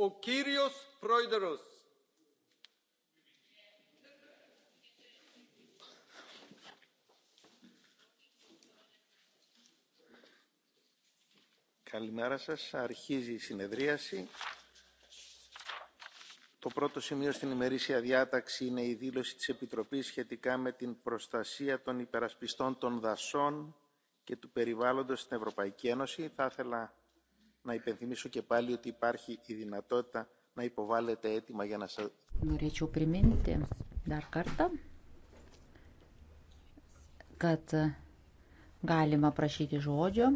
ο κύριος πρόεδρος. Καλημέρα σας. Αρχίζει η συνεδρίαση. Το πρώτο σημείο στην ημερήσια διάταξη είναι η δήλωση της Επιτροπής σχετικά με την προστασία των υπερασπιστών των δασών και του περιβάλλοντος στην Ευρωπαϊκή Ένωση. Θα ήθελα να υπενθυμίσω και πάλι ότι υπάρχει η δυνατότητα να υποβάλλετε αίτημα για να σας... Norėčiau priminti dar kartą, kad galima prašyti žodžio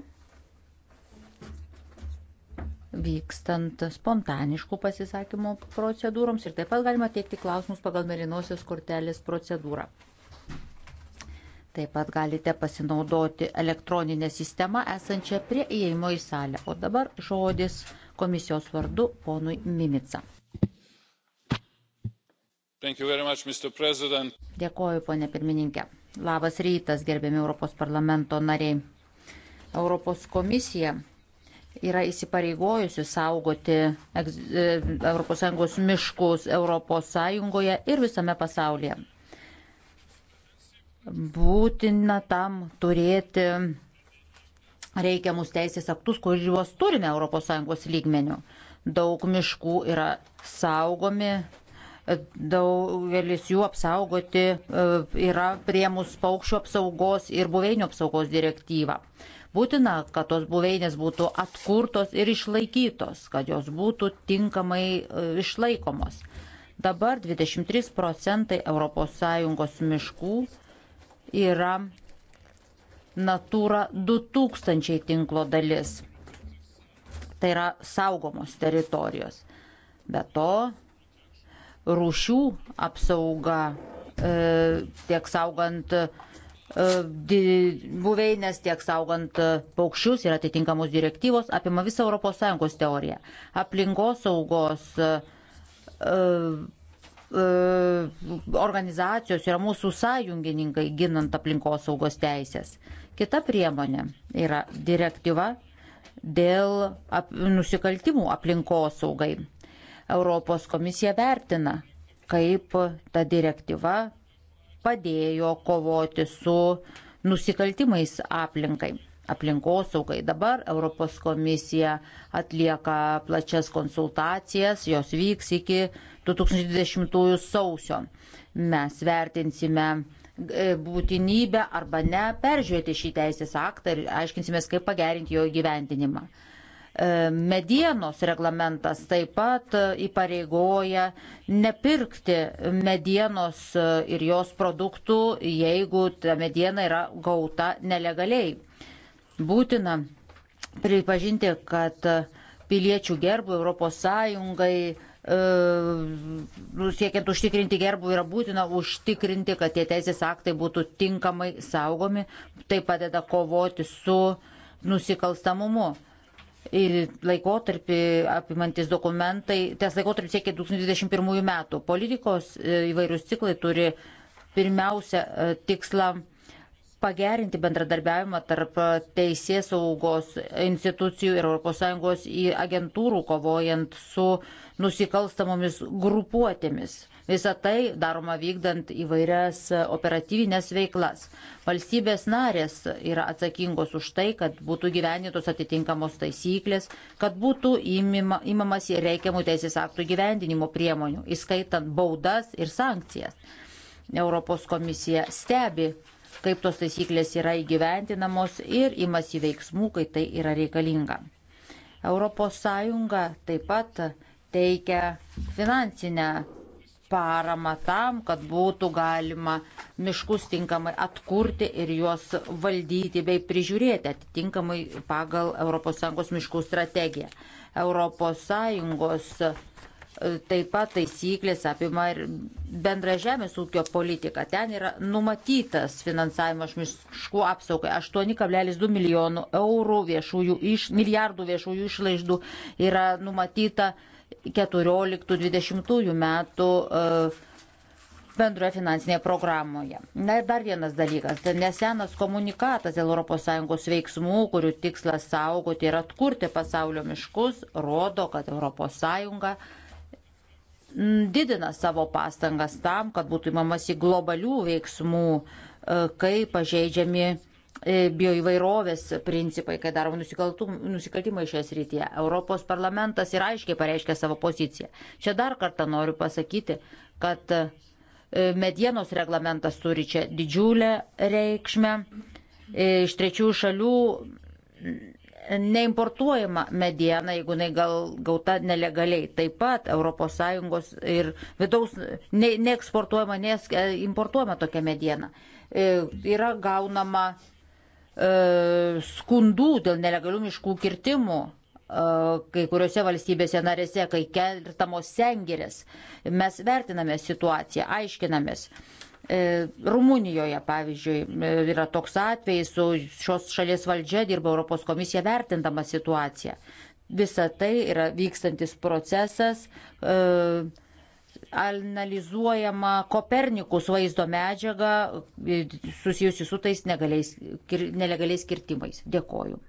vykstant spontaniškų pasisakymų procedūroms ir taip pat galima teikti klausimus pagal mėlynosios kortelės procedūrą. Taip pat galite pasinaudoti elektroninę sistemą esančią prie įėjimo į salę. O dabar žodis komisijos vardu ponui Mimica. Much, Dėkoju, ponė pirmininkė. Labas rytas, gerbiami Europos parlamento nariai. Europos komisija yra įsipareigojusi saugoti ES e, miškus ES ir visame pasaulyje būtina tam turėti reikiamus teisės aktus, kuriuos turime ES lygmenių. Daug miškų yra saugomi, daugelis jų apsaugoti e, yra priemus paukščių apsaugos ir buveinių apsaugos direktyvą. Būtina, kad tos buveinės būtų atkurtos ir išlaikytos, kad jos būtų tinkamai e, išlaikomos. Dabar 23 procentai ES miškų yra Natura 2000 tinklo dalis. Tai yra saugomos teritorijos. Be to, rūšių apsauga e, tiek saugant e, buveinės, tiek saugant e, paukščius ir atitinkamos direktyvos apima visą ES teoriją. Aplinkos saugos e, E, organizacijos yra mūsų sąjungininkai ginant aplinkosaugos teisės. Kita priemonė yra direktyva dėl ap nusikaltimų aplinkosaugai. Europos komisija vertina, kaip ta direktyva padėjo kovoti su nusikaltimais aplinkai aplinkosaugai. Dabar Europos komisija atlieka plačias konsultacijas, jos vyks iki 2020 sausio. Mes vertinsime e, būtinybę arba ne peržiūrėti šį teisės aktą ir aiškinsimės, kaip pagerinti jo gyventinimą. E, medienos reglamentas taip pat e, įpareigoja nepirkti medienos ir jos produktų, jeigu ta mediena yra gauta nelegaliai. Būtina pripažinti, kad piliečių gerbų Europos Sąjungai e, nu, siekiant užtikrinti gerbų yra būtina užtikrinti, kad tie teisės aktai būtų tinkamai saugomi, tai padeda kovoti su nusikalstamumu. Ir laikotarpį apimantis dokumentai, tas laikotarpis siekia 2021 metų. Politikos e, įvairius ciklai turi pirmiausia e, tikslą pagerinti bendradarbiavimą tarp teisės saugos institucijų ir ES agentūrų kovojant su nusikalstamomis grupuotėmis. Visą tai daroma vykdant įvairias operatyvinės veiklas. Valstybės narės yra atsakingos už tai, kad būtų gyvenintos atitinkamos taisyklės, kad būtų imima, imamasi reikiamų teisės aktų gyvendinimo priemonių, įskaitant baudas ir sankcijas. Europos komisija stebi kaip tos taisyklės yra įgyventinamos ir imasi veiksmų, kai tai yra reikalinga. ES taip pat teikia finansinę paramą tam, kad būtų galima miškus tinkamai atkurti ir juos valdyti bei prižiūrėti atitinkamai pagal ES miškų strategiją. ES Taip pat taisyklės apima ir bendra žemės ūkio politika. Ten yra numatytas finansavimas miškų apsaugai 8,2 milijonų eurų viešųjų iš, milijardų viešųjų išlaidų yra numatyta 14-20 metų e, bendroje finansinėje programoje. Na ir dar vienas dalykas tai - nesenas komunikatas dėl ES veiksmų, kurių tikslas saugoti ir atkurti pasaulio miškus, rodo, kad ES Mm, didina savo pastangas tam, kad būtų įmamasi globalių veiksmų, e, kai pažeidžiami e, bioįvairovės principai, kai daromi nusikaltimai šioje srityje. Europos parlamentas ir aiškiai pareiškia savo poziciją. Čia dar kartą noriu pasakyti, kad e, medienos reglamentas turi čia didžiulę reikšmę. Iš trečiųjų šalių neimportuojama mediena, jeigu jinai gal gauta nelegaliai. Taip pat ES ir vidaus ne, neeksportuojama, neimportuojama tokia mediena. E, yra gaunama e, skundų dėl nelegalių miškų kirtimų e, kai kuriuose valstybėse narėse, kai kertamos sengirės. Mes vertiname situaciją, aiškinamės. E, Rumunijoje, pavyzdžiui, e, yra toks atvejis, su šios šalies valdžia dirba Europos komisija vertindama situaciją. Visa tai yra vykstantis procesas, e, analizuojama Kopernikus vaizdo medžiaga susijusi su tais negaliais, nelegaliais kirtimais. Dėkoju.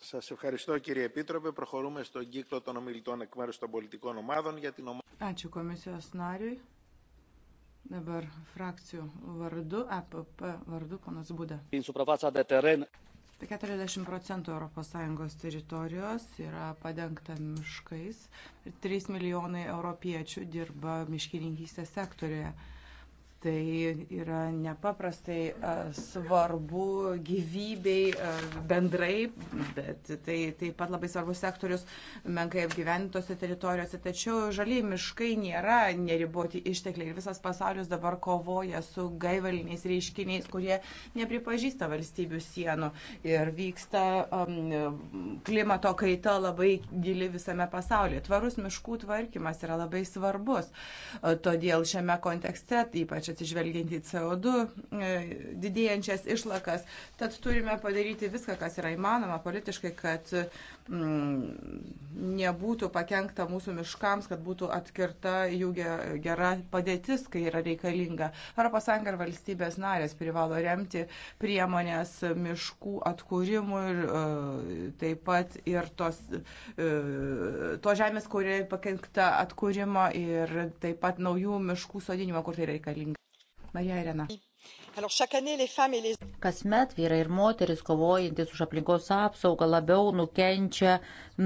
Σας ευχαριστώ κύριε Επίτροπε. Προχωρούμε στον κύκλο των ομιλητών εκ μέρους των πολιτικών ομάδων για την ομάδα. Ačiū komisijos nariui. Dabar frakcijų vardu, APP e vardu, ponas Būda. Tai 40 procentų ES teritorijos yra padengta miškais ir 3 milijonai europiečių dirba miškininkystės sektorėje. Tai yra nepaprastai svarbu gyvybei bendrai, bet tai taip pat labai svarbus sektorius menkai apgyventose teritorijose. Tačiau žaliai miškai nėra neriboti ištekliai ir visas pasaulis dabar kovoja su gaivaliniais reiškiniais, kurie nepripažįsta valstybių sienų ir vyksta um, klimato kaita labai gili visame pasaulyje. Tvarus miškų tvarkymas yra labai svarbus. Todėl šiame kontekste ypač atsižvelgiant į CO2 e, didėjančias išlakas. Tad turime padaryti viską, kas yra įmanoma politiškai, kad mm, nebūtų pakengta mūsų miškams, kad būtų atkirta jų gera padėtis, kai yra reikalinga. ES ir valstybės narės privalo remti priemonės miškų atkūrimui ir e, taip pat ir tos, e, to žemės, kurioje pakengta atkūrimo ir taip pat naujų miškų sodinimo, kur tai reikalinga. Marija Irena. Kasmet vyrai ir moteris kovojantis už aplinkos apsaugą labiau nukenčia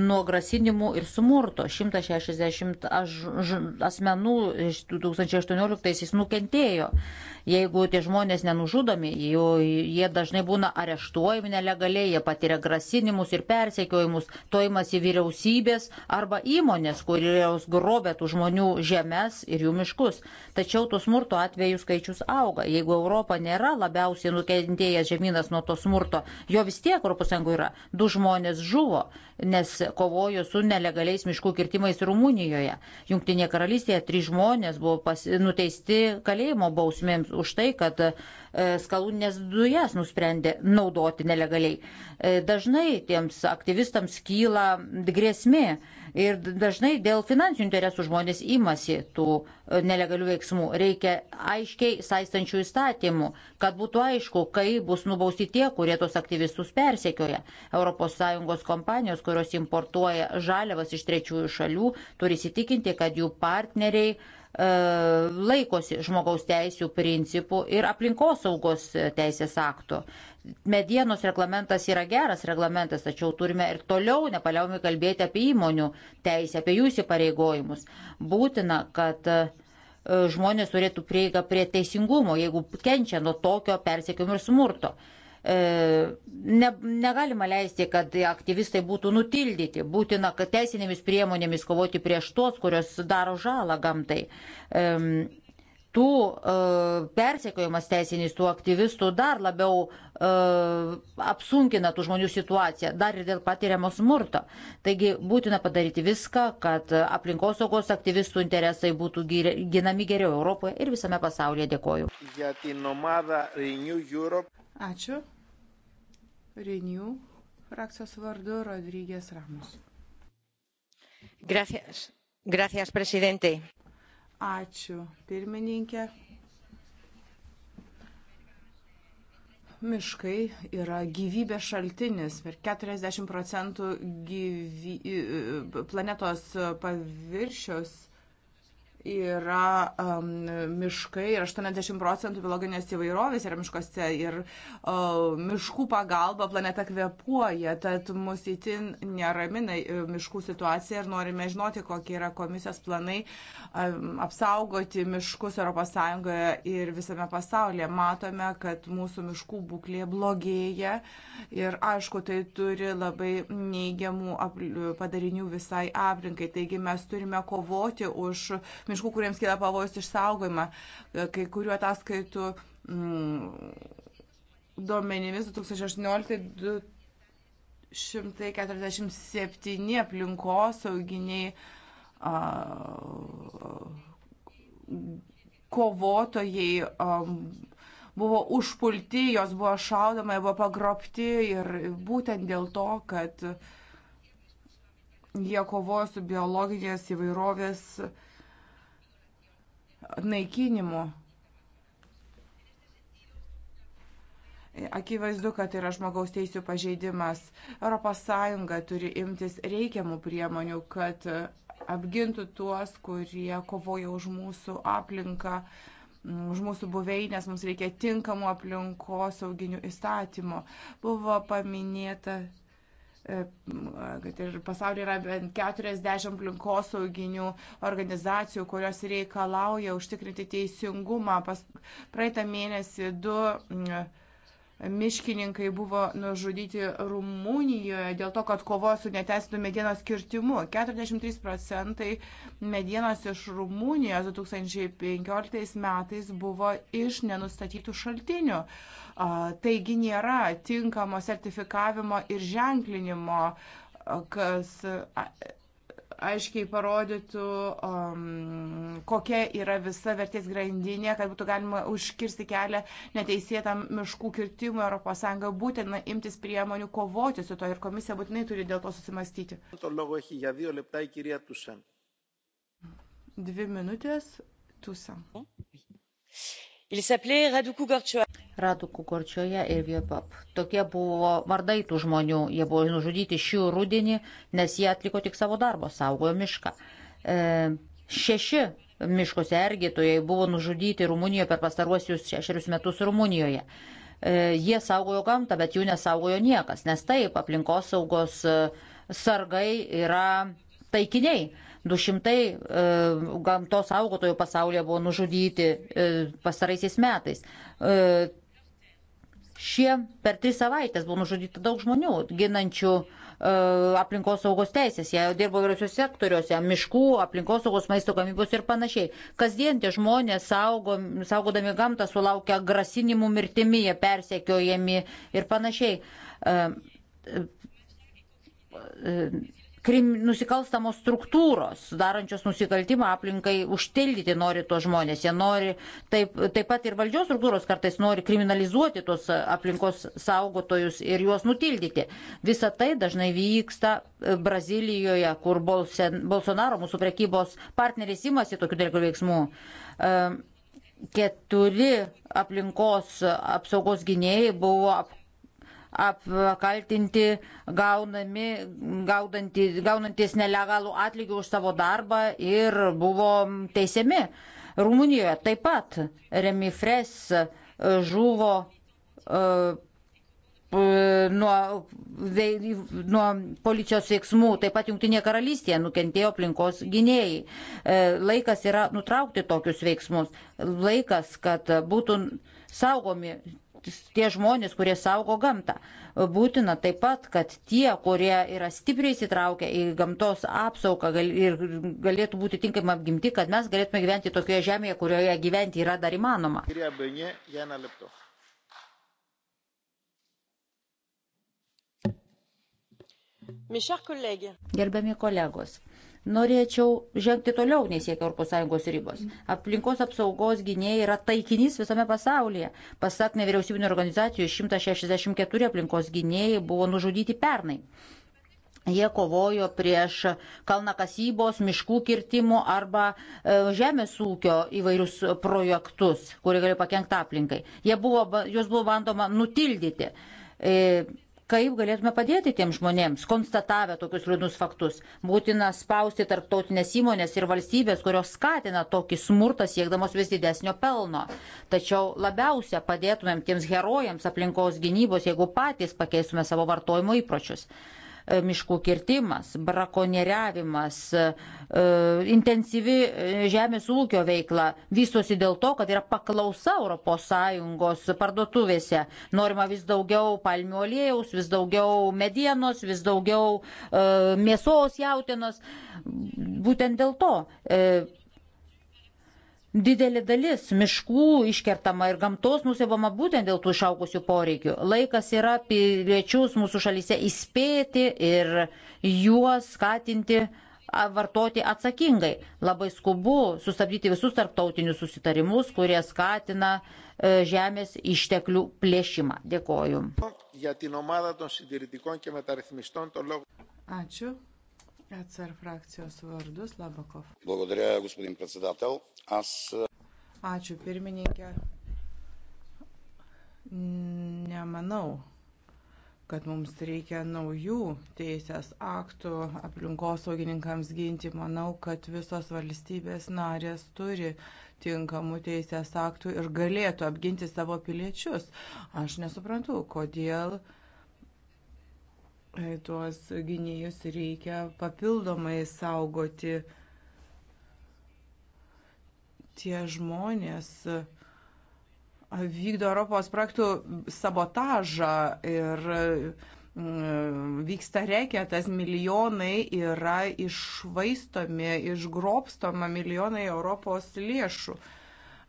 nuo grasinimų ir smurto. 160 asmenų 2018-aisiais nukentėjo. Jeigu tie žmonės nenužudomi, jų, jie dažnai būna areštuojami nelegaliai, jie patiria grasinimus ir persekiojimus, toimasi vyriausybės arba įmonės, kurios grobė tų žmonių žemės ir jų miškus. Tačiau tų smurto atvejų skaičius auga. Jeigu Europa nėra labiausiai nukentėjęs žemynas nuo to smurto, jo vis tiek ES yra. Du žmonės žuvo, nes kovojo su nelegaliais miškų kirtimais Rumunijoje. Junktinė karalystėje trys žmonės buvo pas, nuteisti kalėjimo bausmėms už tai, kad e, skalūnės dujas nusprendė naudoti nelegaliai. E, dažnai tiems aktyvistams kyla grėsmė ir dažnai dėl finansinių interesų žmonės imasi tų e, nelegalių veiksmų. Reikia aiškiai saistančių įstatymų, kad būtų aišku, kai bus nubausti tie, kurie tos aktyvistus persekioja. ES kompanijos, kurios importuoja žaliavas iš trečiųjų šalių, turi įsitikinti, kad jų partneriai E, laikosi žmogaus teisų principų ir aplinkosaugos teisės aktų. Medienos reglamentas yra geras reglamentas, tačiau turime ir toliau nepaliaumi kalbėti apie įmonių teisę, apie jų įsipareigojimus. Būtina, kad e, žmonės turėtų prieigą prie teisingumo, jeigu kenčia nuo tokio persiekimo ir smurto. E, ne, negalima leisti, kad aktyvistai būtų nutildyti. Būtina, kad teisinėmis priemonėmis kovoti prieš tos, kurios daro žalą gamtai. E, tų e, persekiojimas teisinis tų aktyvistų dar labiau apsunkina tų žmonių situaciją, dar ir dėl patiriamo smurto. Taigi būtina padaryti viską, kad aplinkosaugos aktyvistų interesai būtų ginami geriau Europoje ir visame pasaulyje. Dėkoju. Ačiū. Renew frakcijos vardu Rodrygės Ramos. Gracias. Gracias, prezidentė. Ačiū, pirmininkė. miškai yra gyvybės šaltinis. Per 40 procentų gyvy... planetos paviršiaus yra um, miškai ir 80 procentų biologinės įvairovės yra miškuose ir um, miškų pagalba planeta kvepuoja, tad mus įtin neramina uh, miškų situacija ir norime žinoti, kokie yra komisijos planai um, apsaugoti miškus ES ir visame pasaulyje. Matome, kad mūsų miškų būklė blogėja ir aišku, tai turi labai neigiamų padarinių visai aplinkai. Taigi mes turime kovoti už miškų miškų, kuriems kila pavojus išsaugojimą. E, kai kuriuo ataskaitų mm, duomenimis 2018-247 aplinkosauginiai kovotojai buvo užpulti, jos buvo šaudama, buvo pagrobti ir būtent dėl to, kad jie kovojo su biologinės įvairovės uh, naikinimu. Akivaizdu, kad yra žmogaus teisų pažeidimas. ES turi imtis reikiamų priemonių, kad apgintų tuos, kurie kovoja už mūsų aplinką, už mūsų buveinės, mums reikia tinkamų aplinkosauginių įstatymų. Buvo paminėta kad ir pasaulyje yra bent 40 aplinkosauginių organizacijų, kurios reikalauja užtikrinti teisingumą. Pas, praeitą mėnesį du. Mm, miškininkai buvo nužudyti Rumunijoje dėl to, kad kovojo su neteisėtu medienos kirtimu. 43 procentai medienos iš Rumunijos 2015 metais buvo iš nenustatytų šaltinių. Taigi nėra tinkamo sertifikavimo ir ženklinimo kas aiškiai parodytų, um, kokia yra visa vertės grandinė, kad būtų galima užkirsti kelią neteisėtam miškų kirtimui ES būtina imtis priemonių kovoti su to ir komisija būtinai turi dėl to susimastyti. Dvi minutės, tūsam. Il s'appelait Raduku Gorčioja. Raduku Gorčioja ir Viepap. Tokie buvo vardai tų žmonių. Jie buvo nužudyti šį rudenį, nes jie atliko tik savo darbą, saugojo mišką. E, šeši miško sergėtojai buvo nužudyti Rumunijoje per pastaruosius šešerius metus Rumunijoje. E, jie saugojo gamtą, bet jų nesaugojo niekas, nes taip aplinkosaugos e, sargai yra taikiniai 200 e, gamtos augotojų pasaulyje buvo nužudyti e, pastaraisiais metais. E, šie per tris savaitės buvo nužudyti daug žmonių, ginančių e, aplinkos saugos teisės. Jie dirbo įvairiuose sektoriuose - miškų, aplinkos saugos, maisto gamybos ir panašiai. Kasdien tie žmonės saugo, saugodami gamtą sulaukia grasinimų mirtimi, jie persekiojami ir panašiai. E, e, krim, nusikalstamos struktūros, darančios nusikaltimą aplinkai, užtildyti nori tuos žmonės. Jie nori, taip, taip pat ir valdžios struktūros kartais nori kriminalizuoti tuos aplinkos saugotojus ir juos nutildyti. Visa tai dažnai vyksta e, Brazilijoje, kur Bolsen, Bolsonaro, mūsų prekybos partneris, imasi tokių dalykų veiksmų. E, keturi aplinkos apsaugos gynėjai buvo apkaltinti apkaltinti gaunami, gaunantis nelegalų atlygį už savo darbą ir buvo teisiami. Rumunijoje taip pat Remifres žuvo uh, nuo, vei, nuo policijos veiksmų, taip pat Junktinėje karalystėje nukentėjo aplinkos gynėjai. E, laikas yra nutraukti tokius veiksmus, laikas, kad būtų saugomi tie žmonės, kurie saugo gamtą. Būtina taip pat, kad tie, kurie yra stipriai įsitraukę į gamtos apsaugą gal, ir galėtų būti tinkamai apgimti, kad mes galėtume gyventi tokioje žemėje, kurioje gyventi yra dar įmanoma. Gerbiami kolegos, norėčiau žengti toliau, nei siekia ES ribos. Aplinkos apsaugos gynėjai yra taikinys visame pasaulyje. Pasak nevyriausybinio organizacijų, 164 aplinkos gynėjai buvo nužudyti pernai. Jie kovojo prieš kalnakasybos, miškų kirtimo arba e, žemės ūkio įvairius projektus, kurie galėjo pakengti aplinkai. Buvo, juos buvo bandoma nutildyti. E, Kaip galėtume padėti tiem žmonėms, konstatavę tokius liūdnus faktus? Būtina spausti tarptautinės įmonės ir valstybės, kurios skatina tokį smurtą siekdamos vis didesnio pelno. Tačiau labiausia padėtumėm tiems herojams aplinkos gynybos, jeigu patys pakeistume savo vartojimo įpročius miškų kirtimas, brakonieriavimas, e, intensyvi e, žemės ūkio veikla vystosi dėl to, kad yra paklausa ES parduotuvėse. Norima vis daugiau palmių aliejaus, vis daugiau medienos, vis daugiau e, mėsos jautienos. Būtent dėl to Didelė dalis miškų iškertama ir gamtos nusibama būtent dėl tų išaugusių poreikių. Laikas yra piliečius mūsų šalyse įspėti ir juos skatinti vartoti atsakingai. Labai skubu sustabdyti visus tarptautinius susitarimus, kurie skatina e, žemės išteklių plėšimą. Dėkoju. Ačiū. ECR frakcijos vardus Labakov. Благодаря, господин председател. Аз... Ačiū, pirmininkė. Nemanau, kad mums reikia naujų teisės aktų aplinkosaugininkams ginti. Manau, kad visos valstybės narės turi tinkamų teisės aktų ir galėtų apginti savo piliečius. Aš nesuprantu, kodėl uh, E, tuos gynėjus reikia papildomai saugoti. Tie žmonės e, vykdo Europos projektų sabotažą ir e, vyksta reketas, milijonai yra išvaistomi, išgrobstoma milijonai Europos lėšų.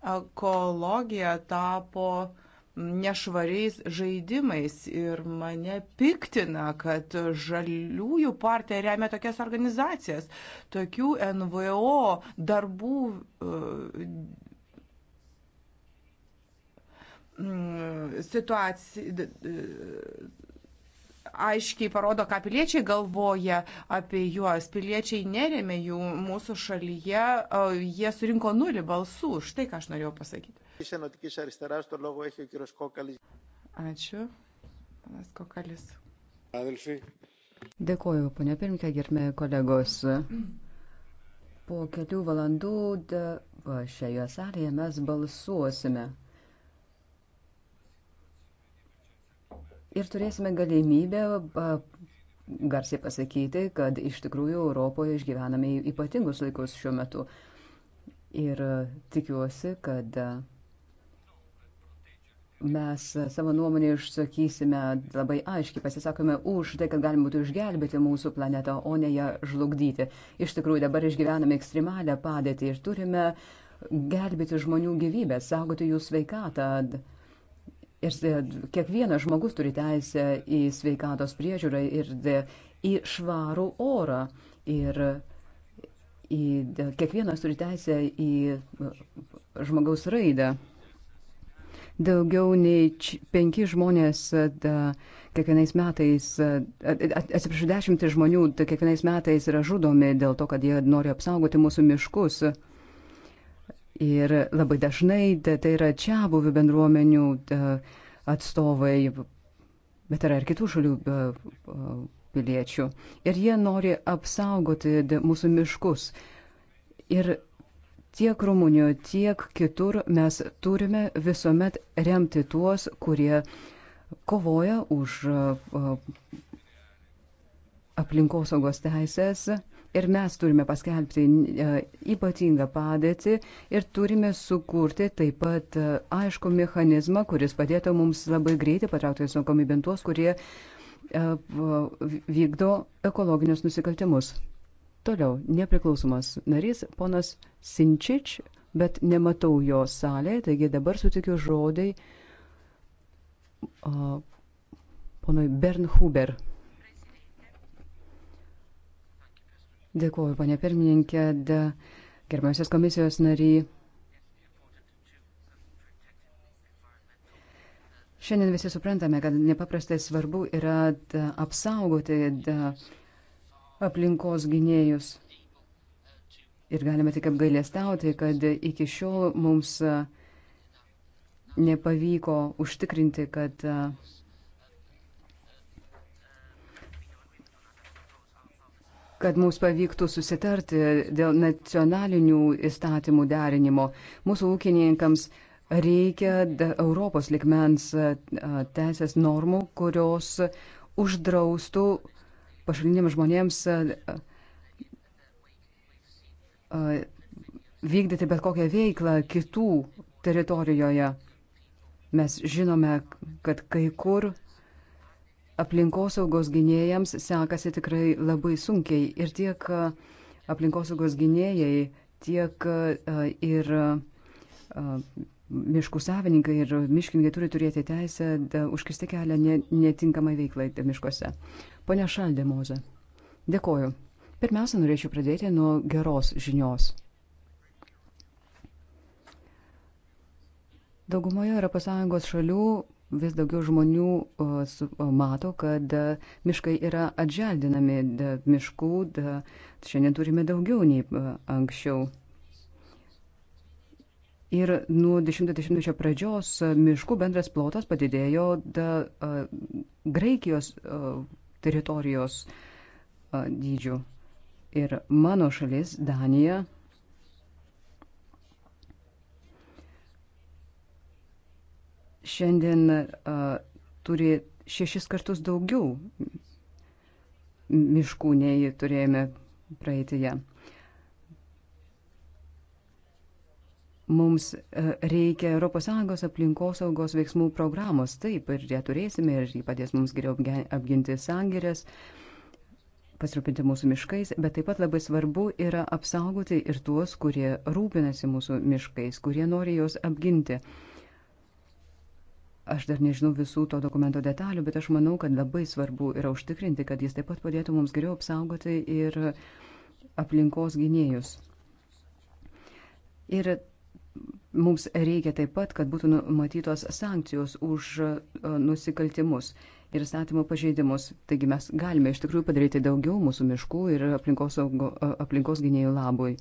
Ekologija tapo uh, nešvariais žaidimais ir mane piktina, kad žaliųjų partija remia tokias organizacijas, tokių NVO darbų. Uh, e, situacija aiškiai parodo, ką piliečiai galvoja apie juos. Piliečiai neremė jų mūsų šalyje, jie surinko nulį balsų. Štai ką aš norėjau pasakyti. Ačiū. Panas Kokalis. Dėkuoju, ponia pirmininkė, gerbėjai kolegos. Po kelių valandų šioje salėje mes balsuosime. Ir turėsime galimybę garsiai pasakyti, kad iš tikrųjų Europoje išgyvename ypatingus laikus šiuo metu. Ir tikiuosi, kad mes savo nuomonę išsakysime labai aiškiai, pasisakome už tai, kad galima būtų išgelbėti mūsų planetą, o ne ją žlugdyti. Iš tikrųjų, dabar išgyvename ekstremalią padėtį ir turime gelbėti žmonių gyvybę, saugoti jų sveikatą. Ir e, kiekvienas žmogus turi teisę į sveikatos priežiūrą ir e, į švarų orą. Ir į, e, kiekvienas turi teisę į žmogaus raidą daugiau nei penki žmonės da, kiekvienais metais, atsiprašau, dešimt žmonių da, kiekvienais metais yra žudomi dėl to, kad jie nori apsaugoti mūsų miškus. Ir labai dažnai da, tai yra čia buvių bendruomenių da, atstovai, bet yra ir kitų šalių da, piliečių. Ir jie nori apsaugoti da, mūsų miškus. Ir Tiek Rumunijoje, tiek kitur mes turime visuomet remti tuos, kurie kovoja už uh, aplinkosaugos teisės ir mes turime paskelbti uh, ypatingą padėtį ir turime sukurti taip pat uh, aišku mechanizmą, kuris padėtų mums labai greitai patraukti atsakomybę tuos, kurie vykdo ekologinius nusikaltimus. Toliau, nepriklausomas narys, ponas Sinčič, bet nematau jo salėje, taigi dabar sutikiu žodį uh, ponui Bernhuber. Dėkuoju, ponė pirmininkė, gerbiamasis komisijos nariai. Šiandien visi suprantame, kad nepaprastai svarbu yra da, apsaugoti da, uh, aplinkos gynėjus. Ir galime tik apgailėstauti, kad iki šiol mums nepavyko užtikrinti, kad kad mums pavyktų susitarti dėl nacionalinių įstatymų derinimo. Mūsų ūkininkams reikia Europos likmens teisės normų, kurios uždraustų pašaliniams žmonėms vykdyti bet kokią veiklą kitų teritorijoje. Mes žinome, kad kai kur aplinkosaugos gynėjams sekasi tikrai labai sunkiai ir tiek aplinkosaugos gynėjai, tiek ir miškų savininkai ir miškininkai turi turėti teisę užkisti kelią netinkamai veiklai miškuose. Pone Šaldemoze, dėkoju. Pirmiausia, norėčiau pradėti nuo geros žinios. Daugumoje ES šalių vis daugiau žmonių mato, kad miškai yra atželdinami miškų. Šiandien turime daugiau nei anksčiau. Ir nuo 10-20 pradžios e, miškų bendras plotas padidėjo da, a, e, Graikijos a, e, teritorijos a, dydžių. Ir mano šalis, Danija, šiandien a, turi šešis kartus daugiau miškų nei turėjome praeitėje. Ja. mums e, reikia ES aplinkosaugos veiksmų programos. Taip, ir ją turėsime, ir ji padės mums geriau apginti sangirės, pasirūpinti mūsų miškais, bet taip pat labai svarbu yra apsaugoti ir tuos, kurie rūpinasi mūsų miškais, kurie nori juos apginti. Aš dar nežinau visų to dokumento detalių, bet aš manau, kad labai svarbu yra užtikrinti, kad jis taip pat padėtų mums geriau apsaugoti ir aplinkos gynėjus. Ir Mums reikia taip pat, kad būtų numatytos sankcijos už e, nusikaltimus ir statymo pažeidimus. Taigi mes galime iš tikrųjų padaryti daugiau mūsų miškų ir aplinkos, saugo, e, aplinkos gynėjų labui.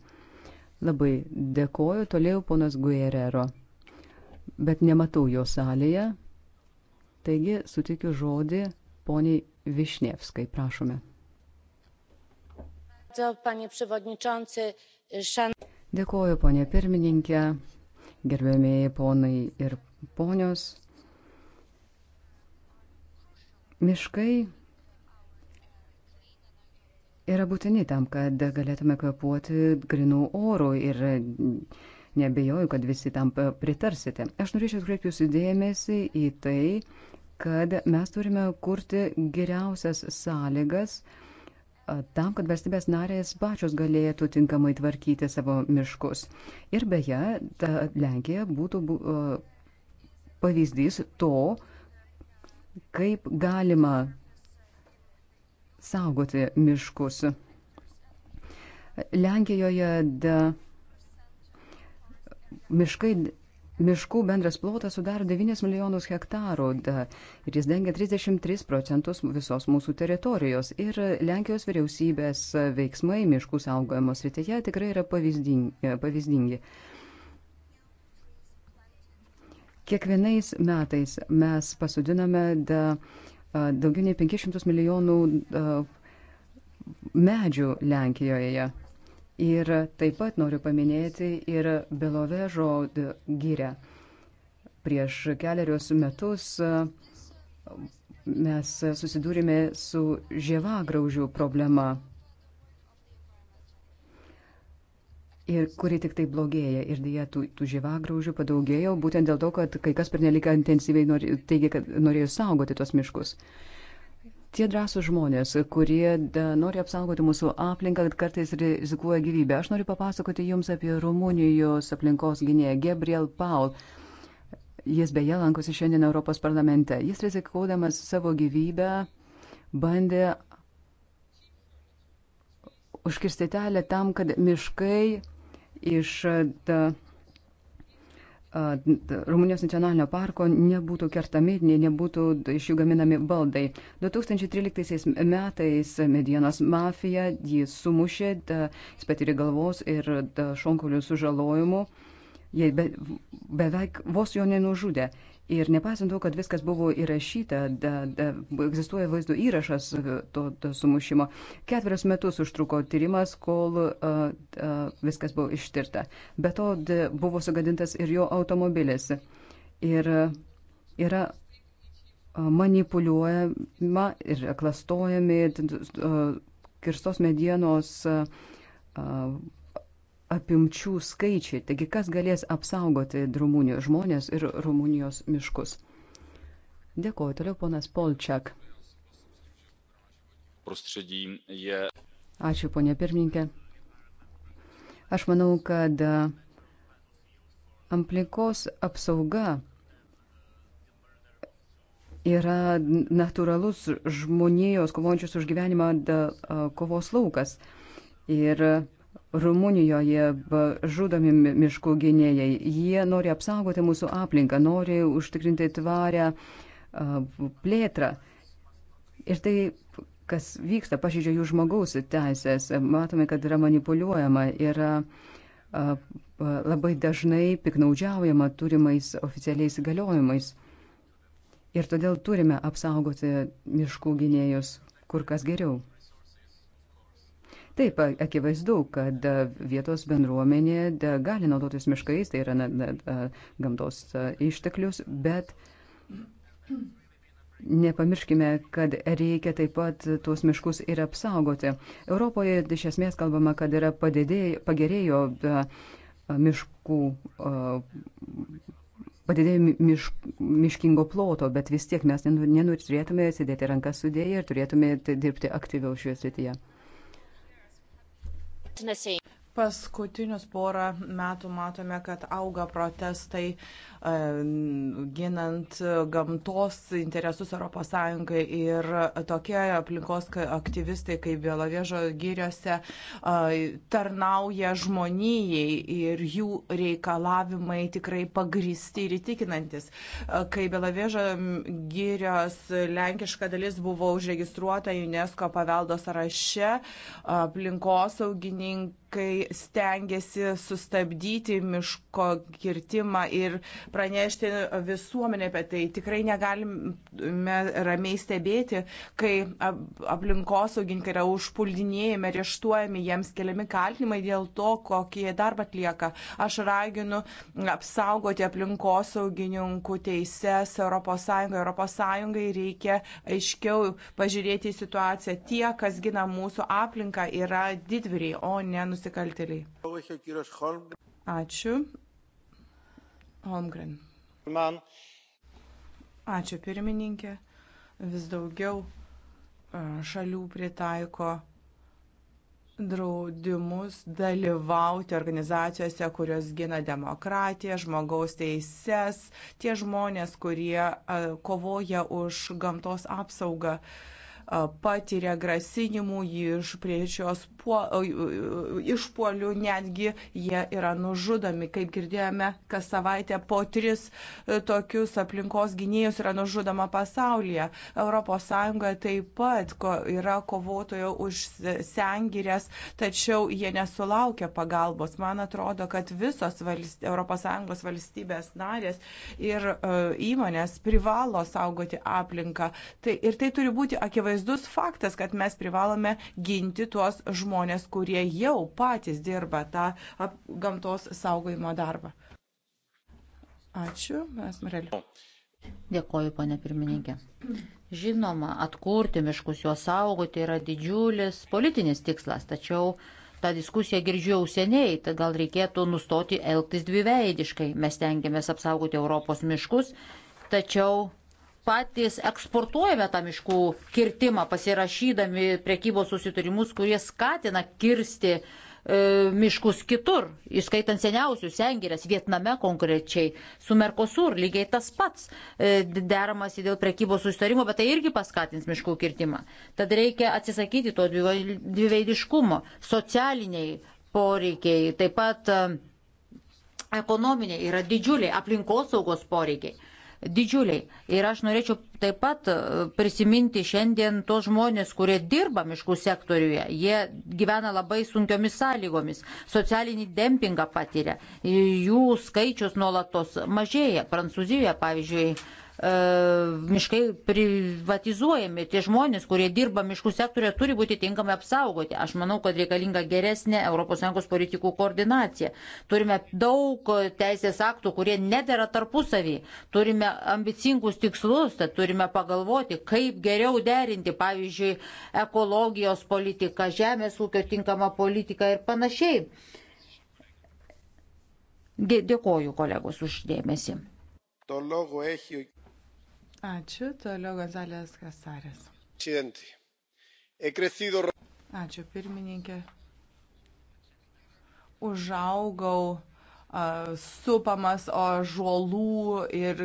Labai dėkoju. Toliau ponas Guerrero. Bet nematau jo salėje. Taigi sutikiu žodį poniai Višnievskai. Prašome. Dėkoju, ponė pirmininkė gerbėmėjai ponai ir ponios. Miškai yra būtini tam, kad galėtume kvepuoti grinų orų ir nebejoju, kad visi tam pritarsite. Aš norėčiau atkreipti jūsų dėmesį į tai, kad mes turime kurti geriausias sąlygas, uh, tam, kad valstybės narės pačios galėtų tinkamai tvarkyti savo miškus. Ir beje, ta Lenkija būtų bu, pavyzdys to, kaip galima saugoti miškus. Lenkijoje da, miškai Miškų bendras plotas sudaro 9 milijonus hektarų da, ir jis dengia 33 procentus visos mūsų teritorijos. Ir Lenkijos vyriausybės veiksmai miškų saugojimo srityje tikrai yra pavyzdingi. pavyzdingi. Kiekvienais metais mes pasodiname da, daugiau nei 500 milijonų da, medžių Lenkijoje. Ir taip pat noriu paminėti ir Belovežo gyrę. Prieš keliarius metus e, mes susidūrėme su žievagraužių problema. ir kuri tik tai blogėja. Ir dėja, tų, tų žyvagraužių padaugėjo būtent dėl to, kad kai kas pernelik intensyviai nori, teigia, kad norėjo saugoti tos miškus. Uh, tie drąsų žmonės, kurie da, nori apsaugoti mūsų aplinką, kad kartais rizikuoja gyvybę. Aš noriu papasakoti Jums apie Rumunijos aplinkos gynėją Gabriel Paul. Jis beje lankosi šiandien Europos parlamente. Jis rizikuodamas savo gyvybę bandė užkirsti telę tam, kad miškai iš da, Rumunijos nacionalinio parko nebūtų kertami, nebūtų iš jų gaminami baldai. 2013 metais medienos mafija jį sumušė, jis patyrė galvos ir šonkaulių sužalojimų, jie be, beveik vos jo nenužudė. Ir nepaisant to, kad viskas buvo įrašyta, da, da, egzistuoja vaizdo įrašas e, to, to sumušimo, ketverius metus užtruko tyrimas, kol a, e, a, e, viskas buvo ištirta. Be to da, buvo sugadintas ir jo automobilis. Ir yra manipuliuojama ir klastojami kirstos medienos. A, apimčių skaičiai. Taigi, kas galės apsaugoti Rumunijos žmonės ir Rumunijos miškus? Dėkuoju. Toliau ponas Polčiak. Ačiū, ponė pirmininkė. Aš manau, kad e, aplinkos apsauga yra natūralus žmonijos kovojančios už gyvenimą da, e, kovos laukas. Ir Rumunijoje žudomi miškų gynėjai. Jie nori apsaugoti mūsų aplinką, nori užtikrinti tvarę plėtrą. Ir tai, kas vyksta, pažydžia jų žmogaus teisės. Matome, kad yra manipuliuojama, yra labai dažnai piknaudžiaujama turimais oficialiais įgaliojimais. Ir todėl turime apsaugoti miškų gynėjus kur kas geriau. Taip, akivaizdu, kad vietos bendruomenė gali naudotis miškais, tai yra na, na, gamtos išteklius, bet nepamirškime, kad reikia taip pat tuos miškus ir apsaugoti. Europoje iš esmės kalbama, kad yra padėdėjo, pagerėjo miškų padidėjo mišk, miškingo ploto, bet vis tiek mes nenorėtume atsidėti rankas sudėję ir turėtume dirbti aktyviau šioje srityje. Paskutinius porą metų matome, kad auga protestai ginant gamtos interesus ES ir tokie aplinkos aktyvistai kaip Bielavėžo gyriuose tarnauja žmonijai ir jų reikalavimai tikrai pagristi ir įtikinantis. Kai Bielavėžo gyrios lenkiška dalis buvo užregistruota UNESCO paveldo sąraše, aplinkosaugininkai stengiasi sustabdyti miško kirtimą ir pranešti visuomenė apie tai. Tikrai negalime ramiai stebėti, kai aplinkosauginkai yra užpuldinėjami, areštuojami, jiems keliami kaltinimai dėl to, kokį darbą atlieka. Aš raginu apsaugoti aplinkosaugininkų teises ES. ES reikia aiškiau pažiūrėti į situaciją. Tie, kas gina mūsų aplinką, yra didvyriai, o ne nusikaltėliai. Ačiū. Holmgren. Man. Ačiū pirmininkė. Vis daugiau e, šalių pritaiko draudimus dalyvauti organizacijose, kurios gina demokratiją, žmogaus teises, tie žmonės, kurie e, kovoja už gamtos apsaugą. Uh, patiria grasinimų, iš priešios išpolių netgi jie yra nužudomi. Kaip girdėjome, kas savaitę po tris e, tokius aplinkos gynėjus yra nužudoma pasaulyje. ES taip pat yra kovotojo už sengirės, tačiau jie nesulaukia pagalbos. Man atrodo, kad visos valst... ES valstybės narės ir e, įmonės privalo saugoti aplinką. Tai, ir tai turi būti akivaizdu akivaizdus faktas, kad mes privalome ginti tuos žmonės, kurie jau patys dirba tą gamtos saugojimo darbą. Ačiū, Esmerelė. Dėkoju, ponė pirmininkė. Žinoma, atkurti miškus, juos saugoti yra didžiulis politinis tikslas, tačiau tą diskusiją girdžiu jau seniai, tad gal reikėtų nustoti elgtis dviveidiškai. Mes tengiamės apsaugoti Europos miškus, tačiau patys eksportuojame tą miškų kirtimą, pasirašydami prekybos susitarimus, kurie skatina kirsti e, miškus kitur, įskaitant seniausius sengirės, Vietname konkrečiai, su Merkosur lygiai tas pats e, deramas dėl prekybos susitarimo, bet tai irgi paskatins miškų kirtimą. Tad reikia atsisakyti to dviveidiškumo, socialiniai poreikiai, taip pat e, ekonominiai yra didžiuliai aplinkosaugos poreikiai didžiuliai. Ir aš norėčiau taip pat e, prisiminti šiandien tos žmonės, kurie dirba miškų sektoriuje. Jie gyvena labai sunkiomis sąlygomis, socialinį dempingą patiria, jų skaičius nuolatos mažėja. Prancūzijoje, pavyzdžiui, E, miškai privatizuojami, tie žmonės, kurie dirba miškų sektorė, turi būti tinkamai apsaugoti. Aš manau, kad reikalinga geresnė ES politikų koordinacija. Turime daug teisės aktų, kurie nedėra tarpusavį. Turime ambicingus tikslus, tad turime pagalvoti, kaip geriau derinti, pavyzdžiui, ekologijos politiką, žemės ūkio tinkamą politiką ir panašiai. Dėkoju kolegos uždėmesi. Ačiū, toliau Gazalės Kasarės. Ačiū, pirmininkė. Užaugau supamas žuolų ir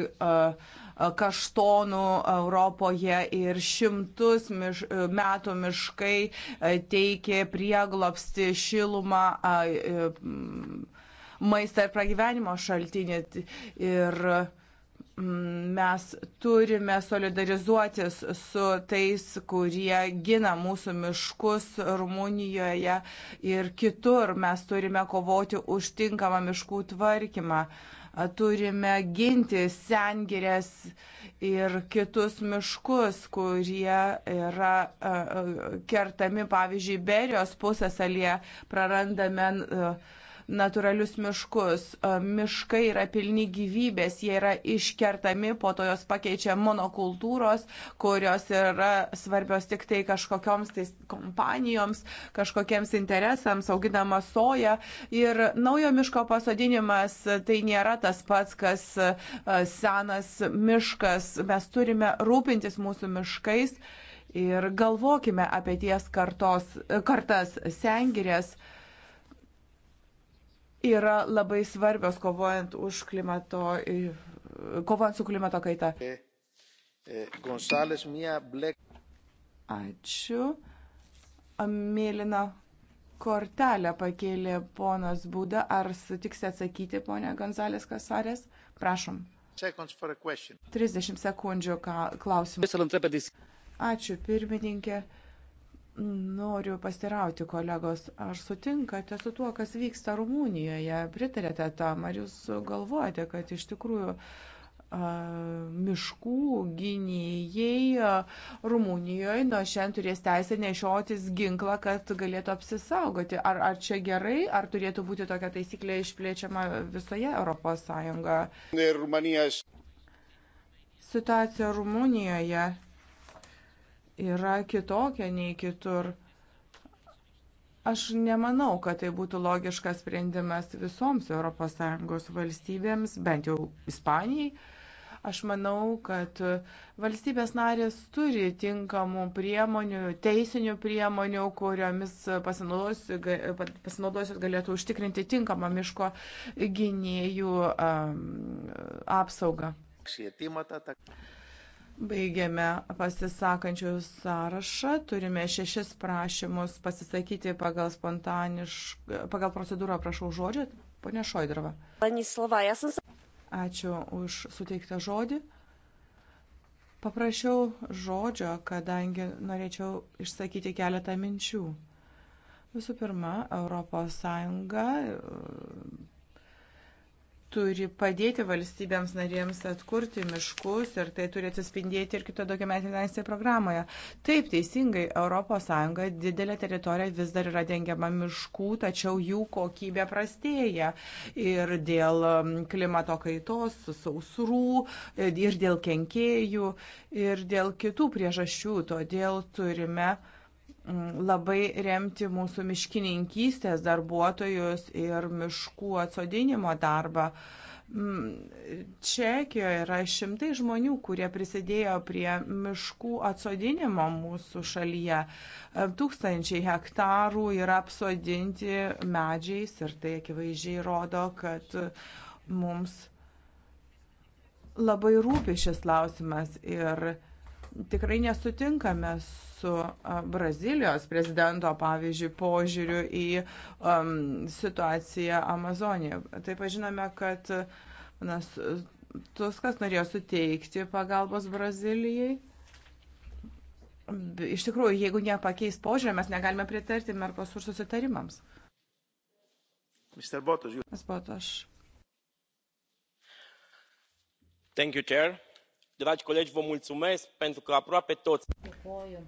kaštonų Europoje ir šimtus miš, metų miškai teikė prieglopsti šilumą maistą ir pragyvenimo šaltinį. Ir, ir mes turime solidarizuotis su tais, kurie gina mūsų miškus Rumunijoje ir kitur. Mes turime kovoti už tinkamą miškų tvarkymą. Turime ginti sengirės ir kitus miškus, kurie yra e, e, kertami, pavyzdžiui, Berijos pusėsalyje prarandame e, natūralius miškus. Miškai yra pilni gyvybės, jie yra iškertami, po to jos pakeičia monokultūros, kurios yra svarbios tik tai kažkokioms tai kompanijoms, kažkokiems interesams, auginama soja. Ir naujo miško pasodinimas tai nėra tas pats, kas senas miškas. Mes turime rūpintis mūsų miškais ir galvokime apie ties kartos, kartas sengirės yra labai svarbios kovojant, už klimato, kovojant su klimato kaita. E, e, Gonzales, mia, black... Ačiū. Mėlyna kortelę pakėlė ponas Būda. Ar sutiksite atsakyti, ponė Gonzalės Kasarės? Prašom. 30 sekundžių klausimų. Ačiū, pirmininkė. Noriu pasirauti, kolegos, ar sutinkate su tuo, kas vyksta Rumunijoje, pritarėte tam, ar jūs galvojate, kad iš tikrųjų miškų gynėjai Rumunijoje nuo šiandien turės teisę nešiotis ginklą, kad galėtų apsisaugoti. Ar, ar čia gerai, ar turėtų būti tokia taisyklė išplėčiama visoje Europos Sąjungoje? Situacija Rumunijoje yra kitokia nei kitur. Aš nemanau, kad tai būtų logiškas sprendimas visoms ES valstybėms, bent jau Ispanijai. Aš manau, kad valstybės narės turi tinkamų priemonių, teisinių priemonių, kuriomis pasinaudosios galėtų užtikrinti tinkamą miško gynėjų apsaugą. Baigiame pasisakančių sąrašą. Turime šešis prašymus pasisakyti pagal spontanišką, pagal procedūrą, prašau žodžio. Pone Šoidrava. Ačiū už suteiktą žodį. Paprašiau žodžio, kadangi norėčiau išsakyti keletą minčių. Visų pirma, ES turi padėti valstybėms narėms atkurti miškus ir tai turi atsispindėti ir kito dokumentinėje programoje. Taip, teisingai, ES didelė teritorija vis dar yra dengiama miškų, tačiau jų kokybė prastėja ir dėl um, klimato kaitos, sausrų, ir dėl kenkėjų, ir dėl kitų priežasčių. Todėl turime uh, Mm, labai remti mūsų miškininkystės darbuotojus ir miškų atsodinimo darbą. Mm, Čekijoje yra šimtai žmonių, kurie prisidėjo prie miškų atsodinimo mūsų šalyje. E, tūkstančiai hektarų yra apsodinti medžiais ir tai akivaizdžiai rodo, kad mums labai rūpi šis klausimas ir tikrai nesutinkame su Brazilijos prezidento, pavyzdžiui, požiūriu į um, situaciją Amazonijoje. Taip pažinome, kad nas, Tuskas norėjo suteikti pagalbos Brazilijai. Iš tikrųjų, jeigu nepakeis požiūrį, mes negalime pritarti Merkosur susitarimams. Mr. Botas, jūs. Botas. Thank you, Chair. Dragi colegi, vă mulțumesc pentru că aproape toți. Dėkoju.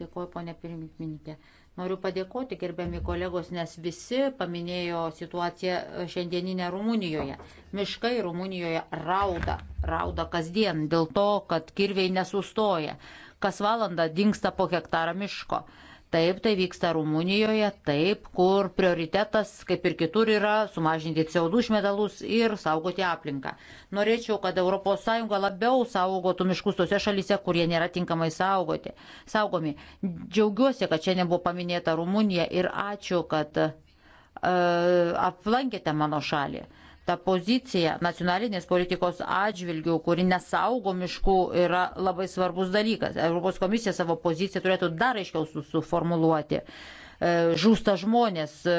Dėkoju, ponė pirmininkė. Noriu padėkoti, gerbiami kolegos, nes visi paminėjo situaciją šiandieninę Rumunijoje. Miškai Rumunijoje rauda, rauda kasdien dėl to, kad kirviai nesustoja. Kas valandą dinksta po hektarą miško. Taip, tai vyksta Rumunijoje, taip, kur prioritetas, kaip ir kitur, yra sumažinti CO2 išmetalus ir saugoti aplinką. Norėčiau, kad ES labiau saugotų miškus tose šalise, kurie nėra tinkamai saugoti. saugomi. Džiaugiuosi, kad šiandien buvo paminėta Rumunija ir ačiū, kad uh, aplankėte mano šalį. Uh, ta pozicija nacionalinės politikos atžvilgių, kuri nesaugo miškų, yra labai svarbus dalykas. Europos komisija savo poziciją turėtų dar aiškiau suformuluoti. Su E, žūsta žmonės, e,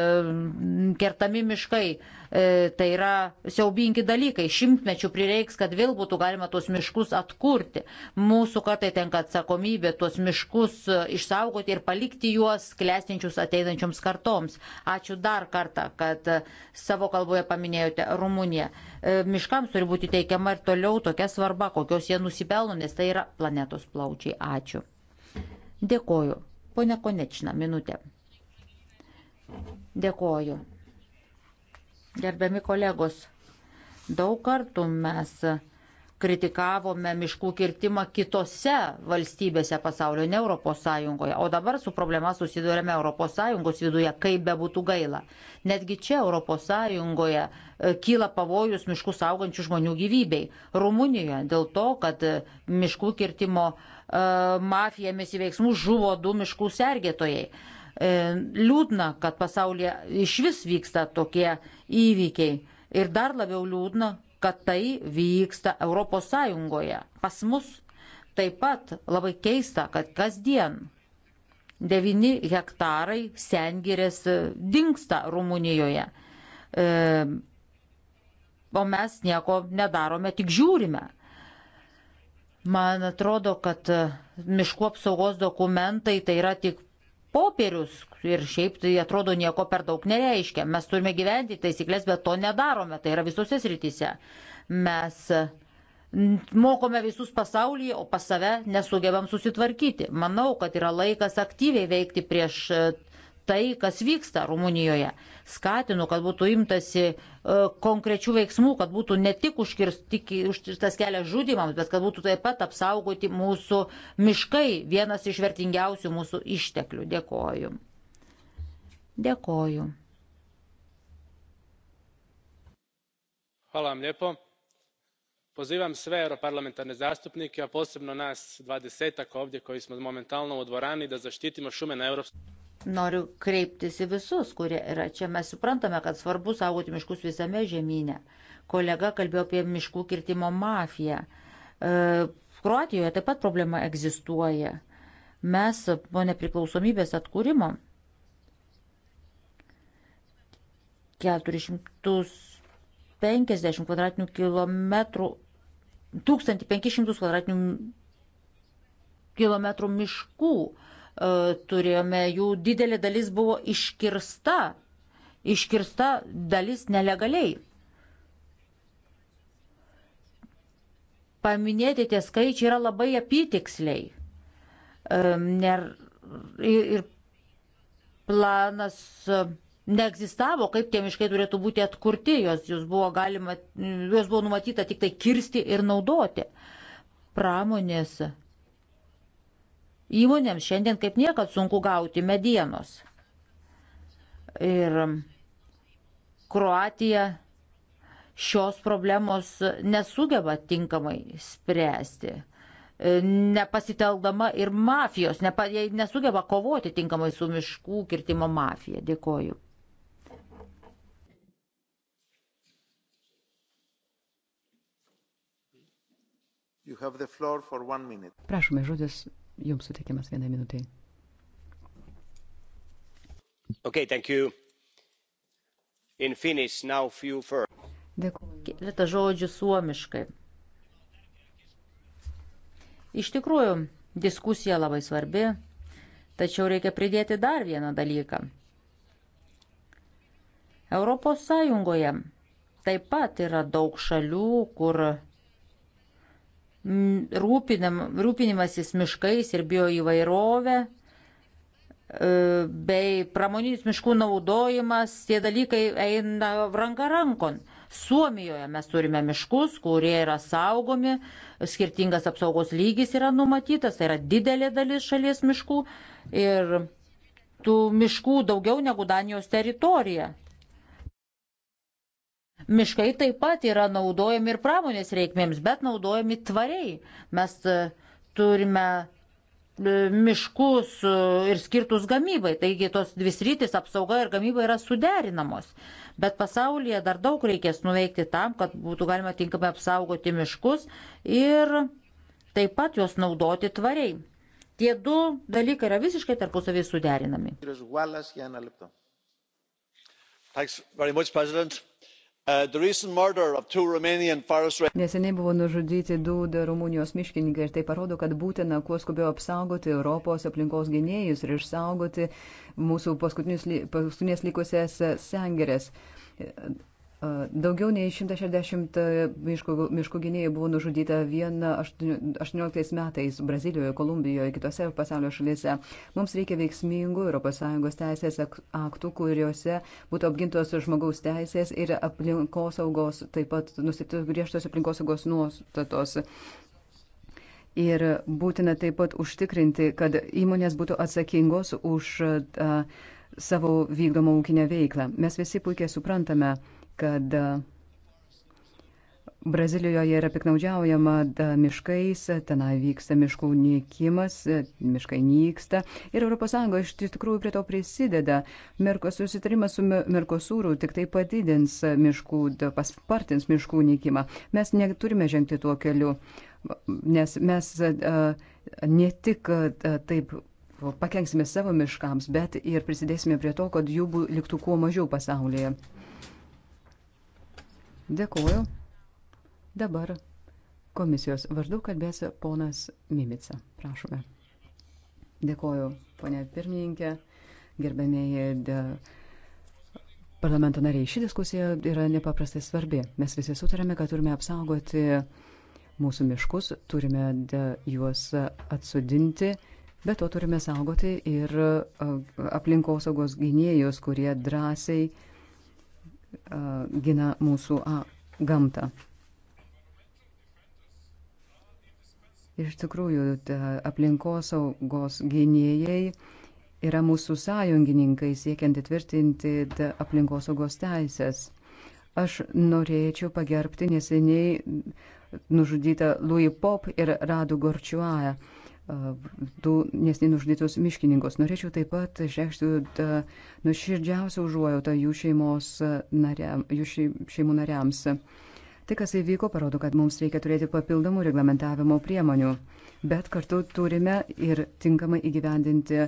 kertami miškai. E, tai yra siaubingi dalykai. Šimtmečių prireiks, kad vėl būtų galima tuos miškus atkurti. Mūsų kartai tenka atsakomybė tuos miškus išsaugoti ir palikti juos klestinčius ateinančioms kartoms. Ačiū dar kartą, kad savo kalboje paminėjote Rumuniją. Miškams turi būti teikiama ir toliau tokia svarba, kokios jie nusipelno, nes tai yra planetos plaučiai. Ačiū. Dėkoju. Pone Konečina, minutė. Dėkoju. Gerbiami kolegos, daug kartų mes kritikavome miškų kirtimą kitose valstybėse pasaulio, ne Europos Sąjungoje. O dabar su problema susidurėme Europos Sąjungos viduje, kaip be būtų gaila. Netgi čia Europos Sąjungoje e, kyla pavojus miškų saugančių žmonių gyvybei. Rumunijoje dėl to, kad miškų kirtimo e, mafijomis į veiksmus žuvo du miškų sergėtojai. E, liūdna, kad pasaulyje iš vis vyksta tokie įvykiai. Ir dar labiau liūdna, kad tai vyksta ES, pas mus. Taip pat labai keista, kad kasdien 9 hektarai sengirės dinksta Rumunijoje. E, o mes nieko nedarome, tik žiūrime. Man atrodo, kad miškų apsaugos dokumentai tai yra tik popierius ir šiaip tai atrodo nieko per daug nereiškia. Mes turime gyventi taisyklės, bet to nedarome, tai yra visose srityse. Mes mokome visus pasaulyje, o pas save nesugebam susitvarkyti. Manau, kad yra laikas aktyviai veikti prieš tai, kas vyksta Rumunijoje. Skatinu, kad būtų imtasi e, konkrečių veiksmų, kad būtų ne tik užkirstas kelias žudimams, bet kad būtų taip pat apsaugoti mūsų miškai, vienas iš vertingiausių mūsų išteklių. Dėkoju. Dėkoju. Hvala vam lijepo pozivam sve europarlamentarne zastupnike a posebno nas dvadesetak ovdje koji smo momentalno u dvorani da zaštitimo šume na europskoj. Noriu kreiptis į visus, kurie yra čia. Mes suprantame, kad svarbu saugoti miškus visame žemynė. Kolega kalbėjo apie miškų kirtimo mafiją. E, Kroatijoje taip pat problema egzistuoja. Mes po nepriklausomybės atkūrimo 450 kvadratinių kilometrų, 1500 kvadratinių kilometrų miškų E, turėjome jų, didelė dalis buvo iškirsta, iškirsta dalis nelegaliai. Paminėti tie skaičiai yra labai apytiksliai. E, ir planas neegzistavo, kaip tie miškai turėtų būti atkurti, jos, jos, buvo, galima, jos buvo numatyta tik tai kirsti ir naudoti. Pramonės Įmonėms šiandien kaip niekad sunku gauti medienos. Ir Kroatija šios problemos nesugeba tinkamai spręsti nepasitelkdama ir mafijos, nepa, jei nesugeba kovoti tinkamai su miškų kirtimo mafija. Dėkoju. Prašome žodis Jums suteikiamas vieną minutę. Okay, thank you. In Finnish, now few first. Dėkuoju. Keletą žodžių suomiškai. Iš tikrųjų, diskusija labai svarbi, tačiau reikia pridėti dar vieną dalyką. Europos Sąjungoje taip pat yra daug šalių, kur rūpinam, rūpinimasis miškais ir bioįvairovė e, bei pramoninis miškų naudojimas, tie dalykai eina ranka rankon. Suomijoje mes turime miškus, kurie yra saugomi, skirtingas apsaugos lygis yra numatytas, tai yra didelė dalis šalies miškų ir tų miškų daugiau negu Danijos teritorija. Miškai taip pat yra naudojami ir pramonės reikmėms, bet naudojami tvariai. Mes e, turime e, miškus e, ir skirtus gamybai, taigi tos dvi sritis apsauga ir gamyba yra suderinamos. Bet pasaulyje dar daug reikės nuveikti tam, kad būtų galima tinkamai apsaugoti miškus ir taip pat juos naudoti tvariai. Tie du dalykai yra visiškai tarpusavį suderinami. Much, Uh, Neseniai buvo nužudyti du Rumunijos miškininkai ir tai parodo, kad būtina kuo skubiau apsaugoti Europos aplinkos gynėjus ir išsaugoti mūsų paskutinės likusias uh, sengeres. Daugiau nei 160 e, miškų, miškų gynėjų buvo nužudyta vien 18 metais Brazilijoje, Kolumbijoje, kitose pasaulio šalyse. Mums reikia veiksmingų ES teisės aktų, kuriuose būtų apgintos žmogaus teisės ir aplinkosaugos, taip pat nustatytos griežtos aplinkosaugos nuostatos. Ir būtina taip pat užtikrinti, kad įmonės būtų atsakingos už uh, savo vykdomą ūkinę veiklą. Mes visi puikiai suprantame, uh, kad e, Brazilijoje yra piknaudžiaujama e, miškais, tenai vyksta miškų nykimas, e, miškai nyksta ir ES iš tikrųjų prie to prisideda. Merkos susitarimas su Merkosūru tik tai padidins miškų, paspartins miškų nykimą. Mes neturime žengti tuo keliu, nes mes ne tik taip pakenksime savo miškams, bet ir prisidėsime prie to, kad jų liktų kuo mažiau pasaulyje. Dėkuoju. Dabar komisijos vardu kalbės ponas Mimica. Prašome. Dėkuoju, ponė pirmininkė, gerbėmėji parlamento nariai. Ši diskusija yra nepaprastai svarbi. Mes visi sutarėme, kad turime apsaugoti mūsų miškus, turime juos atsudinti, bet to turime saugoti ir aplinkosaugos gynėjus, kurie drąsiai gina mūsų a, gamtą. Iš tikrųjų, aplinkosaugos gynėjai yra mūsų sąjungininkai siekiant įtvirtinti aplinkosaugos teisės. Aš norėčiau pagerbti neseniai nužudytą Louis Pop ir Radu Gorčiuoją du nesnį nužudytus miškininkus. Norėčiau taip pat išreikšti nuširdžiausią užuojautą jų, šeimos, nariam, jų šeimų nariams. Tai, kas įvyko, parodo, kad mums reikia turėti papildomų reglamentavimo priemonių, bet kartu turime ir tinkamai įgyvendinti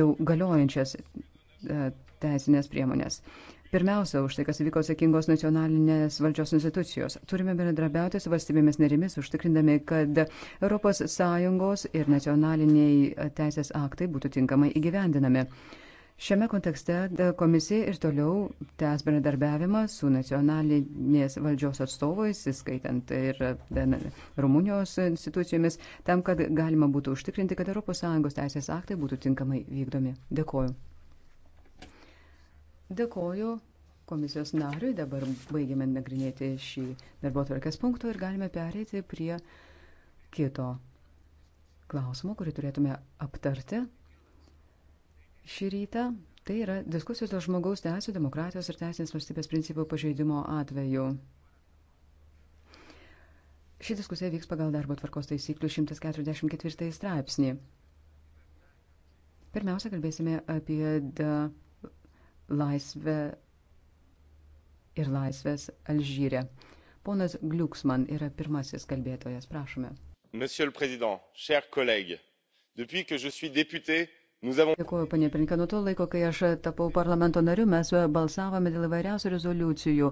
jau galiojančias e, teisinės priemonės. Pirmiausia, už tai, kas įvyko atsakingos nacionalinės valdžios institucijos. Turime bendradarbiauti su valstybėmis narimis, užtikrindami, kad ES ir nacionaliniai teisės aktai būtų tinkamai įgyvendinami. Šiame kontekste komisija ir toliau tęs bendradarbiavimą su nacionalinės valdžios atstovais, įskaitant ir Rumunijos institucijomis, tam, kad galima būtų užtikrinti, kad ES teisės aktai būtų tinkamai vykdomi. Dėkuoju. Dėkoju komisijos nariui. Dabar baigiame nagrinėti šį darbo tvarkės punktą ir galime pereiti prie kito klausimo, kurį turėtume aptarti šį rytą. Tai yra diskusijos dėl žmogaus teisų, demokratijos ir teisinės valstybės principų pažeidimo atveju. Ši diskusija vyks pagal darbo tvarkos taisyklių 144 straipsnį. Pirmiausia, kalbėsime apie laisvę ir laisvės Alžyre. Ponas Gliuksman yra pirmasis kalbėtojas, prašome. Monsieur le Président, chers collègues, depuis que je suis député, Dėkuoju, panė Prinka, nuo to laiko, kai aš tapau parlamento nariu, mes balsavome dėl įvairiausių rezoliucijų,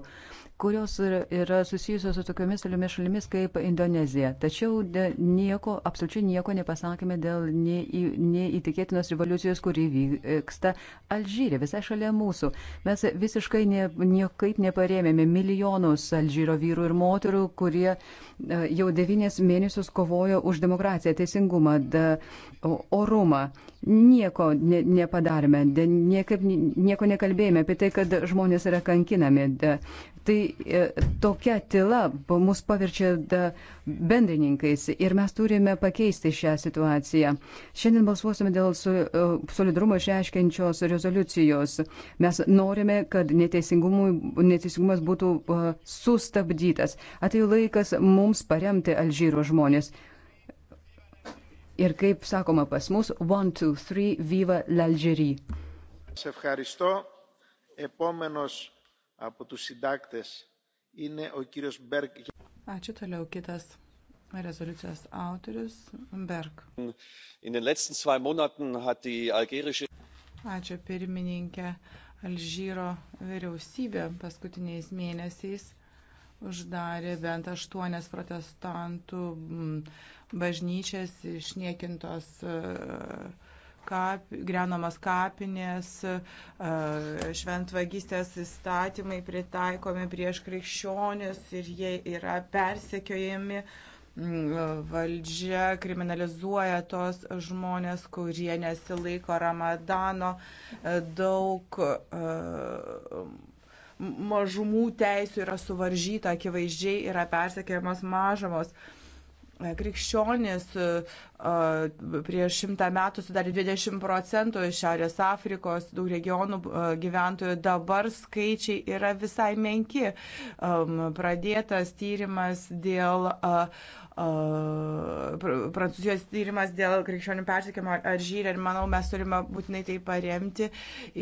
kurios yra susijusios su tokiamis toliomis šalimis kaip Indonezija. Tačiau nieko, absoliučiai nieko nepasakėme dėl neįtikėtinos revoliucijos, kuri vyksta Alžyrė, visai šalia mūsų. Mes visiškai ne, niekaip neparėmėme milijonus Alžyro vyrų ir moterų, kurie e, jau devynės mėnesius kovojo už demokraciją, teisingumą, da, orumą nieko ne, nepadarėme, de, niekaip, nieko nekalbėjome apie tai, kad žmonės yra kankinami. De, tai e, tokia tyla mus paverčia de, bendrininkais ir mes turime pakeisti šią situaciją. Šiandien balsuosime dėl su, e, solidarumo išreiškiančios rezoliucijos. Mes norime, kad neteisingumas būtų e, sustabdytas. Atėjo laikas mums paremti Alžyro žmonės ir kaip sakoma pas mus, 1, 2, 3, viva l'Algerie. Σε ευχαριστώ. Επόμενος από τους συντάκτες είναι ο κύριος Μπέρκ. Ačiū toliau kitas rezoliucijos autorius Berg. In den letzten zwei Monaten hat die algerische Ačiū pirmininkė Alžyro vyriausybė paskutiniais mėnesiais uždarė bent aštuonias protestantų bažnyčias, išniekintos e, kap, grenamas kapinės, e, šventvagystės įstatymai pritaikomi prieš krikščionis ir jie yra persekiojami. Valdžia kriminalizuoja tos žmonės, kurie nesilaiko ramadano. E, daug uh, mažumų teisų yra suvaržyta akivaizdžiai, yra persekiamas mažamos e, krikščionis e, prieš šimtą metų sudarė 20 procentų Šiaurės Afrikos daug regionų e, gyventojų, dabar skaičiai yra visai menki. Pradėtas tyrimas dėl Prancūzijos tyrimas dėl krikščionių persikimo ar žyrė ir manau mes turime būtinai tai paremti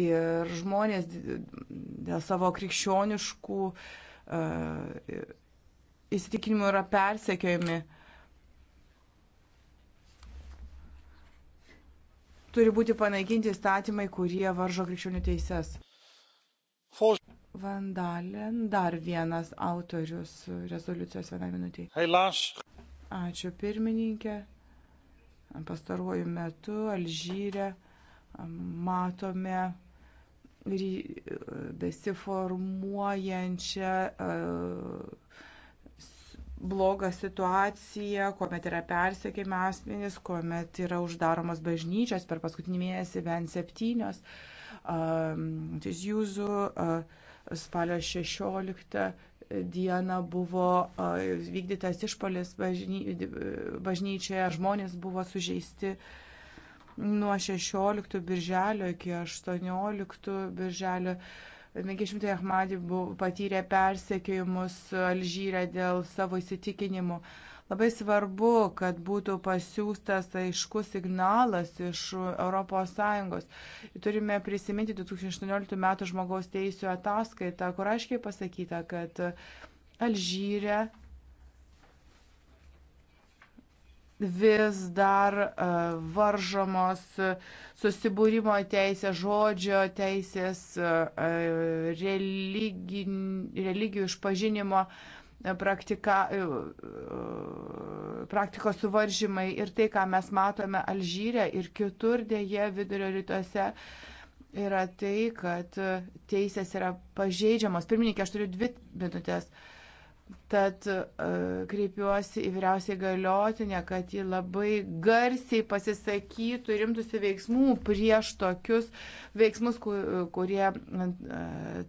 ir žmonės dėl savo krikščioniškų įsitikinimų yra persekiojami. Turi būti panaikinti įstatymai, kurie varžo krikščionių teises. Vandalin, dar vienas autorius rezoliucijos vienai minutiai. Helaas. Ačiū pirmininkė. Pastaruoju metu Alžyre matome besiformuojančią e, blogą situaciją, kuomet yra persiekime asmenys, kuomet yra uždaromos bažnyčios per paskutinį mėnesį bent septynios. Tis jūzų spalio 16 dieną buvo vykdytas išpolis bažny, bažnyčioje, žmonės buvo sužeisti nuo 16 birželio iki 18 birželio. 500 Ahmadį patyrė persekiojimus Alžyre dėl savo įsitikinimų. Labai svarbu, kad būtų pasiūstas aiškus signalas iš ES. Turime prisiminti 2018 m. žmogaus teisų ataskaitą, kur aiškiai pasakyta, kad Alžyre vis dar e, varžomos susibūrimo teisės, žodžio teisės, e, religijų išpažinimo teisės praktika, e, praktikos suvaržymai ir tai, ką mes matome Alžyre ir kitur dėje vidurio rytuose, yra tai, kad teisės yra pažeidžiamos. Pirmininkė, aš turiu dvi minutės. Tad e, kreipiuosi į vyriausiai galiotinę, kad ji labai garsiai pasisakytų ir imtųsi veiksmų prieš tokius veiksmus, kurie e,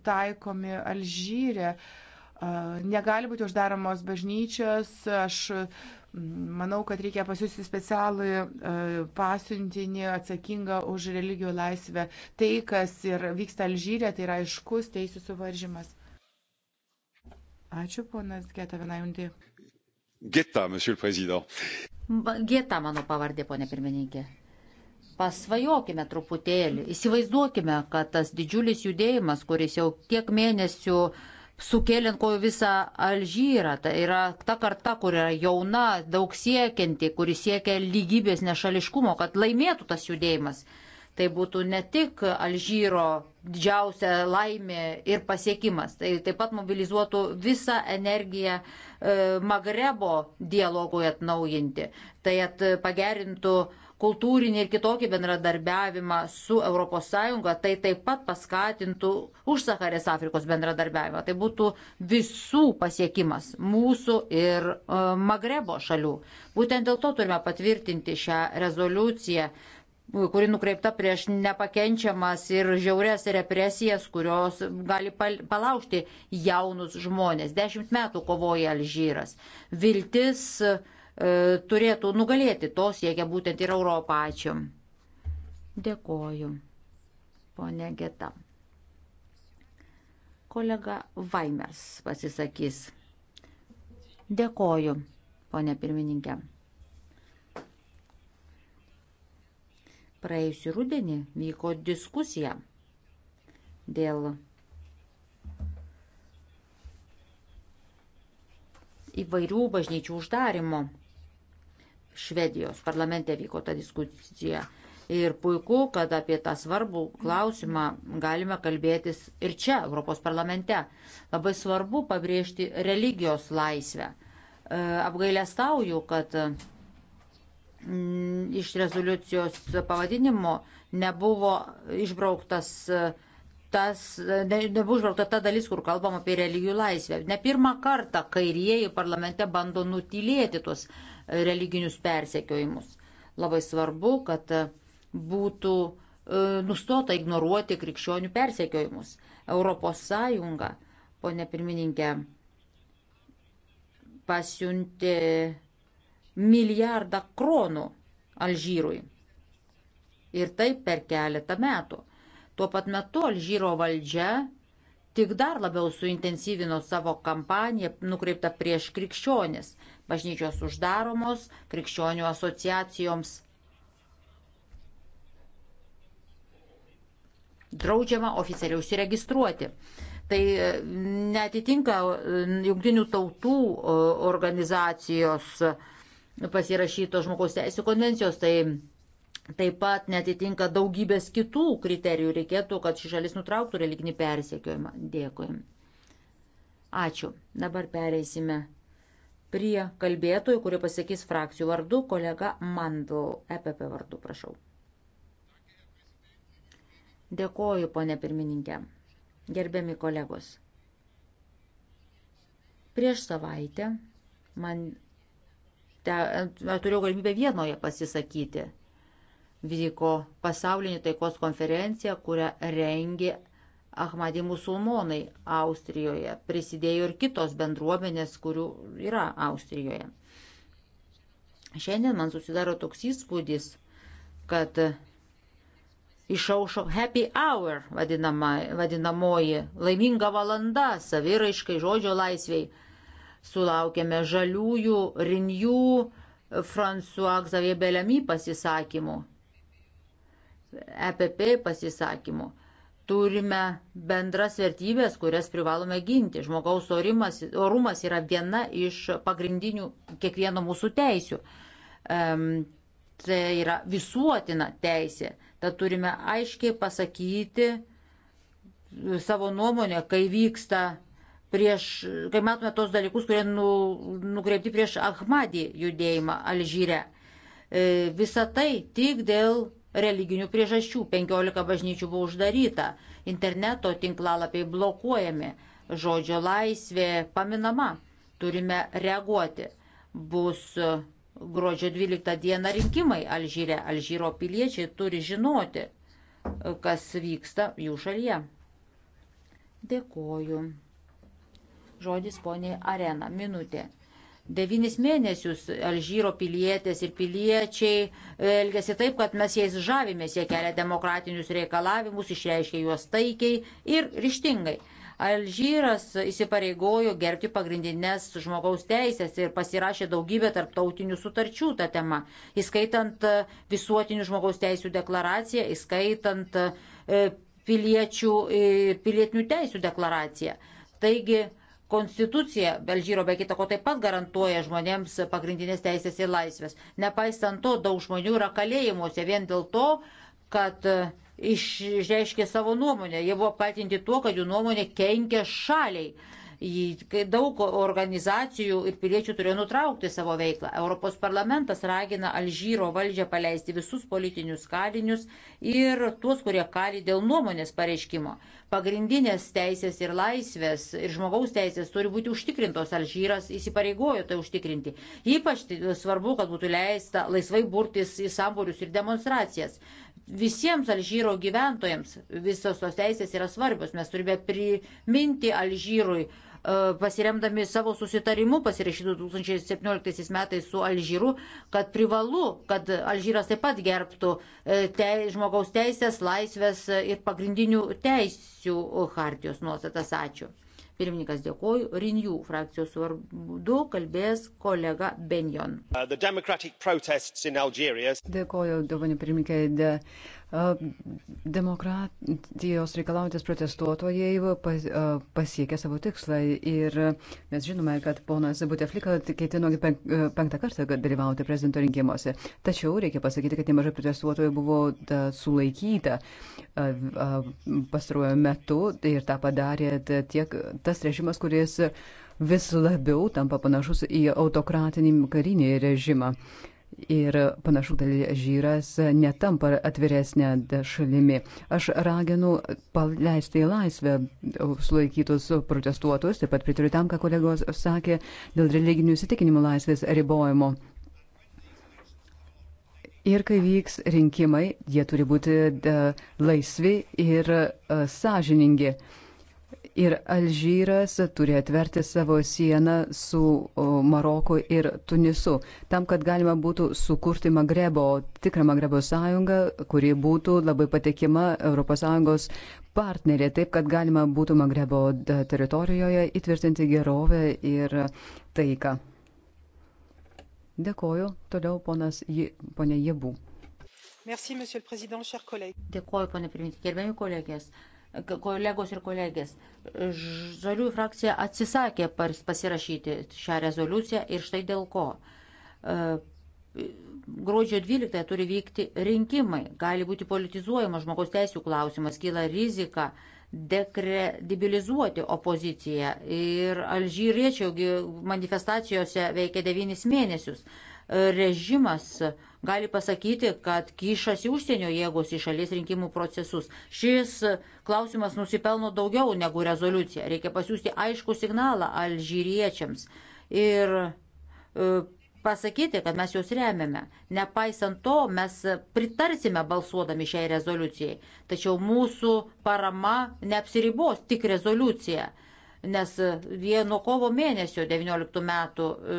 taikomi Alžyre. Uh, Negali būti uždaromos bažnyčios. Aš manau, kad reikia pasiūsti specialų pasiuntinį atsakingą už religijų laisvę. Tai, kas ir vyksta Alžyrė, tai yra aiškus teisų suvaržymas. Ačiū, ponas Geta, vieną jungtį. Geta, monsieur le président. Geta mano pavardė, ponė pirmininkė. Pasvajokime truputėlį, įsivaizduokime, kad tas didžiulis judėjimas, kuris jau tiek mėnesių uh, sukėlė ant kojų visą Alžyrą. Tai yra ta karta, kur yra jauna, daug siekianti, kuri siekia lygybės nešališkumo, kad laimėtų tas judėjimas. Tai būtų ne tik Alžyro didžiausia laimė ir pasiekimas, tai taip pat mobilizuotų visą energiją e, Magrebo dialogui atnaujinti. Tai at, pagerintų kultūrinį ir kitokį bendradarbiavimą su ES, tai taip pat paskatintų užsaharės Afrikos bendradarbiavimą. Tai būtų visų pasiekimas mūsų ir e, Magrebo šalių. Būtent dėl to turime patvirtinti šią rezoliuciją kuri nukreipta prieš nepakenčiamas ir žiaurias represijas, kurios gali palaužti jaunus žmonės. Dešimt metų kovoja Alžyras. Viltis uh, E, turėtų nugalėti. To siekia būtent ir Europą. Ačiū. Dėkoju, ponė Geta. Kolega Vaimers pasisakys. Dėkoju, ponė pirmininkė. Praėjusį rudenį vyko diskusija dėl įvairių bažnyčių uždarimo Švedijos parlamente vyko ta diskusija. Ir puiku, kad apie tą svarbų klausimą galime kalbėtis ir čia, Europos parlamente. Labai svarbu pabrėžti religijos laisvę. E, Apgailę stauju, kad mm, iš rezoliucijos pavadinimo nebuvo išbrauktas e, tas, ne, nebuvo išbraukta ta dalis, kur kalbam apie religijų laisvę. Ne pirmą kartą kairieji parlamente bando nutilėti tuos religinius persekiojimus. Labai svarbu, kad būtų e, nustota ignoruoti krikščionių persekiojimus. Europos Sąjunga, ponė pirmininkė, pasiuntė milijardą kronų Alžyrui. Ir tai per keletą metų. Tuo pat metu Alžyro valdžia tik dar labiau suintensyvino savo kampaniją nukreiptą prieš krikščionis. Bažnyčios uždaromos krikščionių asociacijoms. Draudžiama oficialiai užsiregistruoti. Tai e, netitinka e, jungtinių tautų e, organizacijos pasirašytos žmogaus teisų konvencijos, tai taip pat netitinka daugybės kitų kriterijų. Reikėtų, kad ši šalis nutrauktų religinį persekiojimą. Dėkui. Ačiū. Dabar pereisime prie kalbėtojų, kurie pasakys frakcijų vardu, kolega Mandl, EPP vardu, prašau. Dėkoju, ponė pirmininkė. Gerbiami kolegos. Prieš savaitę man te, turėjau galimybę vienoje pasisakyti. Vyko pasaulinė taikos konferencija, kurią rengė Ahmadi musulmonai Austrijoje, prisidėjo ir kitos bendruomenės, kurių yra Austrijoje. Šiandien man susidaro toks įspūdis, kad išaušo happy hour vadinama, vadinamoji laiminga valanda saviraiškai žodžio laisviai. Sulaukėme žaliųjų, rinjų, François Xavier Belami pasisakymų, EPP pasisakymų turime bendras vertybės, kurias privalome ginti. Žmogaus orimas, orumas yra viena iš pagrindinių kiekvieno mūsų teisių. Um, tai yra visuotina teisė. Tad turime aiškiai pasakyti savo nuomonę, kai vyksta prieš, kai matome tos dalykus, kurie nu, nukreipti prieš Ahmadį judėjimą Alžyre. E, visa tai tik dėl religinių priežasčių. 15 bažnyčių buvo uždaryta, interneto tinklalapiai blokuojami, žodžio laisvė paminama. Turime reaguoti. Bus e, gruodžio 12 dieną rinkimai Alžyre. Alžyro piliečiai turi žinoti, e, kas vyksta jų šalyje. Dėkoju. Žodis poniai Arena. Minutė. Devynis mėnesius Alžyro pilietės ir piliečiai e, elgesi taip, kad mes jais žavimės, jie kelia demokratinius reikalavimus, išreiškia juos taikiai ir ryštingai. Alžyras įsipareigojo gerbti pagrindinės žmogaus teisės ir pasirašė daugybę tarptautinių sutarčių tą temą, įskaitant e, visuotinių žmogaus teisų deklaraciją, įskaitant e, piliečių, pilietinių teisų deklaraciją. Taigi Konstitucija Belžyro be kitako taip pat garantuoja žmonėms pagrindinės teisės ir laisvės. Nepaisant to, daug žmonių yra kalėjimuose vien dėl to, kad e, išreiškė savo nuomonę. Jie buvo apkaltinti tuo, kad jų nuomonė kenkia šaliai. Kai daug organizacijų ir piliečių turėjo nutraukti savo veiklą. Europos parlamentas ragina Alžyro valdžią paleisti visus politinius kalinius ir tuos, kurie kali dėl nuomonės pareiškimo. Pagrindinės teisės ir laisvės ir žmogaus teisės turi būti užtikrintos. Alžyras įsipareigojo tai užtikrinti. Ypač tai svarbu, kad būtų leista laisvai burtis į sambūrius ir demonstracijas visiems Alžyro gyventojams visos tos teisės yra svarbios. Mes turime priminti Alžyrui E, pasiremdami savo susitarimu pasirašytų 2017 metais su Alžyru, kad privalu, kad Alžyras taip pat gerbtų e, te, žmogaus teisės, laisvės ir pagrindinių teisių hartijos nuostatas. Ačiū. Pirmininkas dėkoju. Rinjų frakcijos vardu kalbės kolega Benjon. Uh, Dėkoju, Dovanė pirmininkė. Demokratijos reikalaujantis protestuotojai pasiekė savo tikslą ir mes žinome, kad ponas Buteflika ketino penktą kartą dalyvauti prezidento rinkimuose. Tačiau reikia pasakyti, kad nemažai protestuotojų buvo sulaikyta pastaruoju metu ir tą padarė tiek tas režimas, kuris vis labiau tampa panašus į autokratinį karinį režimą. Uh, Ir panašu, kad Alžyras netampa atviresnė šalimi. Aš raginu paleisti į laisvę sulaikytus protestuotus, taip pat pritariu tam, ką kolegos sakė dėl religinių įsitikinimų laisvės ribojimo. Ir kai vyks rinkimai, jie turi būti e, laisvi ir e, sąžiningi ir Alžyras turi atverti savo sieną su Maroku ir Tunisu, tam, kad galima būtų sukurti Magrebo, tikrą Magrebo sąjungą, kuri būtų labai patikima ES partnerė, taip, kad galima būtų Magrebo teritorijoje įtvirtinti gerovę ir taiką. Dėkoju. Toliau ponas, ponė Jėbų. Merci, Dėkoju, ponė Primintė, gerbėjų kolegės kolegos ir kolegės, žaliųjų frakcija atsisakė pasirašyti šią rezoliuciją ir štai dėl ko. E, gruodžio 12 turi vykti rinkimai, gali būti politizuojama žmogaus teisų klausimas, kyla rizika dekredibilizuoti opoziciją. Ir alžyriečiai manifestacijose veikia devynis mėnesius režimas gali pasakyti, kad kišasi užsienio jėgos į šalies rinkimų procesus. Šis klausimas nusipelno daugiau negu rezoliucija. Reikia pasiūsti aišku signalą alžyriečiams ir e, pasakyti, kad mes juos remiame. Nepaisant to, mes pritarsime balsuodami šiai rezoliucijai. Tačiau mūsų parama neapsiribos tik rezoliucija, nes jie nuo kovo mėnesio 19 metų e,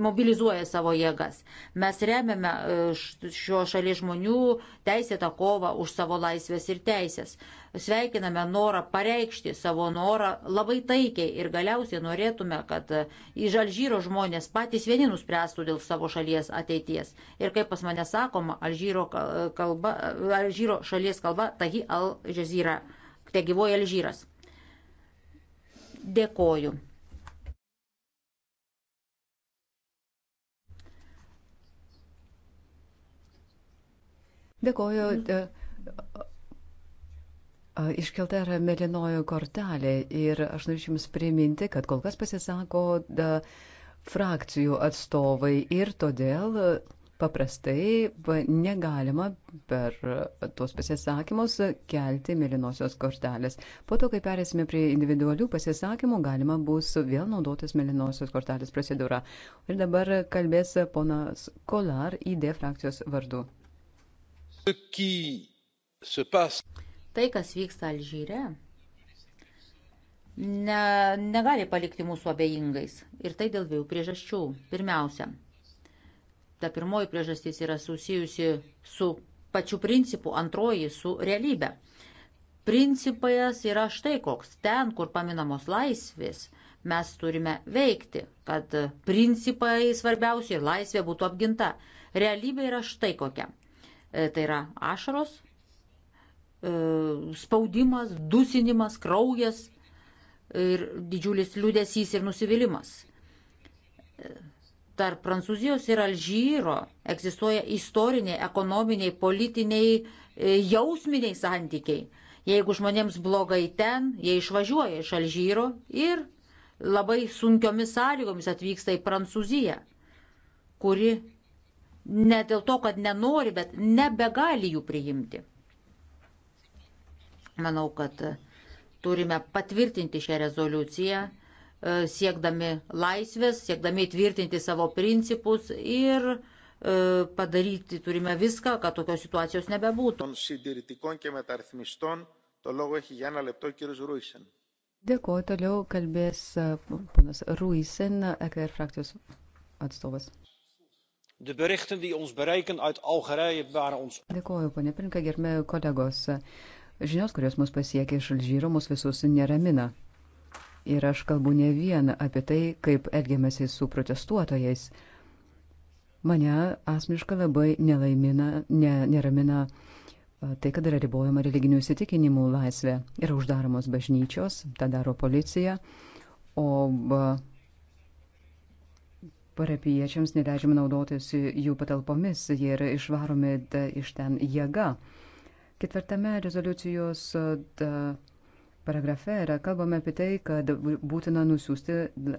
mobilizuoja savo jėgas. Mes remiame e, šio šalies žmonių teisėtą kovą už savo laisvės ir teisės. Sveikiname norą pareikšti savo norą labai taikiai ir galiausiai norėtume, kad iš e, Alžyro žmonės patys vieni nuspręstų dėl savo šalies ateities. Ir kaip pas mane sakoma, Alžyro, e, kalba, Alžyro šalies kalba Tahi Al Jazeera, te gyvoja Alžyras. Dėkoju. Dėkoju. E, e, iškelta yra melinojo kortelė ir aš norėčiau Jums priminti, kad kol kas pasisako da, frakcijų atstovai ir todėl paprastai negalima per tuos pasisakymus kelti mėlynosios kortelės. Po to, kai perėsime prie individualių pasisakymų, galima bus vėl naudotis mėlynosios kortelės procedūra. Ir dabar kalbės ponas Kolar ID frakcijos vardu. Tai, kas vyksta Alžyre, ne, negali palikti mūsų abejingais. Ir tai dėl dviejų priežasčių. Pirmiausia, ta pirmoji priežastis yra susijusi su pačiu principu, antroji su realybė. Principas yra štai koks. Ten, kur paminamos laisvės, mes turime veikti, kad principai svarbiausia ir laisvė būtų apginta. Realybė yra štai kokia. E, tai yra ašaros, e, spaudimas, dusinimas, kraujas ir didžiulis liūdėsys ir nusivylimas. E, tarp Prancūzijos ir Alžyro egzistuoja istoriniai, ekonominiai, politiniai, jausminiai santykiai. Jeigu žmonėms blogai ten, jie išvažiuoja iš Alžyro ir labai sunkiomis sąlygomis atvyksta į Prancūziją, kuri ne dėl to, kad nenori, bet nebegali jų priimti. Manau, kad e, turime patvirtinti šią rezoliuciją, e, siekdami laisvės, siekdami įtvirtinti savo principus ir e, padaryti turime viską, kad tokios situacijos nebebūtų. Dėkuoju, toliau kalbės ponas Ruisen, EKR frakcijos atstovas. Dėkuoju, ponė Pirinka, gerbėjai kolegos. Žinios, kurios mus pasiekia iš Alžyro, mus visus neramina. Ir aš kalbu ne vien apie tai, kaip elgiamasi su protestuotojais. Mane asmeniškai labai nelaimina, ne, neramina tai, kad yra ribojama religinių įsitikinimų laisvė. Yra uždaromos bažnyčios, tą daro policija, o parapiečiams neleidžiama naudotis jų patalpomis, jie yra išvaromi da, iš ten jėga. Ketvirtame rezoliucijos da, paragrafe yra kalbame apie tai, kad būtina nusiųsti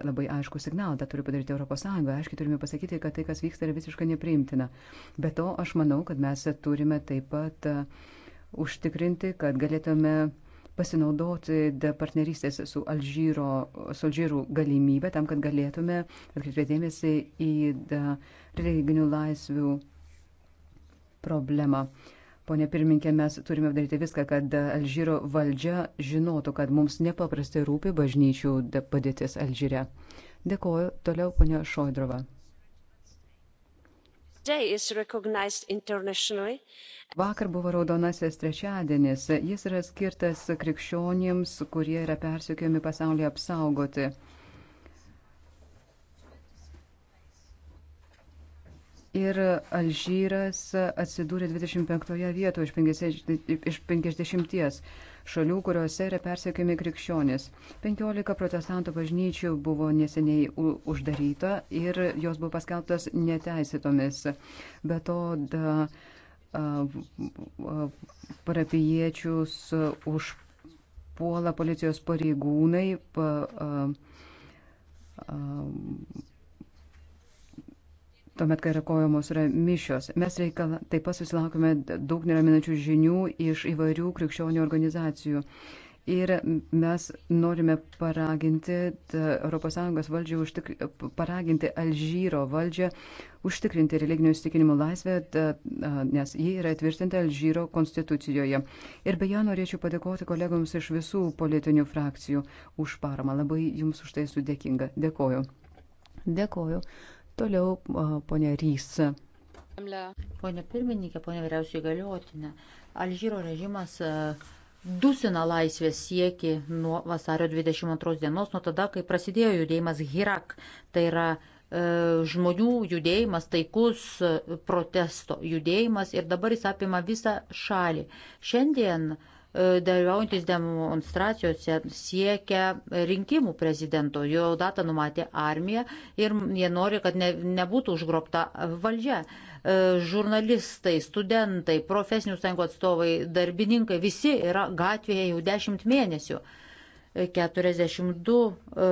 labai aišku signalą, tą turi padaryti ES. Aiškiai turime pasakyti, kad tai, kas vyksta, yra visiškai nepriimtina. Be to, aš manau, kad mes turime taip pat uh, užtikrinti, kad galėtume pasinaudoti partnerystės su, Alžyro, su Alžyru galimybę tam, kad galėtume atkreipti dėmesį į religinių laisvių problemą. Pone pirminkė, mes turime daryti viską, kad Alžyro valdžia žinotų, kad mums nepaprastai rūpi bažnyčių padėtis Alžyre. Dėkoju. Toliau ponia Šoidrova. Vakar buvo raudonasis trečiadienis. Jis yra skirtas krikščionims, kurie yra persiekiami pasaulyje apsaugoti. ir Alžyras atsidūrė 25 vietoje iš 50, iš 50 šalių, kuriuose yra persiekiami krikščionis. 15 protestantų bažnyčių buvo neseniai uždaryta ir jos buvo paskelbtos neteisėtomis. Be to, da, parapiečius užpuola policijos pareigūnai. Pa, a, a, tuomet, kai rakojamos yra mišios. Mes reikala, taip pat susilaukime daug neraminančių žinių iš įvairių krikščionių organizacijų. Ir mes norime paraginti ES valdžią, užtikri, paraginti Alžyro valdžią užtikrinti religinių įstikinimų laisvę, ta, nes ji yra atvirtinta Alžyro konstitucijoje. Ir beje, norėčiau padėkoti kolegoms iš visų politinių frakcijų už paramą. Labai jums už tai esu dėkinga. Dėkoju. Dėkoju. Toliau ponė Rys. Pone pirmininkė, ponė vyriausiai galiotinė. Alžyro režimas dusina laisvės sieki nuo vasario 22 dienos, nuo tada, kai prasidėjo judėjimas Hirak. Tai yra e, žmonių judėjimas, taikus e, protesto judėjimas ir dabar jis apima visą šalį. Šiandien uh, dalyvaujantis demonstracijose siekia rinkimų prezidento. Jo datą numatė armija ir jie nori, kad ne, nebūtų užgrobta valdžia. E, žurnalistai, studentai, profesinių sąjungų atstovai, darbininkai, visi yra gatvėje jau dešimt mėnesių. 42 e,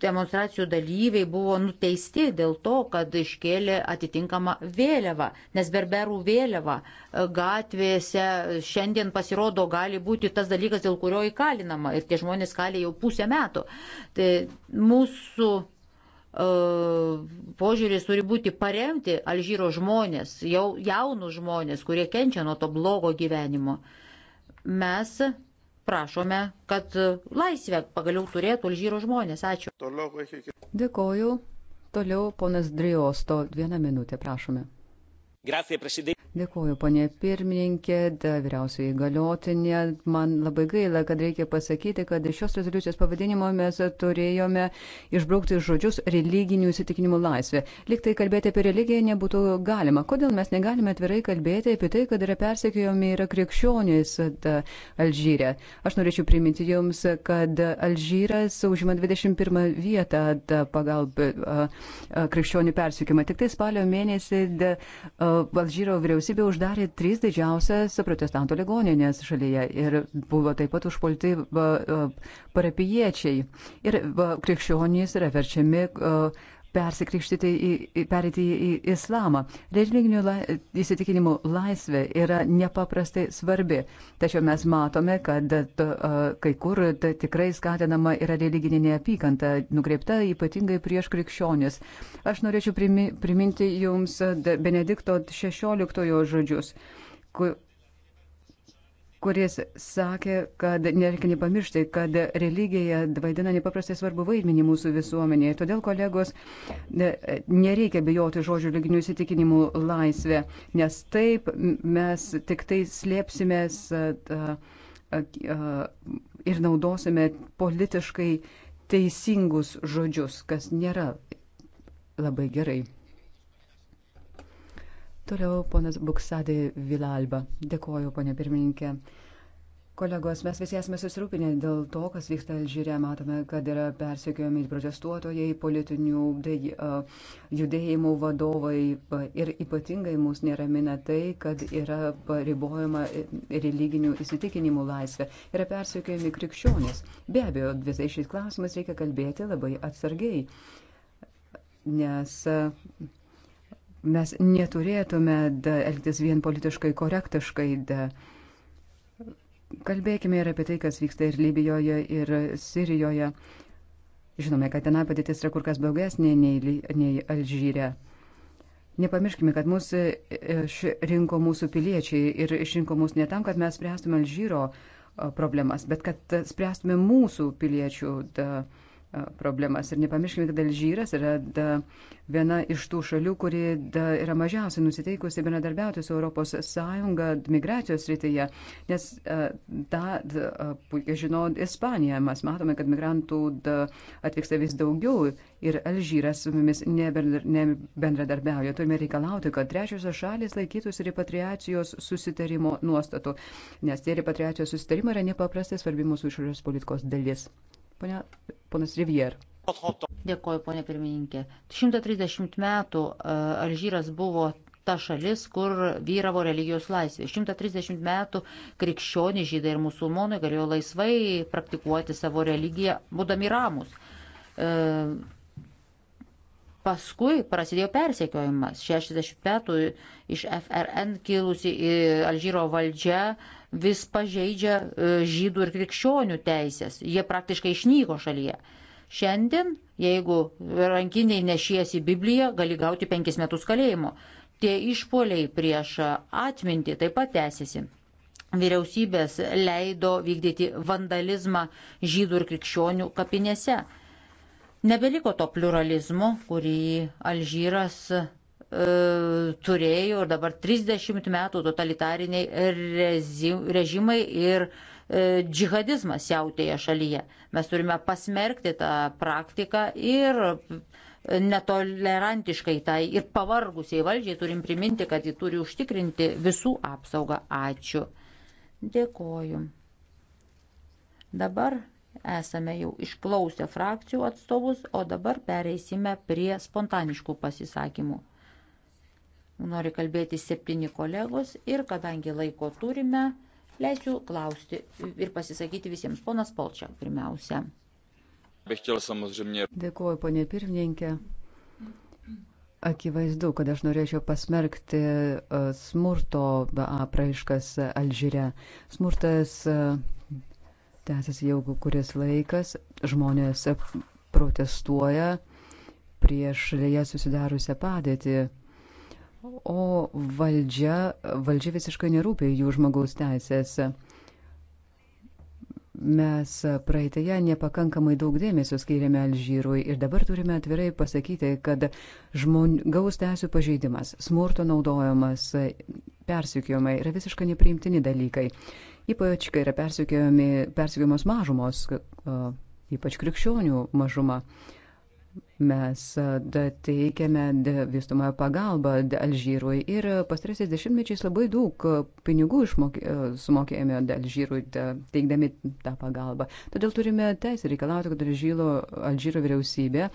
demonstracijų dalyviai buvo nuteisti dėl to, kad iškėlė atitinkamą vėliavą, nes berberų vėliava e, gatvėse šiandien pasirodo gali būti tas dalykas, dėl kurio įkalinama ir tie žmonės kalė jau pusę metų. Tai mūsų e, požiūris turi būti paremti Alžyro žmonės, jau jaunus žmonės, kurie kenčia nuo to blogo gyvenimo. Mes prašome, kad laisvę pagaliau turėtų Alžyro žmonės. Ačiū. Dėkoju. Toliau ponas Driosto. Vieną minutę, prašome. Dėkuoju, ponė pirmininkė, vyriausioji galiotinė. Man labai gaila, kad reikia pasakyti, kad iš šios rezoliucijos pavadinimo mes turėjome išbraukti žodžius religinių įsitikinimų laisvė. Liktai kalbėti apie religiją nebūtų galima. Kodėl mes negalime atvirai kalbėti apie tai, kad yra persekiojami yra krikščionys Alžyre? Aš norėčiau priminti Jums, kad Alžyras užima 21 vietą pagal krikščionių persekiojimą. Tik tai spalio mėnesį. De, uh, Alžyro vyriausybė uždarė tris didžiausias protestantų ligoninės šalyje ir buvo taip pat užpulti parapiečiai. Ir krikščionys yra verčiami uh, persikrikštyti, į, perėti į islamą. Religinių lai, įsitikinimų laisvė yra nepaprastai svarbi, tačiau mes matome, kad t, kai kur t, tikrai skatinama yra religinė neapykanta, nukreipta ypatingai prieš krikščionis. Aš norėčiau primi, priminti Jums Benedikto XVI žodžius, kur, kuris sakė, kad nereikia nepamiršti, kad religija vaidina nepaprastai svarbu vaidmenį mūsų visuomenėje. Todėl, kolegos, nereikia bijoti žodžių lyginių įsitikinimų laisvę, nes taip mes tik tai slėpsimės ir naudosime politiškai teisingus žodžius, kas nėra labai gerai. Toliau ponas Buksadai Vilalba. Dėkoju, ponė pirmininkė. Kolegos, mes visi esame susirūpinę dėl to, kas vyksta Alžyre. Matome, kad yra persekiojami protestuotojai, politinių judėjimų vadovai ir ypatingai mus neramina tai, kad yra ribojama religinių įsitikinimų laisvė. Yra persekiojami krikščionys. Be abejo, visais šiais klausimais reikia kalbėti labai atsargiai, nes Mes neturėtume da, elgtis vien politiškai korektiškai. Da. Kalbėkime ir apie tai, kas vyksta ir Libijoje, ir Sirijoje. Žinome, kad ten padėtis yra kur kas blogesnė nei, nei Alžyre. Nepamirškime, kad mus išrinko e, mūsų piliečiai ir išrinko mus ne tam, kad mes spręstume Alžyro problemas, bet kad spręstume mūsų piliečių. Da, uh, problemas. Ir nepamirškime, kad Alžyras yra da, viena iš tų šalių, kuri da, yra mažiausiai nusiteikusi bendradarbiauti su ES migracijos rytyje, nes tą puikiai žino Ispanija. Mes matome, kad migrantų da, atvyksta vis daugiau ir Alžyras su mumis nebendradarbiauja. Turime reikalauti, kad trečiosios šalis laikytųsi repatriacijos susitarimo nuostatų, nes tie repatriacijos susitarimai yra nepaprastai svarbi mūsų išorės politikos dalis. Pone, ponas Rivier. Dėkoju, ponė pirmininkė. 130 metų e, Alžyras buvo ta šalis, kur vyravo religijos laisvė. 130 metų krikščionys, žydai ir musulmonai galėjo laisvai praktikuoti savo religiją, būdami ramus. E, paskui prasidėjo persekiojimas. 60 metų iš FRN kilusi e, Alžyro valdžia e, vis pažeidžia e, žydų ir krikščionių teisės. Jie praktiškai išnyko šalyje. Šiandien, jeigu rankiniai nešiesi Bibliją, gali gauti penkis metus kalėjimo. Tie išpoliai prieš atmintį taip pat tęsiasi. Vyriausybės leido vykdyti vandalizmą žydų ir krikščionių kapinėse. Nebeliko to pluralizmo, kurį Alžyras turėjo ir dabar 30 metų totalitariniai režimai ir e, džihadizmas jautėje šalyje. Mes turime pasmerkti tą praktiką ir netolerantiškai tai ir pavargusiai valdžiai turim priminti, kad ji turi užtikrinti visų apsaugą. Ačiū. Dėkoju. Dabar esame jau išklausę frakcijų atstovus, o dabar pereisime prie spontaniškų pasisakymų. Nori kalbėti septyni kolegos ir kadangi laiko turime, leisiu klausti ir pasisakyti visiems. Ponas Polčia, pirmiausia. Dėkuoju, ponė pirmininkė. Akivaizdu, kad aš norėčiau pasmerkti e, smurto apraiškas Alžyre. Smurtas e, tęsiasi jau kuris laikas, žmonės protestuoja prieš lėje susidariusią padėtį o valdžia, valdžia visiškai nerūpia jų žmogaus teisės. Mes praeitėje nepakankamai daug dėmesio skiriame Alžyrui ir dabar turime atvirai pasakyti, kad žmogaus teisų pažeidimas, smurto naudojimas, persikiojimai yra visiškai nepriimtini dalykai. Ypač, kai yra persikiojamos mažumos, ypač krikščionių mažuma. Uh, Mes teikiame vystumą pagalbą Alžyrui ir pastaraisiais dešimtmečiais labai daug pinigų išmokė, sumokėjome Alžyrui teikdami tą pagalbą. Todėl turime teisę reikalauti, kad Alžyro, Alžyro vyriausybė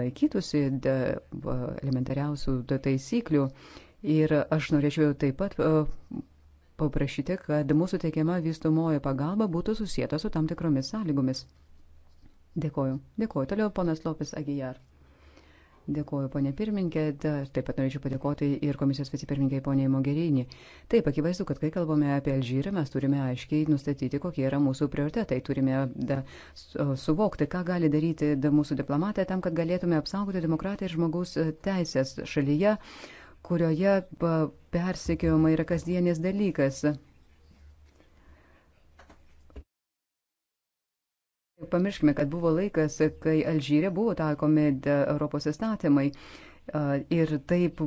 laikytųsi elementariausių taisyklių. Ir aš norėčiau taip pat paprašyti, kad mūsų teikiama vystumoji pagalba būtų susijęta su tam tikromis sąlygomis. Dėkoju. Dėkoju. Toliau ponas Lopis Agijar. Dėkoju, ponė pirmininkė. Taip pat norėčiau padėkoti ir komisijos vicepirmininkai poniai Mogerinį. Taip, akivaizdu, kad kai kalbame apie Alžyrą, mes turime aiškiai nustatyti, kokie yra mūsų prioritetai. Turime da, suvokti, ką gali daryti da, mūsų diplomatai tam, kad galėtume apsaugoti demokratiją ir žmogaus teisės šalyje, kurioje persekiojama yra kasdienis dalykas. Pamirškime, kad buvo laikas, kai Alžyre buvo taikomi Europos įstatymai. Ir taip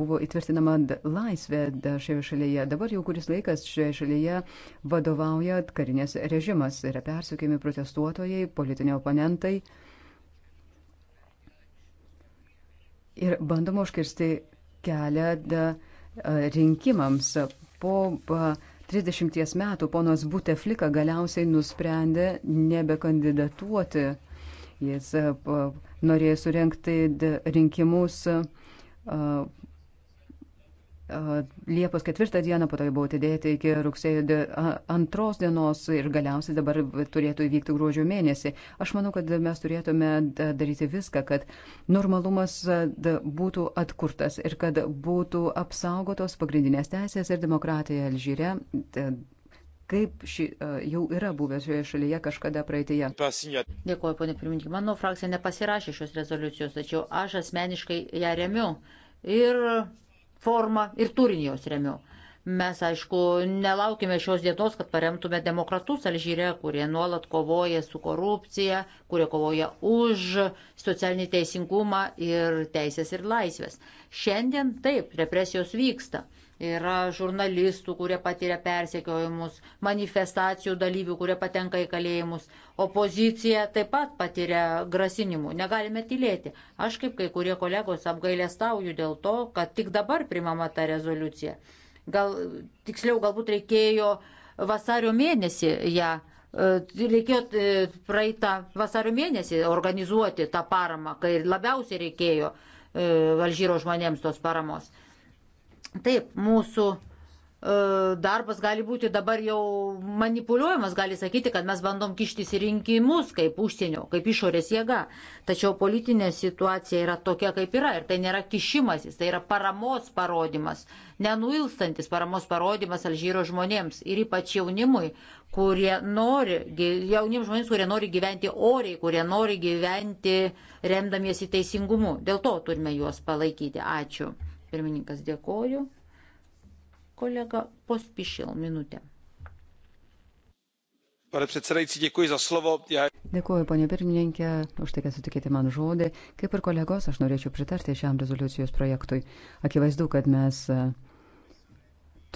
buvo įtvirtinama laisvė šioje šalyje. Dabar jau kuris laikas šioje šalyje vadovauja karinės režimas, yra persiūkiami protestuotojai, politiniai oponentai. Ir bandoma užkirsti kelią rinkimams po. Uh, 30 metų ponas Buteflika galiausiai nusprendė nebekandidatuoti. Jis e, norėjo surenkti rinkimus e, Liepos ketvirtą dieną, po to buvo atidėti iki rugsėjo antros dienos ir galiausiai dabar turėtų įvykti gruodžio mėnesį. Aš manau, kad mes turėtume daryti viską, kad normalumas būtų atkurtas ir kad būtų apsaugotos pagrindinės teisės ir demokratija Alžyre, kaip ši, jau yra buvę šioje šalyje kažkada praeitėje. Dėkuoju, ponė pirmininkė. Mano frakcija nepasirašė šios rezoliucijos, tačiau aš asmeniškai ją remiu. Ir formą ir turinį jos remiu. Mes, aišku, nelaukime šios dienos, kad paremtume demokratus Alžyre, kurie nuolat kovoja su korupcija, kurie kovoja už socialinį teisingumą ir teisės ir laisvės. Šiandien taip, represijos vyksta. Yra žurnalistų, kurie patiria persekiojimus, manifestacijų dalyvių, kurie patenka į kalėjimus. Opozicija taip pat patiria grasinimų. Negalime tylėti. Aš kaip kai kurie kolegos apgailėstauju dėl to, kad tik dabar primama ta rezoliucija. Gal, tiksliau, galbūt reikėjo vasario mėnesį ją e, reikėjo e, praeitą vasario mėnesį organizuoti tą paramą, kai labiausiai reikėjo e, Alžyro žmonėms tos paramos. Taip, mūsų e, darbas gali būti dabar jau manipuliuojamas, gali sakyti, kad mes bandom kištis į rinkimus kaip užsienio, kaip išorės jėga. Tačiau politinė situacija yra tokia, kaip yra. Ir tai nėra kišimasis, tai yra paramos parodimas, nenuilstantis paramos parodimas Alžyro žmonėms ir ypač jaunimui, kurie nori, jauniems žmonėms, kurie nori gyventi oriai, kurie nori gyventi remdamiesi teisingumu. Dėl to turime juos palaikyti. Ačiū. Pirmininkas dėkoju. Kolega Pospišil, minutė. Pane předsedající, děkuji za slovo. Já... Dėkuoju, ponė pirmininkė, už tai, kad sutikėte man žodį. Kaip ir kolegos, aš norėčiau pritarti šiam rezoliucijos projektui. Akivaizdu, kad mes e,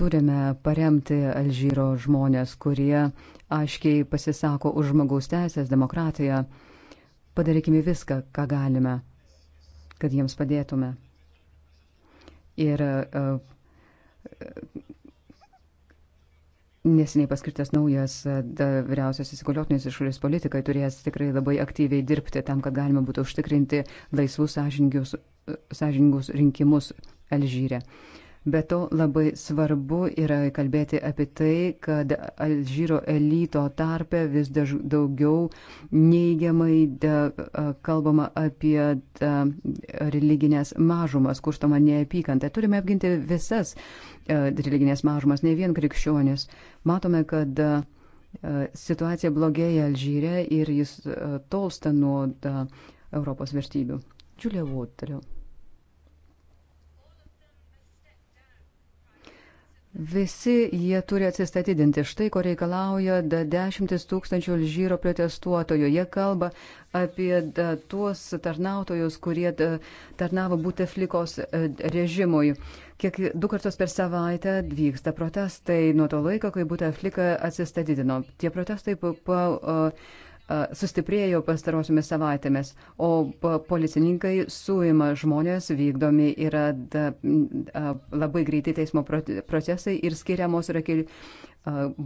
turime paremti Alžyro žmonės, kurie aiškiai pasisako už žmogaus teisės, demokratiją. Padarykime viską, ką galime, kad jiems padėtume ir e, e, Nesiniai paskirtas naujas e, vyriausiasis įsigaliotinis išorės politikai turės tikrai labai aktyviai dirbti tam, kad galima būtų užtikrinti laisvus sąžiningus rinkimus Alžyre. Be to labai svarbu yra kalbėti apie tai, kad Alžyro elito tarpe vis daugiau neigiamai kalbama apie religinės mažumas, kurstama neapykantą. Turime apginti visas religinės mažumas, ne vien krikščionis. Matome, kad situacija blogėja Alžyre ir jis tolsta nuo Europos vertybių. Julia Wood, toliau. Visi jie turi atsistatydinti. Štai ko reikalauja dešimtis tūkstančių Alžyro protestuotojų. Jie kalba apie da, tuos tarnautojus, kurie da, tarnavo Buteflikos e, režimui. Kiek du kartus per savaitę vyksta protestai nuo to laiko, kai Buteflika atsistatydino. Tie protestai pa, pa, sustiprėjo pastarosiomis savaitėmis, o policininkai suima žmonės, vykdomi yra da, labai greiti teismo procesai ir skiriamos yra keli,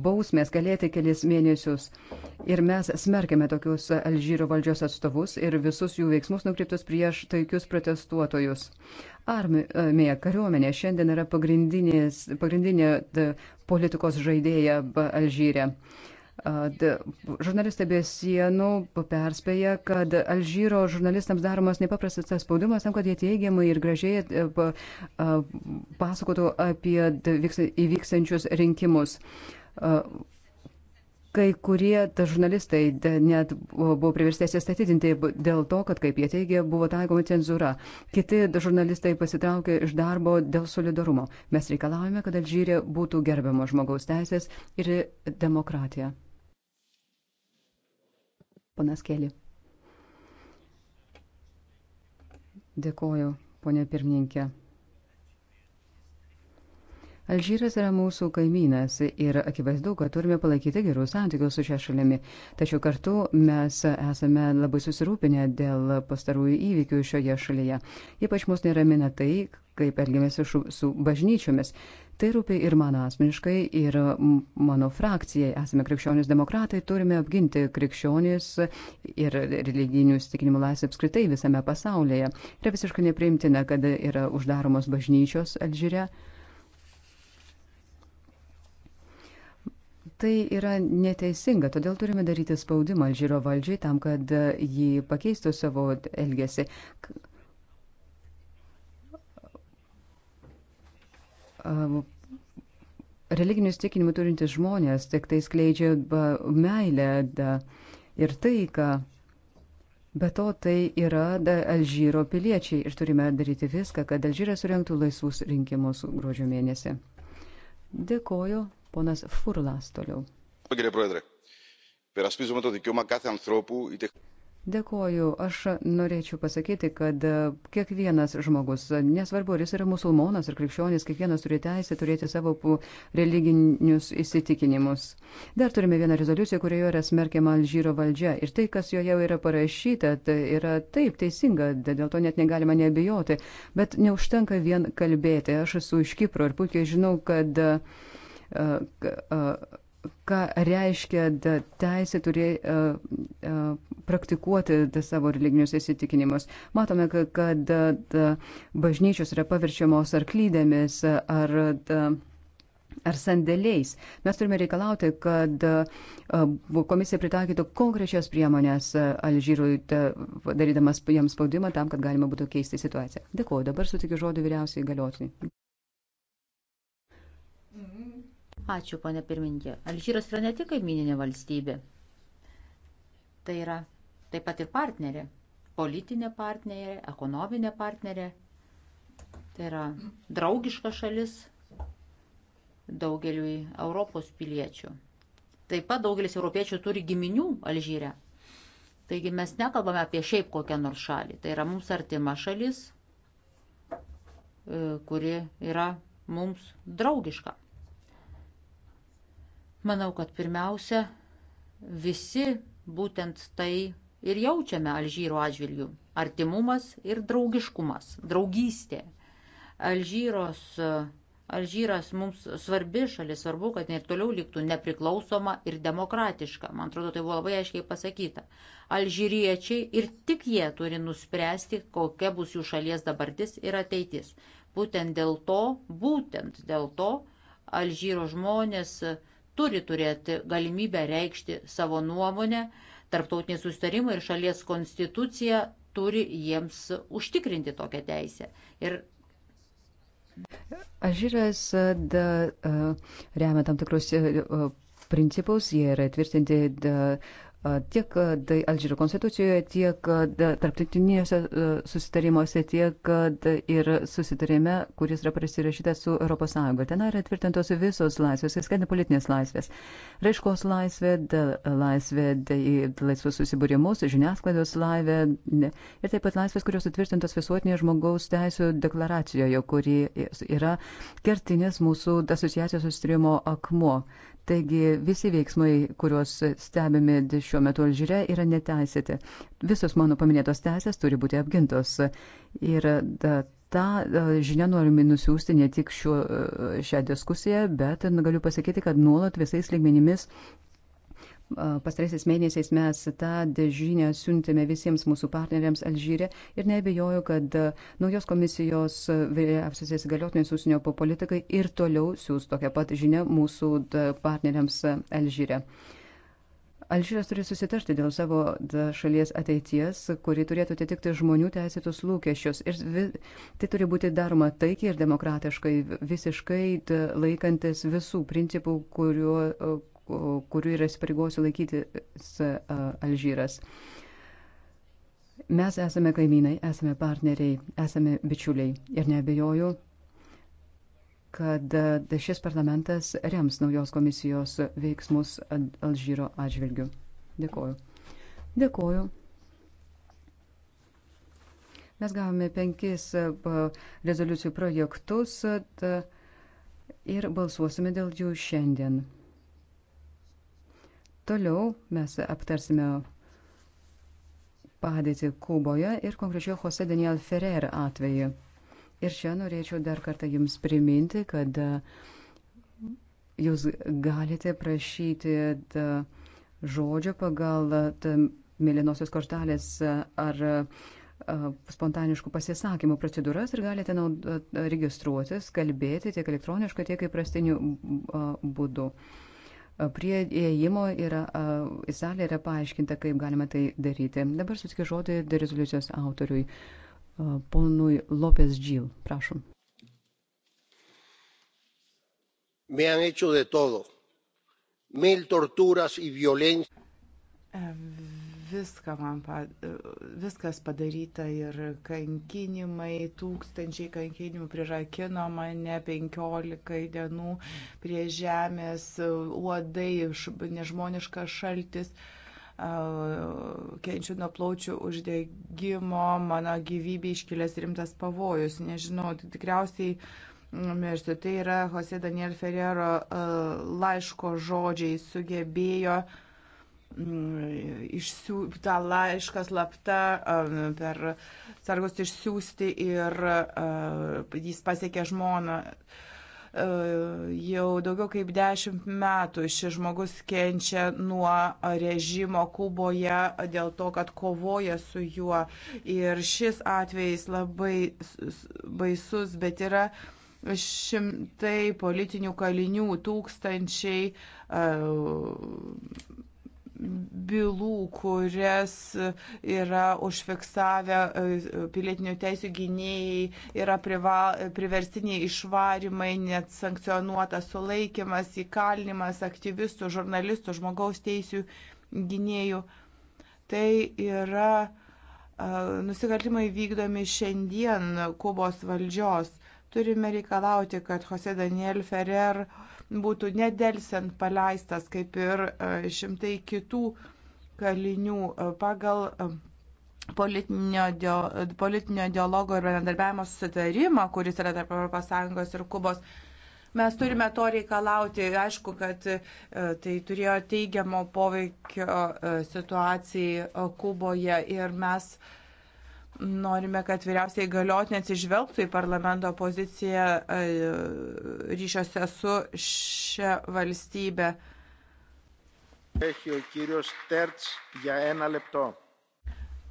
bausmės galėti kelis mėnesius. Ir mes smerkime tokius Alžyro valdžios atstovus ir visus jų veiksmus nukreiptus prieš taikius protestuotojus. Armija, kariuomenė šiandien yra pagrindinė politikos žaidėja Alžyre. Uh, Žurnalistai be sienų perspėja, kad Alžyro žurnalistams daromas nepaprastas spaudimas tam, kad jie teigiamai ir gražiai e, pasakotų apie įvyksančius rinkimus. Kai kurie žurnalistai net buvo priversti atsistatydinti dėl to, kad, kaip jie teigia, buvo taikoma cenzūra. Kiti žurnalistai pasitraukė iš darbo dėl solidarumo. Mes reikalavome, kad Alžyrė būtų gerbiamo žmogaus teisės ir demokratija panas Keli. Dėkoju, ponė pirmininkė. Alžyras yra mūsų kaimynas ir akivaizdu, kad turime palaikyti gerus santykius su šia šalimi. Tačiau kartu mes esame labai susirūpinę dėl pastarųjų įvykių šioje šalyje. Ypač mus neramina tai, kaip elgiamės su, su bažnyčiomis. Tai rūpi ir man asmeniškai, ir mano frakcijai. Esame krikščionis demokratai, turime apginti krikščionis ir religinių įsitikinimų laisvę apskritai visame pasaulyje. Yra visiškai nepriimtina, kad yra uždaromos bažnyčios Alžyre. tai yra neteisinga, todėl turime daryti spaudimą Alžyro valdžiai tam, kad jį pakeistų savo elgesį. Religinius tikinimus turintys žmonės tik tai skleidžia meilę da, ir taiką. Be to, tai yra Alžyro piliečiai ir turime daryti viską, kad Alžyras surinktų laisvus rinkimus gruodžio mėnesį. Dėkoju. Ponas Furlas toliau. Dėkoju. Aš norėčiau pasakyti, kad e, kiekvienas žmogus, nesvarbu, ar jis yra musulmonas ar krikščionis, kiekvienas turi teisę turėti savo religinius įsitikinimus. Dar turime vieną rezoliuciją, kurioje yra smerkiama Alžyro valdžia. Ir tai, kas joje yra parašyta, tai yra taip teisinga, dėl to net negalima nebijoti. Bet neužtenka vien kalbėti. Aš esu iš Kipro ir puikiai žinau, kad uh, ką reiškia teisė turė, praktikuoti savo religinius įsitikinimus. Matome, kad bažnyčios yra paverčiamos ar klydėmis, ar da, ar sandėliais. Mes turime reikalauti, kad komisija pritaikytų konkrečias priemonės Alžyrui, darydamas jam spaudimą tam, kad galima būtų keisti situaciją. Dėkuoju, dabar sutikiu žodį vyriausiai galiotiniai. Ačiū, ponė pirmininkė. Alžyras yra ne tik kaimininė valstybė, tai yra taip pat ir partnerė, politinė partnerė, ekonominė partnerė, tai yra draugiška šalis daugeliui Europos piliečių. Taip pat daugelis europiečių turi giminių Alžyre. Taigi mes nekalbame apie šiaip kokią nors šalį. Tai yra mums artima šalis, e, kuri yra mums draugiška. Manau, kad pirmiausia, visi būtent tai ir jaučiame Alžyro atžvilgių - artimumas ir draugiškumas, draugystė. Alžyros, Alžyras mums svarbi šalis, svarbu, kad ir toliau liktų nepriklausoma ir demokratiška. Man atrodo, tai buvo labai aiškiai pasakyta. Alžyriečiai ir tik jie turi nuspręsti, kokia bus jų šalies dabartis ir ateitis. Būtent dėl to, būtent dėl to Alžyro žmonės uh, turi turėti galimybę reikšti savo nuomonę, tarptautiniai sustarimai ir šalies konstitucija turi jiems užtikrinti tokią teisę. Ir Alžyras remia tam tikrus principus, jie yra tvirtinti tiek e, Alžyro konstitucijoje, tiek e, tarptautinėse e, susitarimuose, tiek ir susitarime, kuris yra pasirašytas su ES. Ten yra tvirtintos visos laisvės, įskaitant politinės laisvės, raiškos laisvė, laisvė į laisvus susibūrimus, žiniasklaidos laivė ir taip pat laisvės, kurios įtvirtintos visuotinėje žmogaus teisų deklaracijoje, kuri yra kertinis mūsų asociacijos susitarimo akmuo. Taigi visi veiksmai, kuriuos stebime šiuo metu Alžyre, yra neteisėti. Visos mano paminėtos teisės turi būti apgintos. Ir da, tą žinią norime nusiųsti ne tik šiuo, e, šią diskusiją, bet galiu pasakyti, kad nuolat visais lygmenimis Pastaraisiais mėnesiais mes tą žinią siuntėme visiems mūsų partneriams Alžyrė ir nebejoju, kad e, naujos komisijos e, vyriausiasis įsigaliotinės užsienio politikai ir toliau siūs tokią pat žinią mūsų partneriams e, Alžyrė. Alžyras turi susitarti dėl savo šalies ateities, kuri turėtų atitikti žmonių teisėtus lūkesčius. Ir vi, tai turi būti daroma taikiai ir demokratiškai, visiškai laikantis visų principų, kuriuo kurių yra įsipareigojusi laikytis Alžyras. Mes esame kaimynai, esame partneriai, esame bičiuliai ir nebejoju, kad šis parlamentas rems naujos komisijos veiksmus Alžyro atžvilgiu. Dėkoju. Dėkoju. Mes gavome penkis rezoliucijų projektus ir balsuosime dėl jų šiandien. Toliau mes aptarsime padėtį Kuboje ir konkrečiai Jose Daniel Ferrer atveju. Ir čia norėčiau dar kartą Jums priminti, kad e, Jūs galite prašyti e, žodžio pagal e, mėlynosios kortelės ar spontaniškų pasisakymų procedūras ir galite registruotis, kalbėti tiek elektroniškai, tiek įprastiniu būdu. Uh, Prie įėjimo yra, į salę yra paaiškinta, kaip galima tai daryti. Dabar susitikiu žodį rezoliucijos autoriui, ponui Lopez Džil. Prašom. Me han hecho de todo. Mil torturas y violencia. Um viską man pa, viskas padaryta ir kankinimai, tūkstančiai kankinimų prirakino mane 15 dienų prie žemės, uodai, nežmoniškas šaltis kenčiu nuo plaučių uždegimo, mano gyvybė iškilęs rimtas pavojus. Nežinau, tai tikriausiai mirsiu. Tai yra Jose Daniel Ferrero laiško žodžiai sugebėjo uh, Mm, išsiųstą laišką slapta um, per sargus išsiųsti ir uh, jis pasiekė žmoną. Uh, jau daugiau kaip dešimt metų šis žmogus kenčia nuo režimo Kuboje dėl to, kad kovoja su juo. Ir šis atvejis labai baisus, bet yra šimtai politinių kalinių, tūkstančiai. Uh, bylų, kurias yra užfiksavę e, pilietinių teisų gynėjai, yra priva, priverstiniai išvarimai, net sankcionuotas sulaikimas, įkalinimas aktyvistų, žurnalistų, žmogaus teisų gynėjų. Tai yra e, nusikaltimai vykdomi šiandien Kubos valdžios. Turime reikalauti, kad Jose Daniel Ferrer būtų nedelsiant paleistas, kaip ir e, šimtai kitų kalinių e, pagal e, politinio, dio, politinio dialogo ir bendradarbiavimo susitarimą, kuris yra tarp ES ir Kubos mes turime to reikalauti. Aišku, kad tai turėjo teigiamo poveikio situacijai Kuboje ir mes uh, Norime, kad vyriausiai galiotinė atsižvelgtų į parlamento poziciją e, ryšiuose su šia valstybė.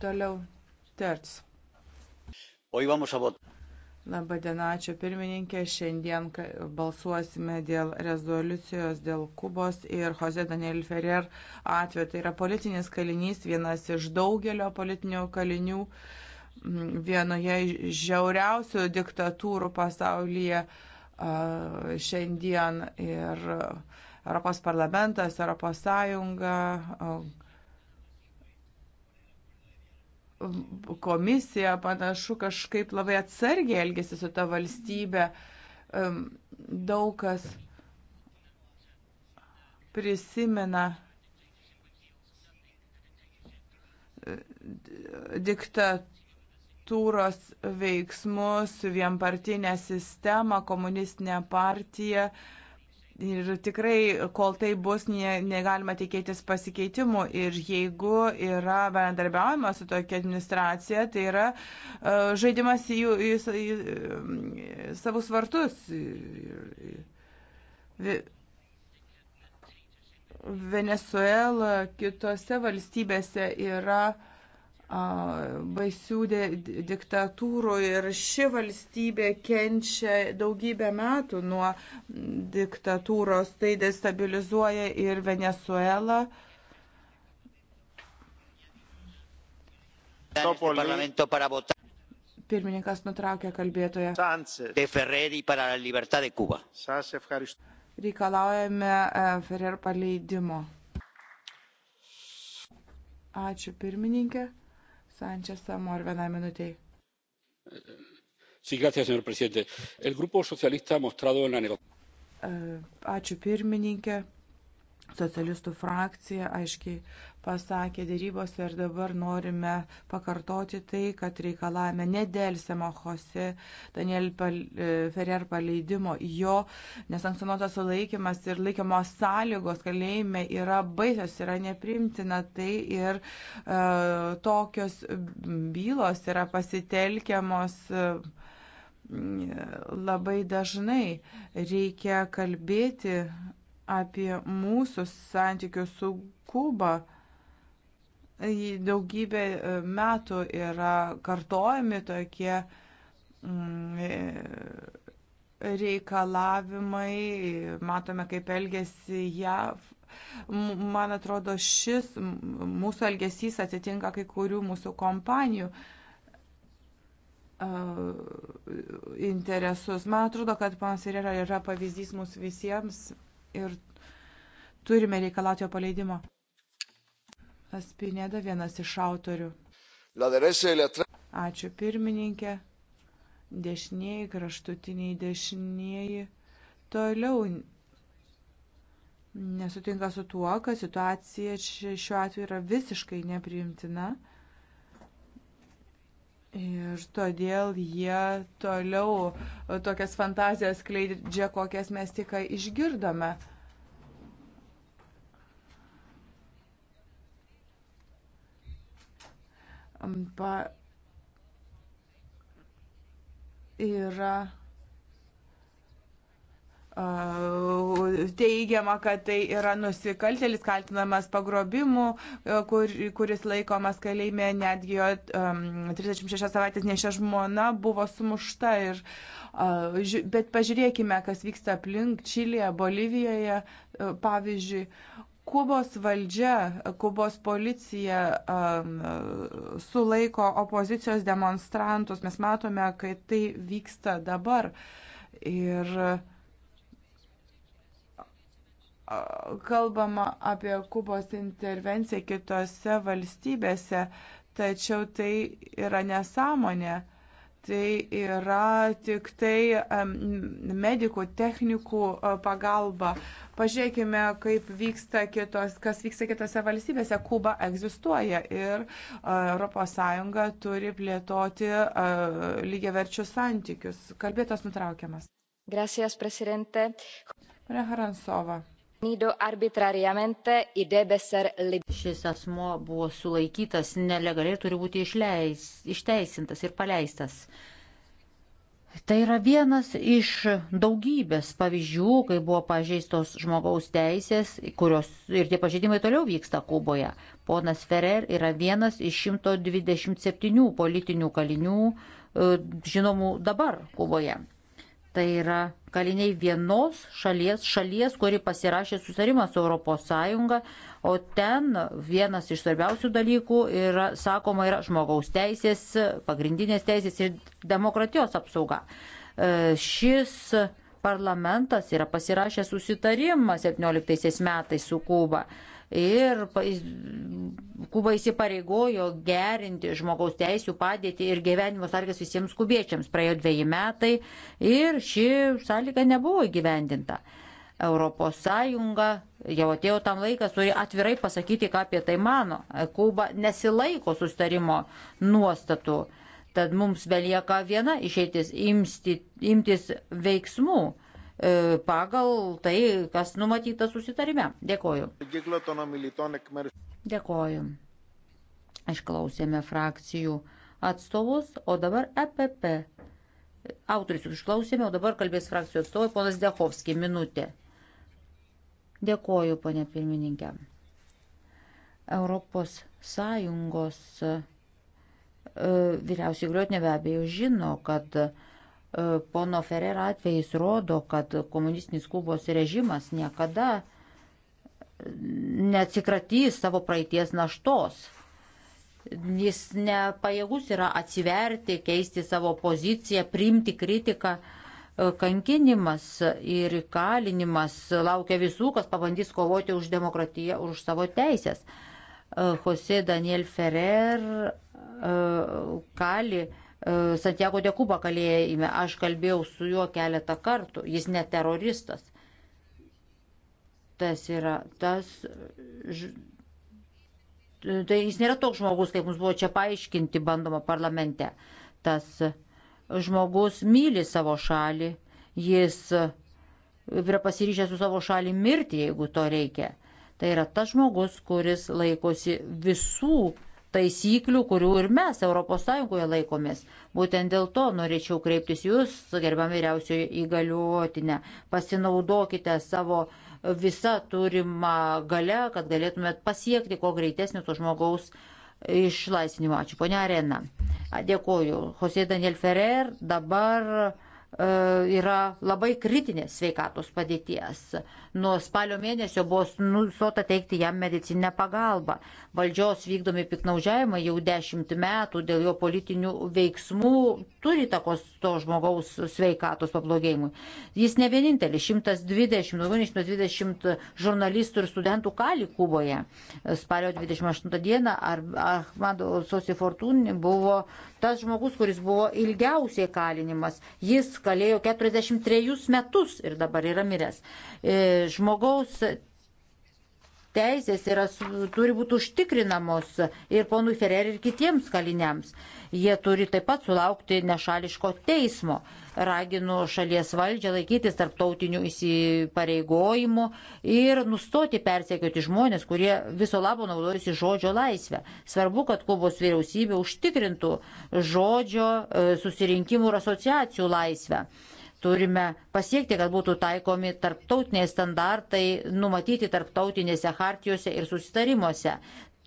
Toliau Terts. Labai diena, ačiū pirmininkė. Šiandien balsuosime dėl rezoliucijos dėl Kubos ir Jose Daniel Ferrer atveju. Tai yra politinis kalinys, vienas iš daugelio politinių kalinių. Uh, vienoje žiauriausių diktatūrų pasaulyje šiandien ir Europos parlamentas, Europos Sąjunga, komisija panašu kažkaip labai atsargiai elgesi su ta valstybė. Daug kas prisimena e, diktatūrą diktatūros veiksmus, vienpartinę sistemą, komunistinę partiją. Ir tikrai, kol tai bus, ne, negalima tikėtis pasikeitimų. Ir jeigu yra bendarbiaujama su tokia administracija, tai yra uh, žaidimas į, jų, į, į, į, į savus vartus. Venezuela, kitose valstybėse yra uh, baisių diktatūrų ir ši valstybė kenčia daugybę metų nuo diktatūros, tai destabilizuoja ir Venezuelą. Pirmininkas nutraukė kalbėtoją. De Ferreri para la libertad de Cuba. Reikalaujame e, Ferrer paleidimo. Ačiū pirmininkė. Sánchez Amor, vienai minutiai. señor presidente el grupo socialista ha mostrado en la negociación. ačiū pirmininke socialistų frakcija aiškiai pasakė dėrybose ir dabar norime pakartoti tai, kad reikalavome nedelsiamo Jose Daniel e, Ferrer paleidimo. Jo nesankcionuotas sulaikimas ir laikymo sąlygos kalėjime yra baisios, yra neprimtina. Tai ir e, tokios bylos yra pasitelkiamos. E, labai dažnai reikia kalbėti apie mūsų santykius su Kuba daugybę e, metų yra kartojami tokie mm, e, reikalavimai, matome, kaip elgesi JAV. Man atrodo, šis mūsų elgesys atitinka kai kurių mūsų kompanijų e, interesus. Man atrodo, kad panas ir yra, yra pavyzdys mūsų visiems ir turime reikalauti jo paleidimo. Spinėda vienas iš autorių. Ačiū pirmininkė. Dešiniai, kraštutiniai dešinieji. Toliau nesutinka su tuo, kad situacija šiuo atveju yra visiškai nepriimtina. Ir todėl jie toliau tokias fantazijas kleidžia, kokias mes tik išgirdome. Uh, pa, yra teigiama, kad tai yra nusikaltėlis kaltinamas pagrobimu, kur, kuris laikomas kalėjime, netgi jo um, 36 savaitės nešia žmona buvo sumušta. Ir, uh, bet pažiūrėkime, kas vyksta aplink Čilėje, Bolivijoje, uh, pavyzdžiui, Kubos valdžia, Kubos policija um, sulaiko opozicijos demonstrantus. Mes matome, kai tai vyksta dabar. Ir kalbama apie Kubos intervenciją kitose valstybėse, tačiau tai yra nesąmonė tai yra tik tai medikų, technikų pagalba. Pažiūrėkime, kaip vyksta kitos, kas vyksta kitose valstybėse. Kuba egzistuoja ir ES turi plėtoti lygiaverčius santykius. Kalbėtos nutraukiamas. Gracias, prezidente. Pane Haransova. Šis asmo buvo sulaikytas nelegaliai, turi būti išleis, išteisintas ir paleistas. Tai yra vienas iš daugybės pavyzdžių, kai buvo pažeistos žmogaus teisės, kurios ir tie pažeidimai toliau vyksta Kuboje. Ponas Ferrer yra vienas iš 127 politinių kalinių e, žinomų dabar Kuboje. Tai yra kaliniai vienos šalies, šalies, kuri pasirašė susitarimą su ES, o ten vienas iš svarbiausių dalykų yra, sakoma, yra žmogaus teisės, pagrindinės teisės ir demokratijos apsauga. E, šis parlamentas yra pasirašęs susitarimą 17 metais su Kuba ir Kuba įsipareigojo gerinti žmogaus teisų padėtį ir gyvenimo sąlygas visiems kubiečiams. Praėjo dviejai metai ir ši sąlyga nebuvo įgyvendinta. Europos Sąjunga, jau atėjo tam laikas, turi atvirai pasakyti, ką apie tai mano. Kuba nesilaiko sustarimo nuostatų. Tad mums belieka viena išeitis imtis veiksmų E, pagal tai, kas numatyta susitarime. Dėkoju. Dėkoju. Išklausėme frakcijų atstovus, o dabar EPP. Autorius išklausėme, o dabar kalbės frakcijų atstovai ponas Dehovski. Minutė. Dėkoju, ponė pirmininkė. Europos Sąjungos e, vyriausiai griotinė be abejo žino, kad Pono Ferrera atvejais rodo, kad komunistinis Kubos režimas niekada neatsikratys savo praeities naštos. Jis nepajėgus yra atsiverti, keisti savo poziciją, priimti kritiką. Kankinimas ir kalinimas laukia visų, kas pabandys kovoti už demokratiją, už savo teisės. Jose Daniel Ferrer e, kali Santiago de Kuba kalėjime. Aš kalbėjau su juo keletą kartų. Jis ne teroristas. Tas yra tas. Tai jis nėra toks žmogus, kaip mums buvo čia paaiškinti bandoma parlamente. Tas žmogus myli savo šalį, jis yra pasiryžęs su savo šalį mirti, jeigu to reikia. Tai yra tas žmogus, kuris laikosi visų taisyklių, kurių ir mes ES laikomės. Būtent dėl to norėčiau kreiptis jūs, gerbiam vyriausiojo įgaliuotinę. Pasinaudokite savo visą turimą galę, kad galėtumėt pasiekti kuo greitesnį to žmogaus išlaisvinimą. Ačiū, ponia Arena. Dėkoju. Jose Daniel Ferrer dabar E, yra labai kritinės sveikatos padėties. Nuo spalio mėnesio buvo nusota teikti jam medicinę pagalbą. Valdžios vykdomi piknaudžiavimai jau dešimt metų dėl jo politinių veiksmų turi takos to žmogaus sveikatos pablogėjimui. Jis ne vienintelis, 120, daugiau nei 120 žurnalistų ir studentų kali Kuboje. Spalio 28 dieną Ahmado Sosi Fortuni buvo tas žmogus, kuris buvo ilgiausiai kalinimas. Jis kalėjo 43 metus ir dabar yra miręs. E, žmogaus teisės yra, turi būti užtikrinamos ir ponui Ferreri ir kitiems kaliniams. Jie turi taip pat sulaukti nešališko teismo raginu šalies valdžią laikytis tarptautinių įsipareigojimų ir nustoti persekioti žmonės, kurie viso labo naudojasi žodžio laisvę. Svarbu, kad Kubos vyriausybė užtikrintų žodžio e, susirinkimų ir asociacijų laisvę turime pasiekti, kad būtų taikomi tarptautiniai standartai, numatyti tarptautinėse hartijose ir susitarimuose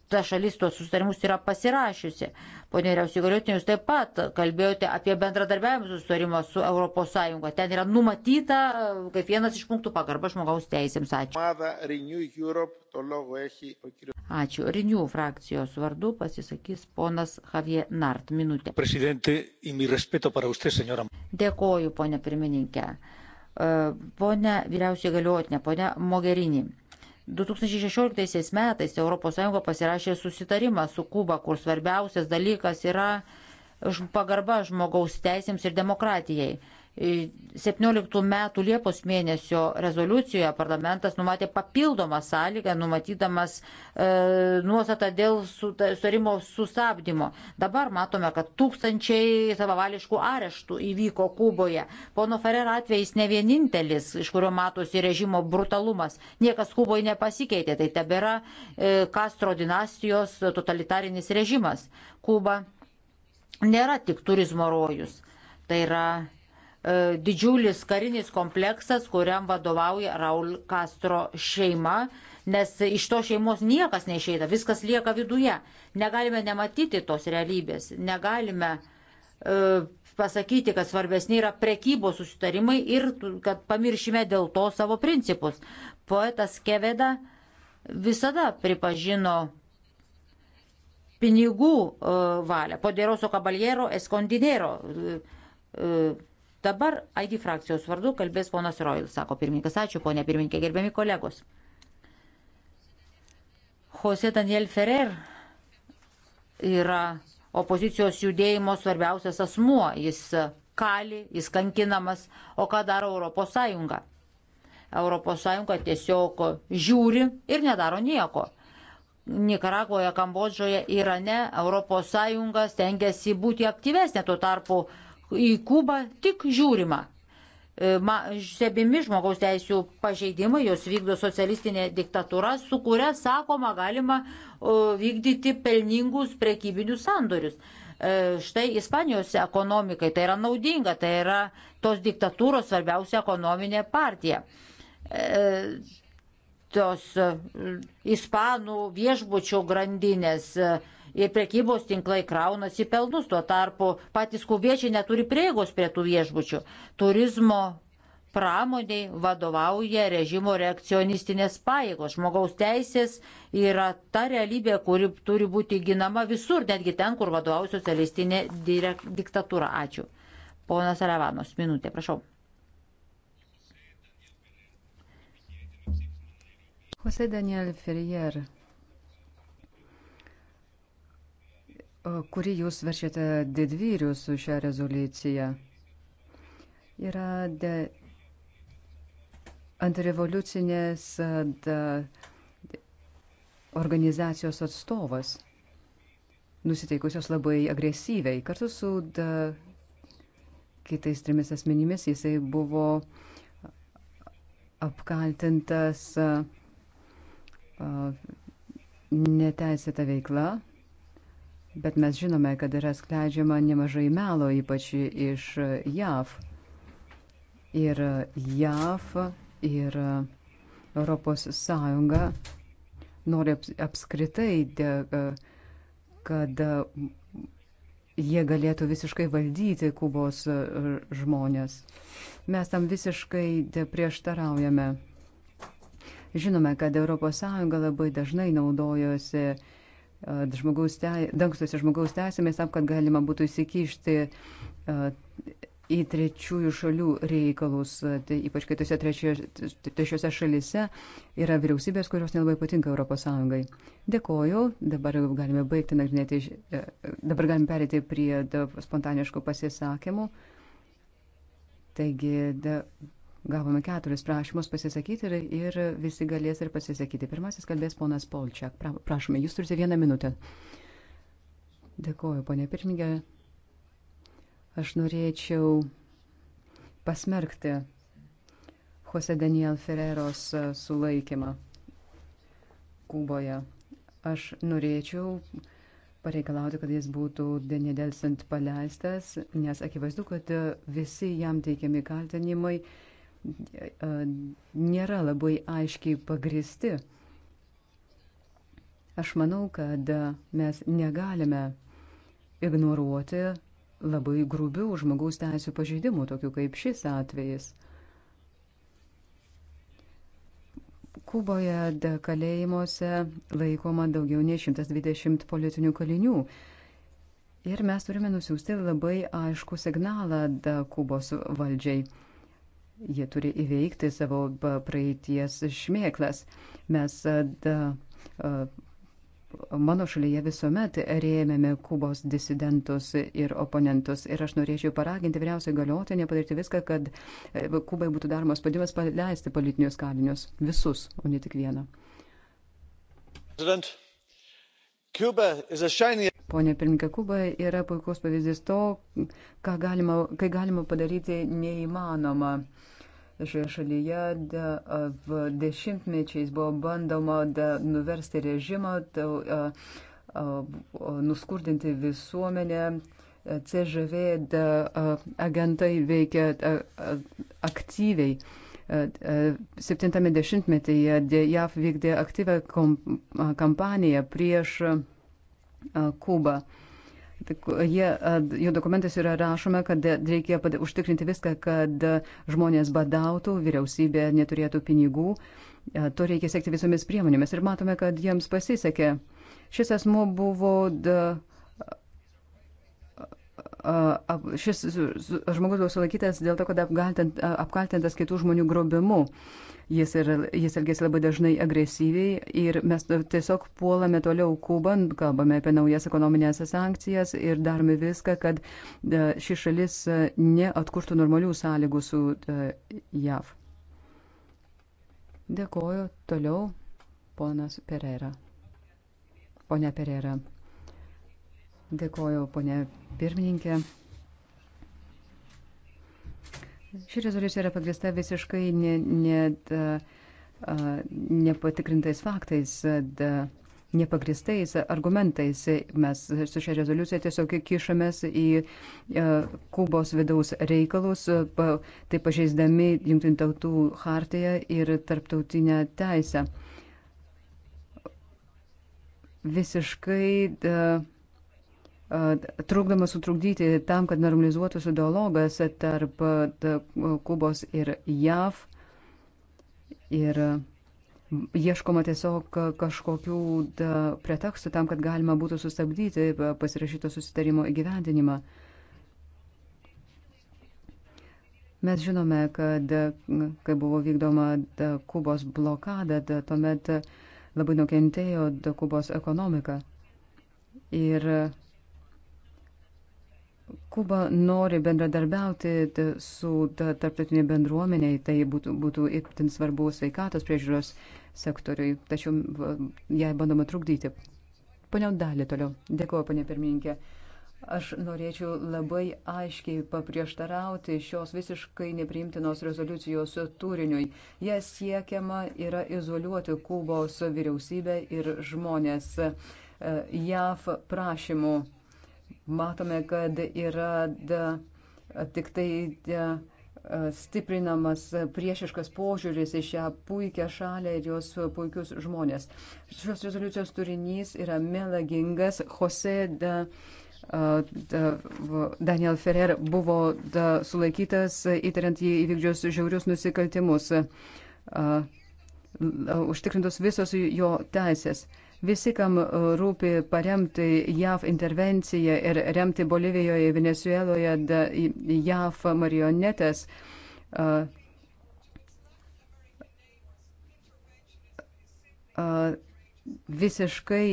ta šalis tuos sustarimus yra pasirašiusi. Pone Riausiai Galiotinė, jūs taip pat kalbėjote apie bendradarbiavimo sustarimą su ES. Ten yra numatyta, e, kaip vienas iš punktų, pagarba žmogaus teisėms. Ačiū. Ačiū. Renew frakcijos vardu pasisakys ponas Javier Nart. Minutė. Usted, Dėkoju, ponė pirmininkė. E, pone vyriausiai galiotinė, ponė Mogerinė. 2016 metais ES pasirašė susitarimą su Kuba, kur svarbiausias dalykas yra pagarba žmogaus teisėms ir demokratijai. 17 metų Liepos mėnesio rezoliucijoje parlamentas numatė papildomą sąlygą, numatydamas e, nuostatą dėl sutarimo sustabdymo. Dabar matome, kad tūkstančiai savavališkų areštų įvyko Kuboje. Pono Ferrer atvejais ne vienintelis, iš kurio matosi režimo brutalumas. Niekas Kuboje nepasikeitė, tai tebėra e, Castro dinastijos totalitarinis režimas. Kuba nėra tik turizmo rojus. Tai yra E, didžiulis karinis kompleksas, kuriam vadovauja Raul Castro šeima, nes iš to šeimos niekas neišeina, viskas lieka viduje. Negalime nematyti tos realybės, negalime e, pasakyti, kad svarbesni yra prekybos susitarimai ir kad pamiršime dėl to savo principus. Poetas Keveda visada pripažino pinigų e, valią. Poderoso kabaljero eskondinero Dabar ID frakcijos vardu kalbės ponas Roil, sako pirmininkas. Ačiū, ponė pirmininkė, gerbiami kolegos. Jose Daniel Ferrer yra opozicijos judėjimo svarbiausias asmuo. Jis kali, jis kankinamas, o ką daro Europos Sąjunga? Europos Sąjunga tiesiog žiūri ir nedaro nieko. Nikaragoje, Kambodžoje, Irane Europos Sąjunga stengiasi būti aktyvesnė, tuo tarpu į Kubą tik žiūrima. E, stebimi žmogaus teisų pažeidimai, jos vykdo socialistinė diktatūra, su kuria, sakoma, galima vykdyti pelningus prekybinius sandorius e, štai Ispanijos ekonomikai tai yra naudinga, tai yra tos diktatūros svarbiausia ekonominė partija. E, tos ispanų viešbučių grandinės, ir prekybos tinklai kraunasi pelnus, tuo tarpu patys kubiečiai neturi prieigos prie tų viešbučių. Turizmo pramoniai vadovauja režimo reakcionistinės pajėgos. Žmogaus teisės yra ta realybė, kuri turi būti ginama visur, netgi ten, kur vadovauja socialistinė diktatūra. Ačiū. Ponas Alevanos, minutė, prašau. Jose Daniel Ferrier kurį jūs verčiate didvyrių su šią rezoliuciją, yra de antirevoliucinės de organizacijos atstovas, nusiteikusios labai agresyviai. Kartu su de kitais trimis asmenimis jisai buvo apkaltintas neteisėta veikla Bet mes žinome, kad yra skleidžiama nemažai melo, ypač iš JAV. Ir JAV ir Europos Sąjunga nori apskritai, e, kad jie galėtų visiškai valdyti Kubos e, žmonės. Mes tam visiškai prieštaraujame. Žinome, kad ES labai dažnai naudojosi uh, žmogaus te, dangstosi žmogaus teisėmis tam, kad galima būtų įsikišti į trečiųjų šalių reikalus, tai ypač kai tose trečiose šalise yra vyriausybės, kurios nelabai patinka ES. Dėkoju, dabar galime baigti nagrinėti, dabar galime perėti prie spontaniškų pasisakymų. Taigi, da, Gavome keturis prašymus pasisakyti ir, ir visi galės ir pasisakyti. Pirmasis kalbės ponas Polčiak. Pra, prašome, jūs turite vieną minutę. Dėkoju, ponė pirmingė. Aš norėčiau pasmerkti Jose Daniel Ferreros e, sulaikymą Kuboje. Aš norėčiau pareikalauti, kad jis būtų nedelsant paleistas, nes akivaizdu, kad visi jam teikiami kaltinimai uh, nėra labai aiškiai pagristi. Aš manau, kad mes negalime ignoruoti labai grubių žmogaus teisų pažeidimų, tokių kaip šis atvejis. Kuboje de kalėjimuose laikoma daugiau nei 120 politinių kalinių. Ir mes turime nusiųsti labai aišku signalą Kubos valdžiai. Jie turi įveikti savo praeities šmėklas. Mes da, mano šalyje visuomet rėmėme Kubos disidentus ir oponentus. Ir aš norėčiau paraginti vyriausiai galiotinę padaryti viską, kad e, Kubai būtų daromas spaudimas paleisti politinius kalinius. Visus, o ne tik vieną. President. Pone pirmininkė, Kuba yra puikus pavyzdys to, galima, kai galima padaryti neįmanoma. Šioje šalyje de, dešimtmečiais buvo bandoma de, nuversti režimą, de, a, a, nuskurdinti visuomenę. CŽV de, a, agentai veikia a, a, aktyviai. 70-ame dešimtmetyje JAV vykdė aktyvę kampaniją prieš Kubą. Jie, jų dokumentas yra rašoma, kad reikia užtikrinti viską, kad žmonės badautų, vyriausybė neturėtų pinigų. To reikia siekti visomis priemonėmis. Ir matome, kad jiems pasisekė. Šis asmo buvo da, uh, šis žmogus buvo sulaikytas dėl to, kad apkaltintas kitų žmonių grobimu. Jis, ir, jis elgėsi labai dažnai agresyviai ir mes tiesiog puolame toliau Kubą, kalbame apie naujas ekonominės sankcijas ir darome viską, kad e, ši šalis e, neatkurtų normalių sąlygų su e, JAV. Dėkoju. Toliau ponas Pereira. Pone Pereira. Dėkoju, ponė pirmininkė. Ši rezoliucija yra pagrįsta visiškai ne, ne, da, a, nepatikrintais faktais, da, nepagristais argumentais. Mes su šia rezoliucija tiesiog kišamės į a, Kubos vidaus reikalus, pa, tai pažeisdami Junktinių tautų hartiją ir tarptautinę teisę. Visiškai. Da, trukdama sutrukdyti tam, kad normalizuotųsi dialogas tarp Kubos ir JAV. Ir ieškoma tiesiog kažkokių pretekstų tam, kad galima būtų sustabdyti pasirašyto susitarimo įgyvendinimą. Mes žinome, kad kai buvo vykdoma Kubos blokada, tuomet labai nukentėjo Kubos ekonomika. Ir Kuba nori bendradarbiauti su tarptautinė bendruomenė, tai būtų, būtų itin svarbu sveikatos priežiūros sektoriui, tačiau jai bandoma trukdyti. Pane Dalį toliau. Dėkuoju, pane pirmininkė. Aš norėčiau labai aiškiai paprieštarauti šios visiškai nepriimtinos rezoliucijos turiniui. Jie siekiama yra izoliuoti Kubos vyriausybę ir žmonės e, JAV prašymų matome, kad yra da, tik tai da, stiprinamas priešiškas požiūris į šią puikią šalį ir jos puikius žmonės. Šios rezoliucijos turinys yra melagingas. Jose da, da, Daniel Ferrer buvo da, sulaikytas įtariant jį įvykdžius žiaurius nusikaltimus. Užtikrintos visos jo teisės. Visi, kam e, rūpi paremti JAV intervenciją ir remti Bolivijoje, Venezueloje da, JAV marionetas, uh, e, uh, e, visiškai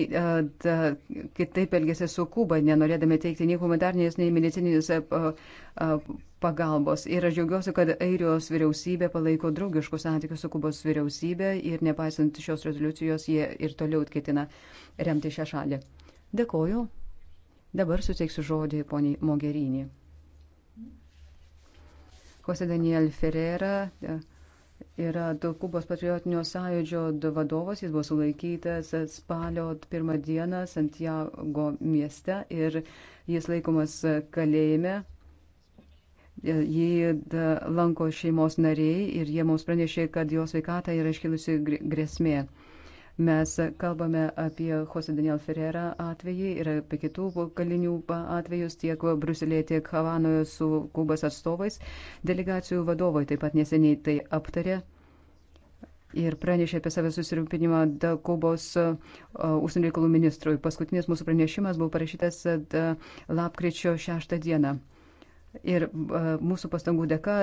da, kitaip elgėsi su Kuba, nenorėdami teikti nei humanitarnės, nei medicininės pagalbos. Ir aš džiaugiuosi, kad Airijos vyriausybė palaiko draugiškus santykius su Kubos vyriausybė ir nepaisant šios rezoliucijos jie ir toliau ketina remti šią šalį. Dėkoju. Dabar suteiksiu žodį poniai Mogerinį. Jose Daniel Ferreira. De, yra Kubos patriotinio sąjūdžio vadovas, jis buvo sulaikytas spalio pirmą dieną Santiago mieste ir jis laikomas kalėjime. E, jį lanko šeimos nariai ir jie mums pranešė, kad jo sveikata yra iškilusi grėsmė. Mes kalbame apie Jose Daniel Ferrera atvejį ir apie kitų kalinių atvejus tiek Bruselėje, tiek Havanoje su Kubos atstovais. Delegacijų vadovai taip pat neseniai tai aptarė. Ir pranešė apie save susirūpinimą Kubos užsienio reikalų ministrui. Paskutinis mūsų pranešimas buvo parašytas lapkričio 6 dieną. Ir mūsų pastangų dėka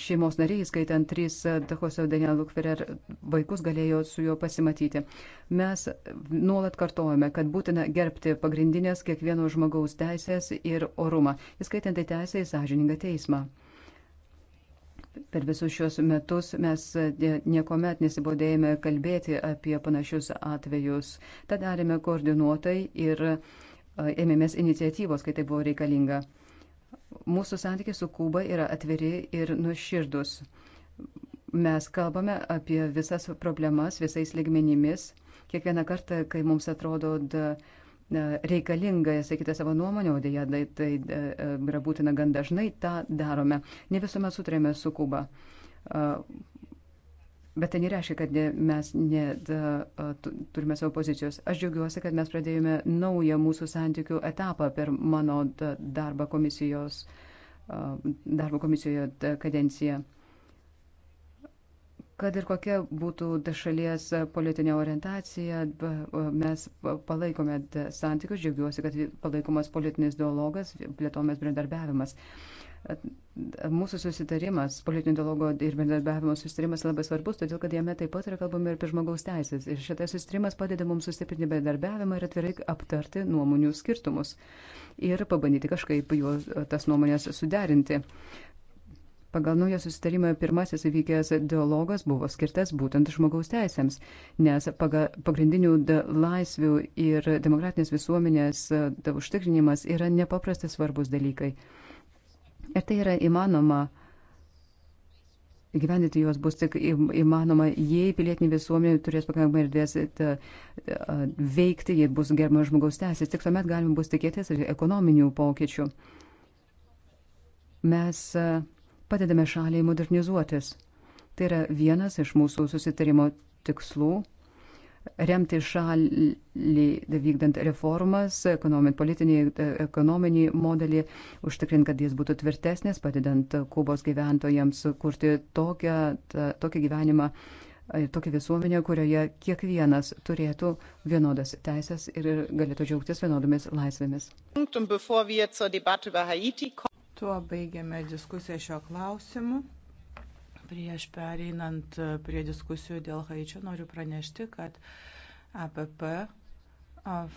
šeimos nariai, skaitant trys Dachosio Daniel Lukferer vaikus, galėjo su juo pasimatyti. Mes nuolat kartojame, kad būtina gerbti pagrindinės kiekvieno žmogaus teisės ir orumą, įskaitant į teisę į sąžiningą teismą. Per visus šios metus mes niekuomet nesibodėjome kalbėti apie panašius atvejus. Tą darėme koordinuotai ir ėmėmės iniciatyvos, kai tai buvo reikalinga. Mūsų santykiai su Kuba yra atviri ir nuširdus. Mes kalbame apie visas problemas visais ligmenimis. Kiekvieną kartą, kai mums atrodo da, reikalinga, sakyti savo nuomonę, o dėja tai, tai yra būtina gan dažnai, tą darome. Ne visuomet sutrėme su Kuba. Bet tai nereiškia, kad ne, mes ne, da, turime savo pozicijos. Aš džiaugiuosi, kad mes pradėjome naują mūsų santykių etapą per mano da, darbą komisijos, darbo komisijoje da, kadenciją. Kad ir kokia būtų šalies politinė orientacija, mes palaikome santykius, džiaugiuosi, kad palaikomas politinis dialogas, plėtomas bendradarbiavimas. Uh, Mūsų susitarimas, politinio dialogo ir bendradarbiavimo susitarimas labai svarbus, todėl kad jame taip pat yra kalbama ir apie žmogaus teisės. Ir šitas susitarimas padeda mums sustiprinti bendradarbiavimą ir atvirai aptarti nuomonių skirtumus ir pabandyti kažkaip juos tas nuomonės suderinti. Pagal naują susitarimą pirmasis įvykęs dialogas buvo skirtas būtent žmogaus teisėms, nes pagrindinių laisvių ir demokratinės visuomenės užtikrinimas yra nepaprastai svarbus dalykai. Ir tai yra įmanoma. Gyvendyti juos bus tik įmanoma, jei pilietinė visuomenė turės pakankamai erdvės veikti, jei bus gerbama žmogaus teisės, tik tuomet galima bus tikėtis ekonominių pokyčių. Mes padedame šaliai modernizuotis. Tai yra vienas iš mūsų susitarimo tikslų remti šalį vykdant reformas, ekonominį, politinį, ekonominį modelį, užtikrint, kad jis būtų tvirtesnis, padedant Kubos gyventojams kurti tokią, tą, tokį gyvenimą, tokią visuomenę, kurioje kiekvienas turėtų vienodas teisės ir galėtų džiaugtis vienodomis laisvėmis. Tuo baigiame diskusiją šio klausimu. Prieš pereinant e, prie diskusijų dėl Haičio noriu pranešti, kad APP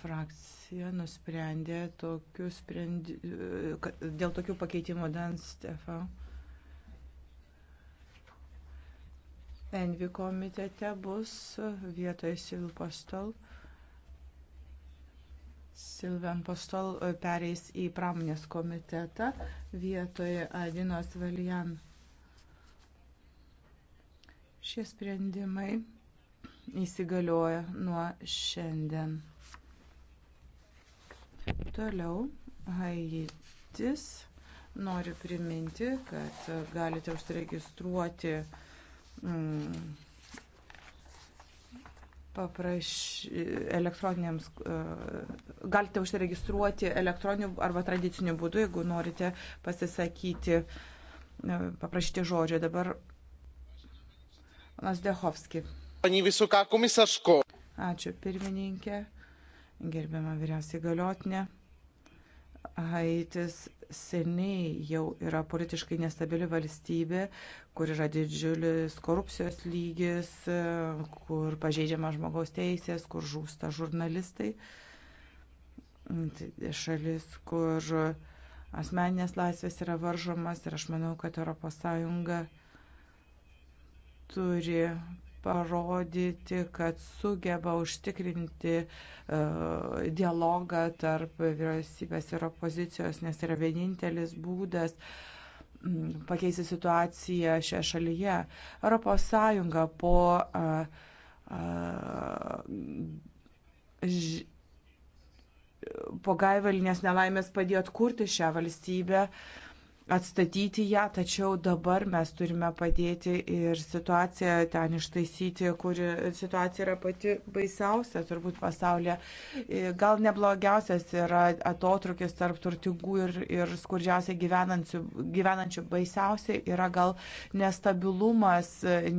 frakcija nusprendė tokių sprendi... E, dėl tokių pakeitimų Dan Stefa. Envi komitete bus vietoje Silpostol. Silvian Postol e, pereis į pramonės komitetą vietoje Adinos Valijan. Šie sprendimai įsigalioja nuo šiandien. Toliau Haitis noriu priminti, kad galite užsiregistruoti mm, papraš, elektroniniams, e, galite užsiregistruoti elektroniniu arba tradiciniu būdu, jeigu norite pasisakyti, e, paprašyti žodžio. Dabar Panas Dehovski. Pani visoka komisarko. Ačiū pirmininkė, gerbiama vyriausiai galiotinė. Haitis seniai jau yra politiškai nestabili valstybė, kur yra didžiulis korupcijos lygis, kur pažeidžiama žmogaus teisės, kur žūsta žurnalistai. Tai šalis, kur asmeninės laisvės yra varžomas ir aš manau, kad ES turi parodyti, kad sugeba užtikrinti uh, dialogą tarp vyriausybės ir opozicijos, nes tai yra vienintelis būdas uh, pakeisti situaciją šioje šalyje. ES po a, e, a, e, ž, po gaivalinės nelaimės padėjo atkurti šią valstybę. A, atstatyti ją, tačiau dabar mes turime padėti ir situaciją ten ištaisyti, kuri situacija yra pati baisiausia turbūt pasaulyje. E, gal neblogiausias yra atotrukis tarp turtingų ir, ir skurdžiausiai gyvenančių, gyvenančių. Baisiausia yra gal nestabilumas, e,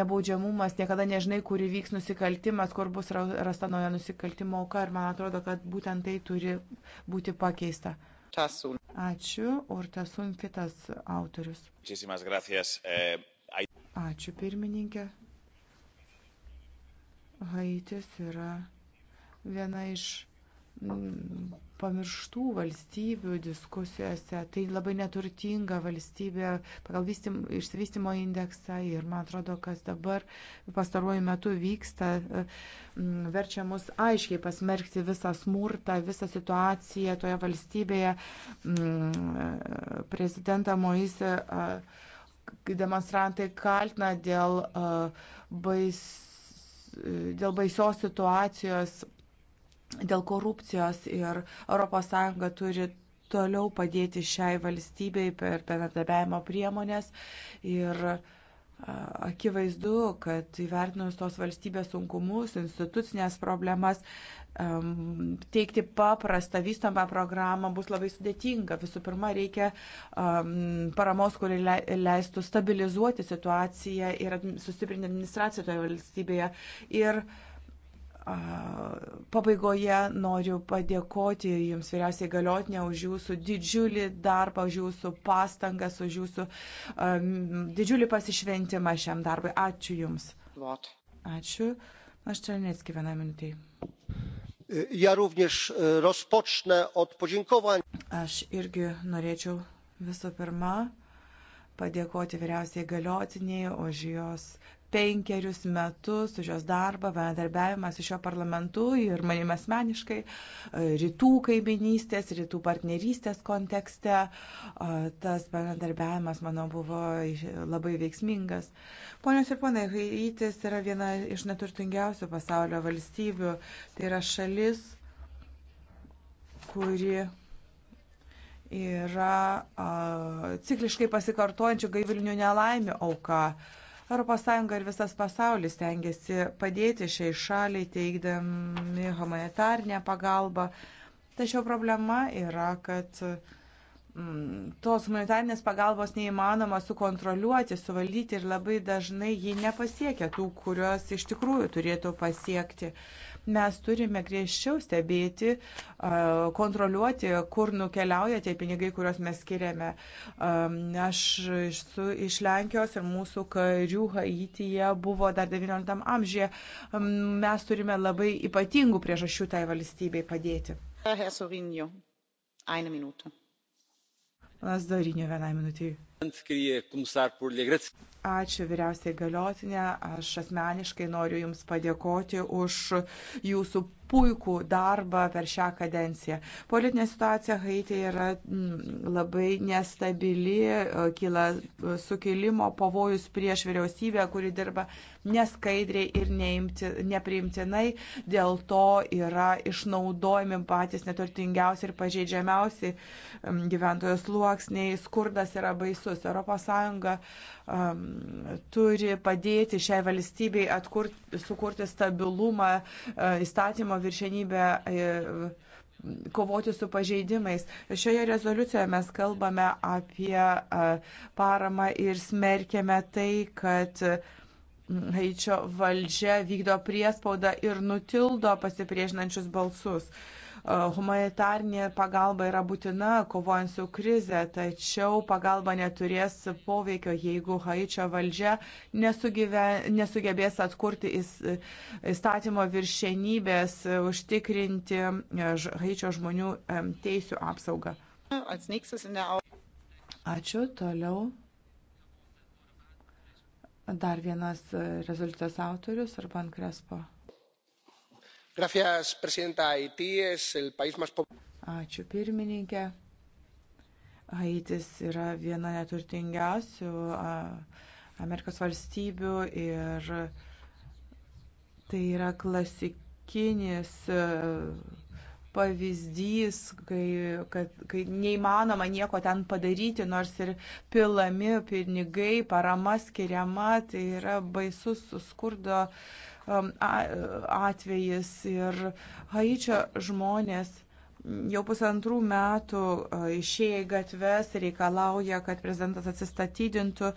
nebaudžiamumas, niekada nežinai, kur įvyks nusikaltimas, kur bus rasta nauja nusikaltimo auka ir man atrodo, kad būtent tai turi būti pakeista. Urtasun. Ačiū, Urtasun kitas autorius. Eh, Ačiū, pirmininkė. Haitis yra viena iš pamirštų valstybių diskusijose. Tai labai neturtinga valstybė pagal vystym, išsivystimo indeksą ir man atrodo, kas dabar pastaruoju metu vyksta, verčia mus aiškiai pasmerkti visą smurtą, visą situaciją toje valstybėje. Prezidentą Moise demonstrantai kaltina dėl, bais, dėl baisios situacijos dėl korupcijos ir ES turi toliau padėti šiai valstybei per bendradarbiavimo priemonės. Ir akivaizdu, kad įvertinus tos valstybės sunkumus, institucinės problemas, teikti paprastą vystomą programą bus labai sudėtinga. Visų pirma, reikia um, paramos, kuri le, leistų stabilizuoti situaciją ir sustiprinti administraciją toje valstybėje. Ir uh, Pabaigoje noriu padėkoti Jums, vyriausiai galiotinė, už Jūsų didžiulį darbą, už Jūsų pastangas, už Jūsų um, didžiulį pasišventimą šiam darbui. Ačiū Jums. Ačiū. Aš Černecki vieną minutį. Ja również e, rozpocznę od podziękowań. Aš irgi norėčiau visų pirma padėkoti vyriausiai galiotiniai už jos penkerius metus už jos darbą, bendarbiavimą su šio parlamentu ir manim asmeniškai e, rytų kaiminystės, rytų partnerystės kontekste. E, tas bendarbiavimas, manau, buvo labai veiksmingas. Ponios ir ponai, Haitis yra viena iš neturtingiausių pasaulio valstybių. Tai yra šalis, kuri yra a, cikliškai pasikartojančių gaivilinių nelaimių auka. A, ES ir visas pasaulis tengiasi padėti šiai šaliai, teikdami humanitarnę pagalbą. Tačiau problema yra, kad mm, tos humanitarnės pagalbos neįmanoma sukontroliuoti, suvaldyti ir labai dažnai ji nepasiekia tų, kurios iš tikrųjų turėtų pasiekti. Uh, mes turime griežčiau stebėti, kontroliuoti, kur nukeliauja tie pinigai, kuriuos mes skiriame. Aš esu iš Lenkijos ir mūsų karių Haityje buvo dar XIX amžiuje. Mes turime labai ypatingų priežasčių tai valstybei padėti. Herr Sorinio, eine minutė. Ponas Dorinio, vienai minutėjai. Ačiū vyriausiai galiotinė, aš asmeniškai noriu Jums padėkoti už Jūsų puikų darbą per šią kadenciją. Politinė situacija Haityje yra mm, labai nestabili, e, kyla e, sukilimo pavojus prieš vyriausybę, kuri dirba neskaidriai ir neimti, nepriimtinai. Dėl to yra išnaudojami patys neturtingiausi ir pažeidžiamiausi mm, gyventojų sluoksniai. Skurdas yra baisus. ES um, turi padėti šiai valstybei atkurti, sukurti stabilumą, uh, įstatymo viršenybę. Uh, kovoti su pažeidimais. Šioje rezoliucijoje mes kalbame apie e, paramą ir smerkėme tai, kad Haičio valdžia vykdo priespaudą ir nutildo pasipriešinančius balsus. Uh, Humanitarnė pagalba yra būtina kovojant su krize, tačiau pagalba neturės poveikio, jeigu Haičio valdžia nesugebės atkurti įstatymo viršenybės, užtikrinti Haičio žmonių teisų apsaugą. Ačiū, toliau. Dar vienas e, rezoliucijos autorius, Arban Krespo señora presidenta haití es el país más Ačiū pirmininkė. Haitis yra viena neturtingiausių Amerikos valstybių ir tai yra klasikinis pavyzdys, kai, kad, kai neįmanoma nieko ten padaryti, nors ir pilami pinigai, parama skiriama, tai yra baisus skurdo uh, Um, atvejis ir Haičio žmonės jau pusantrų metų išėję į gatves reikalauja, kad prezidentas atsistatydintų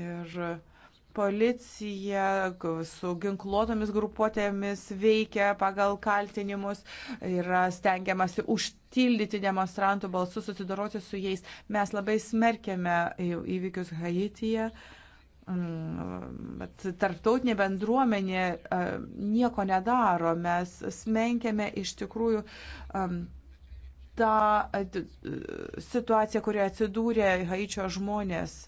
ir policija su ginkluotomis grupuotėmis veikia pagal kaltinimus, yra stengiamasi užtildyti demonstrantų balsus, susidoroti su jais. Mes labai smerkėme įvykius Haityje. Uh, Mm, bet tarptautinė bendruomenė e, nieko nedaro, mes smenkėme iš tikrųjų tą e, e, situaciją, kurioje atsidūrė Haičio žmonės.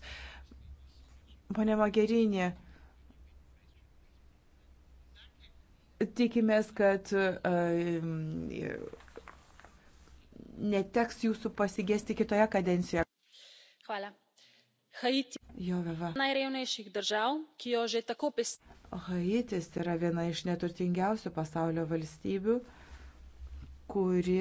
Pane Magerinė, tikimės, kad neteks jūsų pasigesti kitoje kadencijoje. Hvala. Haiti viena najrevnejših držav, ki jo že tako pesti. Haitis yra viena iš neturtingiausių pasaulio valstybių, kuri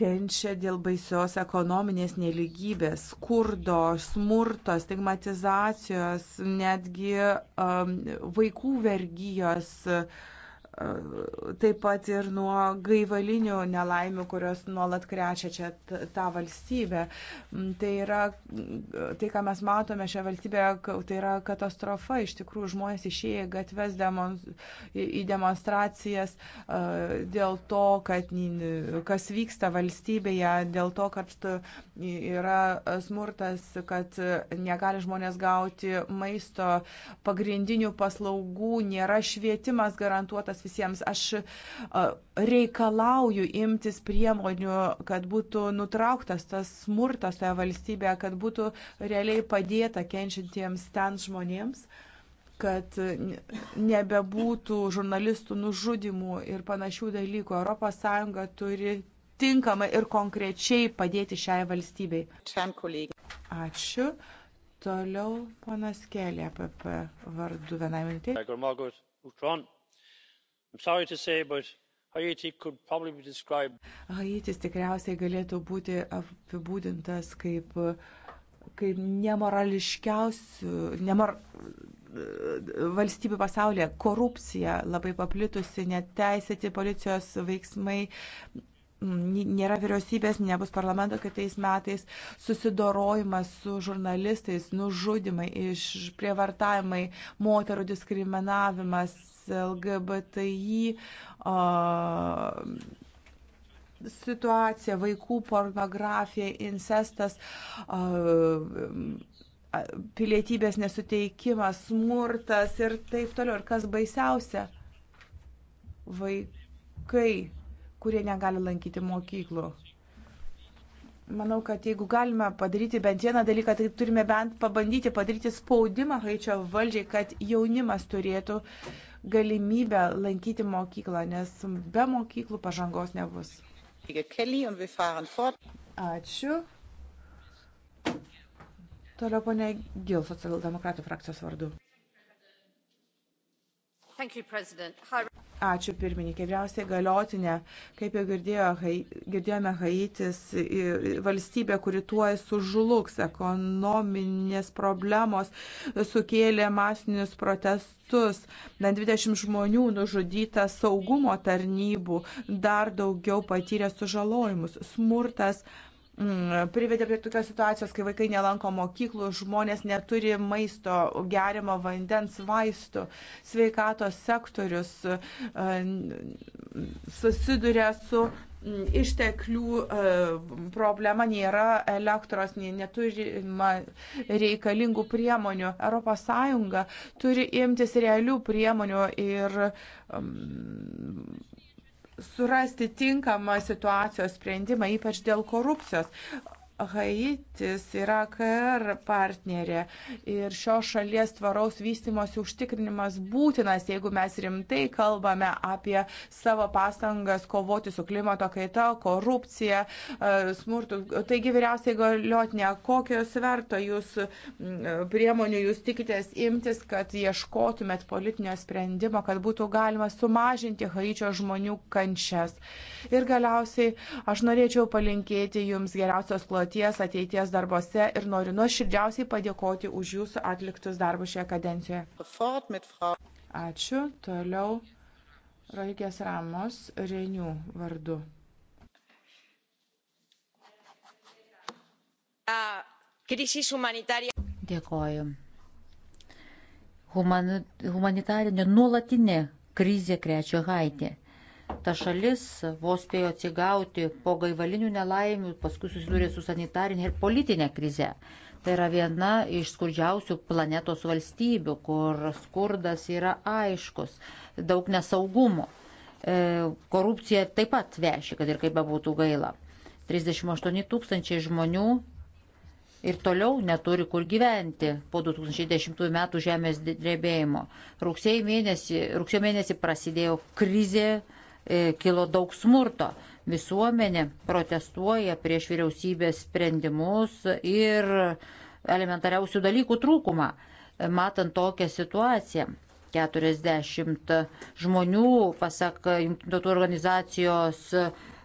kenčia dėl baisios ekonominės neligybės, skurdo, smurto, stigmatizacijos, netgi um, vaikų vergyjos. Uh, E, taip pat ir nuo gaivalinių nelaimių, kurios nuolat krečia čia tą valstybę. Mm, tai yra, mm, tai ką mes matome šią valstybę, tai yra katastrofa. Iš tikrųjų, žmonės išėję gatves demon, į demonstracijas e, dėl to, kad, kas vyksta valstybėje, dėl to, kad yra smurtas, kad negali žmonės gauti maisto, pagrindinių paslaugų, nėra švietimas garantuotas rytas visiems. Aš reikalauju imtis priemonių, kad būtų nutrauktas tas smurtas toje valstybėje, kad būtų realiai padėta kenčiantiems ten žmonėms kad nebebūtų žurnalistų nužudimų ir panašių dalykų. ES turi tinkamai ir konkrečiai padėti šiai valstybei. Ačiū. Toliau panas Kelė, PP vardu vienai minutė. Say, described... Haitis tikriausiai galėtų būti apibūdintas kaip, kaip nemorališkiausių, nemor, valstybių pasaulyje korupcija labai paplitusi, neteisėti policijos veiksmai, nėra vyriausybės, nebus parlamento kitais metais, susidorojimas su žurnalistais, nužudimai, išprievartavimai, moterų diskriminavimas, LGBTI situacija, vaikų pornografija, incestas, pilietybės nesuteikimas, smurtas ir taip toliau. Ir kas baisiausia, vaikai, kurie negali lankyti mokyklų. Manau, kad jeigu galime padaryti bent vieną dalyką, tai turime bent pabandyti padaryti spaudimą Haičio valdžiai, kad jaunimas turėtų uh, galimybę lankyti mokyklą, nes be mokyklų pažangos nebus. Ačiū. Toliau ponė Gil, socialdemokratų frakcijos vardu. You, Ačiū pirmininkė. Vyriausiai galiotinė, kaip jau girdėjo, hai, girdėjome, Haitis valstybė, kuri tuoj sužlugs, ekonominės problemos sukėlė masinius protestus. Bent 20 žmonių nužudyta saugumo tarnybų, dar daugiau patyrė sužalojimus. Smurtas Mm, privedė prie tokios situacijos, kai vaikai nelanko mokyklų, žmonės neturi maisto, gerimo vandens, vaistų, sveikatos sektorius e, susiduria su mm, išteklių e, problema nėra elektros, neturima reikalingų priemonių. ES turi imtis realių priemonių ir mm, surasti tinkamą situacijos sprendimą, ypač dėl korupcijos. Haitis yra KR partnerė ir šios šalies tvaraus vystimosi užtikrinimas būtinas, jeigu mes rimtai kalbame apie savo pastangas kovoti su klimato kaita, korupcija, e, smurtu. Taigi, vyriausiai galiotinė, kokio sverto jūs priemonių jūs tikitės imtis, kad ieškotumėt politinio sprendimo, kad būtų galima sumažinti Haičio žmonių kančias. Ir galiausiai aš norėčiau palinkėti jums geriausios klaidos kloties ateities darbose ir noriu nuoširdžiausiai padėkoti už jūsų atliktus darbus šioje kadencijoje. Ačiū. Toliau Roikės Ramos Renių vardu. Dėkoju. Humanitarinė nuolatinė krizė krečia Haitį ta šalis vos spėjo atsigauti po gaivalinių nelaimių, paskui susidūrė su sanitarinė ir politinė krize. Tai yra viena iš skurdžiausių planetos valstybių, kur skurdas yra aiškus, daug nesaugumo. E, korupcija taip pat veši, kad ir kaip bebūtų gaila. 38 tūkstančiai žmonių ir toliau neturi kur gyventi po 2010 metų žemės drebėjimo. Rugsėjo mėnesį, rugsėjo mėnesį prasidėjo krizė E, kilo daug smurto. Visuomenė protestuoja prieš vyriausybės sprendimus ir elementariausių dalykų trūkumą. E, matant tokią situaciją, 40 žmonių, pasak jungtinių tautų organizacijos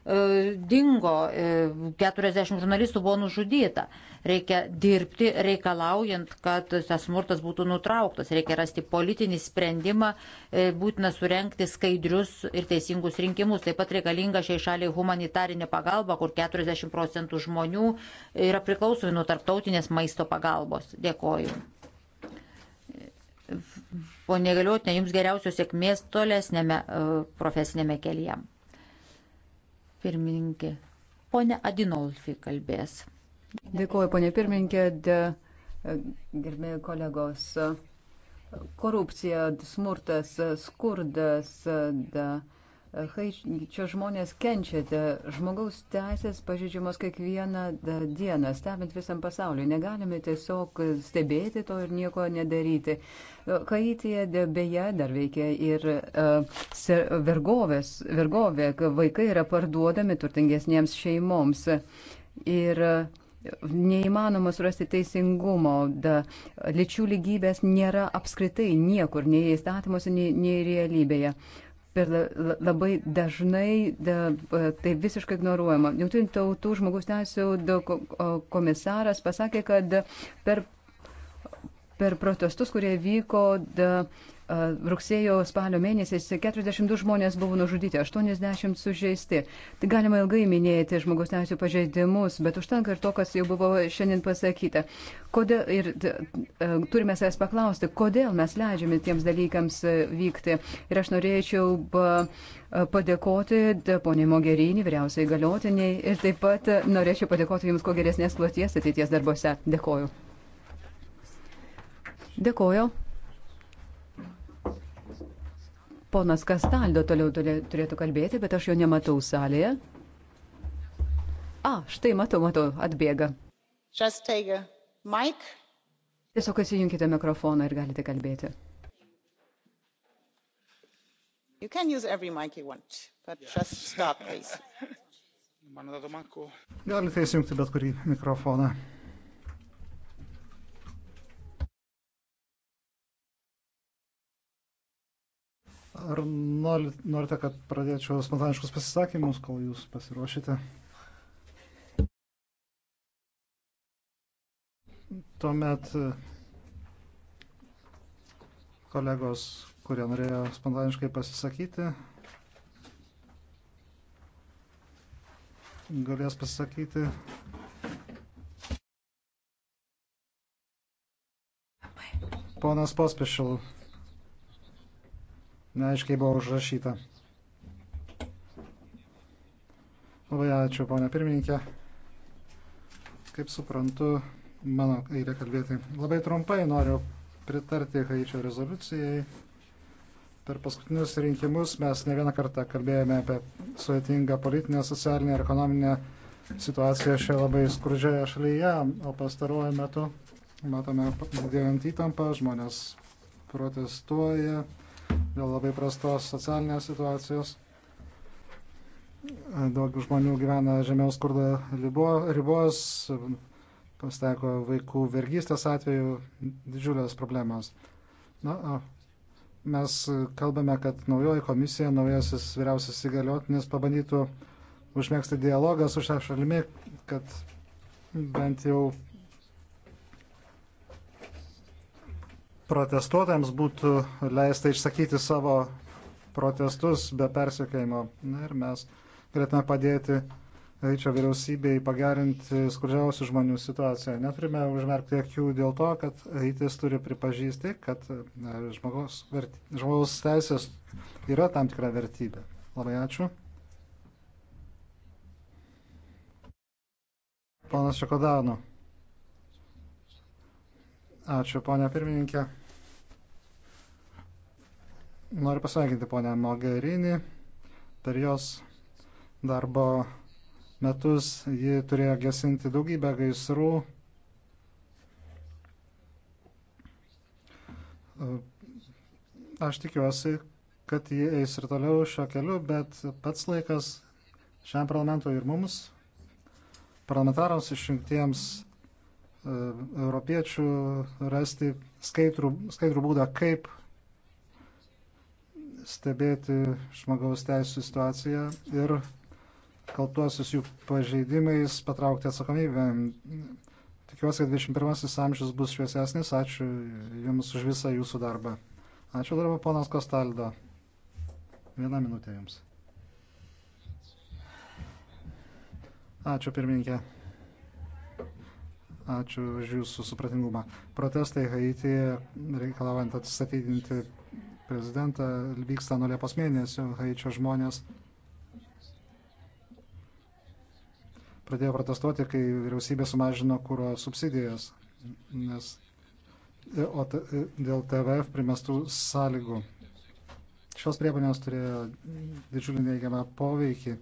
E, dingo, 40 e, žurnalistų buvo nužudyta. Reikia dirbti reikalaujant, kad tas smurtas būtų nutrauktas, reikia rasti politinį sprendimą, e, būtina surenkti skaidrius ir teisingus rinkimus. Taip pat reikalinga šiai šaliai humanitarinė pagalba, kur 40 procentų žmonių yra priklausomi nuo tarptautinės maisto pagalbos. Dėkoju. Pone Galiotinė, jums geriausios sėkmės tolesnėme profesinėme kelyje pirmininkė. Pone Adinolfi kalbės. Dėkuoju, ponė pirmininkė, de, gerbėjai kolegos. Korupcija, smurtas, skurdas. De, Haičio žmonės kenčia, žmogaus teisės pažydžiamos kiekvieną dieną, stebint visam pasauliu. Negalime tiesiog stebėti to ir nieko nedaryti. Haityje beje dar veikia ir vergovės, vergovė, vaikai yra parduodami turtingesniems šeimoms. Ir neįmanoma surasti teisingumo, da, lyčių lygybės nėra apskritai niekur, nei įstatymuose, nei, nei realybėje. Uh, per labai dažnai da, tai visiškai ignoruojama. Jungtinių tautų žmogus teisų komisaras pasakė, kad per, per protestus, kurie vyko da, uh, rugsėjo spalio mėnesiais 42 žmonės buvo nužudyti, 80 sužeisti. Tai galima ilgai minėti žmogaus teisų pažeidimus, bet užtenka ir to, kas jau buvo šiandien pasakyta. Kodėl, ir turime savęs paklausti, kodėl mes leidžiame tiems dalykams e, vykti. Ir aš norėčiau padėkoti poniai Mogerinį, vyriausiai galiotiniai ir taip pat e, norėčiau padėkoti Jums kuo geresnės kloties ateities darbose. Dėkoju. Dėkoju. Ponas Kastaldo toliau turėtų kalbėti, bet aš jo nematau salėje. A, štai matau, matau, atbėga. Tiesiog įsijunkite mikrofoną ir galite kalbėti. You can use every mic you want, but yeah. just stop, please. Galite įsijungti bet kurį mikrofoną. Ar norite, kad pradėčiau spontaniškus pasisakymus, kol jūs pasiruošite? Tuomet kolegos, kurie norėjo spontaniškai pasisakyti, galės pasisakyti Ponas Pospešil neaiškiai buvo užrašyta. Labai ačiū, ponia pirmininkė. Kaip suprantu, mano eilė kalbėti. Labai trumpai noriu pritarti Haičio rezoliucijai. Per paskutinius rinkimus mes ne vieną kartą kalbėjome apie sudėtingą politinę, socialinę ir ekonominę situaciją šioje labai skurdžioje šalyje, o pastaruoju metu matome didėjant įtampą, žmonės protestuoja, dėl labai prastos socialinės situacijos. Daug žmonių gyvena žemiaus skurdo ribos, pasteiko vaikų vergystės atveju didžiulės problemos. Na, o mes kalbame, kad naujoji komisija, naujasis vyriausias įgaliotinis pabandytų užmėgsti dialogą su šią šalimi, kad bent jau protestuotojams būtų leista išsakyti savo protestus be persiekėjimo. Ir mes galėtume padėti Haičio vyriausybei pagerinti skurdžiausių žmonių situaciją. Neturime užmerkti akių dėl to, kad Haitis turi pripažįsti, kad žmogaus, verti, žmogaus teisės yra tam tikra vertybė. Labai ačiū. Ponas Šekodanu. Ačiū, ponia pirmininkė. Noriu pasveikinti ponę Mogherini. Per jos darbo metus ji turėjo gesinti daugybę gaisrų. Aš tikiuosi, kad jie eis ir toliau šio keliu, bet pats laikas šiam parlamentui ir mums, parlamentarams išrinktiems europiečių rasti skaidrų, skaidrų būdą, kaip stebėti žmogaus teisų situaciją ir kaltuosius jų pažeidimais patraukti atsakomybę. Tikiuosi, kad 21 amžius bus šviesesnis. Ačiū Jums už visą Jūsų darbą. Ačiū darbą, ponas Kostaldo. Viena minutė Jums. Ačiū pirmininkė. Ačiū už Jūsų supratingumą. Protestai Haityje, reikalaujant atstatydinti prezidentą, vyksta nuo Liepos mėnesio. Haičio žmonės pradėjo protestuoti, kai vyriausybė sumažino kūro subsidijas, nes o dėl TVF primestų sąlygų. Šios priemonės turėjo didžiulį neigiamą poveikį.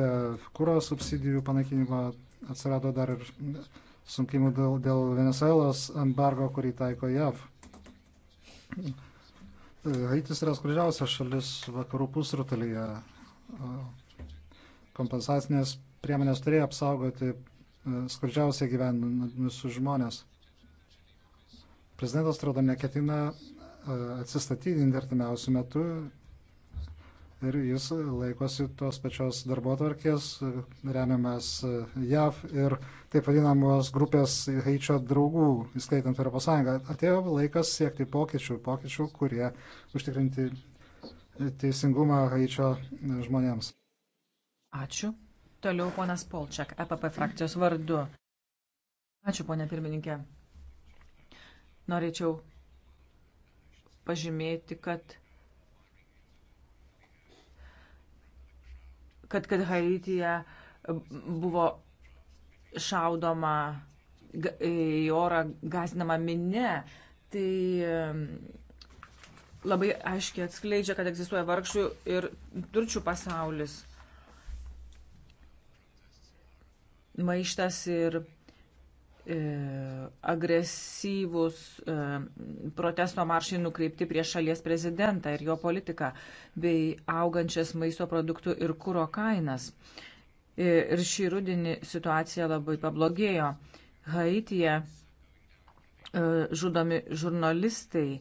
Be kūro subsidijų panaikinimo atsirado dar ir sunkimų dėl, dėl Venezuelos embargo, kurį taiko JAV. Haitis yra skurdžiausia šalis vakarų pusrutulyje. Kompensacinės priemonės turėjo apsaugoti e, skurdžiausiai gyvenusius žmonės. Prezidentas, atrodo, neketina e, atsistatydinti artimiausių metų ir jis laikosi tos pačios darbo tvarkės, remiamas JAV ir taip vadinamos grupės Haičio draugų, įskaitant Europos Sąjungą. Atėjo laikas siekti pokyčių, pokyčių, kurie užtikrinti teisingumą Haičio žmonėms. Ačiū. Toliau ponas Polčiak, EPP frakcijos vardu. Ačiū, ponė pirmininkė. Norėčiau pažymėti, kad kad, kad Haityje e, buvo šaudoma į orą gazinama minė, tai e, labai aiškiai atskleidžia, kad egzistuoja vargšų ir turčių pasaulis. Maištas ir E, agresyvūs e, protesto maršai nukreipti prieš šalies prezidentą ir jo politiką, bei augančias maisto produktų ir kūro kainas. E, ir šį rudinį situacija labai pablogėjo. Haityje žudomi žurnalistai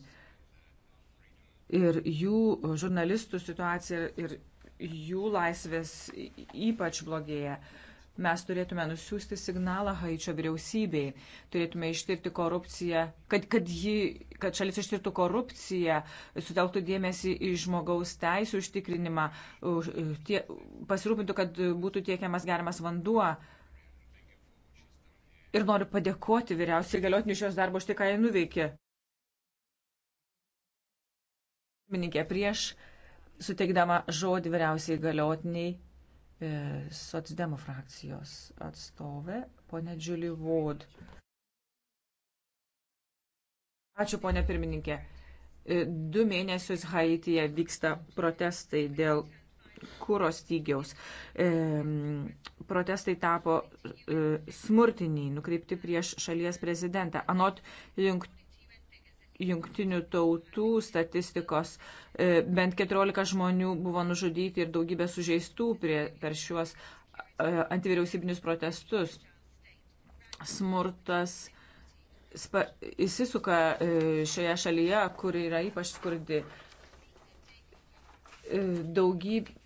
ir jų žurnalistų situacija ir jų laisvės ypač blogėja. Uh, Mes turėtume nusiųsti signalą Haičio vyriausybei, turėtume ištirti korupciją, kad, kad, ji, kad šalis ištirtų korupciją, sutelktų dėmesį į žmogaus teisų užtikrinimą, tie, pasirūpintų, kad būtų tiekiamas geriamas vanduo. Ir noriu padėkoti vyriausiai galiotiniu šios darbo už tai, ką jie nuveikė. Mininkė prieš suteikdama žodį vyriausiai galiotiniai E, socdemų frakcijos atstovė, ponė Julie Wood. Ačiū, ponė pirmininkė. E, du mėnesius Haityje vyksta protestai dėl kūros stygiaus. E, protestai tapo smurtiniai, nukreipti prieš šalies prezidentą. Anot jungtinių jungtinių tautų statistikos e, bent 14 žmonių buvo nužudyti ir daugybė sužeistų prie, per šiuos e, antivyriausybinius protestus. Smurtas spa, įsisuka e, šioje šalyje, kur yra ypač skurdi. Daugybė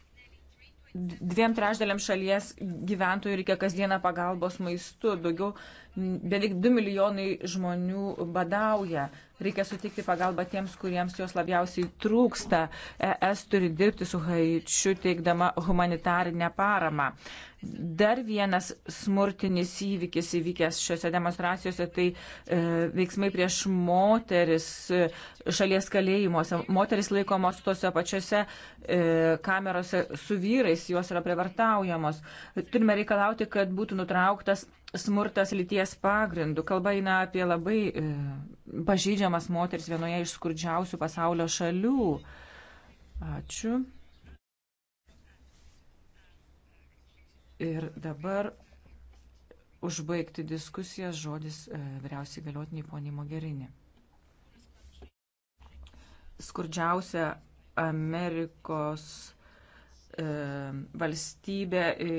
dviem trešdėliam šalies gyventojų reikia kasdieną pagalbos maistu. Daugiau Beveik 2 milijonai žmonių badauja. Reikia sutikti pagalbą tiems, kuriems jos labiausiai trūksta. ES turi dirbti su Haičiu, teikdama humanitarinę paramą. Dar vienas smurtinis įvykis įvykęs šiuose demonstracijose, tai e, veiksmai prieš moteris e, šalies kalėjimuose. Moteris laikomos tose pačiose e, kamerose su vyrais, jos yra prievartaujamos. Turime reikalauti, kad būtų nutrauktas smurtas lyties pagrindų. Kalba eina apie labai e, pažydžiamas moteris vienoje iš skurdžiausių pasaulio šalių. Ačiū. Ir dabar užbaigti diskusiją žodis e, vyriausiai galiotiniai poniai Mogerinė. Skurdžiausia Amerikos E, valstybė e,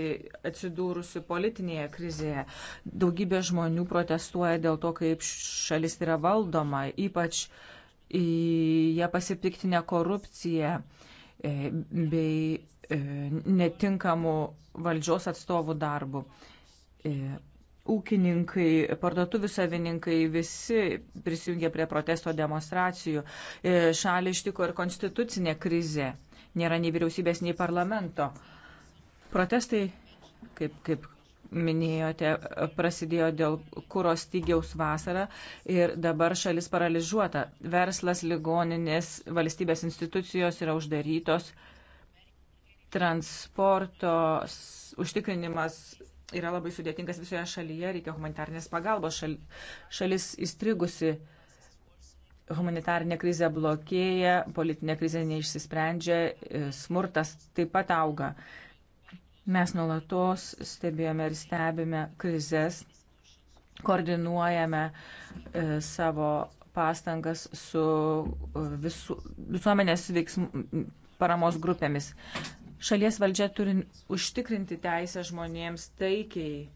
atsidūrusi politinėje krizėje. Daugybė žmonių protestuoja dėl to, kaip šalis yra valdoma, ypač jie pasipiktinę korupciją e, bei netinkamų valdžios atstovų darbų. Ūkininkai, parduotuvių savininkai visi prisijungė prie protesto demonstracijų. Šalį ištiko ir konstitucinė krizė nėra nei vyriausybės, nei parlamento. Protestai, kaip, kaip minėjote, prasidėjo dėl kūros stygiaus vasarą ir dabar šalis paralyžiuota. Verslas, ligoninės, valstybės institucijos yra uždarytos, transporto užtikrinimas yra labai sudėtingas visoje šalyje, reikia humanitarnės pagalbos, šal, šalis įstrigusi humanitarinė krizė blokėja, politinė krizė neišsisprendžia, e, smurtas taip pat auga. Mes nuolatos stebėjome ir stebime krizės, koordinuojame e, savo pastangas su e, visu, visuomenės veiksmų paramos grupėmis. Šalies valdžia turi užtikrinti teisę žmonėms taikiai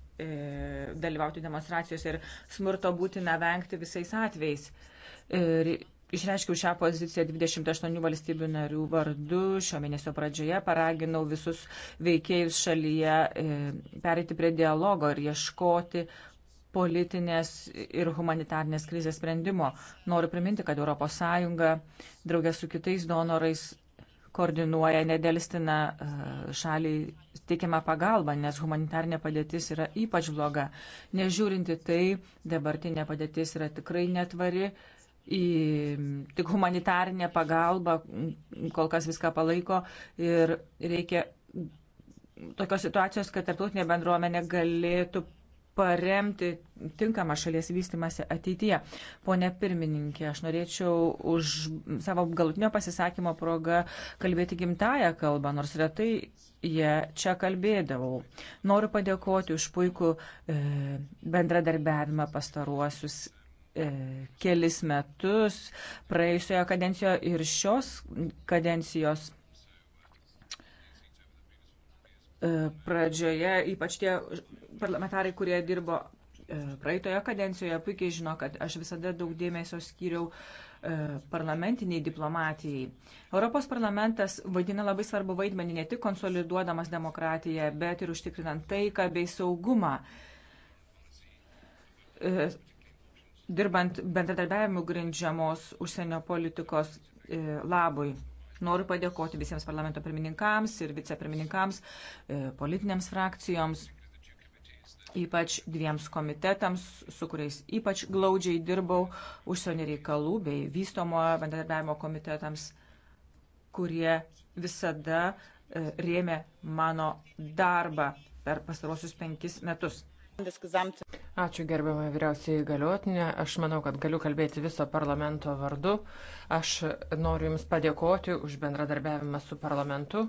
dalyvauti demonstracijose ir smurto būtina vengti visais atvejais. E, ir Išreiškiau šią poziciją 28 valstybių narių vardu. Šio mėnesio pradžioje paraginau visus veikėjus šalyje e, perėti prie dialogo ir ieškoti politinės ir humanitarnės krizės sprendimo. Noriu priminti, kad ES draugė su kitais donorais koordinuoja nedelstina e, šaliai teikiamą pagalbą, nes humanitarnė padėtis yra ypač bloga. Nežiūrinti tai, dabartinė padėtis yra tikrai netvari į tik humanitarinę pagalbą, kol kas viską palaiko ir reikia tokios situacijos, kad tarptautinė bendruomenė galėtų paremti tinkamą šalies vystimąsi ateityje. Pone pirmininkė, aš norėčiau už savo galutinio pasisakymo progą kalbėti gimtają kalbą, nors retai jie čia kalbėdavau. Noriu padėkoti už puikų e, bendradarbiavimą pastaruosius E, kelis metus praėjusioje kadencijoje ir šios kadencijos e, pradžioje, ypač tie parlamentarai, kurie dirbo e, praeitoje kadencijoje, puikiai žino, kad aš visada daug dėmesio skyriau parlamentiniai diplomatijai. Europos parlamentas vaidina labai svarbu vaidmenį ne tik konsoliduodamas demokratiją, bet ir užtikrinant taiką bei saugumą dirbant bendradarbiavimų grindžiamos užsienio politikos e, labui. Noriu padėkoti visiems parlamento pirmininkams ir vicepirmininkams, e, politinėms frakcijoms, ypač dviems komitetams, su kuriais ypač glaudžiai dirbau, užsienio reikalų bei vystomojo bendradarbiavimo komitetams, kurie visada e, rėmė mano darbą per pastarosius penkis metus. Ačiū gerbiamą vyriausiai įgaliotinę. Aš manau, kad galiu kalbėti viso parlamento vardu. Aš noriu Jums padėkoti už bendradarbiavimą su parlamentu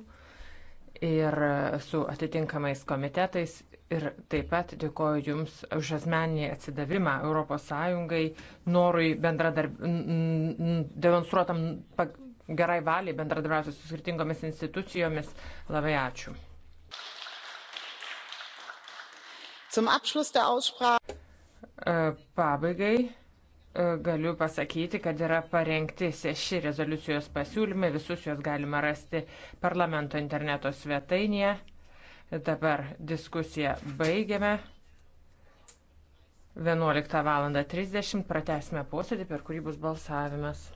ir su atitinkamais komitetais. Ir taip pat dėkoju Jums už asmeninį atsidavimą ES norui bendradarb... demonstruotam gerai valiai bendradarbiauti su skirtingomis institucijomis. Labai ačiū. Äh, pabaigai äh, galiu pasakyti, kad yra parengti šeši rezoliucijos pasiūlymai, visus juos galima rasti parlamento interneto svetainėje. Dabar diskusiją baigiame. 11 val. 30 pratesime posėdį, per kurį bus balsavimas.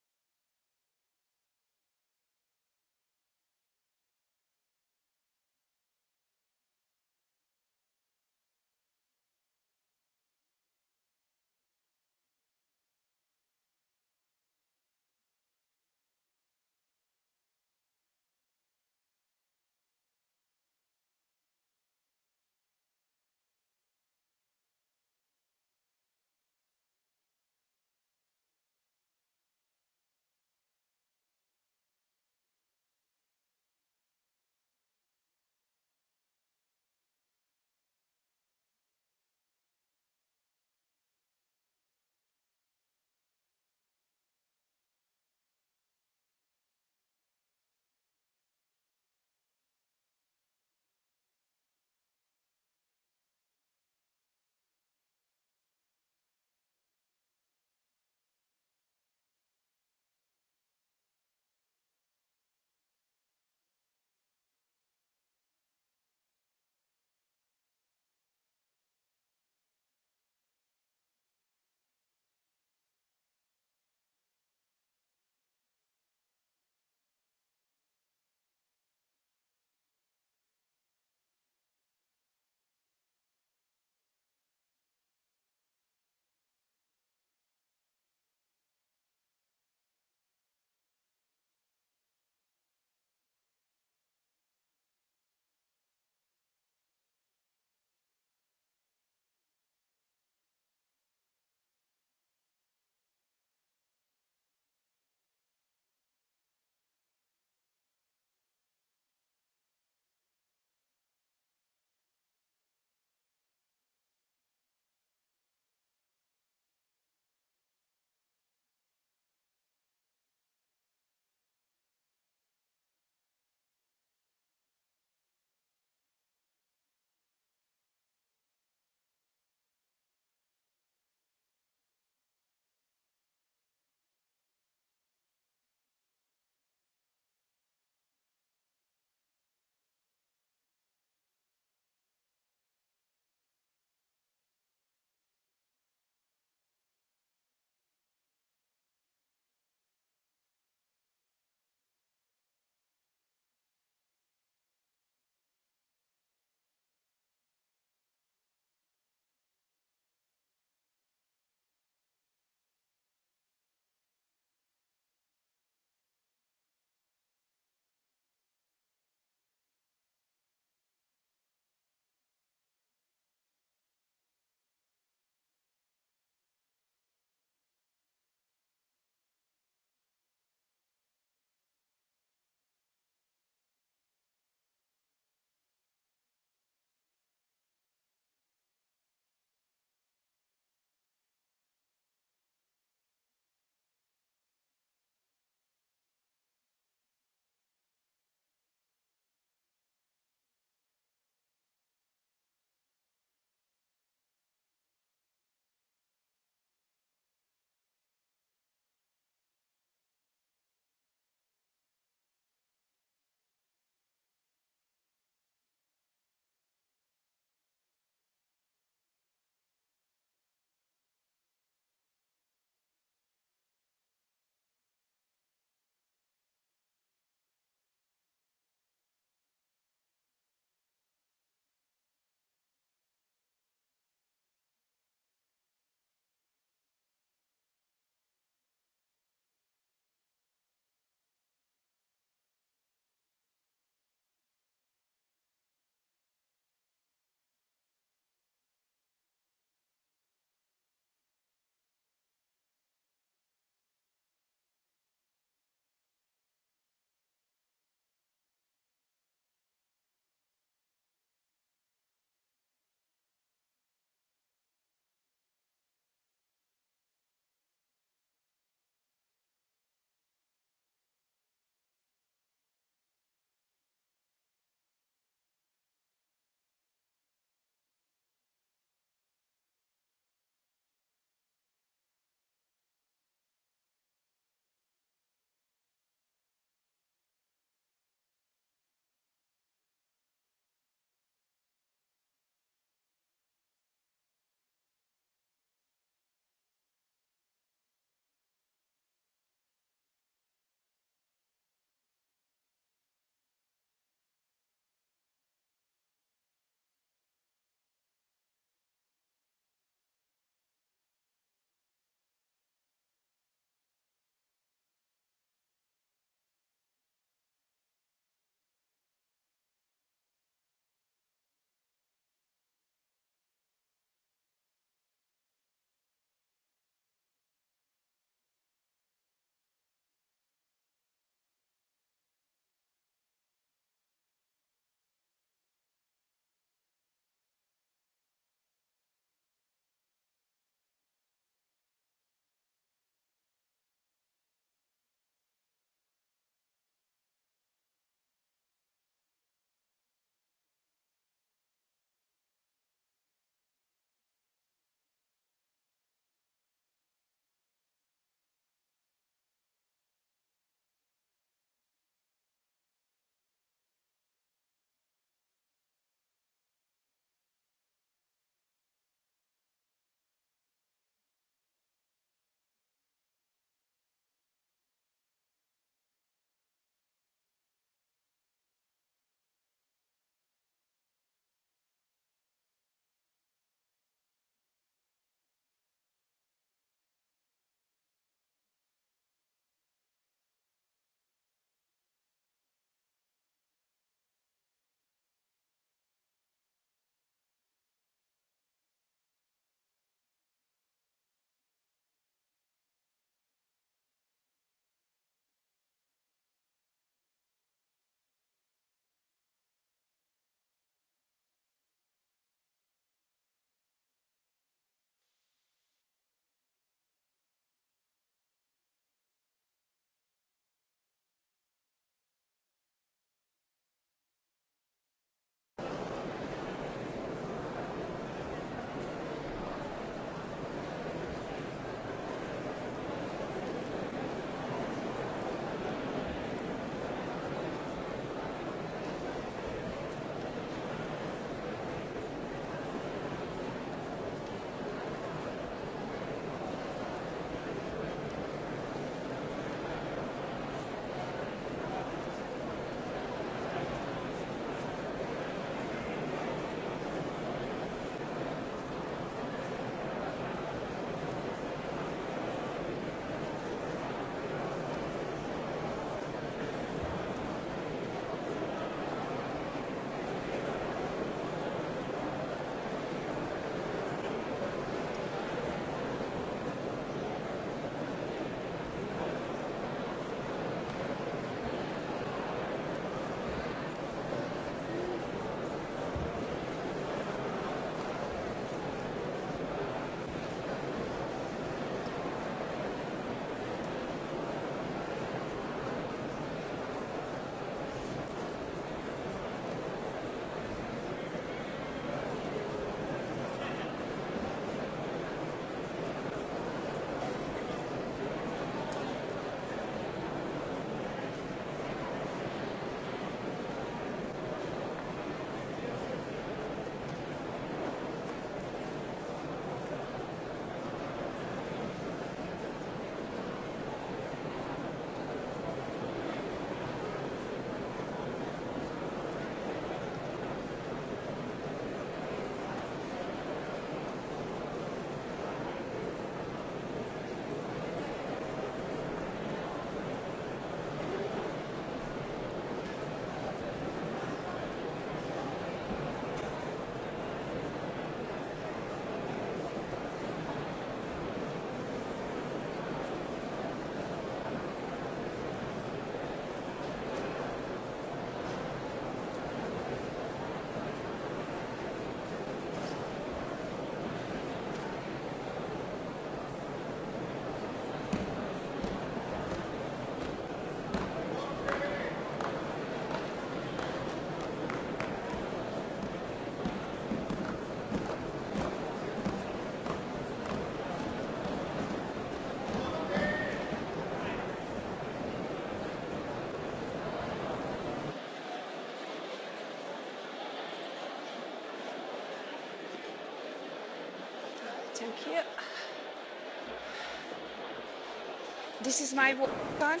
this is my card.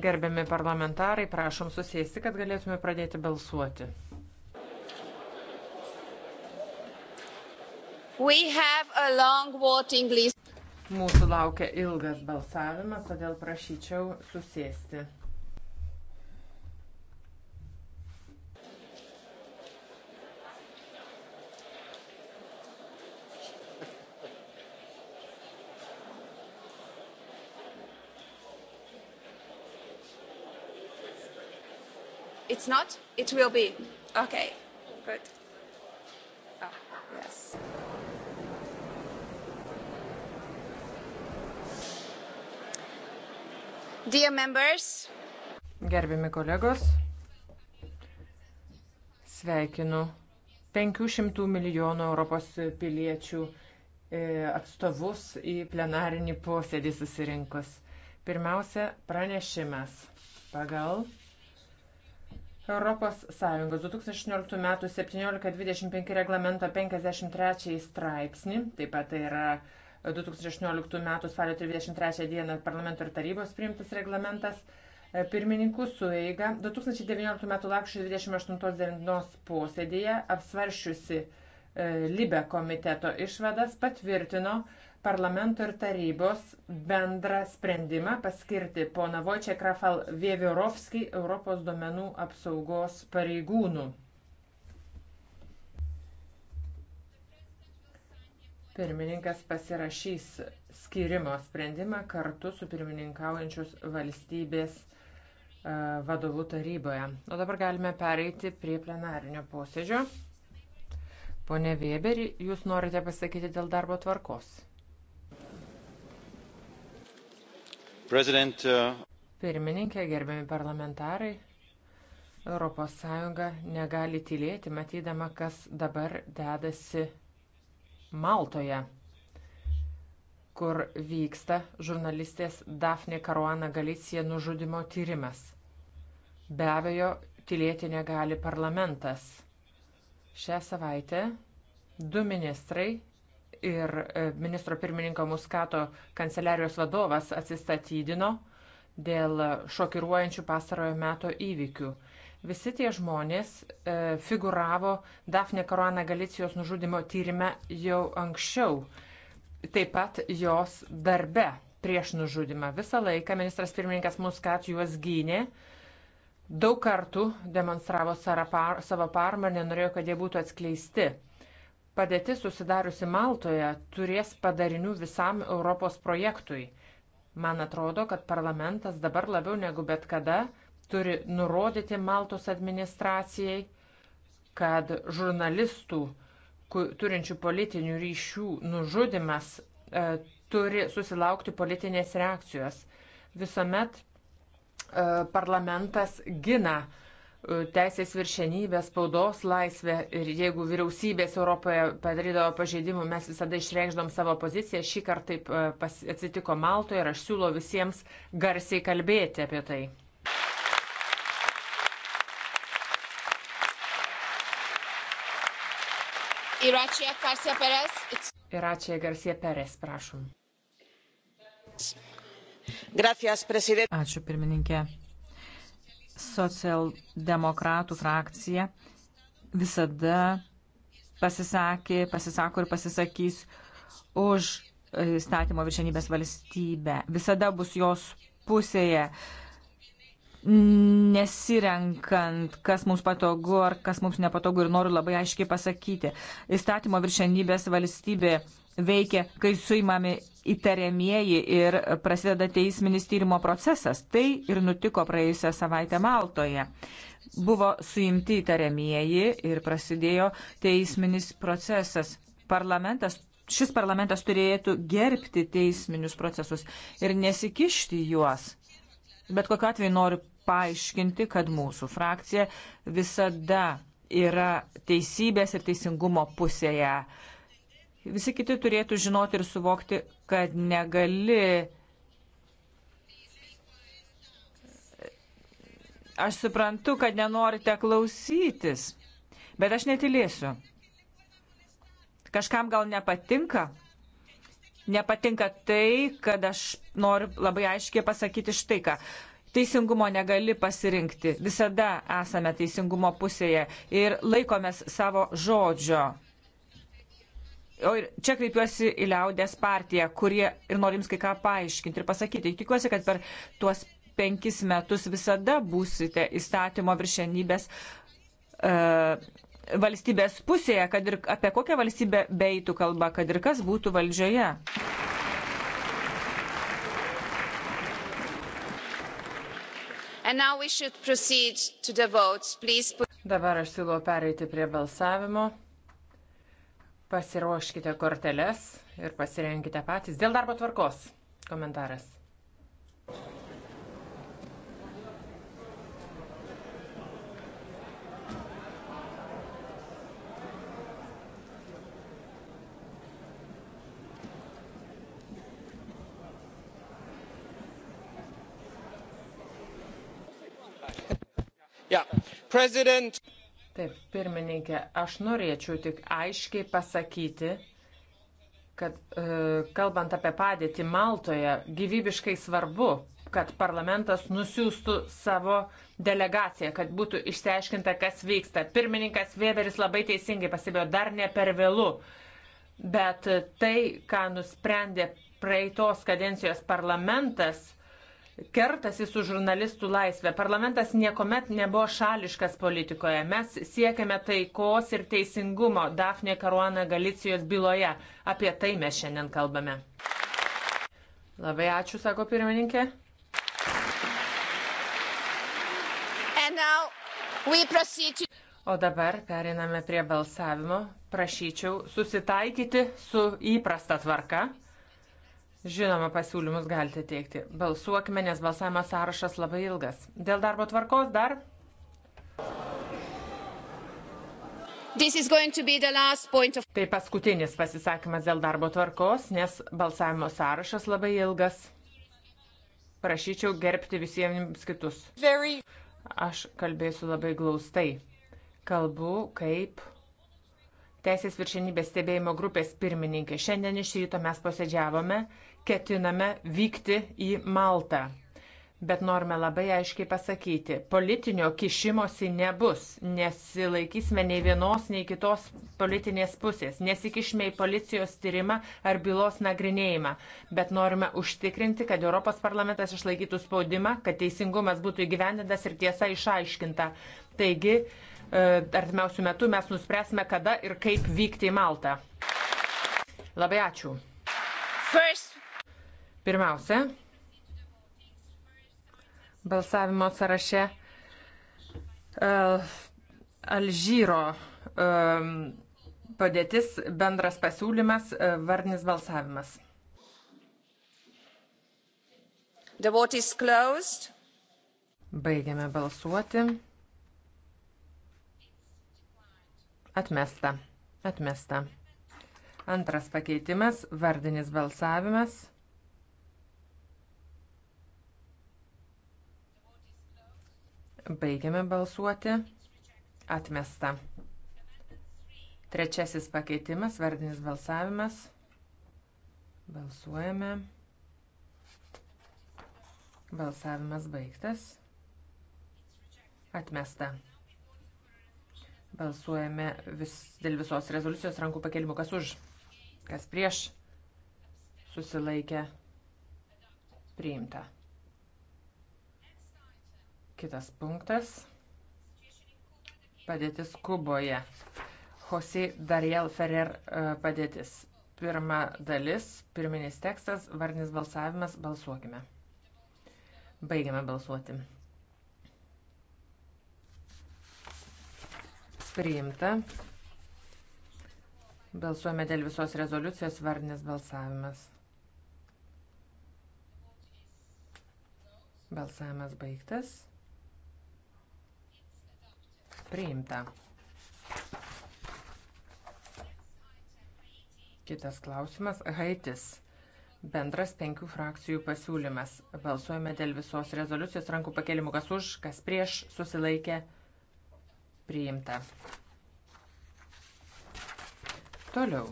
Gerbiami parlamentarai, prašom susėsti, kad galėtume pradėti balsuoti. Mūsų laukia ilgas balsavimas, todėl prašyčiau susėsti. it's not it will be okay good oh, yes dear members gerbiami kolegos sveikinu 500 milijonų Europos piliečių e, atstovus į plenarinį posėdį susirinkus. Pirmiausia, pranešimas pagal ES 2018 m. 1725 reglamento 53 straipsnį, taip pat tai yra 2018 m. spalio 33 d. parlamento ir tarybos priimtas reglamentas, e, pirmininkų sueiga 2019 m. lakščio 28 d. posėdėje apsvaršiusi Libe komiteto išvadas patvirtino parlamento ir tarybos bendrą sprendimą paskirti poną Vočią Krafal Vievirovskį Europos duomenų apsaugos pareigūnų. Pirmininkas pasirašys skirimo sprendimą kartu su pirmininkaujančios valstybės e, vadovų taryboje. O dabar galime pereiti prie plenarinio posėdžio. Pone Weberi, jūs norite pasakyti dėl darbo tvarkos? President, uh... Pirmininkė, gerbiami parlamentarai, ES negali tylėti, matydama, kas dabar dedasi Maltoje, kur vyksta žurnalistės Dafne Karuana Galicija nužudimo tyrimas. Be abejo, tylėti negali parlamentas. Šią savaitę du ministrai ir e, ministro pirmininko Muskato kanceliarijos vadovas atsistatydino dėl šokiruojančių pastarojo meto įvykių. Visi tie žmonės e, figuravo Dafne Karuana Galicijos nužudimo tyrime jau anksčiau, taip pat jos darbe prieš nužudimą. Visą laiką ministras pirmininkas Muskat juos gynė, daug kartų demonstravo par, savo parmą, nenorėjo, kad jie būtų atskleisti. Padėtis susidariusi Maltoje turės padarinių visam Europos projektui. Man atrodo, kad parlamentas dabar labiau negu bet kada turi nurodyti Maltos administracijai, kad žurnalistų turinčių politinių ryšių nužudimas e, turi susilaukti politinės reakcijos. Visuomet e, parlamentas gina e, E, teisės viršenybę, spaudos laisvę ir jeigu vyriausybės Europoje padarydavo pažeidimų, mes visada išreikždom savo poziciją. Šį kartą taip e, pas, atsitiko Maltoje ir aš siūlau visiems garsiai kalbėti apie tai. Iračija Garcia Perez. Iračija Garcia Perez, prašom. Gracias, Ačiū, pirmininkė. Socialdemokratų frakcija visada pasisakė, pasisako ir pasisakys už įstatymo viršenybės valstybę. Visada bus jos pusėje, nesirenkant, kas mums patogu ar kas mums nepatogu ir noriu labai aiškiai pasakyti. Įstatymo viršenybės valstybė veikia, kai suimami įtariamieji ir prasideda teisminis tyrimo procesas. Tai ir nutiko praėjusią savaitę Maltoje. Buvo suimti įtariamieji ir prasidėjo teisminis procesas. Parlamentas, šis parlamentas turėtų gerbti teisminius procesus ir nesikišti juos. Bet kokiu atveju noriu paaiškinti, kad mūsų frakcija visada yra teisybės ir teisingumo pusėje. Uh, Visi kiti turėtų žinoti ir suvokti, kad negali. Aš suprantu, kad nenorite klausytis, bet aš netilėsiu. Kažkam gal nepatinka, nepatinka tai, kad aš noriu labai aiškiai pasakyti štai ką. Teisingumo negali pasirinkti. Visada esame teisingumo pusėje ir laikomės savo žodžio. O ir čia kreipiuosi į liaudės partiją, kurie ir noriu jums kai ką paaiškinti ir pasakyti. Tikiuosi, kad per tuos penkis metus visada būsite įstatymo viršenybės uh, valstybės pusėje, kad ir apie kokią valstybę beitų kalba, kad ir kas būtų valdžioje. Dabar aš siūlau pereiti prie balsavimo. Pasiruoškite korteles ir pasirenkite patys. Dėl darbo tvarkos komentaras. Yeah. President. Taip, pirmininkė, aš norėčiau tik aiškiai pasakyti, kad e, kalbant apie padėtį Maltoje, gyvybiškai svarbu, kad parlamentas nusiųstų savo delegaciją, kad būtų išsiaiškinta, kas vyksta. Pirmininkas Weberis labai teisingai pasibėjo, dar ne per vėlų. Bet tai, ką nusprendė praeitos kadencijos parlamentas, kertasi su žurnalistų laisvė. Parlamentas niekuomet nebuvo šališkas politikoje. Mes siekiame taikos ir teisingumo Dafne Karuana Galicijos byloje. Apie tai mes šiandien kalbame. Labai ačiū, sako pirmininkė. O dabar periname prie balsavimo. Prašyčiau susitaikyti su įprasta tvarka. Žinoma, pasiūlymus galite teikti. Balsuokime, nes balsavimo sąrašas labai ilgas. Dėl darbo tvarkos dar. Of... Tai paskutinis pasisakymas dėl darbo tvarkos, nes balsavimo sąrašas labai ilgas. Prašyčiau gerbti visiems kitus. Very... Aš kalbėsiu labai glaustai. Kalbu kaip Teisės viršenybės stebėjimo grupės pirmininkė. Šiandien iš ryto mes posėdžiavome ketiname vykti į Maltą. Bet norime labai aiškiai pasakyti, politinio kišimosi nebus, nesilaikysime nei vienos, nei kitos politinės pusės, nesikišime į policijos tyrimą ar bylos nagrinėjimą, bet norime užtikrinti, kad Europos parlamentas išlaikytų spaudimą, kad teisingumas būtų įgyvendintas ir tiesa išaiškinta. Taigi, e, artimiausių metų mes nuspręsime, kada ir kaip vykti į Maltą. Labai ačiū. First. Pirmiausia, balsavimo sąraše uh, Alžyro um, padėtis, bendras pasiūlymas, uh, e, varnis balsavimas. The vote is closed. Baigiame balsuoti. Atmesta. Atmesta. Antras pakeitimas, vardinis balsavimas. Baigiame balsuoti. Atmesta. Trečiasis pakeitimas, vardinis balsavimas. Balsuojame. Balsavimas baigtas. Atmesta. Balsuojame vis, dėl visos rezoliucijos rankų pakelimu. Kas už? Kas prieš? Susilaikė. Priimta. Kitas punktas. Padėtis Kuboje. Jose Dariel Ferrer e, padėtis. Pirma dalis, pirminis tekstas, varnis balsavimas, balsuokime. Baigiame balsuoti. Priimta. Balsuojame dėl visos rezoliucijos vardinis balsavimas. Balsavimas baigtas priimta. Kitas klausimas - Haitis. Bendras penkių frakcijų pasiūlymas. Balsuojame dėl visos rezoliucijos rankų pakelimų, kas už, kas prieš, susilaikė, priimta. Toliau.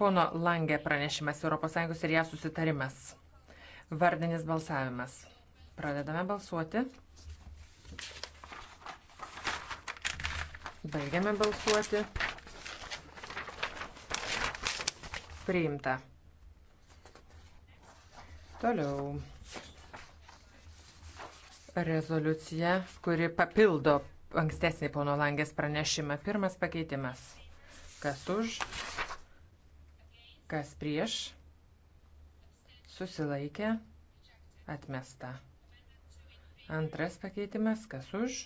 Pono Langė pranešimas ES ir ją susitarimas. Vardinis balsavimas. Pradedame balsuoti. Baigiame balsuoti. Priimta. Toliau. Rezoliucija, kuri papildo ankstesnį pono Langės pranešimą. Pirmas pakeitimas. Kas už, kas prieš, susilaikė, atmesta. Antras pakeitimas. Kas už,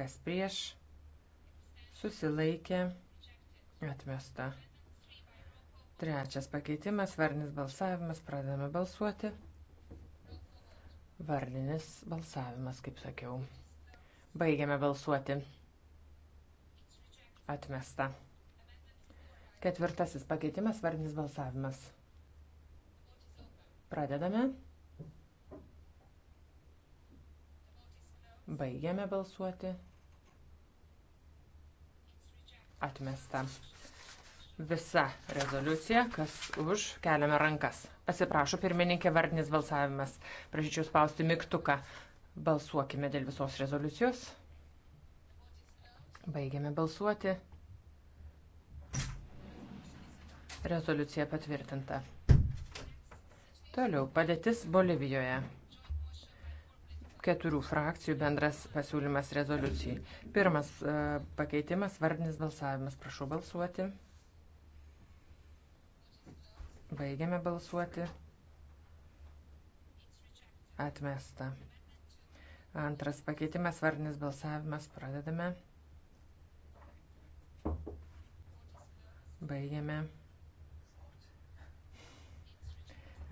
kas prieš, susilaikė susilaikė, atmesta. Trečias pakeitimas, varnis balsavimas, pradedame balsuoti. Vardinis balsavimas, kaip sakiau. Baigiame balsuoti. Atmesta. Ketvirtasis pakeitimas, vardinis balsavimas. Pradedame. Baigiame balsuoti. Atmesta. Visa rezoliucija, kas už, keliame rankas. Atsiprašau, pirmininkė, vardinis balsavimas. Prašyčiau spausti mygtuką. Balsuokime dėl visos rezoliucijos. Baigiame balsuoti. Rezoliucija patvirtinta. Toliau padėtis Bolivijoje keturių frakcijų bendras pasiūlymas rezoliucijai. Pirmas e, pakeitimas, vardinis balsavimas. Prašau balsuoti. Baigiame balsuoti. Atmesta. Antras pakeitimas, vardinis balsavimas. Pradedame. Baigiame.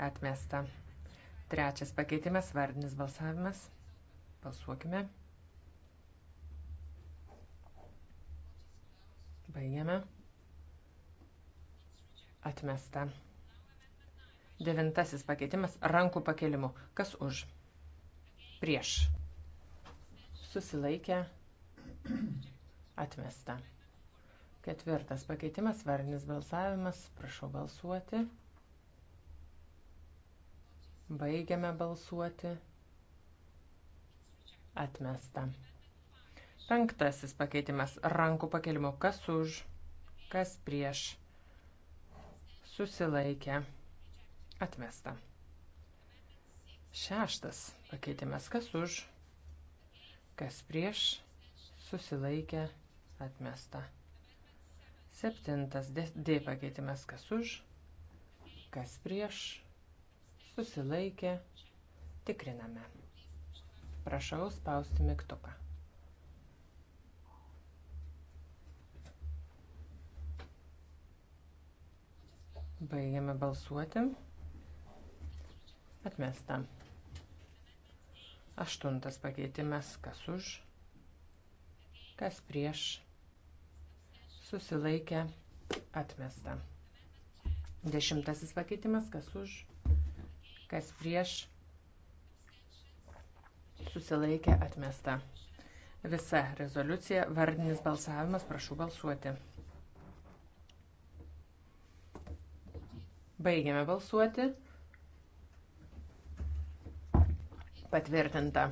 Atmesta. Trečias pakeitimas, vardinis balsavimas. Balsuokime. Baigiame. Atmesta. Devintasis pakeitimas rankų pakelimu. Kas už? Prieš. Susilaikę. Atmesta. Ketvirtas pakeitimas, varnis balsavimas. Prašau balsuoti. Baigiame balsuoti. Atmesta. Penktasis pakeitimas rankų pakelimu. Kas už, kas prieš. Susilaikė. Atmesta. Šeštas pakeitimas. Kas už, kas prieš. Susilaikė. Atmesta. Septintas D pakeitimas. Kas už, kas prieš. Susilaikė. Tikriname. Prašau spausti mygtuką. Baigiame balsuoti. Atmesta. Aštuntas pakeitimas. Kas už? Kas prieš? Susilaikę. Atmesta. Dešimtasis pakeitimas. Kas už? Kas prieš? susilaikė atmesta. Visa rezoliucija, vardinis balsavimas, prašau balsuoti. Baigiame balsuoti. Patvirtinta.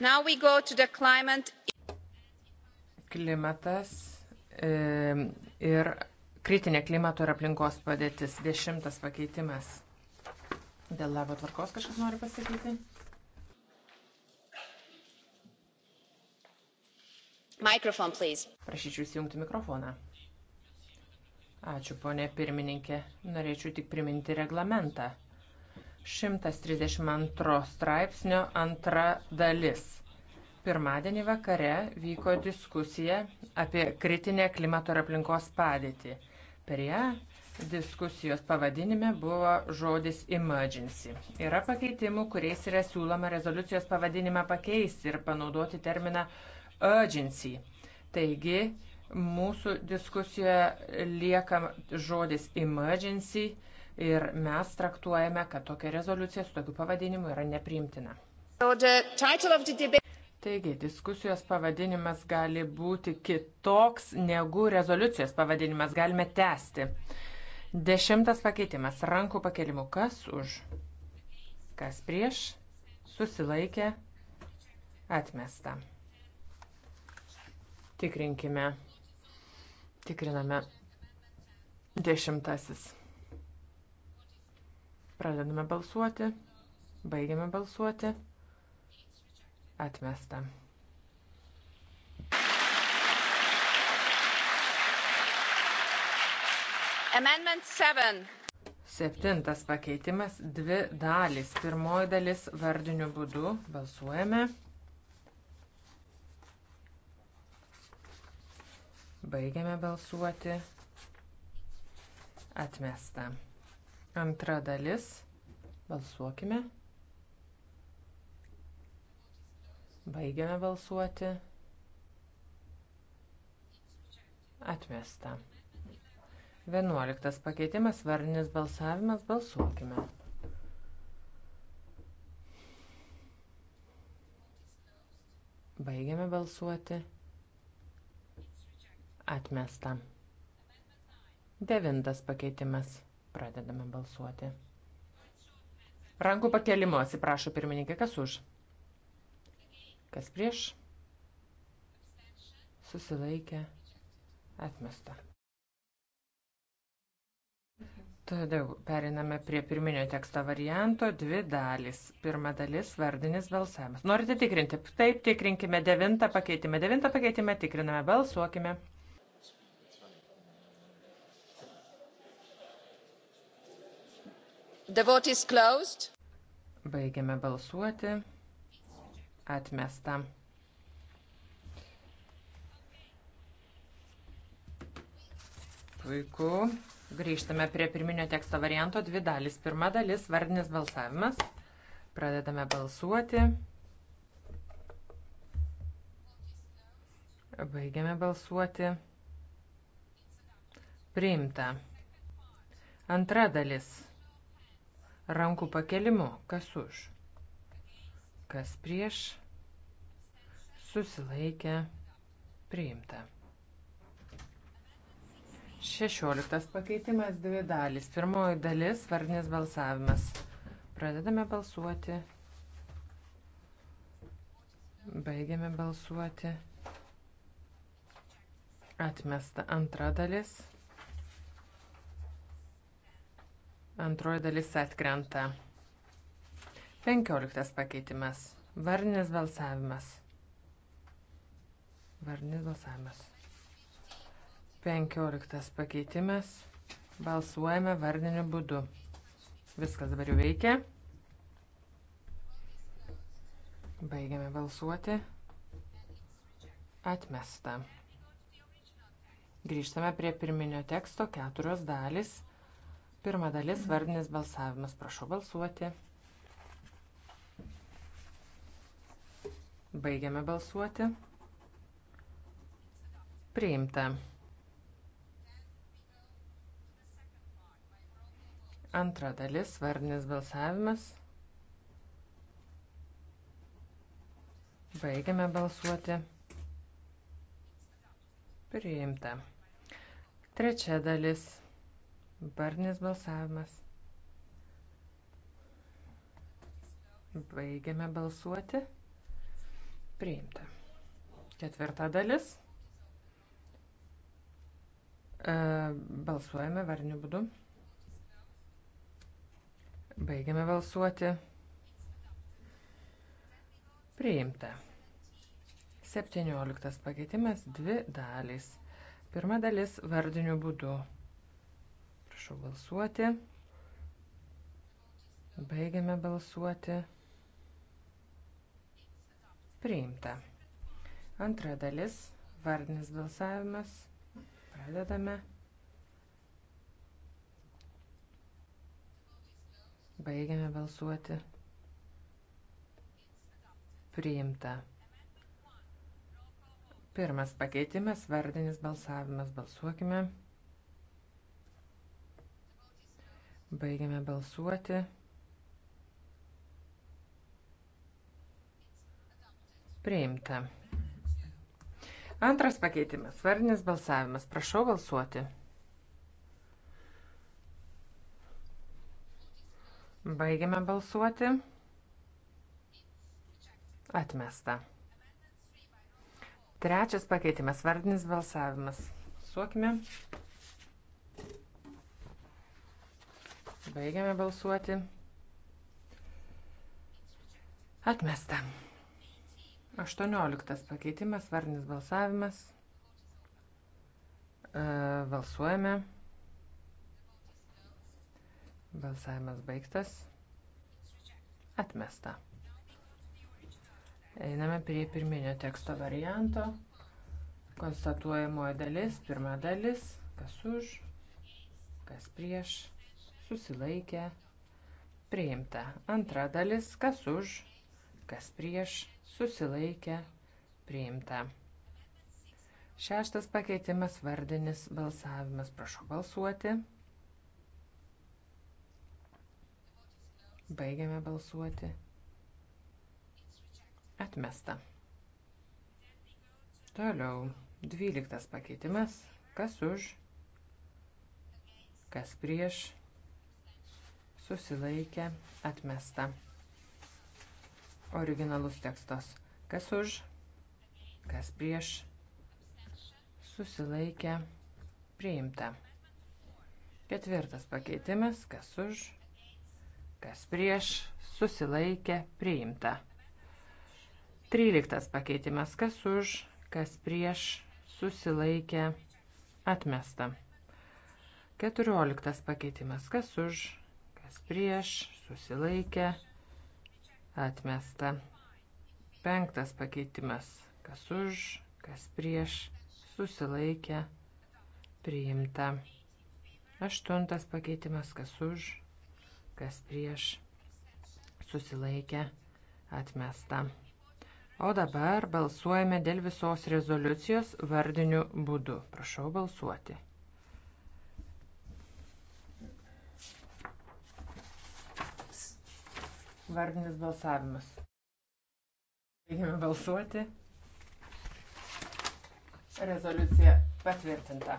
Now we go to the climate. Klimatas e, ir kritinė klimato ir aplinkos padėtis. Dešimtas pakeitimas. Dėl darbo tvarkos kažkas nori pasakyti? Microphone, please. Prašyčiau įsijungti mikrofoną. Ačiū, ponė pirmininkė. Norėčiau tik priminti reglamentą. 132 straipsnio antra dalis. Pirmadienį vakare vyko diskusija apie kritinę klimato ir aplinkos padėtį. Per ją diskusijos pavadinime buvo žodis emergency. Yra pakeitimų, kuriais yra siūloma rezoliucijos pavadinimą pakeisti ir panaudoti terminą urgency. Taigi, mūsų diskusijoje lieka žodis emergency ir mes traktuojame, kad tokia rezoliucija su tokiu pavadinimu yra nepriimtina. Taigi, diskusijos pavadinimas gali būti kitoks negu rezoliucijos pavadinimas. Galime tęsti. Dešimtas pakeitimas. Rankų pakelimu. Kas už? Kas prieš? Susilaikė. Atmesta. Tikrinkime. Tikriname. Dešimtasis. Pradedame balsuoti. Baigiame balsuoti. Atmesta. Septintas pakeitimas - dvi dalys. Pirmoji dalis vardiniu būdu balsuojame. Baigiame balsuoti. Atmesta. Antra dalis. Balsuokime. Baigiame balsuoti. Atmesta. 11 pakeitimas, vardinis balsavimas, balsuokime. Baigiame balsuoti. Atmesta. Devintas pakeitimas. Pradedame balsuoti. Rankų pakelimo, atsiprašau pirmininkė, kas už? Kas prieš? Susilaikė. Atmesta. Tada periname prie pirminio teksto varianto. Dvi dalys. Pirma dalis - vardinis balsavimas. Norite tikrinti? Taip, tikrinkime devintą pakeitimą. Devintą pakeitimą tikriname, balsuokime. The vote is closed. Baigiame balsuoti. Atmesta. Puiku. Grįžtame prie pirminio teksto varianto dvi dalis. Pirma dalis - vardinis balsavimas. Pradedame balsuoti. Baigiame balsuoti. Priimta. Antra dalis. Rankų pakelimu. Kas už? Kas prieš? Susilaikę. Priimta. Šešioliktas pakeitimas dvi dalys. Pirmoji dalis - vardinis balsavimas. Pradedame balsuoti. Baigiame balsuoti. Atmesta antra dalis. Antroji dalis atkrenta. Penkioliktas pakeitimas. Vardinis balsavimas. Vardinis balsavimas. 15 pakeitimas. Balsuojame vardiniu būdu. Viskas dabar jau veikia. Baigiame balsuoti. Atmesta. Grįžtame prie pirminio teksto keturios dalys. Pirma dalis vardinis balsavimas. Prašau balsuoti. Baigiame balsuoti. Priimta. Antra dalis, vardinis balsavimas. Baigiame balsuoti. Priimta. Trečia dalis, vardinis balsavimas. Baigiame balsuoti. Priimta. Ketvirta dalis. E, balsuojame varniu būdu. Baigiame balsuoti. Priimta. 17 pakeitimas dvi dalys. Pirma dalis vardiniu būdu. Prašau balsuoti. Baigiame balsuoti. Priimta. Antra dalis vardinis balsavimas. Pradedame. Baigiame balsuoti. Priimta. Pirmas pakeitimas, vardinis balsavimas. Balsuokime. Baigiame balsuoti. Priimta. Antras pakeitimas, vardinis balsavimas. Prašau balsuoti. Baigiame balsuoti. Atmesta. Trečias pakeitimas, vardinis balsavimas. Suokime. Baigiame balsuoti. Atmesta. 18 pakeitimas, vardinis balsavimas. E, balsuojame. Balsavimas baigtas. Atmesta. Einame prie pirminio teksto varianto. Konstatuojamoji dalis, pirma dalis, kas už, kas prieš, susilaikė, priimta. Antra dalis, kas už, kas prieš, susilaikė, priimta. Šeštas pakeitimas vardinis balsavimas. Prašau balsuoti. Baigiame balsuoti. Atmesta. Toliau. Dvyliktas pakeitimas. Kas už? Kas prieš? Susilaikė. Atmesta. Originalus tekstas. Kas už? Kas prieš? Susilaikė. Priimta. Ketvirtas pakeitimas. Kas už? kas prieš, susilaikė, priimta. 13 pakeitimas, kas už, kas prieš, susilaikė, atmesta. 14 pakeitimas, kas už, kas prieš, susilaikė, atmesta. 5 pakeitimas, kas už, kas prieš, susilaikė, priimta. 8 pakeitimas, kas už, kas prieš susilaikė atmesta. O dabar balsuojame dėl visos rezoliucijos vardiniu būdu. Prašau balsuoti. Vardinis balsavimas. Baigime balsuoti. Rezoliucija patvirtinta.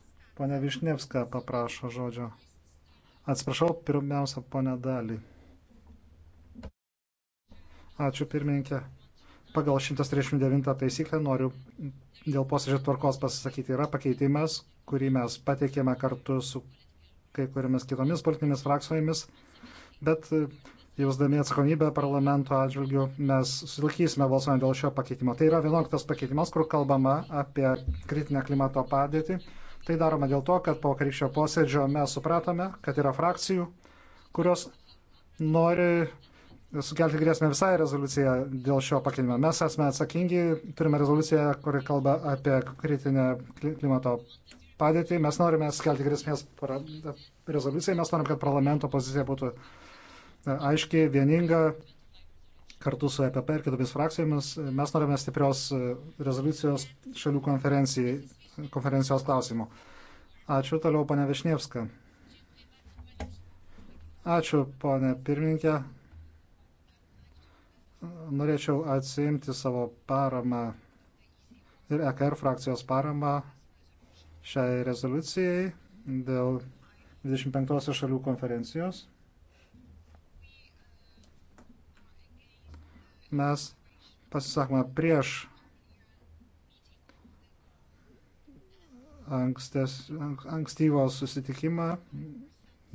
Pone Višnevska paprašo žodžio. Atsiprašau, pirmiausia, pone Dalį. Ačiū, pirmininkė. Pagal 139 taisyklę noriu dėl posėdžio tvarkos pasisakyti. Yra pakeitimas, kurį mes pateikėme kartu su kai kuriamis kitomis politinėmis frakcijomis, bet jausdami atsakomybę parlamento atžvilgių, mes sulkysime balsuojant dėl šio pakeitimo. Tai yra 11 pakeitimas, kur kalbama apie kritinę klimato padėtį Tai daroma dėl to, kad po vakarykščio posėdžio mes supratome, kad yra frakcijų, kurios nori sukelti grėsmę visai rezoliuciją dėl šio pakeitimo. Mes esame atsakingi, turime rezoliuciją, kuri kalba apie kritinę klimato padėtį. Mes norime sukelti grėsmės rezoliuciją, mes norime, kad parlamento pozicija būtų e, aiški, vieninga, kartu su EPP ir kitomis frakcijomis. Mes norime stiprios e, rezoliucijos šalių konferencijai konferencijos klausimų. Ačiū toliau, pane Višnievska. Ačiū, pane pirmininkė. Norėčiau atsiimti savo paramą ir EKR frakcijos paramą šiai rezoliucijai dėl 25 šalių konferencijos. Mes pasisakome prieš ankstes, ankstyvo susitikimą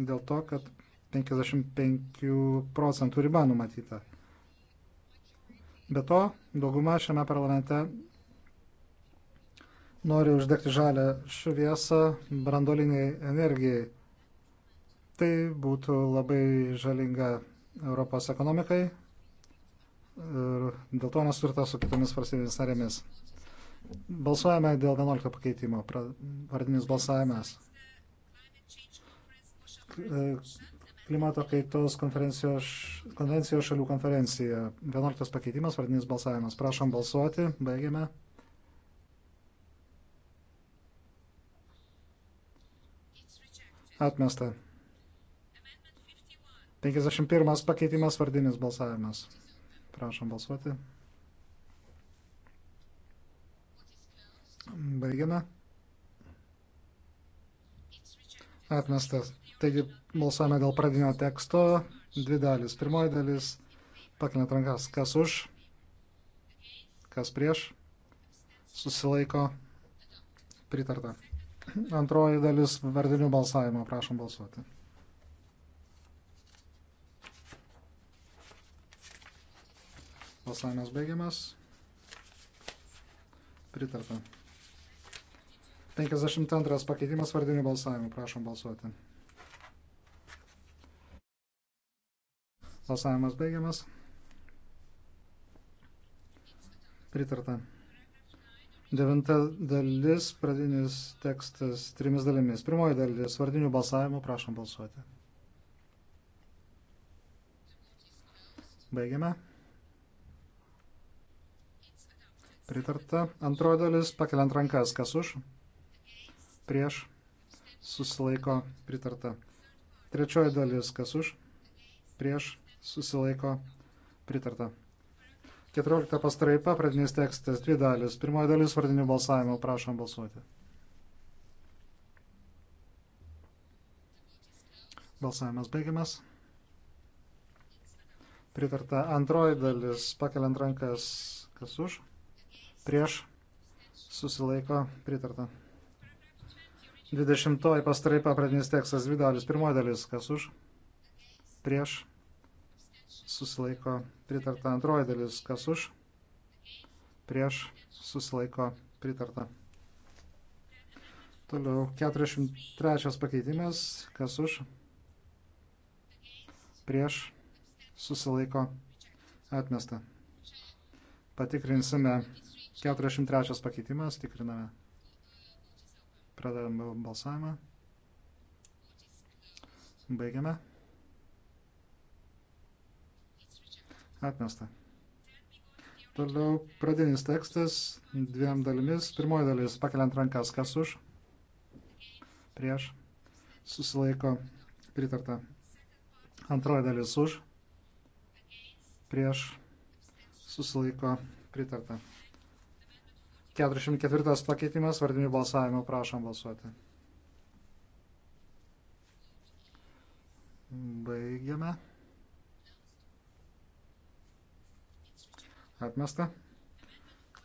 dėl to, kad 55 procentų riba numatyta. Be to, dauguma šiame parlamente nori uždegti žalę šviesą brandoliniai energijai. Tai būtų labai žalinga Europos ekonomikai ir dėl to nesurta su kitomis valstybėmis narėmis. Balsuojame dėl 11 pakeitimo, vardinis balsavimas. E, klimato kaitos konvencijos šalių konferencija. 11 pakeitimas, vardinis balsavimas. Prašom balsuoti, baigiame. Atmesta. 51 pakeitimas, vardinis balsavimas. Prašom balsuoti. Baigiame. Atmestas. Taigi balsuojame dėl pradinio teksto. Dvi dalis. Pirmoji dalis. Pakelinat rankas. Kas už? Kas prieš? Susilaiko. Pritarta. Antroji dalis vardinių balsavimo. Prašom balsuoti. Balsavimas baigiamas. Pritarta. 52 pakeitimas vardiniu balsavimu. Prašom balsuoti. Balsavimas baigiamas. Pritarta. Devinta dalis, pradinis tekstas trimis dalimis. Pirmoji dalis vardiniu balsavimu. Prašom balsuoti. Baigiame. Pritarta. Antroji dalis pakeliant rankas. Kas už? prieš, susilaiko pritarta. Trečioji dalis, kas už, prieš, susilaiko pritarta. 14 pastraipa, pradinis tekstas, dvi dalis. Pirmoji dalis vardinių balsavimų, prašom balsuoti. Balsavimas baigiamas. Pritarta antroji dalis, pakeliant rankas, kas už, prieš, susilaiko, pritarta. 20 pastraipa pradinis tekstas 2 dalis, 1 dalis, kas už, prieš, susilaiko pritarta, 2 dalis, kas už, prieš, susilaiko pritarta. Toliau 43 pakeitimas, kas už, prieš, susilaiko atmesta. Patikrinsime 43 pakeitimas, tikriname. Pradedame balsavimą. Baigiame. Atmesta. Toliau pradinis tekstas dviem dalimis. Pirmoji dalis pakeliant rankas, kas už, prieš, susilaiko, pritarta. Antroji dalis už, prieš, susilaiko, pritarta. 44 pakeitimas, vardinių balsavimų, prašom balsuoti. Baigiame. Atmesta.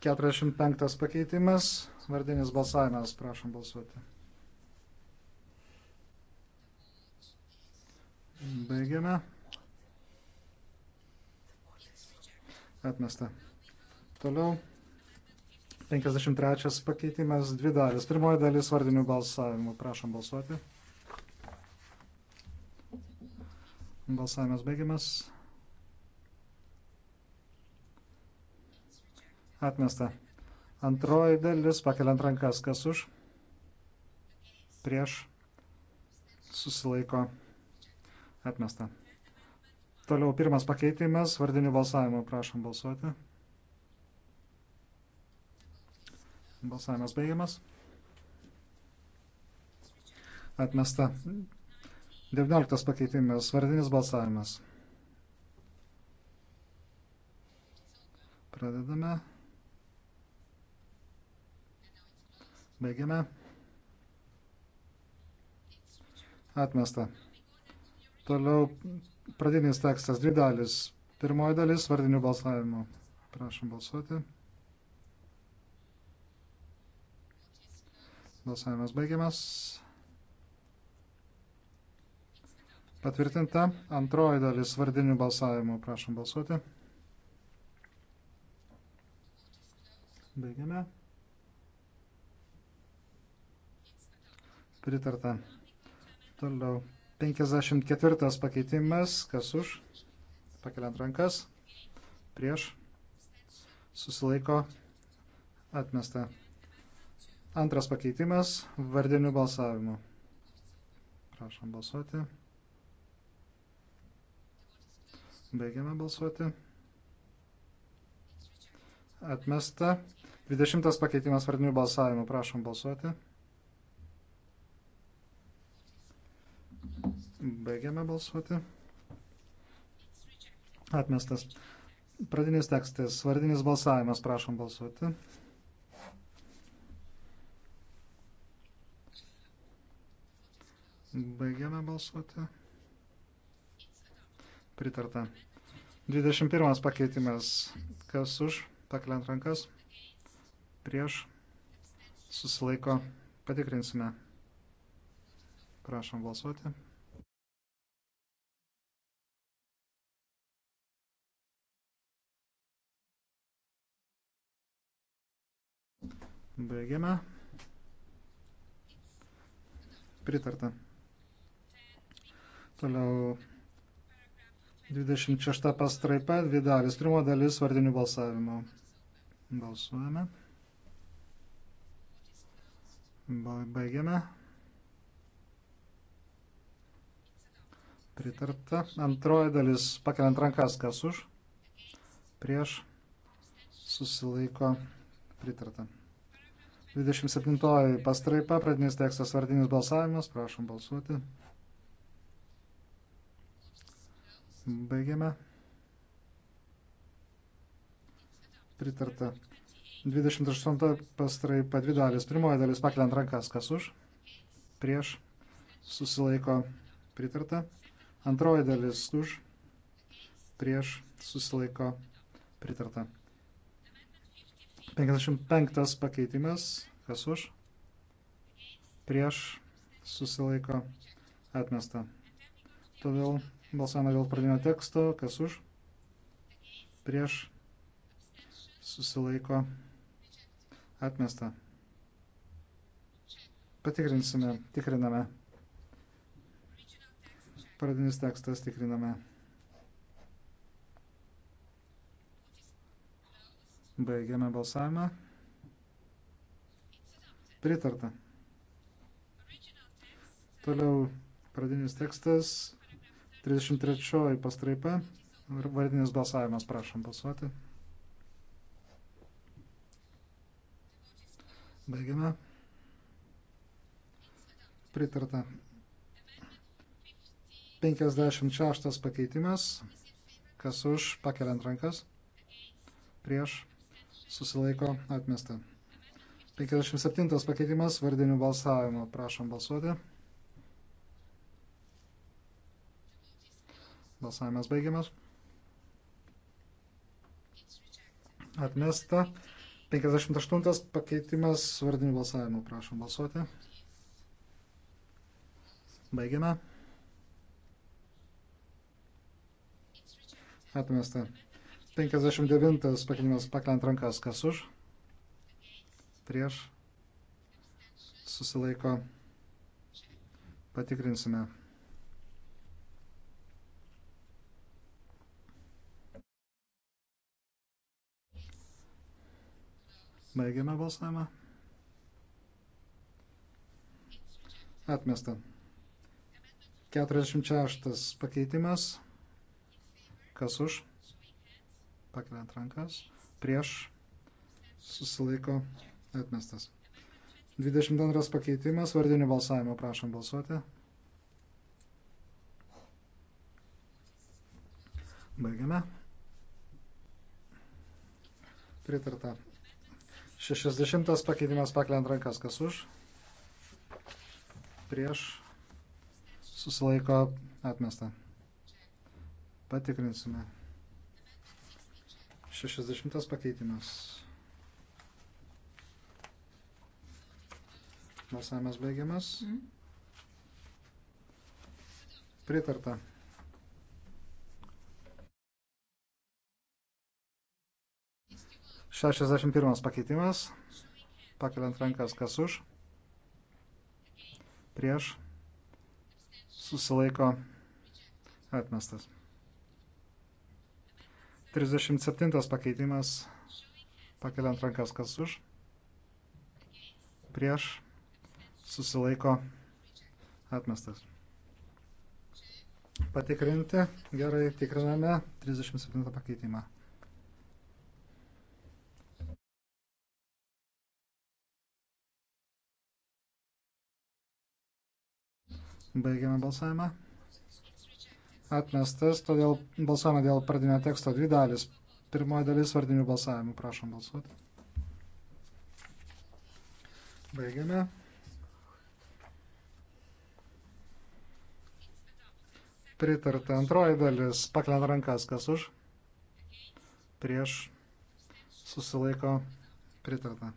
45 pakeitimas, vardinis balsavimas, prašom balsuoti. Baigiame. Atmesta. Toliau. 53 pakeitimas, dvi dalis. Pirmoji dalis vardinių balsavimų. Prašom balsuoti. Balsavimas baigiamas. Atmesta. Antroji dalis, pakeliant rankas, kas už, prieš, susilaiko, atmesta. Toliau pirmas pakeitimas, vardinių balsavimų, prašom balsuoti. Balsavimas baigiamas. Atmesta. 19 pakeitimas. Vardinis balsavimas. Pradedame. Baigiame. Atmesta. Toliau pradinis tekstas, dvi dalis. Pirmoji dalis vardinių balsavimų. Prašom balsuoti. Balsavimas baigiamas. Patvirtinta. Antroji dalis vardinių balsavimų. Prašom balsuoti. Baigiame. Pritarta. Toliau. 54 pakeitimas. Kas už? Pakeliant rankas. Prieš. Susilaiko. Atmesta. Antras pakeitimas vardiniu balsavimu. Prašom balsuoti. Baigiame balsuoti. Atmesta. 20 pakeitimas vardinių balsavimų. Prašom balsuoti. Baigiame balsuoti. Atmestas. Pradinis tekstas. Vardinis balsavimas. Prašom balsuoti. Baigiame balsuoti. Pritarta. 21 pakeitimas. Kas už? Pakeliant rankas. Prieš. Susilaiko. Patikrinsime. Prašom balsuoti. Baigiame. Pritarta. Toliau 26 pastraipa, dvi dalis. Pirmo dalis vardinių balsavimo. Balsuojame. Baigiame. Pritarta. Antroji dalis pakeliant rankas, kas už. Prieš. Susilaiko. Pritarta. 27 pastraipa, pradinis tekstas, vardinis balsavimas. Prašom balsuoti. Baigiame. Pritarta. 28 pastraipa dvi dalis. Pirmoji dalis pakeliant rankas, kas už, prieš, susilaiko, pritarta. Antroji dalis už, prieš, susilaiko, pritarta. 55 pakeitimas, kas už, prieš, susilaiko, atmesta. Todėl Balsavimą dėl pradinio teksto. Kas už? Prieš. Susilaiko. Atmesta. Patikrinsime. Tikriname. Pradinis tekstas tikriname. Baigiame balsavimą. Pritarta. Toliau pradinis tekstas 33 pastraipa. Vardinis balsavimas, prašom balsuoti. Baigiame. Pritarta. 56 pakeitimas. Kas už, pakeliant rankas. Prieš. Susilaiko atmesta. 57 pakeitimas vardinių balsavimo. Prašom balsuoti. Balsavimas baigiamas. Atmesta. 58 pakeitimas vardinių balsavimų. Prašom balsuoti. Baigiame. Atmesta. 59 pakeitimas paklant rankas. Kas už? Prieš. Susilaiko. Patikrinsime. Baigiame balsavimą. Atmesta. 46 pakeitimas. Kas už? Pakeliant rankas. Prieš. Susilaiko. Atmestas. 22 pakeitimas. Vardinių balsavimo. Prašom balsuoti. Baigiame. Pritarta. 60 pakeitimas pakeliant rankas, kas už, prieš, susilaiko atmesta. Patikrinsime. 60 pakeitimas. Balsavimas baigiamas. Mhm. Pritarta. 61 pakeitimas. Pakeliant rankas, kas už. Prieš. Susilaiko. Atmestas. 37 pakeitimas. Pakeliant rankas, kas už. Prieš. Susilaiko. Atmestas. Patikrinti. Gerai, tikriname 37 pakeitimą. Baigiame balsavimą. Atmestas, todėl balsuojame dėl pradinio teksto dvi dalis. Pirmoji dalis vardinių balsavimų. Prašom balsuoti. Baigiame. Pritarta antroji dalis. Paklent rankas, kas už. Prieš. Susilaiko. Pritarta.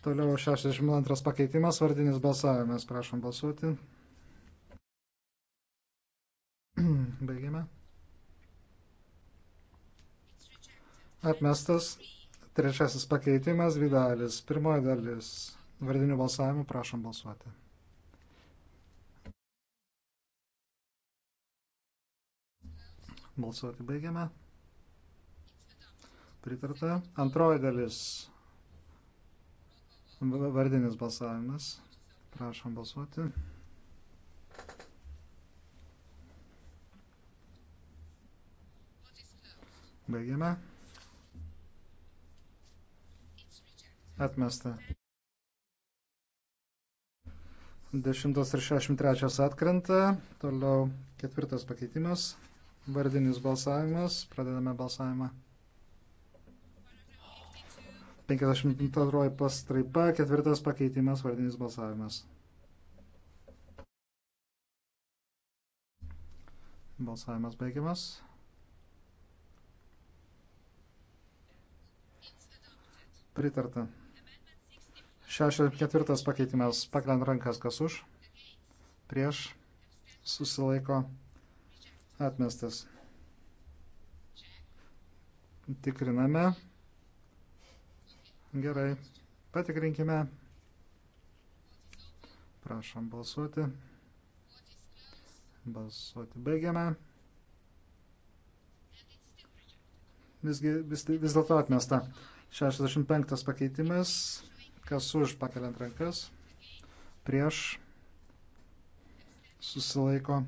Toliau 62 pakeitimas, vardinis balsavimas. Prašom balsuoti. Baigėme. Atmestas trečiasis pakeitimas, dvi dalis. Pirmoji dalis vardinių balsavimų, prašom balsuoti. Balsuoti baigiame. Pritarta. Antroji dalis Vardinis balsavimas. Prašom balsuoti. Baigiame. Atmesta. 163 atkrenta, toliau ketvirtas pakeitimas, vardinis balsavimas, pradedame balsavimą. 52 pastraipa, ketvirtas pakeitimas, vardinis balsavimas. Balsavimas baigiamas. Pritarta. 64 pakeitimas, pakeliant rankas, kas už, prieš, susilaiko, atmestas. Tikriname. Gerai, patikrinkime. Prašom balsuoti. Balsuoti baigiame. Visgi, vis, vis dėlto atmesta. 65 pakeitimas. Kas už pakeliant rankas? Prieš. Susilaiko.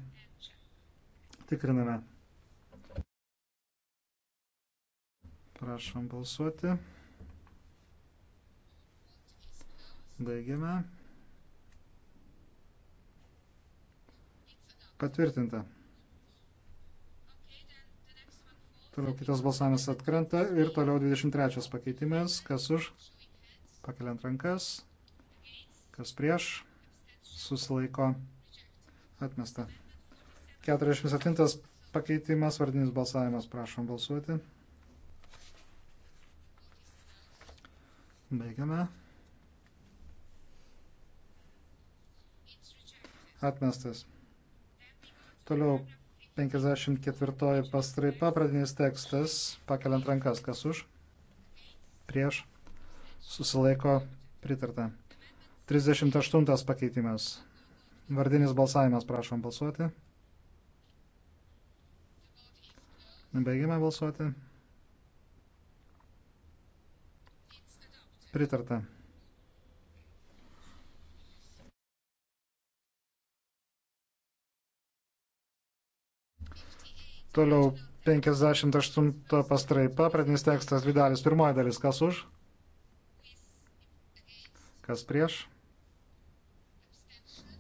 Tikriname. Prašom balsuoti. Baigiame. Patvirtinta. Toliau kitas balsavimas atkrenta ir toliau 23 pakeitimas. Kas už? Pakeliant rankas. Kas prieš? Susilaiko. Atmesta. 47 pakeitimas, vardinis balsavimas. Prašom balsuoti. Baigiame. atmestas. Toliau 54 pastraipa, pradinis tekstas, pakeliant rankas, kas už, prieš, susilaiko, pritarta. 38 pakeitimas, vardinis balsavimas, prašom balsuoti. Baigime balsuoti. Pritarta. Toliau 58 pastraipa, pradinis tekstas, dvi dalis, pirmoji dalis, kas už, kas prieš,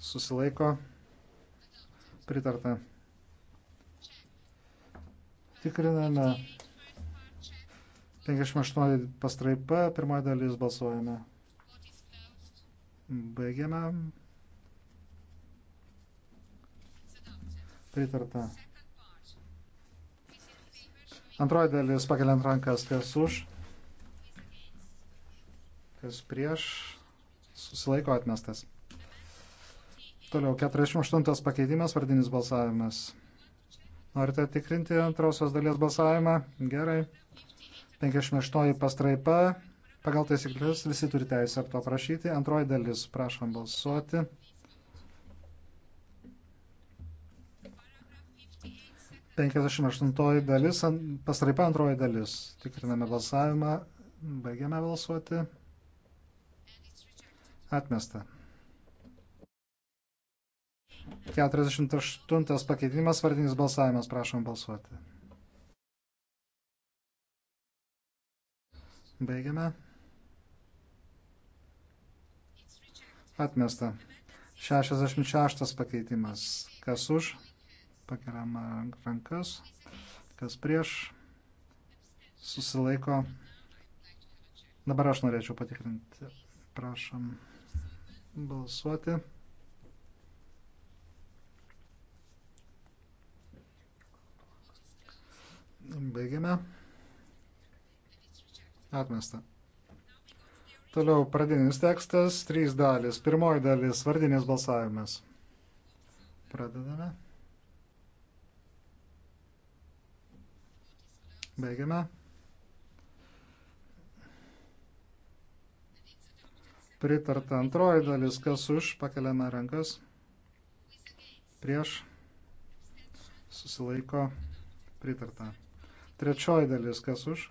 susilaiko, pritarta. Tikriname 58 pastraipa, pirmoji dalis balsuojame. Baigiame. Pritarta. Antroji dalis pakeliant rankas, kas už, kas prieš, susilaiko atmestas. Toliau, 48 pakeitimas, vardinis balsavimas. Norite tikrinti antrosios dalies balsavimą? Gerai. 58 pastraipa. Pagal taisyklės visi turi teisę to prašyti. Antroji dalis, prašom balsuoti. 58 dalis, pastraipa antroji dalis. Tikriname balsavimą, baigiame balsuoti. Atmesta. 48 pakeitimas, vardinis balsavimas, prašom balsuoti. Baigiame. Atmesta. 66 pakeitimas. Kas už? pakeliam rankas, kas prieš susilaiko. Dabar aš norėčiau patikrinti. Prašom balsuoti. Baigiame. Atmesta. Toliau pradinis tekstas, trys dalis. Pirmoji dalis, vardinis balsavimas. Pradedame. Baigiame. Pritarta antroji dalis, kas už, pakeliame rankas. Prieš. Susilaiko. Pritarta. Trečioji dalis, kas už.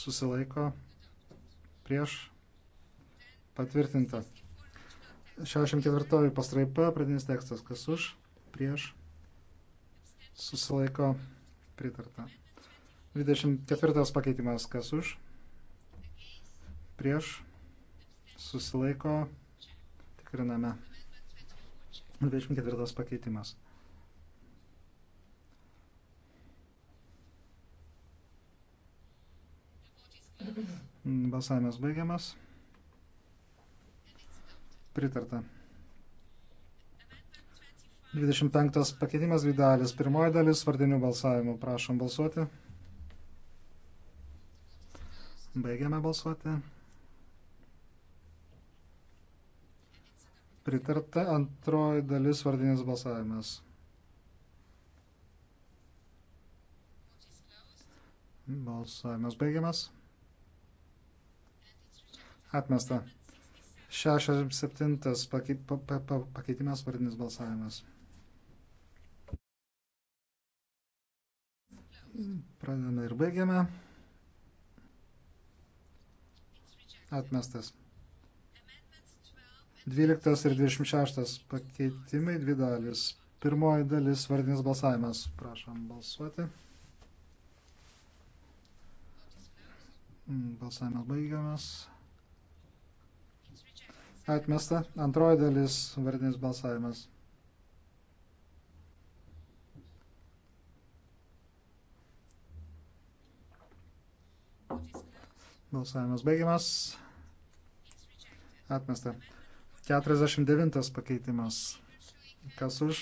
Susilaiko. Prieš. Patvirtinta. 64 pastraipa, pradinis tekstas, kas už. Prieš. Susilaiko. Prieš pritarta. 24 pakeitimas, kas už, prieš, susilaiko, tikriname. 24 pakeitimas. Balsavimas baigiamas. Pritarta. 25 pakeitimas dvi dalis. Pirmoji dalis vardinių balsavimų. Prašom balsuoti. Baigiame balsuoti. Pritarta antroji dalis vardinis balsavimas. Balsavimas baigiamas. Atmesta. 67 pakeitimas vardinis balsavimas. Pradedame ir baigiame. Atmestas. 12 ir 26 pakeitimai, dvi dalis. Pirmoji dalis vardinis balsavimas. Prašom balsuoti. Balsavimas baigiamas. Atmesta. Antroji dalis vardinis balsavimas. Balsavimas baigiamas. Atmesta. 49 pakeitimas. Kas už?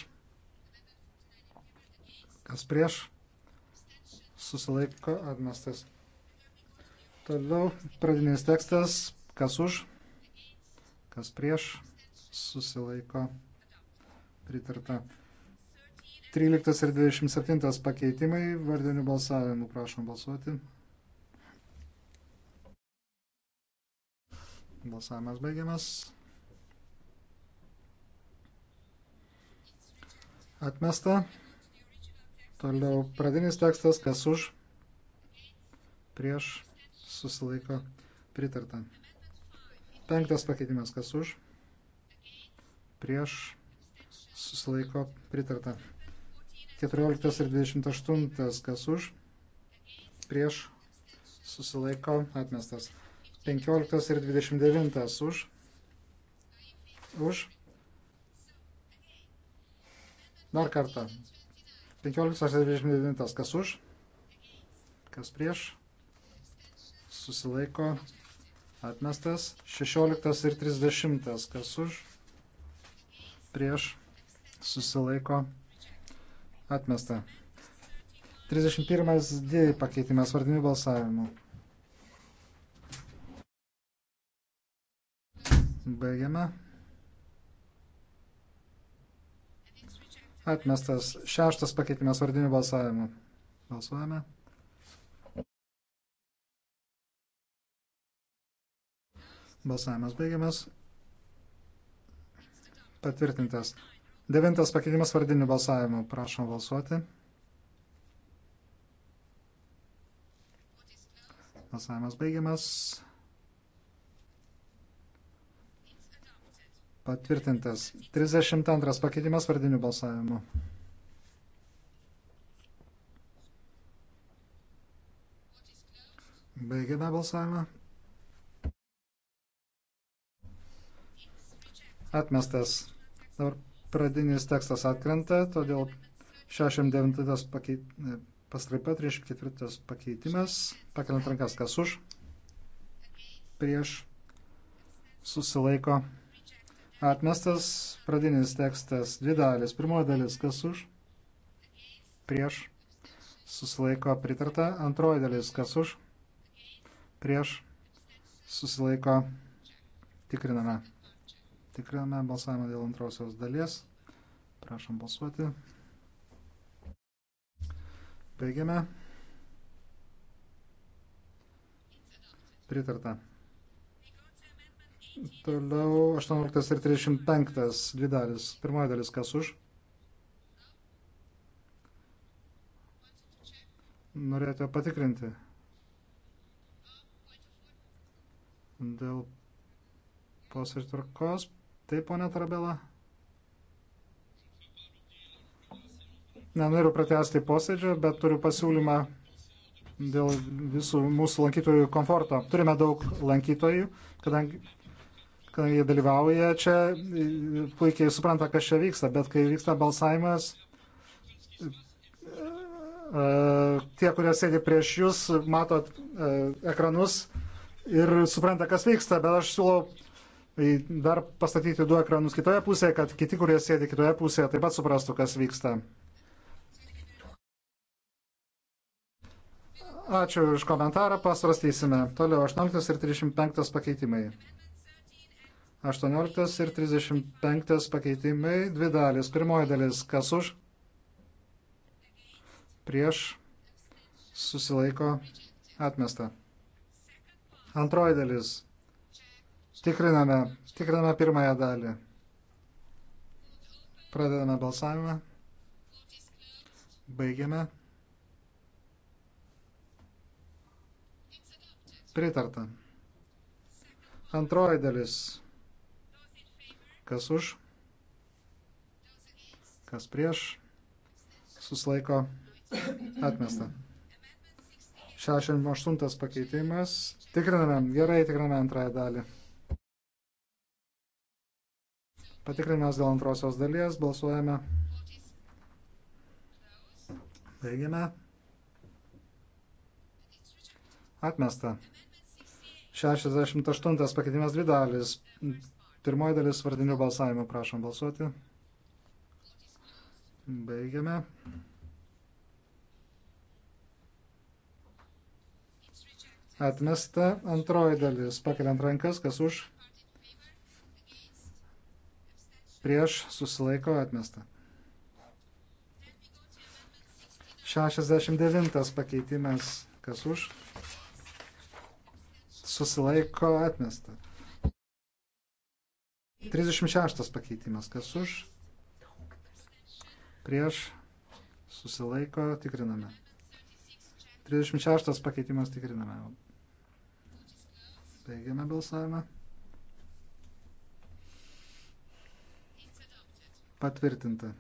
Kas prieš? Susilaiko atmestas. Toliau pradinis tekstas. Kas už? Kas prieš? Susilaiko pritarta. 13 ir 27 pakeitimai vardinių balsavimų. Prašom balsuoti. Balsavimas baigiamas. Atmesta. Toliau pradinis tekstas, kas už, prieš, susilaiko, pritarta. Penktas pakeitimas, kas už, prieš, susilaiko, pritarta. 14 ir 28, kas už, prieš, susilaiko, atmestas. 15 ir 29 už. Už. Dar kartą. 15 ir 29 kas už. Kas prieš. Susilaiko. Atmestas. 16 ir 30 kas už. Prieš. Susilaiko. Atmesta. 31 D pakeitimas vardinių balsavimų. Baigiame. Atmestas šeštas pakeitimas vardinių balsavimų. Balsuojame. Balsavimas baigiamas. Patvirtintas. Devintas pakeitimas vardinių balsavimų. Prašom balsuoti. Balsavimas baigiamas. Patvirtintas. 32 pakeitimas vardinių balsavimų. Baigiame balsavimą. Atmestas. Dabar pradinis tekstas atkrenta, todėl 69 pakeit... E, pastraipa, 34 pakeitimas. Pakeliant rankas, kas už, prieš, susilaiko. Atmestas pradinis tekstas, dvi dalis. Pirmoji dalis, kas už, prieš, susilaiko pritarta. Antroji dalis, kas už, prieš, susilaiko tikriname. Tikriname balsavimą dėl antrosios dalies. Prašom balsuoti. Baigiame. Pritarta. Toliau 18 ir 35 dvi dalis. Pirmoji dalis kas už? Norėjote patikrinti dėl posėdžio tvarkos. Taip, ponia Tarabela. Nenoriu pratesti posėdžio, bet turiu pasiūlymą dėl visų mūsų lankytojų komforto. Turime daug lankytojų, kadangi kai jie dalyvauja čia, puikiai supranta, kas čia vyksta, bet kai vyksta balsavimas, tie, kurie sėdi prieš jūs, matot ekranus ir supranta, kas vyksta, bet aš siūlau dar pastatyti du ekranus kitoje pusėje, kad kiti, kurie sėdi kitoje pusėje, taip pat suprastų, kas vyksta. Ačiū už komentarą, pasvarstysime. Toliau 18 ir 35 pakeitimai. 18 ir 35 pakeitimai, dvi dalis. Pirmoji dalis, kas už, prieš, susilaiko, atmesta. Antroji dalis, tikriname, tikriname pirmąją dalį. Pradedame balsavimą. Baigiame. Pritarta. Antroji dalis. Kas už? Kas prieš? Suslaiko atmesta. 68 pakeitimas. Tikriname, gerai tikriname antrąją dalį. Patikrinimas dėl antrosios dalies, balsuojame. Baigiame. Atmesta. 68 pakeitimas dvi dalis. Pirmoji dalis vardinių balsavimų. Prašom balsuoti. Baigiame. Atmesta antroji dalis. Pakeliant rankas, kas už. Prieš susilaiko atmesta. 69 pakeitimas, kas už. Susilaiko atmesta. 36 pakeitimas. Kas už? Prieš. Susilaiko. Tikriname. 36 pakeitimas tikriname. Baigiame balsavimą. Patvirtinta.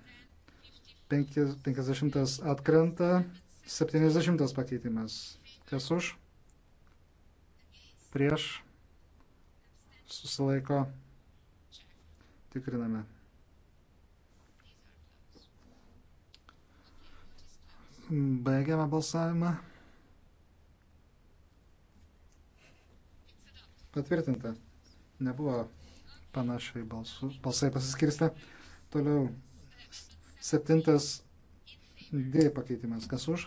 50 atkrenta. 70 pakeitimas. Kas už? Prieš. Susilaiko. Tikriname. Baigiame balsavimą. Patvirtinta. Nebuvo panašiai balsų. Balsai pasiskirsta. Toliau septintas D pakeitimas. Kas už?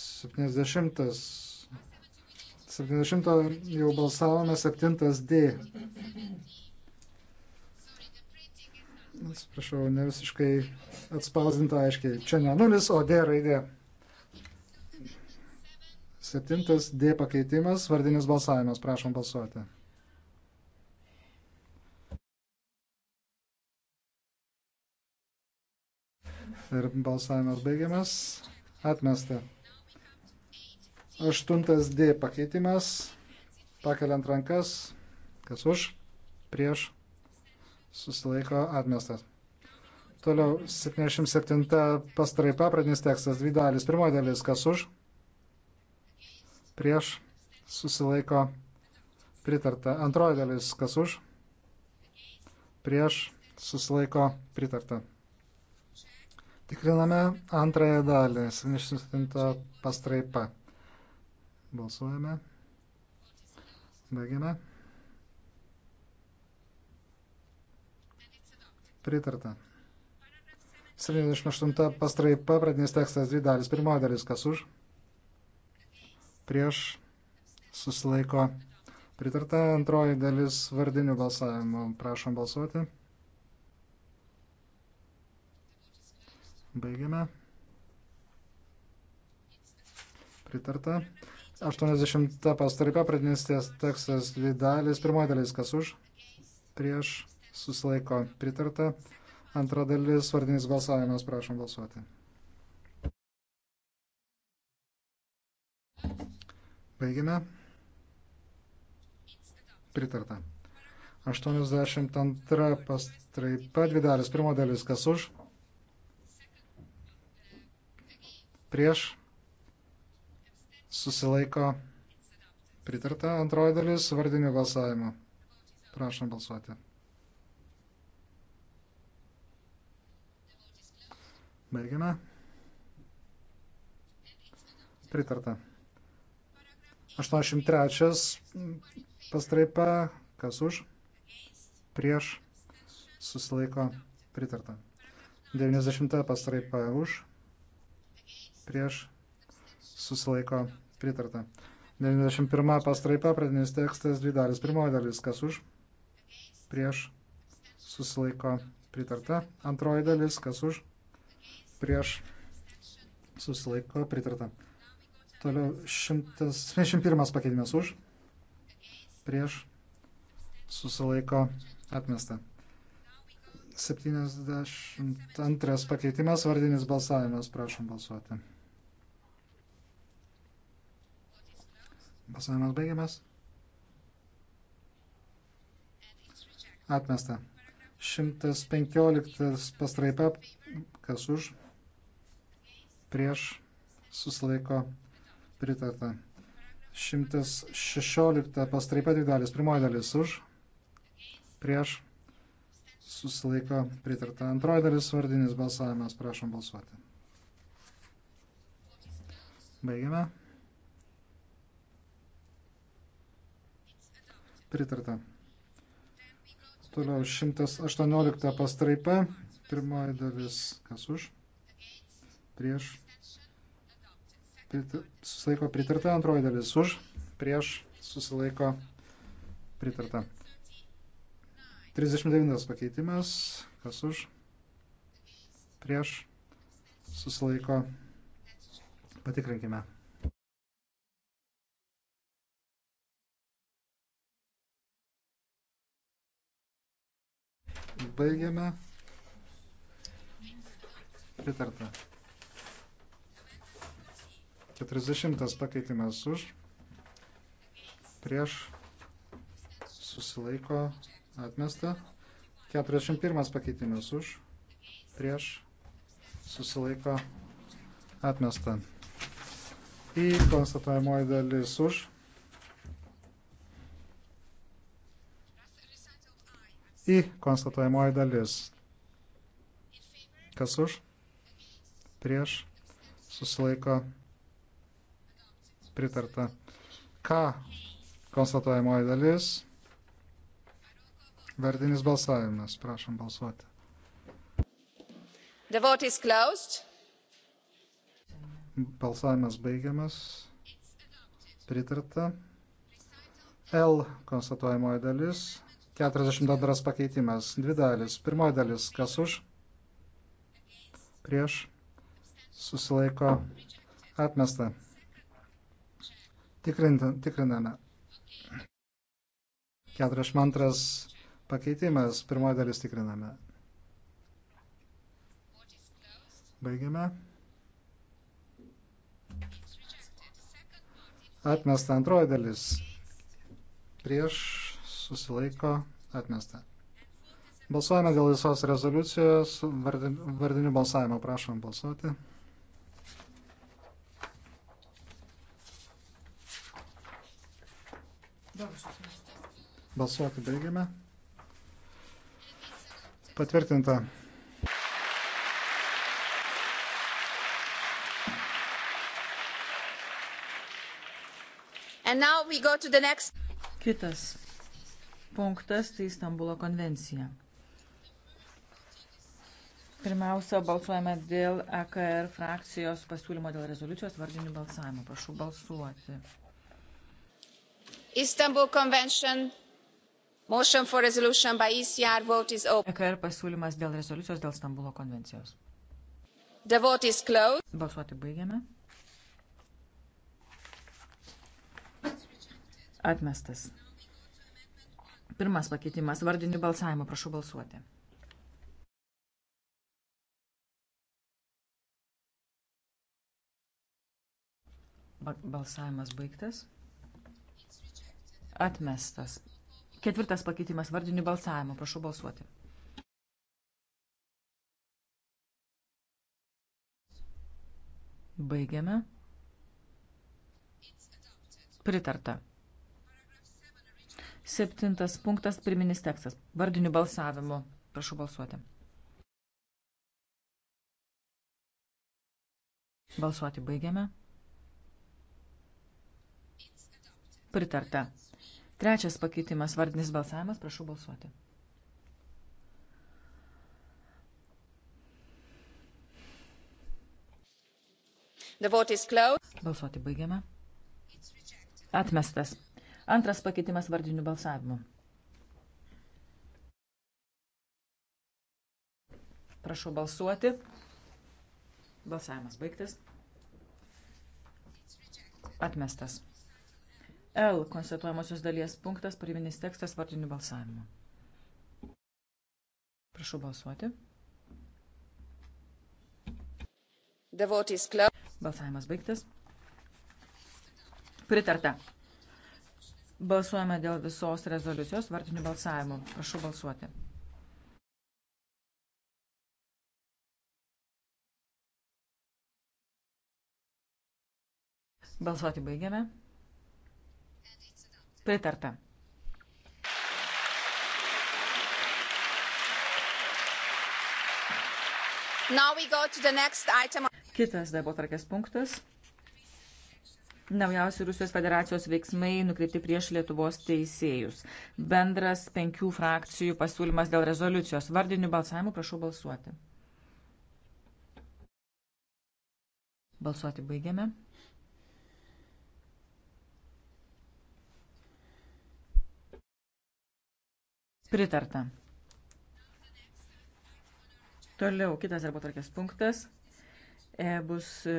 70 70 jau balsavome, 7 D. Atsiprašau, ne visiškai atspausdinta aiškiai. Čia ne nulis, o D raidė. 7 D pakeitimas, vardinis balsavimas, prašom balsuoti. Ir balsavimas baigiamas. Atmesta. Aštuntas D pakeitimas. Pakeliant rankas. Kas už? Prieš. Susilaiko atmestas. Toliau 77 pastraipa, pradinis tekstas, dvi dalis. Pirmoji dalis, kas už? Prieš. Susilaiko pritarta. Antroji dalis, kas už? Prieš. Susilaiko pritarta. Tikriname antrąją dalį, 77 pastraipa. Balsuojame. Baigiame. Pritarta. 78 pastraipa, pradinis tekstas, dvi dalis. Pirmoji dalis, kas už? Prieš susilaiko. Pritarta antroji dalis vardinių balsavimų. Prašom balsuoti. Baigiame. Pritarta. 80 pastaripa pradinės tekstas dvi dalis. Pirmoji dalis kas už, prieš susilaiko pritarta. Antra dalis vardinis balsavimas, prašom balsuoti. Baigime. Pritarta. 82 pastraipa, dvi dalis. Pirmo dalis, kas už? Prieš susilaiko pritarta. Antroji dalis vardinių balsavimo. Prašom balsuoti. Baigiame. Pritarta. 83 pastraipa, kas už, prieš, susilaiko, pritarta. 90 pastraipa už, prieš, susilaiko pritarta. 91 pastraipa, pradinis tekstas, dvi dalis. Pirmoji dalis, kas už, prieš, susilaiko pritarta. Antroji dalis, kas už, prieš, susilaiko pritarta. Toliau 171 pakeitimas už, prieš, susilaiko atmesta. 72 pakeitimas, vardinis balsavimas, prašom balsuoti. Balsavimas baigiamas. Atmesta. 115 pastraipa, kas už, prieš, susilaiko, pritarta. 116 pastraipa, dvi dalis, pirmoji dalis už, prieš, susilaiko, pritarta. Antroji dalis vardinis balsavimas, prašom balsuoti. Baigiame. Pritarta. Toliau 118 pastraipa. Pirmoji dalis. Kas už? Prieš. Prita, susilaiko pritarta. Antroji dalis už. Prieš. Susilaiko pritarta. 39 pakeitimas. Kas už? Prieš. Susilaiko. Patikrinkime. Baigiame. Pritarta. 40 pakeitimas už. Prieš. Susilaiko. Atmesta. 41 pakeitimas už. Prieš. Susilaiko. Atmesta. Į konstatuojamoji dalis už į konstatuojamoji dalis. Kas už? Prieš susilaiko pritarta. Ką konstatuojamoji dalis? Vertinis balsavimas. Prašom balsuoti. The vote is closed. Balsavimas baigiamas. Pritarta. L konstatuojamoji dalis. 42 pakeitimas. Dvi dalis. Pirmoji dalis. Kas už? Prieš. Susilaiko. Atmesta. Tikrint, tikriname. 42 pakeitimas. Pirmoji dalis tikriname. Baigiame. Atmesta antroji dalis. Prieš susilaiko, atmesta. Balsuojame dėl visos rezoliucijos, vardinių balsavimo prašom balsuoti. Balsuoti baigiame. Patvirtinta. Kitas punktas tai Stambulo konvencija. Pirmiausia, balsuojame dėl EKR frakcijos pasiūlymo dėl rezoliucijos vardinių balsavimų. Prašau balsuoti. Istanbul Convention. Motion for resolution by ECR vote is open. EKR pasiūlymas dėl rezoliucijos dėl Stambulo konvencijos. The vote is closed. Balsuoti baigiame. Atmestas. Pirmas pakeitimas. Vardiniu balsavimu. Prašau balsuoti. Balsavimas baigtas. Atmestas. Ketvirtas pakeitimas. Vardiniu balsavimu. Prašau balsuoti. Baigiame. Pritarta. Septintas punktas, pirminis tekstas. Vardiniu balsavimu. Prašau balsuoti. Balsuoti baigiame. Pritarta. Trečias pakeitimas, vardinis balsavimas, prašau balsuoti. Balsuoti baigiame. Atmestas. Antras pakeitimas vardiniu balsavimu. Prašau balsuoti. Balsavimas baigtas. Atmestas. L konstatuojamosios dalies punktas, pareiminis tekstas vardiniu balsavimu. Prašau balsuoti. Balsavimas baigtas. Pritarta. Balsuojame dėl visos rezoliucijos vartinių balsavimų. Prašau balsuoti. Balsuoti baigiame. Pritarta. Kitas darbo tvarkės punktas naujausi Rusijos federacijos veiksmai nukreipti prieš Lietuvos teisėjus. Bendras penkių frakcijų pasiūlymas dėl rezoliucijos. Vardiniu balsavimu prašau balsuoti. Balsuoti baigiame. Pritarta. Toliau kitas darbo tvarkės punktas e, bus e,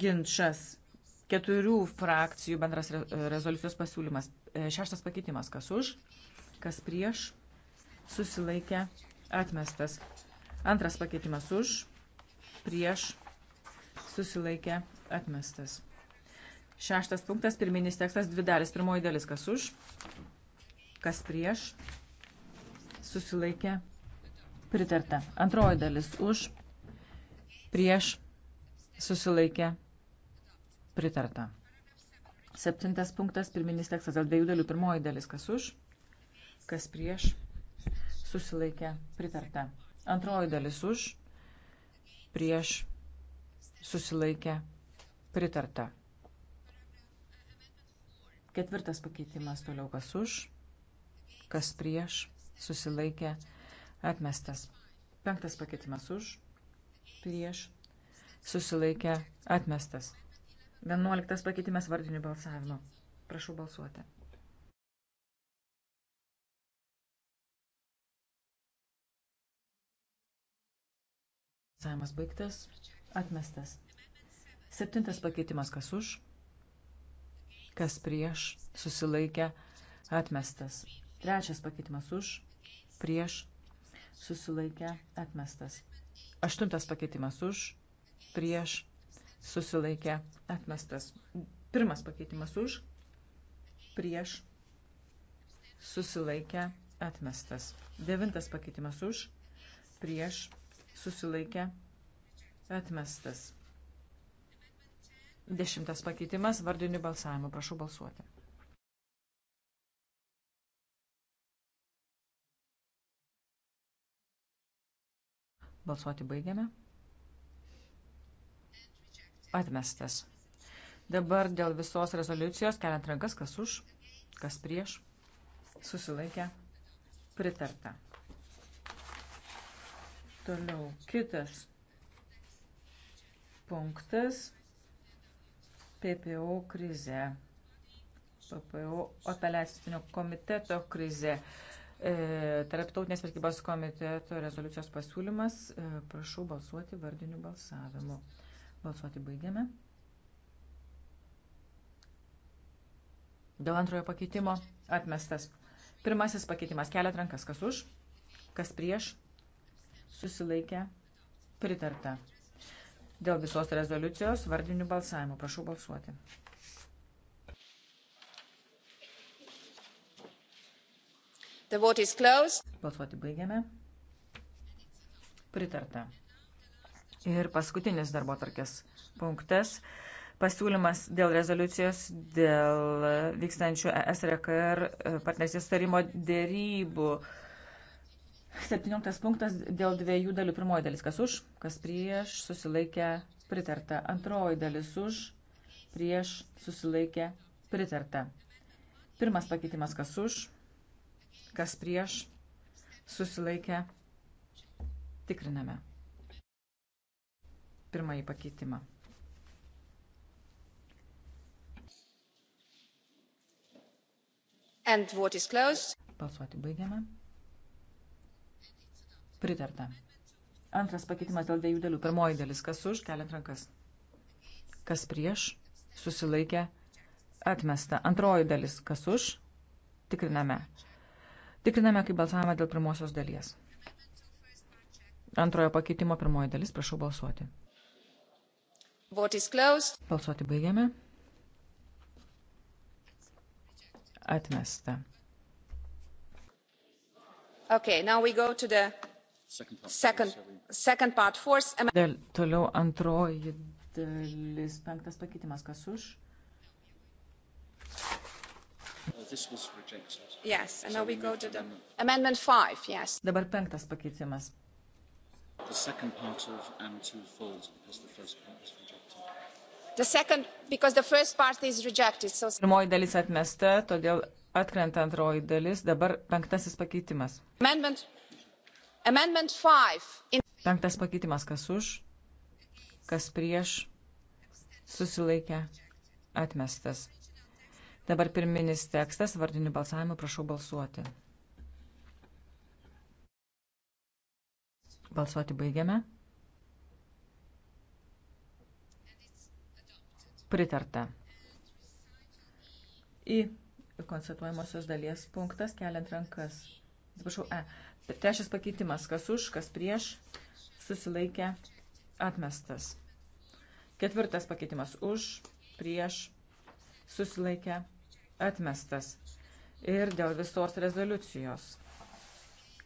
ginčas Keturių frakcijų bendras re, rezoliucijos pasiūlymas. E, šeštas pakeitimas. Kas už, kas prieš, susilaikė, atmestas. Antras pakeitimas už, prieš, susilaikė, atmestas. Šeštas punktas, pirminis tekstas, dvi dalis. Pirmoji dalis, kas už, kas prieš, susilaikė, pritarta. Antroji dalis už, prieš, susilaikė, Pritarta. Septintas punktas, pirminis tekstas dėl dviejų dalių. Pirmoji dalis, kas už, kas prieš, susilaikė, pritarta. Antroji dalis už, prieš, susilaikė, pritarta. Ketvirtas pakeitimas toliau kas už, kas prieš, susilaikė, atmestas. Penktas pakeitimas už, prieš, susilaikė, atmestas. 11 pakeitimas vardinių balsavimo. Prašau balsuoti. Balsavimas baigtas. Atmestas. Septintas pakeitimas kas už, kas prieš, susilaikė, atmestas. Trečias pakeitimas už, prieš, susilaikė, atmestas. Aštuntas pakeitimas už, prieš, susilaikė atmestas. Pirmas pakeitimas už, prieš, susilaikė atmestas. Devintas pakeitimas už, prieš, susilaikė atmestas. Dešimtas pakeitimas vardiniu balsavimu. Prašau balsuoti. Balsuoti baigiame. Atmestas. Dabar dėl visos rezoliucijos keliant rankas, kas už, kas prieš, susilaikė, pritarta. Toliau kitas punktas – PPO krize, PPO apeliacinio komiteto krize. E, Tarptautinės vertybos komiteto rezoliucijos pasiūlymas, e, prašau balsuoti vardiniu balsavimu. Balsuoti baigiame. Dėl antrojo pakeitimo atmestas. Pirmasis pakeitimas keliat rankas. Kas už? Kas prieš? Susilaikė. Pritarta. Dėl visos rezoliucijos vardinių balsavimų. Prašau balsuoti. The vote is closed. Balsuoti baigiame. Pritarta. Ir paskutinis darbo tarkės punktas - pasiūlymas dėl rezoliucijos dėl vykstančių ESRKR e, partnerystės tarimo dėrybų. 17 punktas dėl dviejų dalių. Pirmoji dalis - kas už, kas prieš, susilaikė pritarta. Antroji dalis - už, prieš, susilaikė pritarta. Pirmas pakeitimas - kas už, kas prieš, susilaikė. Tikriname pirmąjį pakeitimą. And what is closed? Balsuoti baigiame. Pritarta. Antras pakeitimas dėl dviejų dalių. Pirmoji dalis, kas už, keliant rankas. Kas prieš, susilaikė, atmesta. Antroji dalis, kas už, tikriname. Tikriname, kaip balsavome dėl pirmosios dalies. Antrojo pakeitimo pirmoji dalis, prašau balsuoti. Balsuoti baigiame. Atmesta. Okay, now we go to the second, second part. Force... Dėl, toliau antroji dalis, penktas pakeitimas, kas už? Uh, yes, and now we go to the amendment 5, yes. Dabar penktas pakeitimas. The second part of and two folds because the first part is Second, Pirmoji dalis atmesta, todėl atkrenta antroji dalis, dabar penktasis pakeitimas. Amendment, amendment five. In... Penktas pakeitimas, kas už, kas prieš, susilaikė, atmestas. Dabar pirminis tekstas, vardiniu balsavimu, prašau balsuoti. Balsuoti baigiame. Pritarta. Į konstatuojamosios dalies punktas keliant rankas. Atsiprašau, E. Trečias pakeitimas. Kas už, kas prieš, susilaikė, atmestas. Ketvirtas pakeitimas. Už, prieš, susilaikė, atmestas. Ir dėl visos rezoliucijos.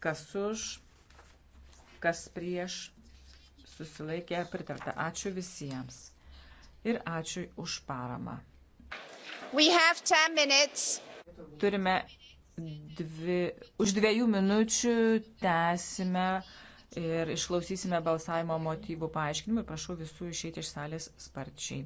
Kas už, kas prieš, susilaikė, pritarta. Ačiū visiems ir ačiū už paramą. Turime dvi, už dviejų minučių tęsime ir išklausysime balsavimo motyvų paaiškinimų ir prašau visų išeiti iš salės sparčiai.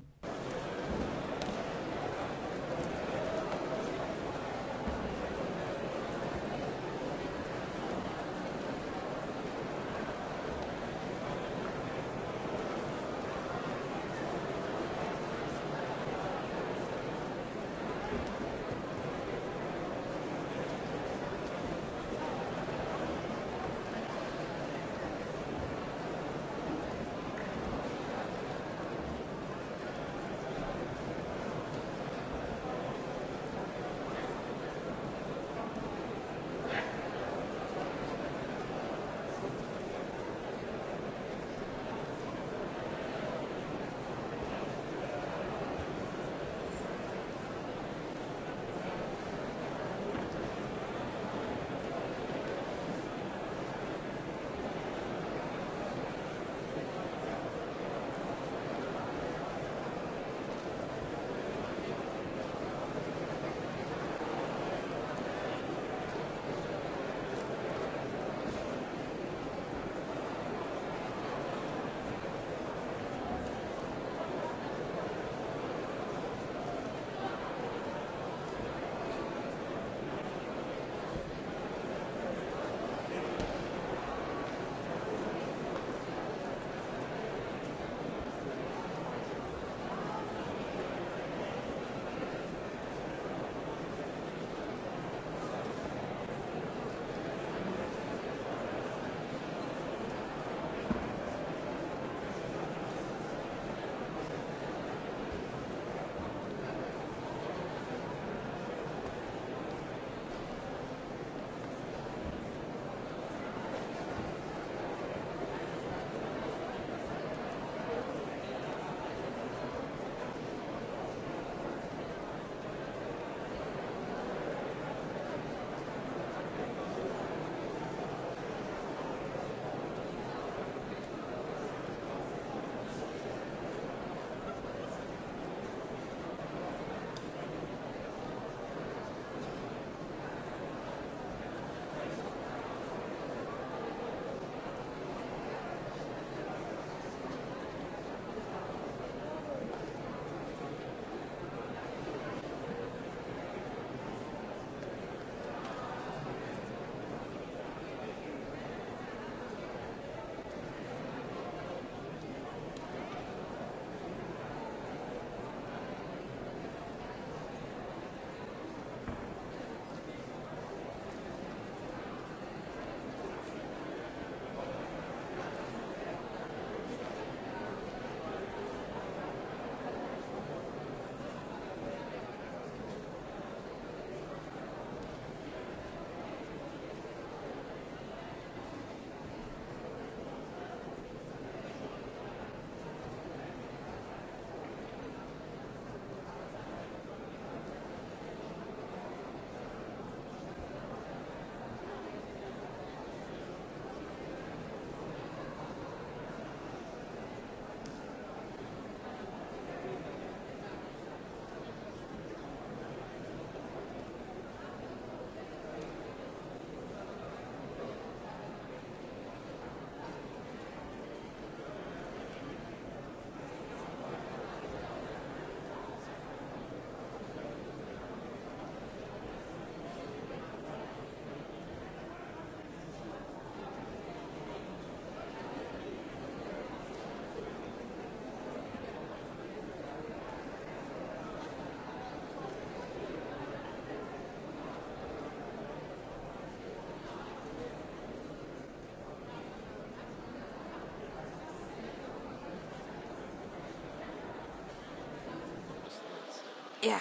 Yeah.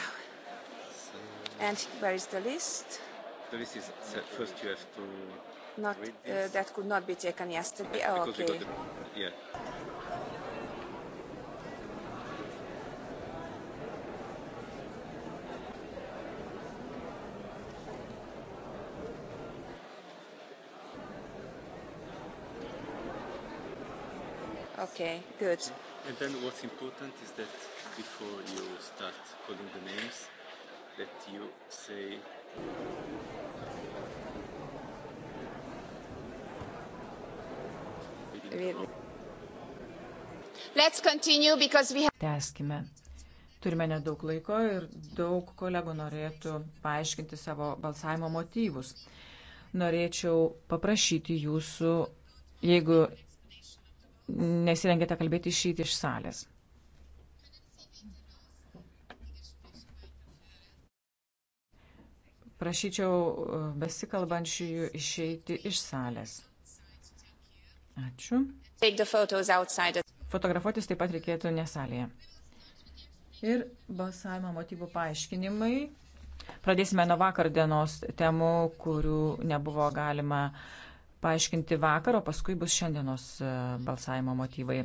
And where is the list? The list is first you have to. Not read uh, this. Uh, that could not be taken yesterday. Oh, because okay. We got the, yeah. Okay, good. And then what's important is that before you start calling the names that you say Have... Tęskime. Turime nedaug laiko ir daug kolegų norėtų paaiškinti savo balsavimo motyvus. Norėčiau paprašyti jūsų, jeigu nesirengėte kalbėti išeiti iš salės. Prašyčiau e, besikalbančiųjų išeiti iš salės. Ačiū. Fotografuotis taip pat reikėtų nesalėje. Ir balsavimo motyvų paaiškinimai. Pradėsime nuo vakar dienos temų, kurių nebuvo galima paaiškinti vakar, o paskui bus šiandienos e, balsavimo motyvai.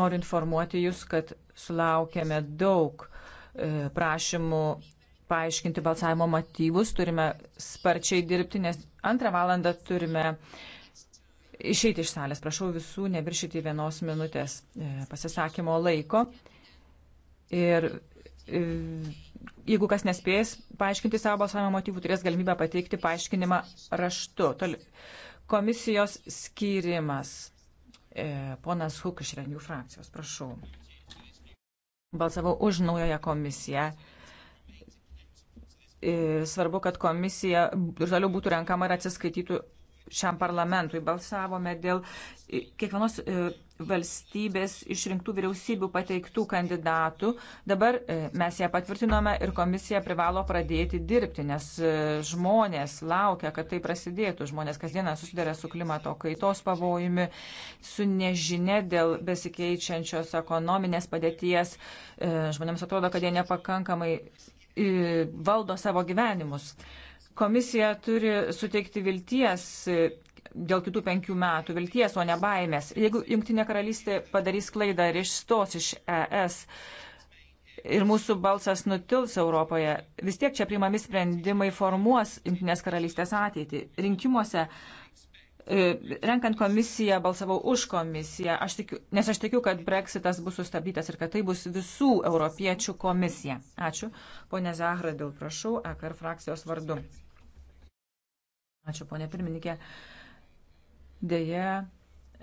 Noriu informuoti Jūs, kad sulaukėme daug e, prašymų paaiškinti balsavimo motyvus, turime sparčiai dirbti, nes antrą valandą turime išeiti iš salės. Prašau visų neviršyti vienos minutės e, pasisakymo laiko. Ir e, jeigu kas nespės paaiškinti savo balsavimo motyvų, turės galimybę pateikti paaiškinimą raštu. Toli. Komisijos skyrimas. E, ponas Huk iš Renių frakcijos, prašau. Balsavau už naująją komisiją. E, svarbu, kad komisija ir toliau būtų renkama ir atsiskaitytų šiam parlamentui. Balsavome dėl kiekvienos e, valstybės išrinktų vyriausybių pateiktų kandidatų. Dabar e, mes ją patvirtinome ir komisija privalo pradėti dirbti, nes žmonės laukia, kad tai prasidėtų. Žmonės kasdieną susiduria su klimato kaitos pavojumi, su nežinia dėl besikeičiančios ekonominės padėties. Žmonėms atrodo, kad jie nepakankamai valdo savo gyvenimus. Komisija turi suteikti vilties dėl kitų penkių metų, vilties, o ne baimės. Jeigu Junktinė karalystė padarys klaidą ir išstos iš ES, ir mūsų balsas nutils Europoje, vis tiek čia priimami sprendimai formuos Junktinės karalystės ateitį. Rinkimuose E, renkant komisiją, balsavau už komisiją, aš tikiu, nes aš tikiu, kad breksitas bus sustabdytas ir kad tai bus visų europiečių komisija. Ačiū. Pone Zahradil, prašau, EKR frakcijos vardu. Ačiū, ponė pirmininkė. Deja,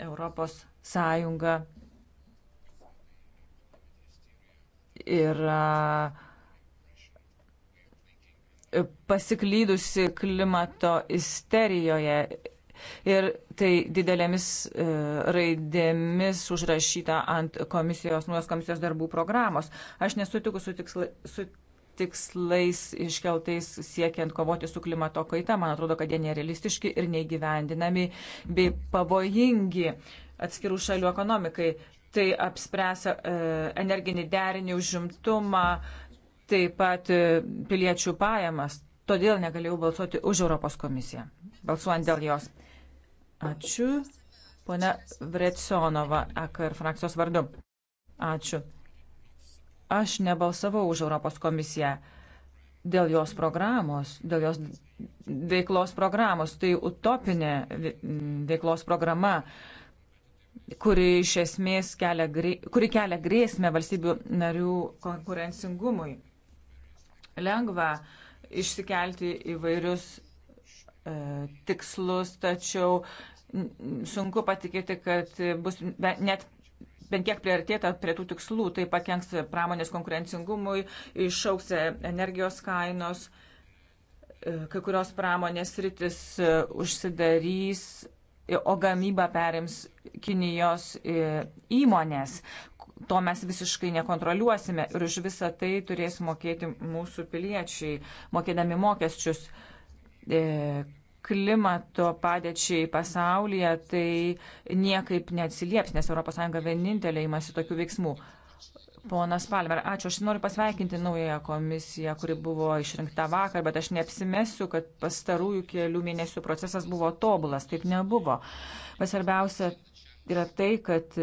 Europos Sąjunga yra pasiklydusi klimato isterijoje ir tai didelėmis e, raidėmis užrašyta ant komisijos, nuos komisijos darbų programos. Aš nesutiku su, tiksla, su tikslais iškeltais siekiant kovoti su klimato kaita. Man atrodo, kad jie nerealistiški ir neįgyvendinami bei pavojingi atskirų šalių ekonomikai. Tai apspręs e, energinį derinį užimtumą, taip pat e, piliečių pajamas. Todėl negalėjau balsuoti už Europos komisiją, balsuojant dėl jos. Ačiū. Pone Vrecionova, AKR e frakcijos vardu. Ačiū. Aš nebalsavau už Europos komisiją dėl jos programos, dėl jos veiklos programos. Tai utopinė veiklos programa, kuri iš esmės kelia, kuri kelia grėsmę valstybių narių konkurencingumui. Lengva išsikelti įvairius e, tikslus, tačiau sunku patikėti, kad bus net bent kiek priartėta prie tų tikslų, tai pakenks pramonės konkurencingumui, išauks energijos kainos, kai kurios pramonės rytis užsidarys, o gamybą perims Kinijos įmonės. To mes visiškai nekontroliuosime ir už visą tai turės mokėti mūsų piliečiai, mokėdami mokesčius e, klimato padėčiai pasaulyje, tai niekaip neatsilieps, nes ES vienintelė įmasi tokių veiksmų. Ponas Palmer, ačiū. Aš noriu pasveikinti naująją komisiją, kuri buvo išrinkta vakar, bet aš neapsimesiu, kad pastarųjų kelių mėnesių procesas buvo tobulas. Taip nebuvo. Bet svarbiausia yra tai, kad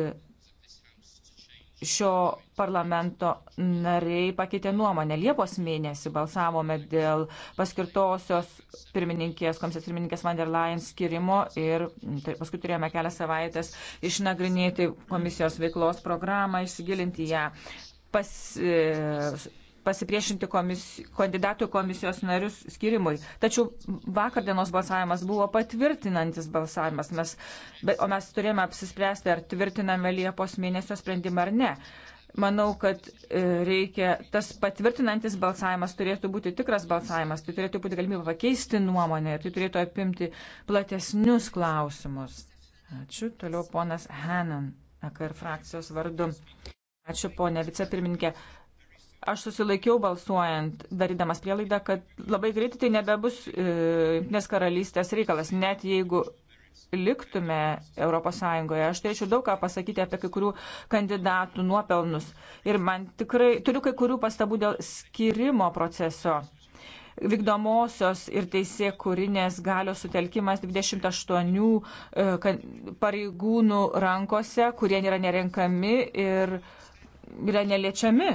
šio parlamento nariai pakeitė nuomonę. Liepos mėnesį balsavome dėl paskirtosios pirmininkės, komisijos pirmininkės van der Leyen skirimo ir tai, paskui turėjome kelias savaitės išnagrinėti komisijos veiklos programą, išsigilinti ją. Pas, e, pasipriešinti komis, kandidatų komisijos narius skirimui. Tačiau vakar dienos balsavimas buvo patvirtinantis balsavimas, mes, bet, o mes turėjome apsispręsti, ar tvirtiname Liepos mėnesio sprendimą ar ne. Manau, kad e, reikia, tas patvirtinantis balsavimas turėtų būti tikras balsavimas, tai turėtų būti galimybė pakeisti nuomonę ir tai turėtų apimti platesnius klausimus. Ačiū. Toliau ponas Hanan, AKR frakcijos vardu. Ačiū, ponė vicepirmininkė. Aš susilaikiau balsuojant, darydamas prielaidą, kad labai greitai tai nebebus Junktinės e, karalystės reikalas, net jeigu liktume ES. Aš turėčiau daug ką pasakyti apie kai kurių kandidatų nuopelnus. Ir man tikrai turiu kai kurių pastabų dėl skirimo proceso. Vykdomosios ir teisėkūrinės galios sutelkimas 28 e, pareigūnų rankose, kurie yra nerenkami ir yra neliečiami.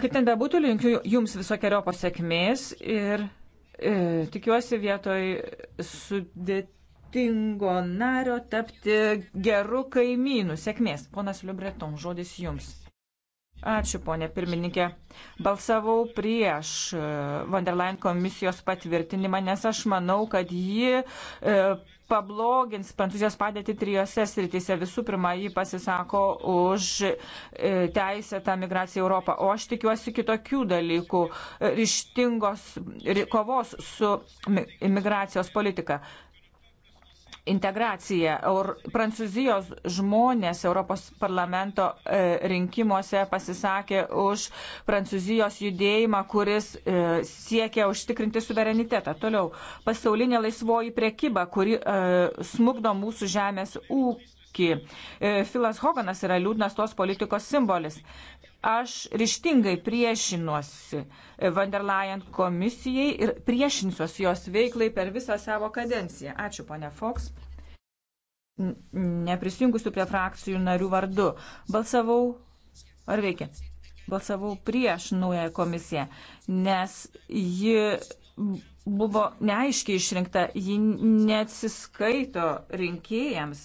Kaip ten bebūtų, linkiu Jums visokiojo pasiekmės ir e, tikiuosi vietoj sudėtingo nario tapti geru kaimynu. Sėkmės, ponas Liubreton, žodis Jums. Ačiū, ponė pirmininkė. Balsavau prieš e, Vanderlain komisijos patvirtinimą, nes aš manau, kad ji e, pablogins Prancūzijos padėtį trijose srityse. Visų pirma, ji pasisako už e, teisę tą migraciją į Europą, o aš tikiuosi kitokių dalykų, e, ryštingos kovos su imigracijos politika integracija. Eur, Prancūzijos žmonės Europos parlamento e, rinkimuose pasisakė už Prancūzijos judėjimą, kuris e, siekia užtikrinti suverenitetą. Toliau, pasaulinė laisvoji priekyba, kuri e, smugdo mūsų žemės ūkį. E, Filas Hoganas yra liūdnas tos politikos simbolis. Aš ryštingai priešinuosi e, van der Leyen komisijai ir priešinsiuos jos veiklai per visą savo kadenciją. Ačiū, ponia Fox. Neprisijungusiu prie frakcijų narių vardu. Balsavau. Ar veikia? Balsavau prieš naują komisiją, nes ji buvo neaiškiai išrinkta, ji neatsiskaito rinkėjams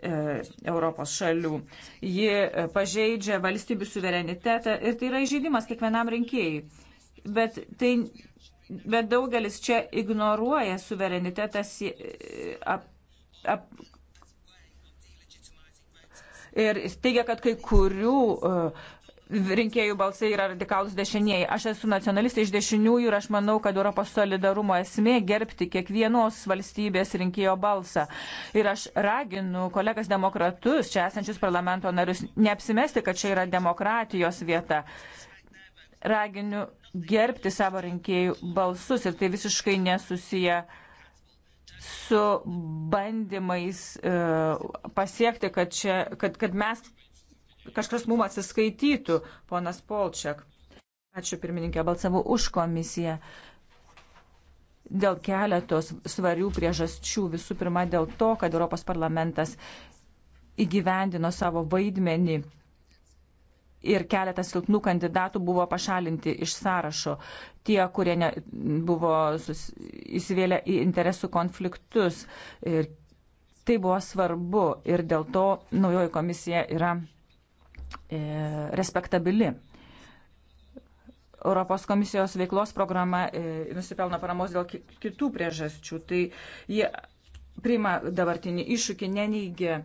E, Europos šalių. Ji e, pažeidžia valstybių suverenitetą ir tai yra įžeidimas kiekvienam rinkėjai. Bet, tai, bet daugelis čia ignoruoja suverenitetas e, ap, ap, ir teigia, kad kai kurių uh, rinkėjų balsai yra radikalus dešinieji. Aš esu nacionalistė iš dešiniųjų ir aš manau, kad Europos solidarumo esmė gerbti kiekvienos valstybės rinkėjo balsą. Ir aš raginu kolegas demokratus, čia esančius parlamento narius, neapsimesti, kad čia yra demokratijos vieta. Raginu gerbti savo rinkėjų balsus ir tai visiškai nesusiję su bandymais e, pasiekti, kad, čia, kad, kad mes kažkas mums atsiskaitytų, ponas Polčiak. Ačiū pirmininkė, balsavau už komisiją dėl keletos svarių priežasčių. Visų pirma, dėl to, kad Europos parlamentas įgyvendino savo vaidmenį ir keletas silpnų kandidatų buvo pašalinti iš sąrašo. Tie, kurie ne, buvo sus, įsivėlę į interesų konfliktus. Ir tai buvo svarbu ir dėl to naujoji komisija yra E, respektabili. Europos komisijos veiklos programa e, nusipelno paramos dėl kitų priežasčių. Tai jie priima dabartinį iššūkį, neneigia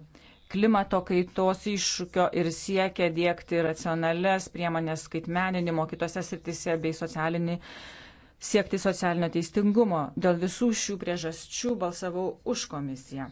klimato kaitos iššūkio ir siekia dėkti racionales priemonės skaitmeninimo kitose sritise bei socialinį, siekti socialinio teistingumo. Dėl visų šių priežasčių balsavau už komisiją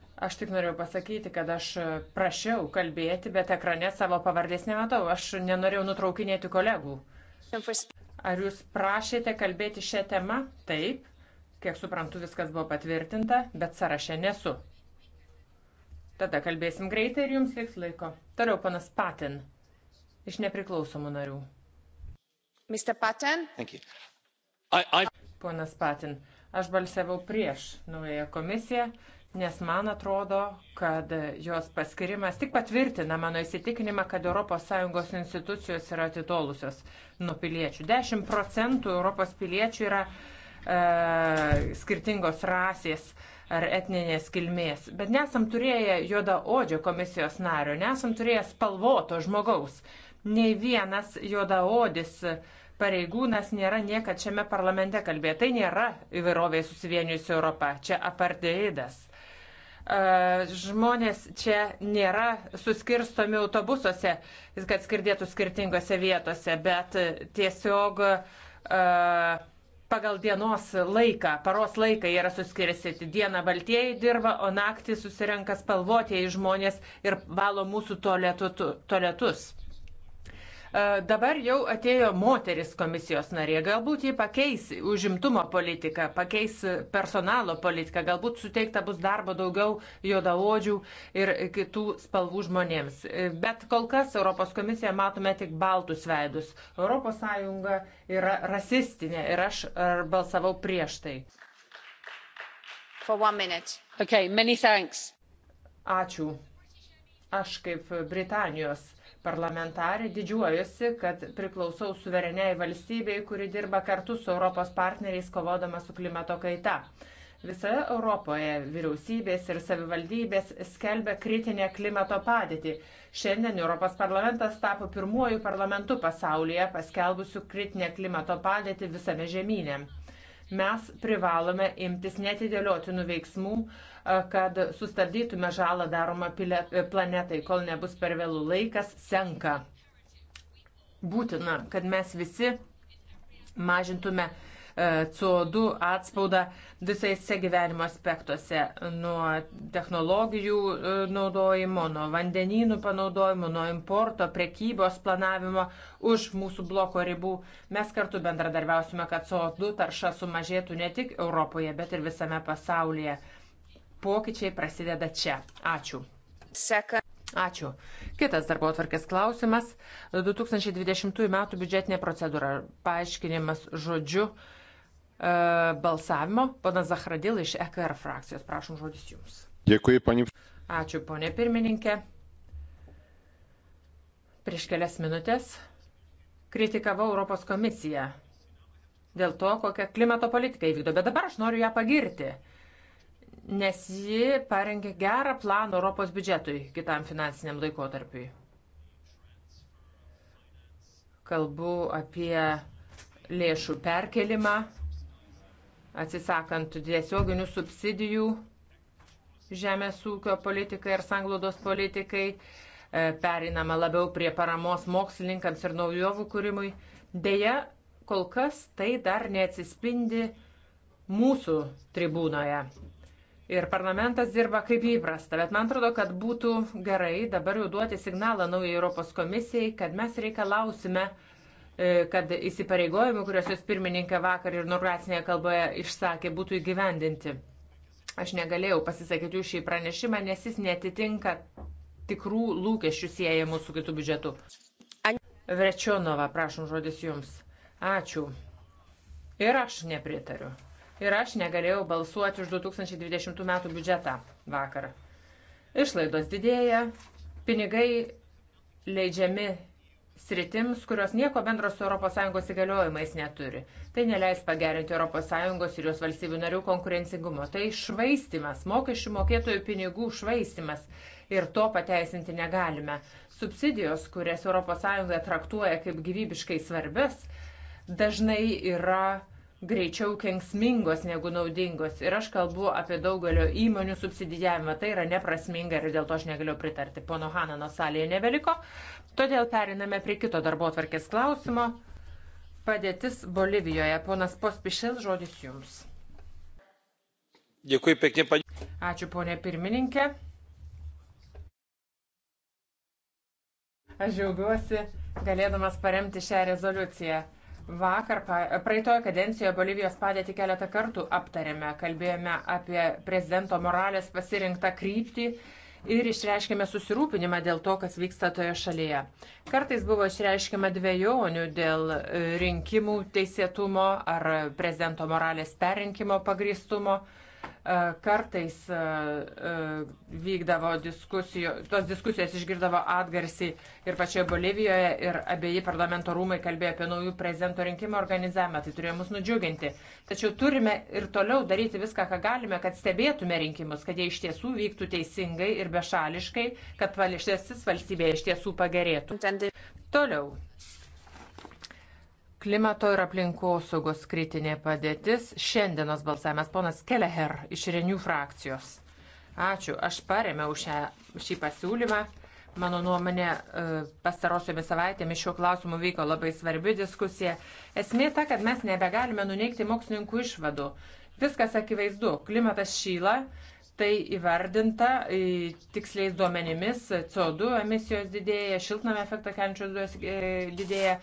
Aš tik norėjau pasakyti, kad aš prašiau kalbėti, bet ekrane savo pavardės nematau. Aš nenorėjau nutraukinėti kolegų. Ar jūs prašėte kalbėti šią temą? Taip. Kiek suprantu, viskas buvo patvirtinta, bet sąraše nesu. Tada kalbėsim greitai ir jums liks laiko. Toliau panas Patin iš nepriklausomų narių. Mr. Patin. I, I... Ponas Patin, aš balsavau prieš naująją komisiją nes man atrodo, kad jos paskirimas tik patvirtina mano įsitikinimą, kad ES institucijos yra atitolusios nuo piliečių. 10 procentų Europos piliečių yra e, skirtingos rasės ar etninės kilmės, bet nesam turėję juoda odžio komisijos nario, nesam turėję spalvoto žmogaus. Nei vienas juoda odis pareigūnas nėra niekad šiame parlamente kalbėję. Tai nėra įvairoviai susivienijusi Europa, čia aparteidas žmonės čia nėra suskirstomi autobusuose, kad skirdėtų skirtingose vietose, bet tiesiog pagal dienos laiką, paros laiką yra suskirstyti. Dieną baltieji dirba, o naktį susirenka spalvotieji žmonės ir valo mūsų tualetus. E, dabar jau atėjo moteris komisijos narė. Galbūt jie pakeis užimtumo politiką, pakeis personalo politiką, galbūt suteikta bus darbo daugiau juodaodžių ir kitų spalvų žmonėms. E, bet kol kas Europos komisija matome tik baltus veidus. Europos Sąjunga yra rasistinė ir aš balsavau prieš tai. Okay, Ačiū. Aš kaip Britanijos parlamentarė, didžiuojuosi, kad priklausau suvereniai valstybei, kuri dirba kartu su Europos partneriais kovodama su klimato kaita. Visoje Europoje vyriausybės ir savivaldybės skelbia kritinę klimato padėtį. Šiandien Europos parlamentas tapo pirmuoju parlamentu pasaulyje paskelbusiu kritinę klimato padėtį visame žemynė. Mes privalome imtis netidėliotinų veiksmų, kad sustabdytume žalą daromą planetai, kol nebus per vėlų laikas, senka. Būtina, kad mes visi mažintume e, CO2 atspaudą visais gyvenimo aspektuose - nuo technologijų e, naudojimo, nuo vandenynų panaudojimo, nuo importo, prekybos planavimo už mūsų bloko ribų. Mes kartu bendradarbiausime, kad CO2 tarša sumažėtų ne tik Europoje, bet ir visame pasaulyje pokyčiai prasideda čia. Ačiū. Seka. Ačiū. Kitas darbo atvarkės klausimas. 2020 m. biudžetinė procedūra. Paaiškinimas žodžiu e, balsavimo. Pana Zahradil iš EKR frakcijos. Prašom žodis jums. Dėkui, pani. Ačiū, ponė pirmininkė. Prieš kelias minutės kritikavau Europos komisiją dėl to, kokią klimato politiką įvykdo, bet dabar aš noriu ją pagirti nes ji parengė gerą planą Europos biudžetui kitam finansiniam laikotarpiui. Kalbu apie lėšų perkelimą, atsisakant tiesioginių subsidijų žemės ūkio politikai ir sanglaudos politikai, e, perinama labiau prie paramos mokslininkams ir naujovų kūrimui. Deja, kol kas tai dar neatsispindi mūsų tribūnoje ir parlamentas dirba kaip įprasta, bet man atrodo, kad būtų gerai dabar jau duoti signalą naujai Europos komisijai, kad mes reikalausime, e, kad įsipareigojimai, kuriuos jūs pirmininkė vakar ir inauguracinėje kalboje išsakė, būtų įgyvendinti. Aš negalėjau pasisakyti už šį pranešimą, nes jis netitinka tikrų lūkesčių siejamų su kitų biudžetu. Vrečionova, prašom žodis jums. Ačiū. Ir aš nepritariu ir aš negalėjau balsuoti už 2020 metų biudžetą vakar. Išlaidos didėja, pinigai leidžiami sritims, kurios nieko bendro su ES įgaliojimais neturi. Tai neleis pagerinti ES ir jos valstybių narių konkurencingumo. Tai švaistimas, mokesčių mokėtojų pinigų švaistimas ir to pateisinti negalime. Subsidijos, kurias ES traktuoja kaip gyvybiškai svarbės, dažnai yra greičiau kengsmingos negu naudingos. Ir aš kalbu apie daugelio įmonių subsidijavimą. Tai yra neprasminga ir dėl to aš negaliu pritarti. Pono Hanano salėje nebeliko. Todėl periname prie kito darbo atvarkės klausimo. Padėtis Bolivijoje. Ponas Pospišil, žodis jums. Dėkui, pėkni, pan... Ačiū, ponė pirmininkė. Aš džiaugiuosi galėdamas paremti šią rezoliuciją Vakar, praeitoje kadencijoje Bolivijos padėtį keletą kartų aptarėme, kalbėjome apie prezidento moralės pasirinktą kryptį ir išreiškėme susirūpinimą dėl to, kas vyksta toje šalyje. Kartais buvo išreiškima dviejonių dėl e, rinkimų teisėtumo ar prezidento moralės perrinkimo pagristumo. E, kartais e, e, vykdavo diskusijos, tos diskusijos išgirdavo atgarsį ir pačioje Bolivijoje ir abieji parlamento rūmai kalbėjo apie naujų prezidento rinkimų organizavimą, tai turėjo mus nudžiuginti. Tačiau turime ir toliau daryti viską, ką galime, kad stebėtume rinkimus, kad jie iš tiesų vyktų teisingai ir bešališkai, kad valstybėje iš tiesų pagerėtų. Toliau. Klimato ir aplinkosaugos kritinė padėtis. Šiandienos balsavimas ponas Keleher iš Renių frakcijos. Ačiū, aš paremiau šią, šį pasiūlymą. Mano nuomonė, e, pastarosiomis savaitėmis šiuo klausimu vyko labai svarbi diskusija. Esmė ta, kad mes nebegalime nuneikti mokslininkų išvadų. Viskas akivaizdu, klimatas šyla, tai įvardinta e, tiksliais duomenimis, CO2 emisijos didėja, šiltnamio efektą keliančios dujos e, didėja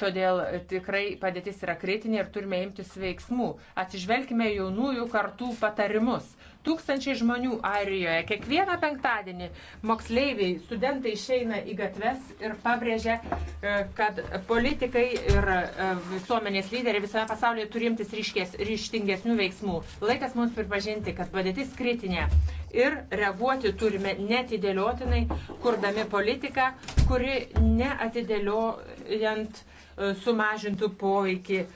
Todėl tikrai padėtis yra kritinė ir turime imtis veiksmų. Atsižvelgime jaunųjų kartų patarimus. Tūkstančiai žmonių Airijoje kiekvieną penktadienį moksleiviai, studentai išeina į gatves ir pabrėžia, e, kad politikai ir e, visuomenės lyderiai visame pasaulyje turi imtis ryškės, ryštingesnių veiksmų. Laikas mums pripažinti, kad padėtis kritinė ir reaguoti turime netidėliotinai, kurdami politiką, kuri neatidėliojant uh, sumažintų poveikį e,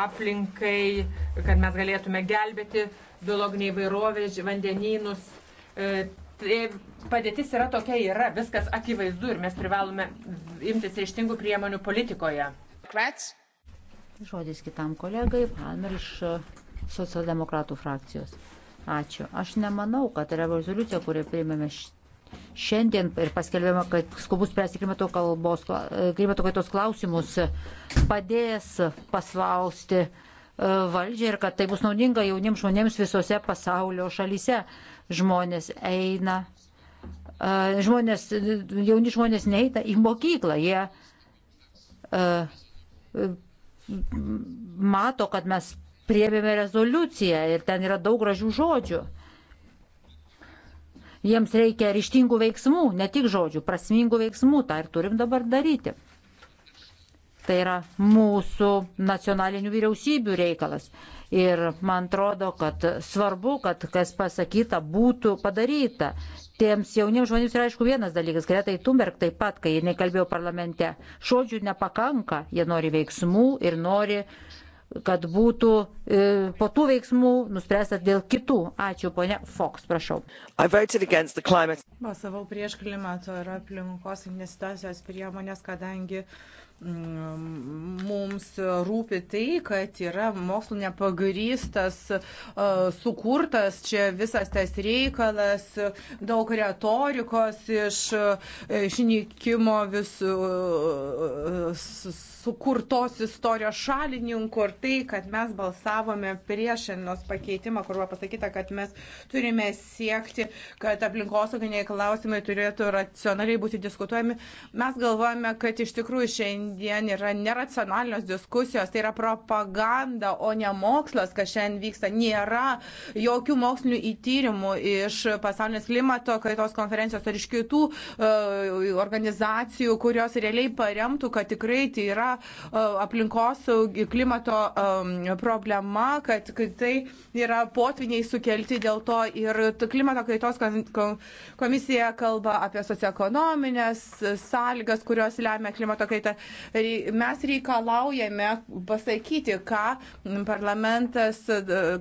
aplinkai, kad mes galėtume gelbėti biologinį įvairovę, vandenynus. E, tai padėtis yra tokia yra, viskas akivaizdu ir mes privalome imtis reištingų priemonių politikoje. Kretz. Žodis kitam kolegai, Palmer iš e, socialdemokratų frakcijos. Ačiū. Aš nemanau, kad rezoliucija, kurią priėmėme Šiandien ir paskelbėme, kad skubus spręsti klimato, kalbos, klimato kaitos klausimus padės paslausti e, valdžią ir kad tai bus naudinga jauniems žmonėms visose pasaulio šalyse. Žmonės eina, e, žmonės, jauni žmonės neina į mokyklą, jie e, mato, kad mes priebėme rezoliuciją ir ten yra daug gražių žodžių. Jiems reikia ryštingų veiksmų, ne tik žodžių, prasmingų veiksmų, tą ir turim dabar daryti. Tai yra mūsų nacionalinių vyriausybių reikalas. Ir man atrodo, kad svarbu, kad kas pasakyta būtų padaryta. Tiems jauniems žmonėms yra aišku vienas dalykas, Gretai Tumberg taip pat, kai jie nekalbėjo parlamente, žodžių nepakanka, jie nori veiksmų ir nori uh, kad būtų e, po tų veiksmų nuspręsta dėl kitų. Ačiū, ponia Fox, prašau. Balsavau prieš klimato ir aplinkos investicijos priemonės, kadangi mm, mums rūpi tai, kad yra mokslo nepagrystas, e, sukurtas čia visas tas reikalas, daug retorikos iš e, išnykimo visų sukurtos istorijos šalininkų ir tai, kad mes balsavome prieš šiandienos pakeitimą, kur buvo pasakyta, kad mes turime siekti, kad aplinkosauginiai klausimai turėtų racionaliai būti diskutuojami. Mes galvojame, kad iš tikrųjų šiandien yra neracionalios diskusijos, tai yra propaganda, o ne mokslas, kas šiandien vyksta. Nėra jokių mokslinių įtyrimų iš pasaulinės klimato kaitos konferencijos ar iš kitų uh, organizacijų, kurios realiai paremtų, kad tikrai tai yra aplinkos klimato problema, kad tai yra potviniai sukelti dėl to ir klimato kaitos komisija kalba apie socioekonominės sąlygas, kurios lemia klimato kaitą. Mes reikalaujame pasakyti, ką parlamentas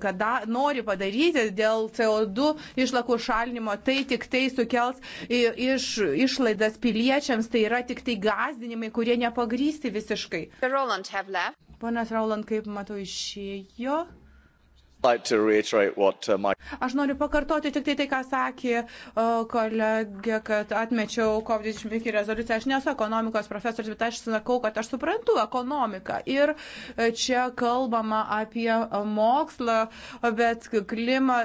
kada, nori padaryti dėl CO2 išlakų šalinimo. Tai tik tai sukels iš, išlaidas piliečiams, tai yra tik tai gazdinimai, kurie nepagrysti visi kritiškai. Ponas Rauland, kaip matau, išėjo. Uh, aš noriu pakartoti tik tai tai, ką sakė uh, kolegė, kad atmečiau COVID-25 rezoliuciją. Aš nesu ekonomikos profesorius, bet aš sakau, kad aš suprantu ekonomiką. Ir e, čia kalbama apie e, mokslą, bet klima,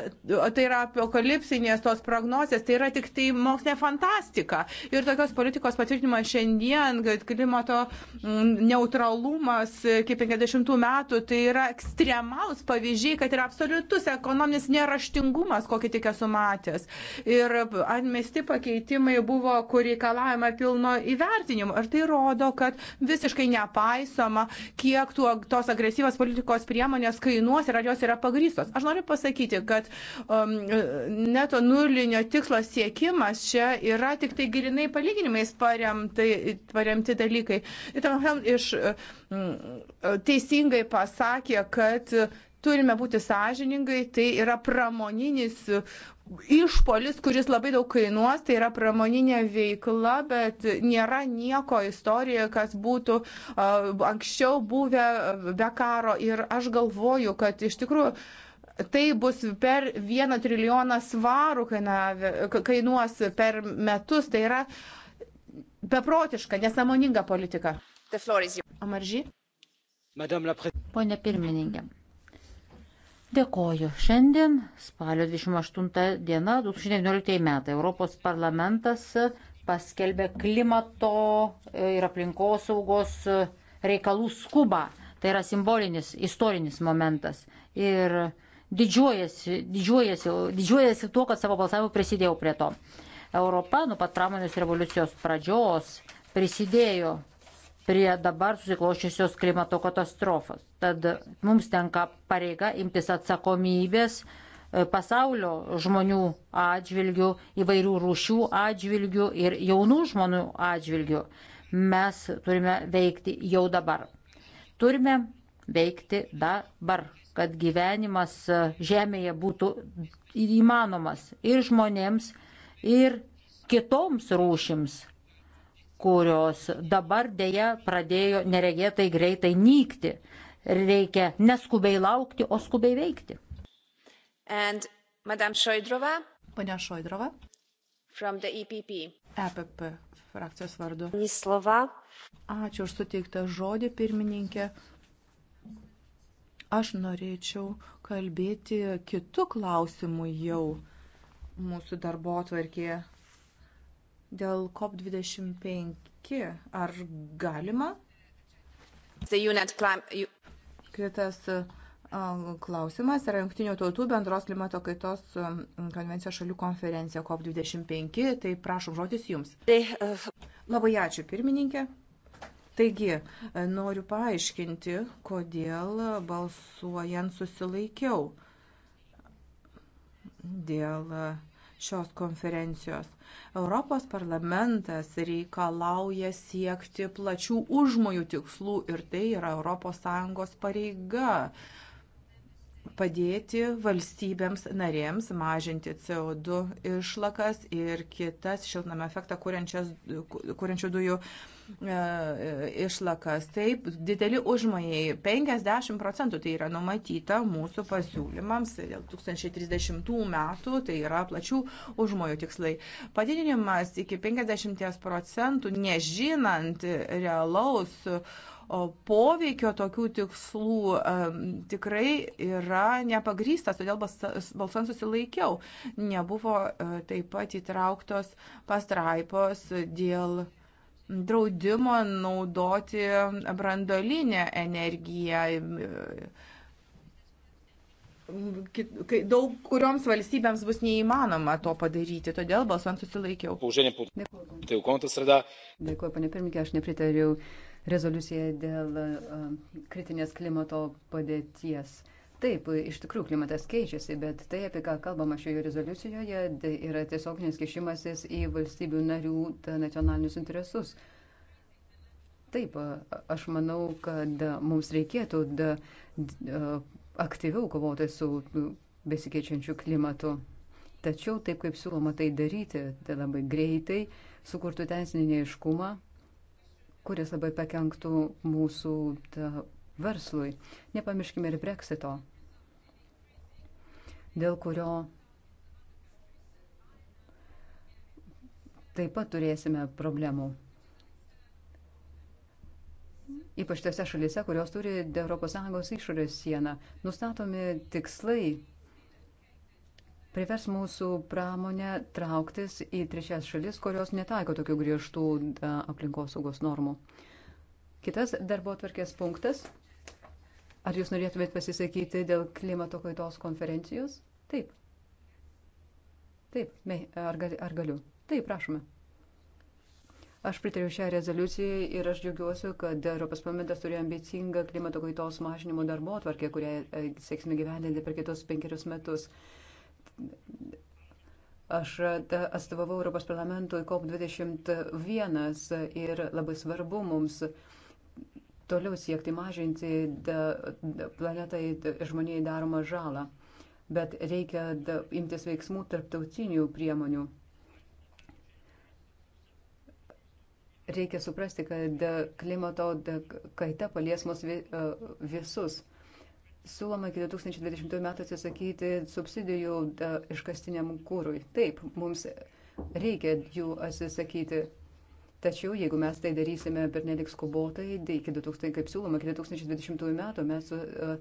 tai yra apokalipsinės tos prognozijas, tai yra tik tai mokslinė fantastika. Ir tokios politikos patvirtinimas šiandien, kad klimato neutralumas iki 50 metų, tai yra ekstremalus pavyzdžiai, kad yra absoliutus ekonominis neraštingumas, kokį tik esu matęs. Ir atmesti pakeitimai buvo, kur reikalavimą pilno įvertinimo. Ir tai rodo, kad visiškai nepaisoma, kiek tuo, tos agresyvos politikos priemonės kainuos ir ar jos yra pagrystos. Aš noriu pasakyti, kad um, neto nulinio tikslo siekimas čia yra tik tai girinai palyginimais paremti, paremti dalykai. Ir tam iš mm, teisingai pasakė, kad turime būti sąžiningai, tai yra pramoninis išpolis, kuris labai daug kainuos, tai yra pramoninė veikla, bet nėra nieko istorijoje, kas būtų uh, anksčiau buvę be karo. Ir aš galvoju, kad iš tikrųjų tai bus per vieną trilijoną svarų kainavė, kainuos per metus. Tai yra beprotiška, nesąmoninga politika. Pone pirmininkė, Dėkoju. Šiandien, spalio 28 diena, 2019 metai, Europos parlamentas paskelbė klimato ir aplinkosaugos reikalų skubą. Tai yra simbolinis, istorinis momentas. Ir didžiuojasi, didžiuojasi, didžiuojasi tuo, kad savo balsavimu prisidėjau prie to. Europa nuo pat pramonės revoliucijos pradžios prisidėjo prie dabar susikloščiusios klimato katastrofos. Tad mums tenka pareiga imtis atsakomybės e, pasaulio žmonių atžvilgių, įvairių rūšių atžvilgių ir jaunų žmonių atžvilgių. Mes turime veikti jau dabar. Turime veikti dabar, kad gyvenimas e, Žemėje būtų įmanomas ir žmonėms, ir kitoms rūšims kurios dabar dėja pradėjo neregėtai greitai nykti. Reikia neskubiai laukti, o skubiai veikti. And Madame Šoidrova. Ponia Šoidrova. From the EPP. EPP frakcijos vardu. Nislova. Ačiū už suteiktą žodį, pirmininkė. Aš norėčiau kalbėti kitų klausimų jau mūsų darbo atvarkėje dėl COP25. Ar galima? Kitas klausimas yra Junktinių tautų bendros klimato kaitos konvencijos šalių konferencija COP25. Tai prašom žodis jums. Uh, Labai ačiū, pirmininkė. Taigi, noriu paaiškinti, kodėl balsuojant susilaikiau dėl šios konferencijos. Europos parlamentas reikalauja siekti plačių užmojų tikslų ir tai yra ES pareiga padėti valstybėms narėms mažinti CO2 išlakas ir kitas šiltnamio efektą kuriančių dujų E, e, išlakas. Taip, dideli užmojai, 50 procentų tai yra numatyta mūsų pasiūlymams dėl 2030 metų, tai yra plačių užmojų tikslai. Padidinimas iki 50 procentų, nežinant realaus poveikio tokių tikslų e, tikrai yra nepagrystas, todėl balsuojant susilaikiau. Nebuvo taip pat įtrauktos pastraipos dėl draudimo naudoti brandolinę energiją. Daug kurioms valstybėms bus neįmanoma to padaryti, todėl balsuant susilaikiau. Dėkuoju, tai panė pirmininkė, aš nepritariu rezoliucijai dėl kritinės klimato padėties. Taip, iš tikrųjų klimatas keičiasi, bet tai, apie ką kalbama šioje rezoliucijoje, yra tiesioginis kišimasis į valstybių narių nacionalinius interesus. Taip, aš manau, kad mums reikėtų da, da, aktyviau kovoti su besikeičiančiu klimatu. Tačiau taip, kaip siūloma tai daryti, tai labai greitai sukurtų teisinį neiškumą, kuris labai pakenktų mūsų ta, verslui. Nepamirškime ir breksito dėl kurio taip pat turėsime problemų. Ypač tose šalise, kurios turi ES išorės sieną, nustatomi tikslai privers mūsų pramonę trauktis į trečias šalis, kurios netaiko tokių griežtų aplinkosaugos normų. Kitas darbo atvarkės punktas Ar jūs norėtumėt pasisakyti dėl klimato kaitos konferencijos? Taip. Taip, ar, gal, ar galiu? Taip, prašome. Aš pritariu šią rezoliuciją ir aš džiaugiuosi, kad Europos parlamentas turi ambicingą klimato kaitos mažinimo darbo atvarkę, kurią e, sėksime gyvendinti per kitus penkerius metus. Aš e, atstovavau Europos parlamentui COP21 ir labai svarbu mums toliau siekti mažinti planetai žmonijai daromą žalą, bet reikia da, imtis veiksmų tarptautinių priemonių. Reikia suprasti, kad klimato kaita palies mus visus. Siūloma iki 2020 metų atsisakyti subsidijų iškastiniam kūrui. Taip, mums reikia jų atsisakyti. Tačiau jeigu mes tai darysime per nelik skubotai, tai iki 2000, kaip siūloma, iki 2020 metų mes, uh,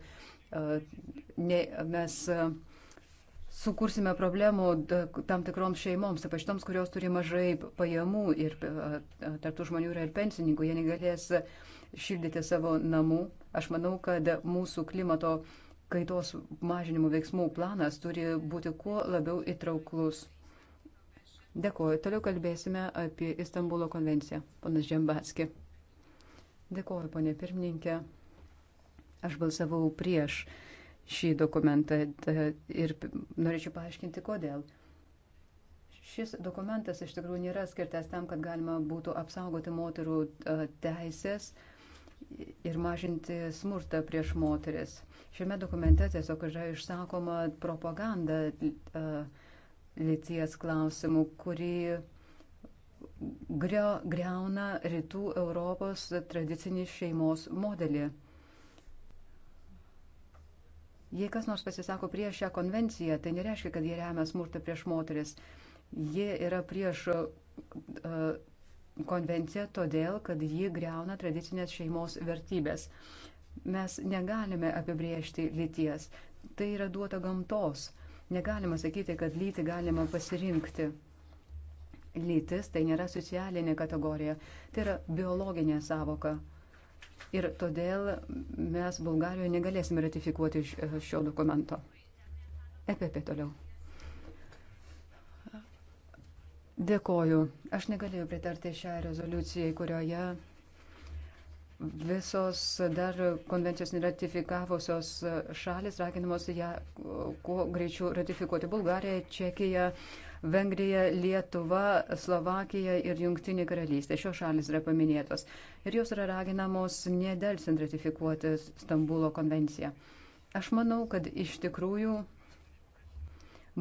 uh, ne, mes uh, sukursime problemų tam tikroms šeimoms, ypač toms, kurios turi mažai pajamų ir uh, tarptų žmonių yra ir pensininkų, jie negalės šildyti savo namų. Aš manau, kad mūsų klimato kaitos mažinimo veiksmų planas turi būti kuo labiau įtrauklus. Dėkuoju. Toliau kalbėsime apie Istanbulo konvenciją. Panas Žembatski. Dėkuoju, ponė pirmininkė. Aš balsavau prieš šį dokumentą ir norėčiau paaiškinti, kodėl. Šis dokumentas iš tikrųjų nėra skirtas tam, kad galima būtų apsaugoti moterų teisės ir mažinti smurtą prieš moteris. Šiame dokumente tiesiog yra išsakoma propaganda. Uh, lyties klausimų, kuri greuna rytų Europos tradicinį šeimos modelį. Jei kas nors pasisako prieš šią konvenciją, tai nereiškia, kad jie remia smurtą prieš moteris. Jie yra prieš uh, konvenciją todėl, kad ji greuna tradicinės šeimos vertybės. Mes negalime apibriežti lyties. Tai yra duota gamtos. Negalima sakyti, kad lytį galima pasirinkti. Lytis tai nėra socialinė kategorija, tai yra biologinė savoka. Ir todėl mes Bulgarijoje negalėsime ratifikuoti e, šio dokumento. EPP toliau. Dėkoju. Aš negalėjau pritarti šią rezoliuciją, kurioje Visos dar konvencijos neratifikavusios šalis raginamos ją kuo greičiau ratifikuoti. Bulgarija, Čekija, Vengrija, Lietuva, Slovakija ir Junktinė karalystė. Šios šalis yra paminėtos. Ir jos yra raginamos nedelsint ratifikuoti Stambulo konvenciją. Aš manau, kad iš tikrųjų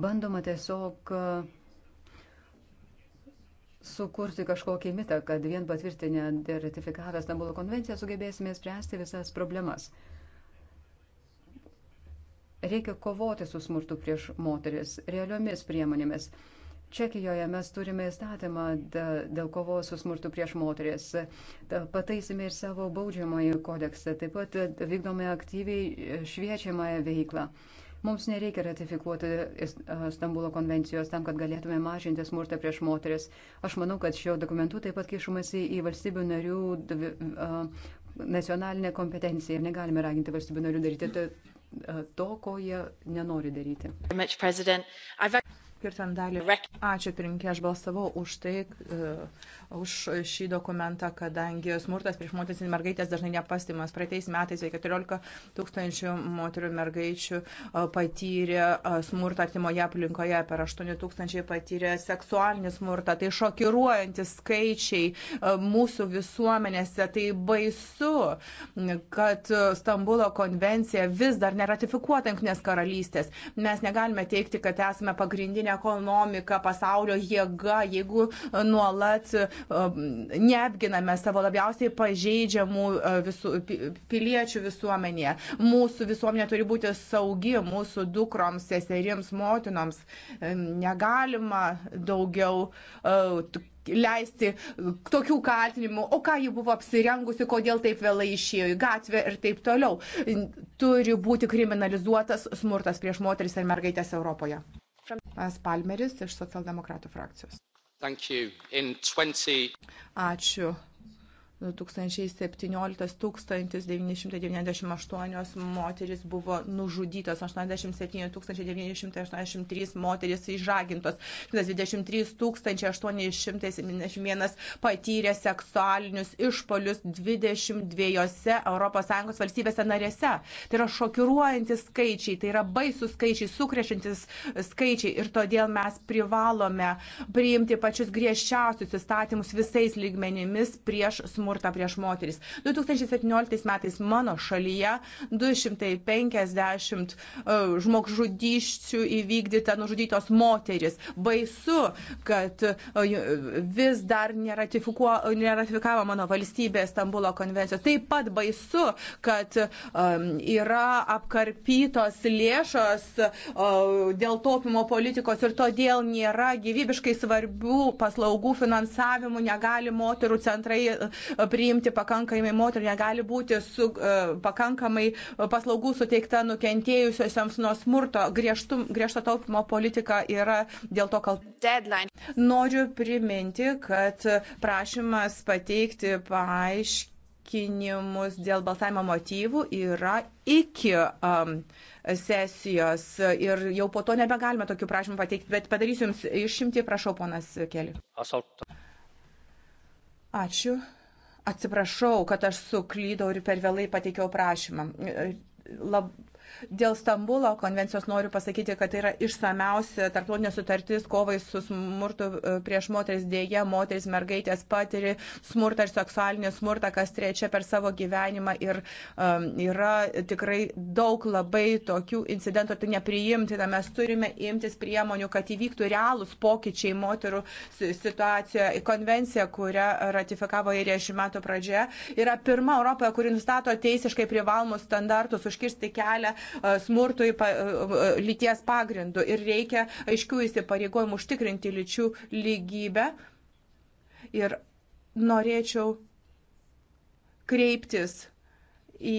bandoma tiesiog sukurti kažkokį mitą, kad vien patvirtinę ir ratifikavę Stambulo konvenciją sugebėsime spręsti visas problemas. Reikia kovoti su smurtu prieš moteris realiomis priemonėmis. Čekijoje mes turime įstatymą dėl kovos su smurtu prieš moteris. Pataisime ir savo baudžiamąjį kodeksą. Taip pat vykdome aktyviai šviečiamąją veiklą. Mums nereikia ratifikuoti Stambulo konvencijos tam, kad galėtume mažinti smurtą prieš moteris. Aš manau, kad šio dokumentu taip pat kišumasi į valstybių narių nacionalinę kompetenciją ir negalime raginti valstybių narių daryti to, ko jie nenori daryti. Much, skirtam dalį. Ačiū, pirinkė, aš balsavau už tai, uh, už šį dokumentą, kadangi smurtas prieš moteris ir mergaitės dažnai nepastimas. Praeitais metais 14 tūkstančių moterių ir mergaičių uh, patyrė uh, smurtą artimoje aplinkoje, per 8 tūkstančiai patyrė seksualinį smurtą. Tai šokiruojantis skaičiai uh, mūsų visuomenėse, tai baisu, kad Stambulo konvencija vis dar neratifikuota Junktinės karalystės. Mes negalime teikti, kad esame pagrindinė pasaulinė ekonomika, pasaulio jėga, jeigu e, nuolat e, neapginame savo labiausiai pažeidžiamų e, visų, piliečių visuomenėje. Mūsų visuomenė turi būti saugi, mūsų dukroms, seserims, motinoms. Negalima daugiau leisti tokių kaltinimų, o ką ji buvo apsirengusi, kodėl taip vėlai išėjo į gatvę ir taip toliau. Turi būti kriminalizuotas smurtas prieš moteris ir mergaitės Europoje from... Palmeris iš socialdemokratų frakcijos. 20... Ačiū. 2017-1998 moteris buvo nužudytos, 87-983 moteris išžagintos, 123-871 patyrė seksualinius išpolius 22 ES valstybėse narėse. Tai yra šokiruojantis skaičiai, tai yra baisų skaičiai, sukrešiantis skaičiai ir todėl mes privalome priimti pačius griežčiausius įstatymus visais lygmenimis prieš smurtą smurtą prieš moteris. 2017 metais mano šalyje 250 e, žmogžudyščių įvykdyta nužudytos moteris. Baisu, kad e, vis dar neratifikavo mano valstybė Stambulo konvencijos. Taip pat baisu, kad e, yra apkarpytos lėšos dėl taupimo politikos ir todėl nėra gyvybiškai svarbių paslaugų finansavimų, negali moterų centrai priimti pakankamai moterų, negali būti su, e, pakankamai paslaugų suteikta nukentėjusiosiams nuo smurto. Griežtų, griežto taupimo politika yra dėl to kalta. Noriu priminti, kad prašymas pateikti paaiškinimą aiškinimus dėl balsavimo motyvų yra iki um, sesijos ir jau po to nebegalime tokių prašymų pateikti, bet padarysiu Jums išimti, prašau, ponas Keli. Ačiū. Atsiprašau, kad aš suklydau ir per vėlai pateikiau prašymą. Lab, Dėl Stambulo konvencijos noriu pasakyti, kad tai yra išsamiausia tarptautinė sutartis kovai su smurtu e, prieš moteris. Dėje moteris mergaitės patiri smurtą ir seksualinį smurtą, kas trečia per savo gyvenimą. Ir um, yra tikrai daug labai tokių incidentų, tai nepriimtina. Mes turime imtis priemonių, kad įvyktų realūs pokyčiai moterų situacijoje. Konvencija, kurią ratifikavo Airija šį metų pradžioje, yra pirma Europoje, kuri nustato teisiškai privalomus standartus užkirsti kelią smurtui lyties pagrindu ir reikia aiškių įsipareigojimų užtikrinti lyčių lygybę. Ir norėčiau kreiptis į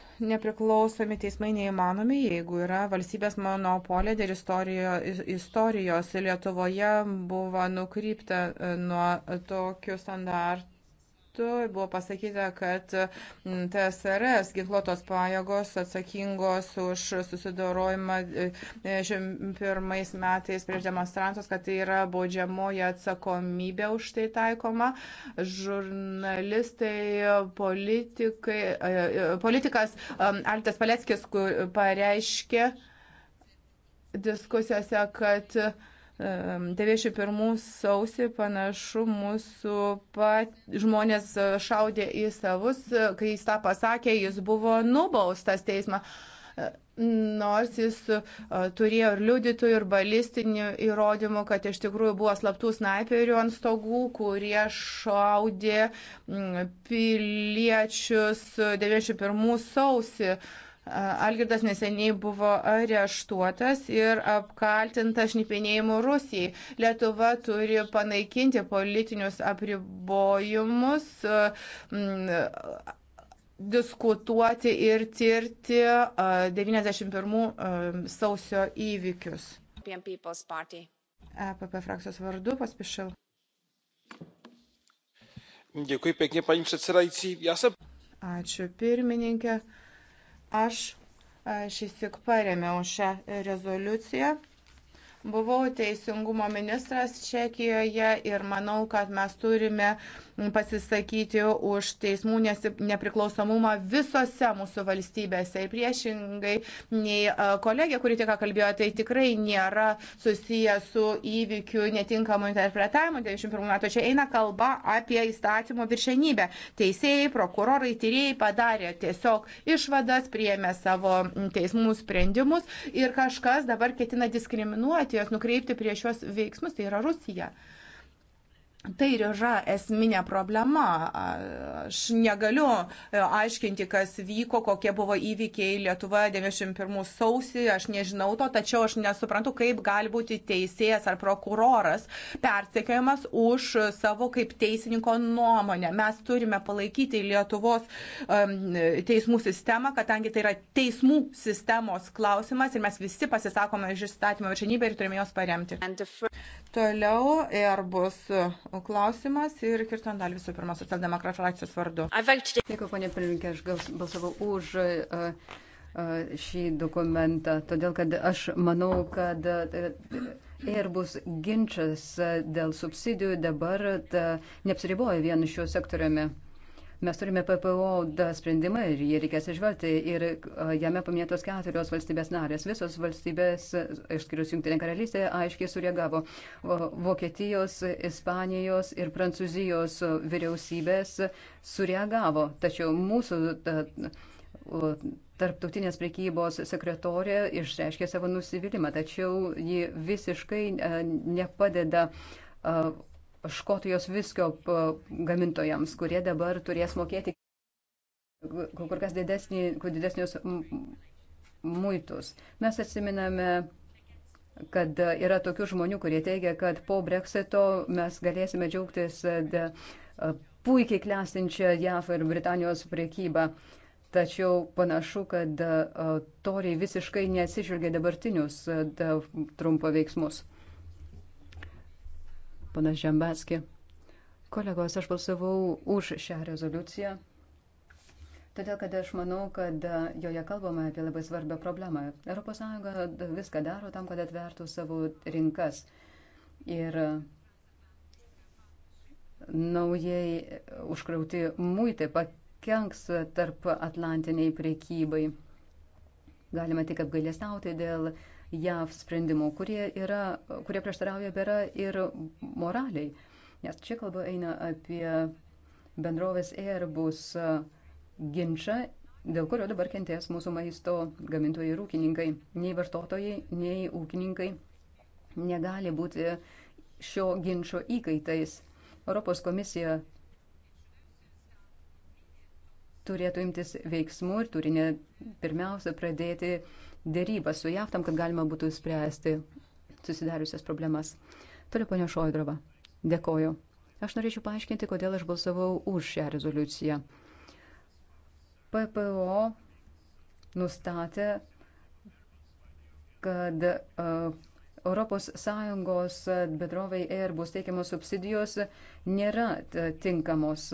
nepriklausomi teismai neįmanomi, jeigu yra valstybės monopolė dėl istorijos. Lietuvoje buvo nukrypta e, nuo tokių standartų buvo pasakyta, kad mm, TSRS ginkluotos pajėgos atsakingos už susidorojimą 21 e, e, metais prieš demonstrantus, kad tai yra baudžiamoji atsakomybė už tai taikoma. Žurnalistai, politikai, e, politikas um, Altas Paleckis pareiškė diskusijose, kad 91 sausį panašu mūsų pat, žmonės šaudė į savus, kai jis tą pasakė, jis buvo nubaustas teismą. Nors jis e, turėjo ir liudytojų, ir balistinių įrodymų, kad iš tikrųjų buvo slaptų snaiperių ant stogų, kurie šaudė piliečius 91 sausį. Algirdas neseniai buvo areštuotas ir apkaltintas šnipinėjimu Rusijai. Lietuva turi panaikinti politinius apribojimus, mm, diskutuoti ir tirti 91 sausio įvykius. EPP frakcijos vardu paspišau. Děkuji pěkně, paní předsedající. Já jsem... Ačiū pirmininkė. Aš šis tik paremiau šią rezoliuciją. Buvau teisingumo ministras Čekijoje ir manau, kad mes turime pasisakyti už teismų nepriklausomumą visose mūsų valstybėse. Ir priešingai nei kolegė, kuri tik kalbėjo, tai tikrai nėra susiję su įvykių netinkamu interpretavimu 91 metų. Čia eina kalba apie įstatymo viršenybę. Teisėjai, prokurorai, tyrėjai padarė tiesiog išvadas, priėmė savo teismų sprendimus ir kažkas dabar ketina diskriminuoti juos, nukreipti prieš juos veiksmus, tai yra Rusija. Yeah. Tai ir yra esminė problema. Aš negaliu e, aiškinti, kas vyko, kokie buvo įvykiai Lietuvoje 91 sausį, aš nežinau to, tačiau aš nesuprantu, kaip gali būti teisėjas ar prokuroras persekiojamas už savo kaip teisininko nuomonę. Mes turime palaikyti Lietuvos um, teismų sistemą, kadangi tai yra teismų sistemos klausimas ir mes visi pasisakome iš įstatymo viršinybę ir turime jos paremti. Toliau ir bus klausimas ir Kirton Dal visų pirma socialdemokratų frakcijos vardu. Dėkui, ponė pirmininkė, aš balsavau už uh, uh, šį dokumentą, todėl kad aš manau, kad uh, Airbus ginčas dėl subsidijų dabar ta, neapsiriboja vien šiuo sektoriumi. Mes turime PPO sprendimą ir jį reikės išvelgti. Ir jame paminėtos keturios valstybės narės. Visos valstybės, išskirius Junktinė karalystė, aiškiai sureagavo. Vokietijos, Ispanijos ir Prancūzijos vyriausybės sureagavo. Tačiau mūsų ta, tarptautinės prekybos sekretorė išreiškė savo nusivylimą. Tačiau ji visiškai nepadeda Škotijos viskio gamintojams, kurie dabar turės mokėti kur kas didesnį, kur didesnius muitus. Mes atsiminame, kad yra tokių žmonių, kurie teigia, kad po breksito mes galėsime džiaugtis puikiai klestinčią JAF ir Britanijos priekybą. Tačiau panašu, kad toriai visiškai nesižvelgia dabartinius trumpo veiksmus panas Žembatski. Kolegos, aš balsavau už šią rezoliuciją, todėl kad aš manau, kad joje kalbama apie labai svarbią problemą. ES viską daro tam, kad atvertų savo rinkas. Ir naujai užkrauti muitai pakenks tarp atlantiniai priekybai. Galima tik apgailestauti dėl uh, JAV sprendimų, kurie, yra, kurie prieštarauja bėra ir moraliai. Nes čia kalba eina apie bendrovės Airbus ginčą, dėl kurio dabar kentės mūsų maisto gamintojai ir ūkininkai. Nei vartotojai, nei ūkininkai negali būti šio ginčio įkaitais. Europos komisija turėtų imtis veiksmų ir turi ne pirmiausia pradėti uh, dėrybą su JAV tam, kad galima būtų spręsti susidariusias problemas. Toliau ponia Šoidrova. Dėkoju. Aš norėčiau paaiškinti, kodėl aš balsavau už šią rezoliuciją. PPO nustatė, kad uh, e, ES bedroviai Airbus teikiamos subsidijos nėra tinkamos.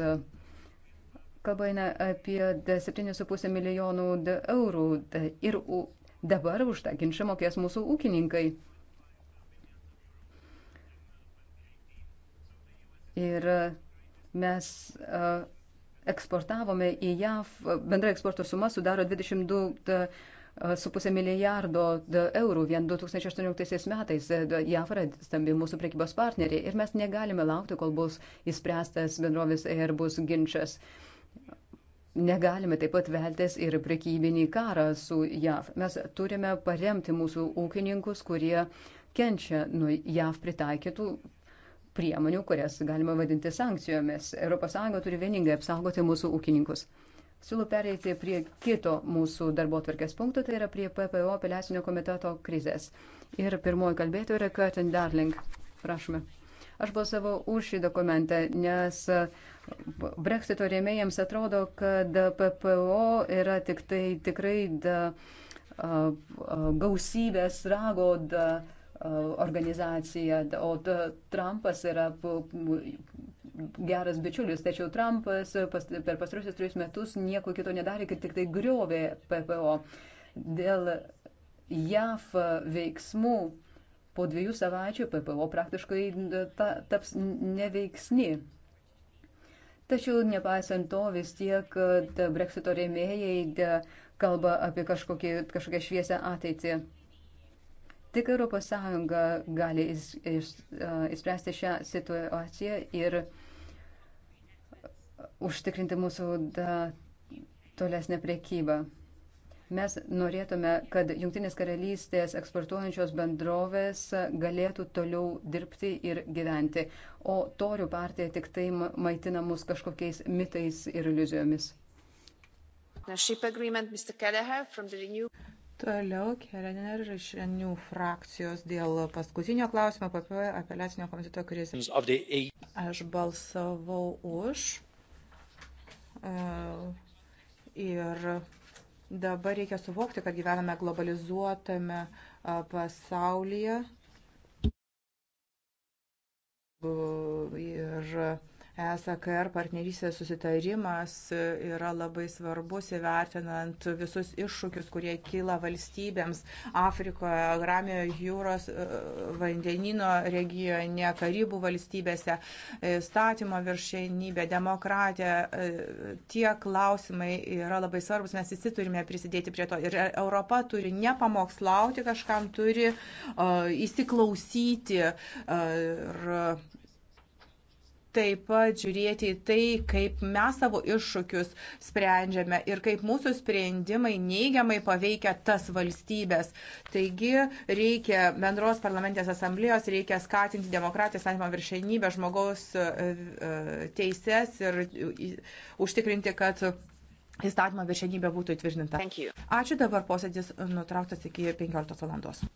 Kalba eina apie 7,5 milijonų eurų ir Dabar už tą ginčą mokės mūsų ūkininkai. Ir e, mes e, eksportavome į JAV, bendra eksporto suma sudaro 22,5 e, milijardo eurų vien 2018 metais. JAV yra stambi mūsų prekybos partneriai ir mes negalime laukti, kol bus įspręstas bendrovės Airbus ginčas negalime taip pat veltis ir prekybinį karą su JAV. Mes turime paremti mūsų ūkininkus, kurie kenčia nuo JAV pritaikytų priemonių, kurias galima vadinti sankcijomis. ES turi vieningai apsaugoti mūsų ūkininkus. Siūlau pereiti prie kito mūsų darbo tvarkės punkto, tai yra prie PPO apeliacinio komiteto krizės. Ir pirmoji kalbėtoja yra Curtin Darling. Prašome. Aš balsavau už šį dokumentą, nes Brexito rėmėjams atrodo, kad PPO yra tik tai tikrai da, gausybės rago da, organizacija, o da, Trumpas yra geras bičiulis, tačiau Trumpas pas, per pastarusius tris metus nieko kito nedarė, kad tik tai griovė PPO. Dėl JAF veiksmų Po dviejų savaičių PPO praktiškai e, ta, taps neveiksni. Tačiau nepaisant to vis tiek e, Brexito rėmėjai e, kalba apie kažkokį, kažkokią šviesę ateitį. Tik ES gali išspręsti šią situaciją ir užtikrinti mūsų da, tolesnę priekybą. Mes norėtume, kad Junktinės karalystės eksportuojančios bendrovės galėtų toliau dirbti ir gyventi, o torių partija tik tai maitina mus kažkokiais mitais ir iliuzijomis. Toliau Kelener iš Renew frakcijos dėl paskutinio klausimo papiojo apeliacinio komiteto krizę. Aš balsavau už e, ir Dabar reikia suvokti, kad gyvename globalizuotame pasaulyje. Ir ESKR partnerystės susitarimas yra labai svarbus įvertinant visus iššūkius, kurie kyla valstybėms Afrikoje, Ramiojo jūros e, vandenino regione, Karibų valstybėse, e, statymo viršenybė, demokratija. E, tie klausimai yra labai svarbus, mes visi turime prisidėti prie to. Ir Europa turi nepamokslauti kažkam, turi uh, įsiklausyti. Uh, ir, taip pat žiūrėti į tai, kaip mes savo iššūkius sprendžiame ir kaip mūsų sprendimai neigiamai paveikia tas valstybės. Taigi reikia bendros parlamentės asamblėjos, reikia skatinti demokratiją, santymo viršenybę, žmogaus e, e, teises ir užtikrinti, kad įstatymo viršenybė būtų įtvirtinta. Ačiū dabar posėdis nutrauktas iki 15 valandos.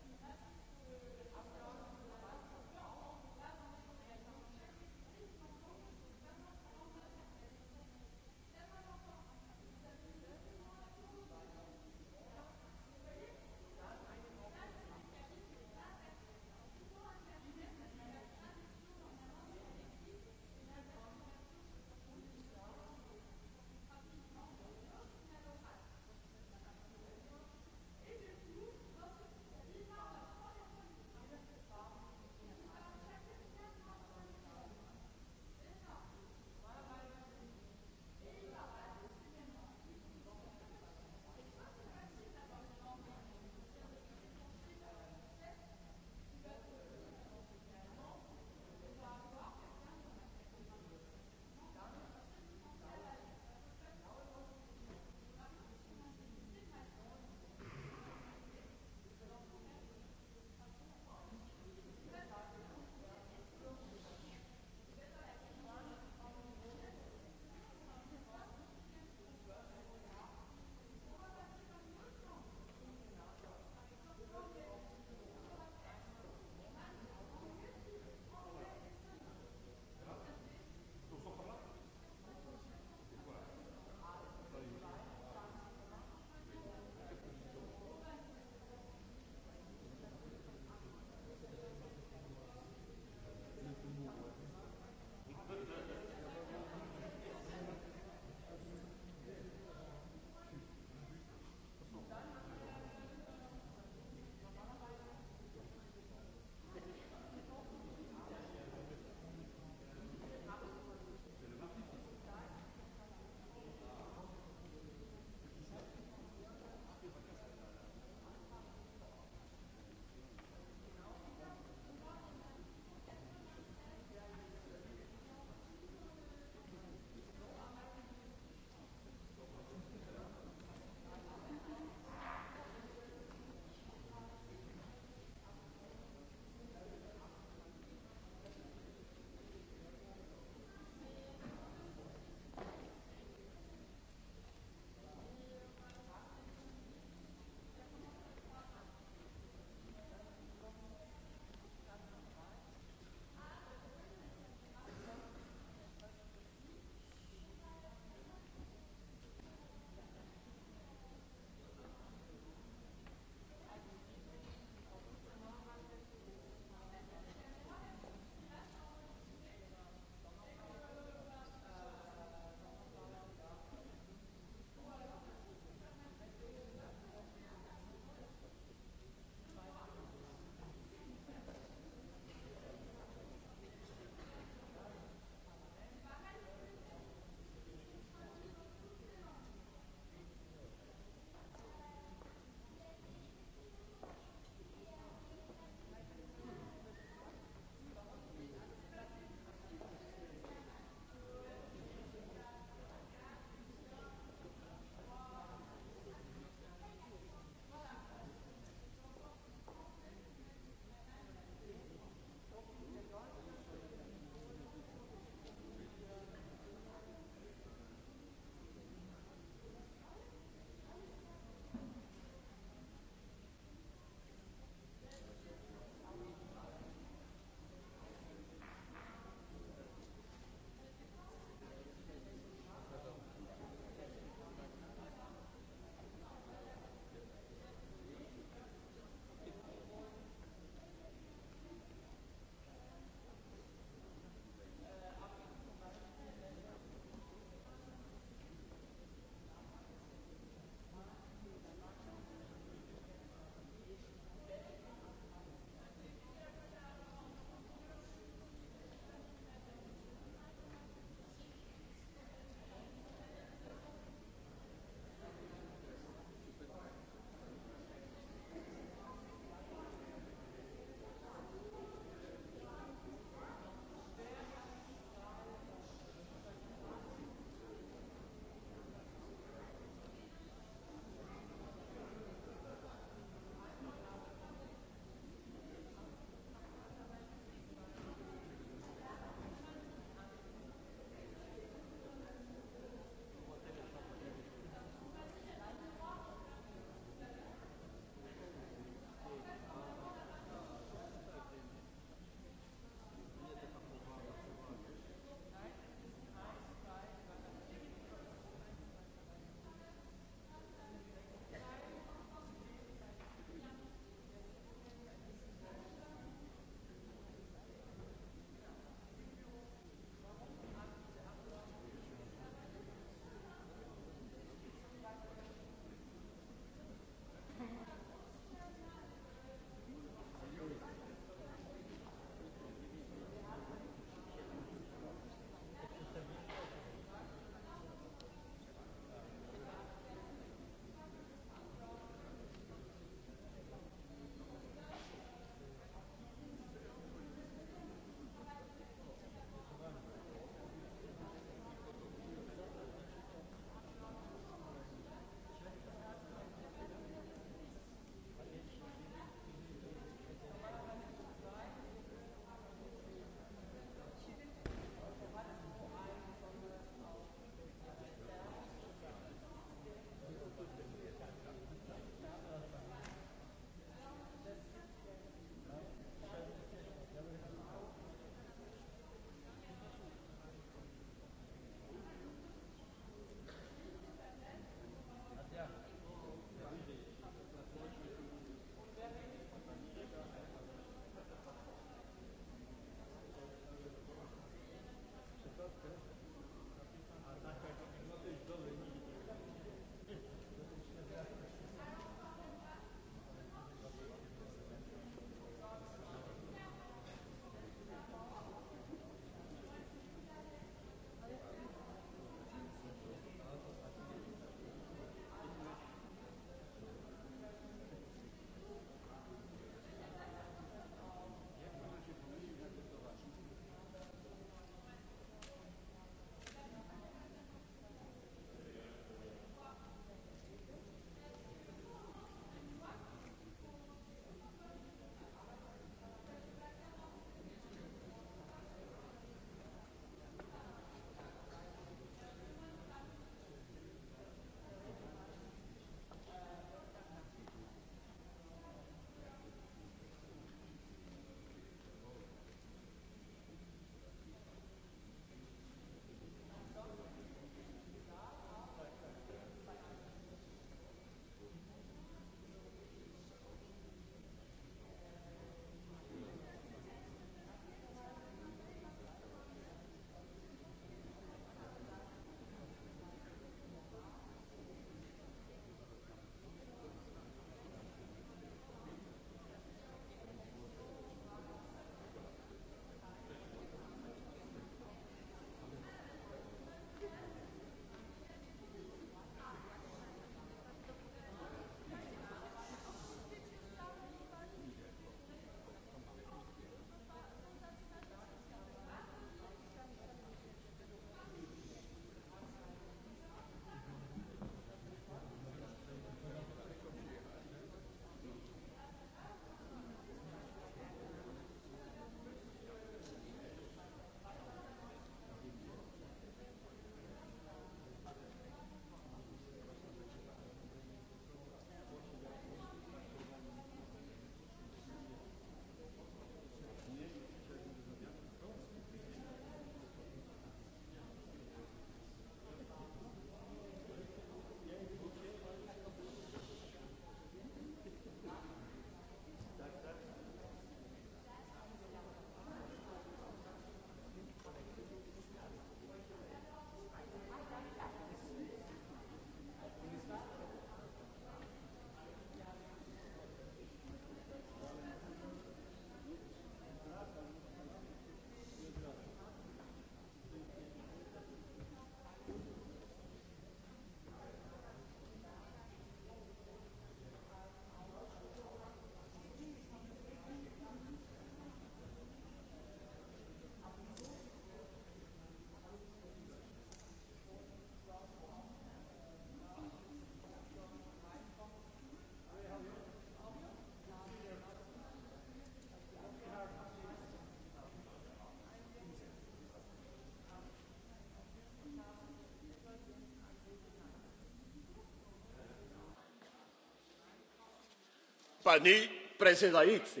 paní předsedající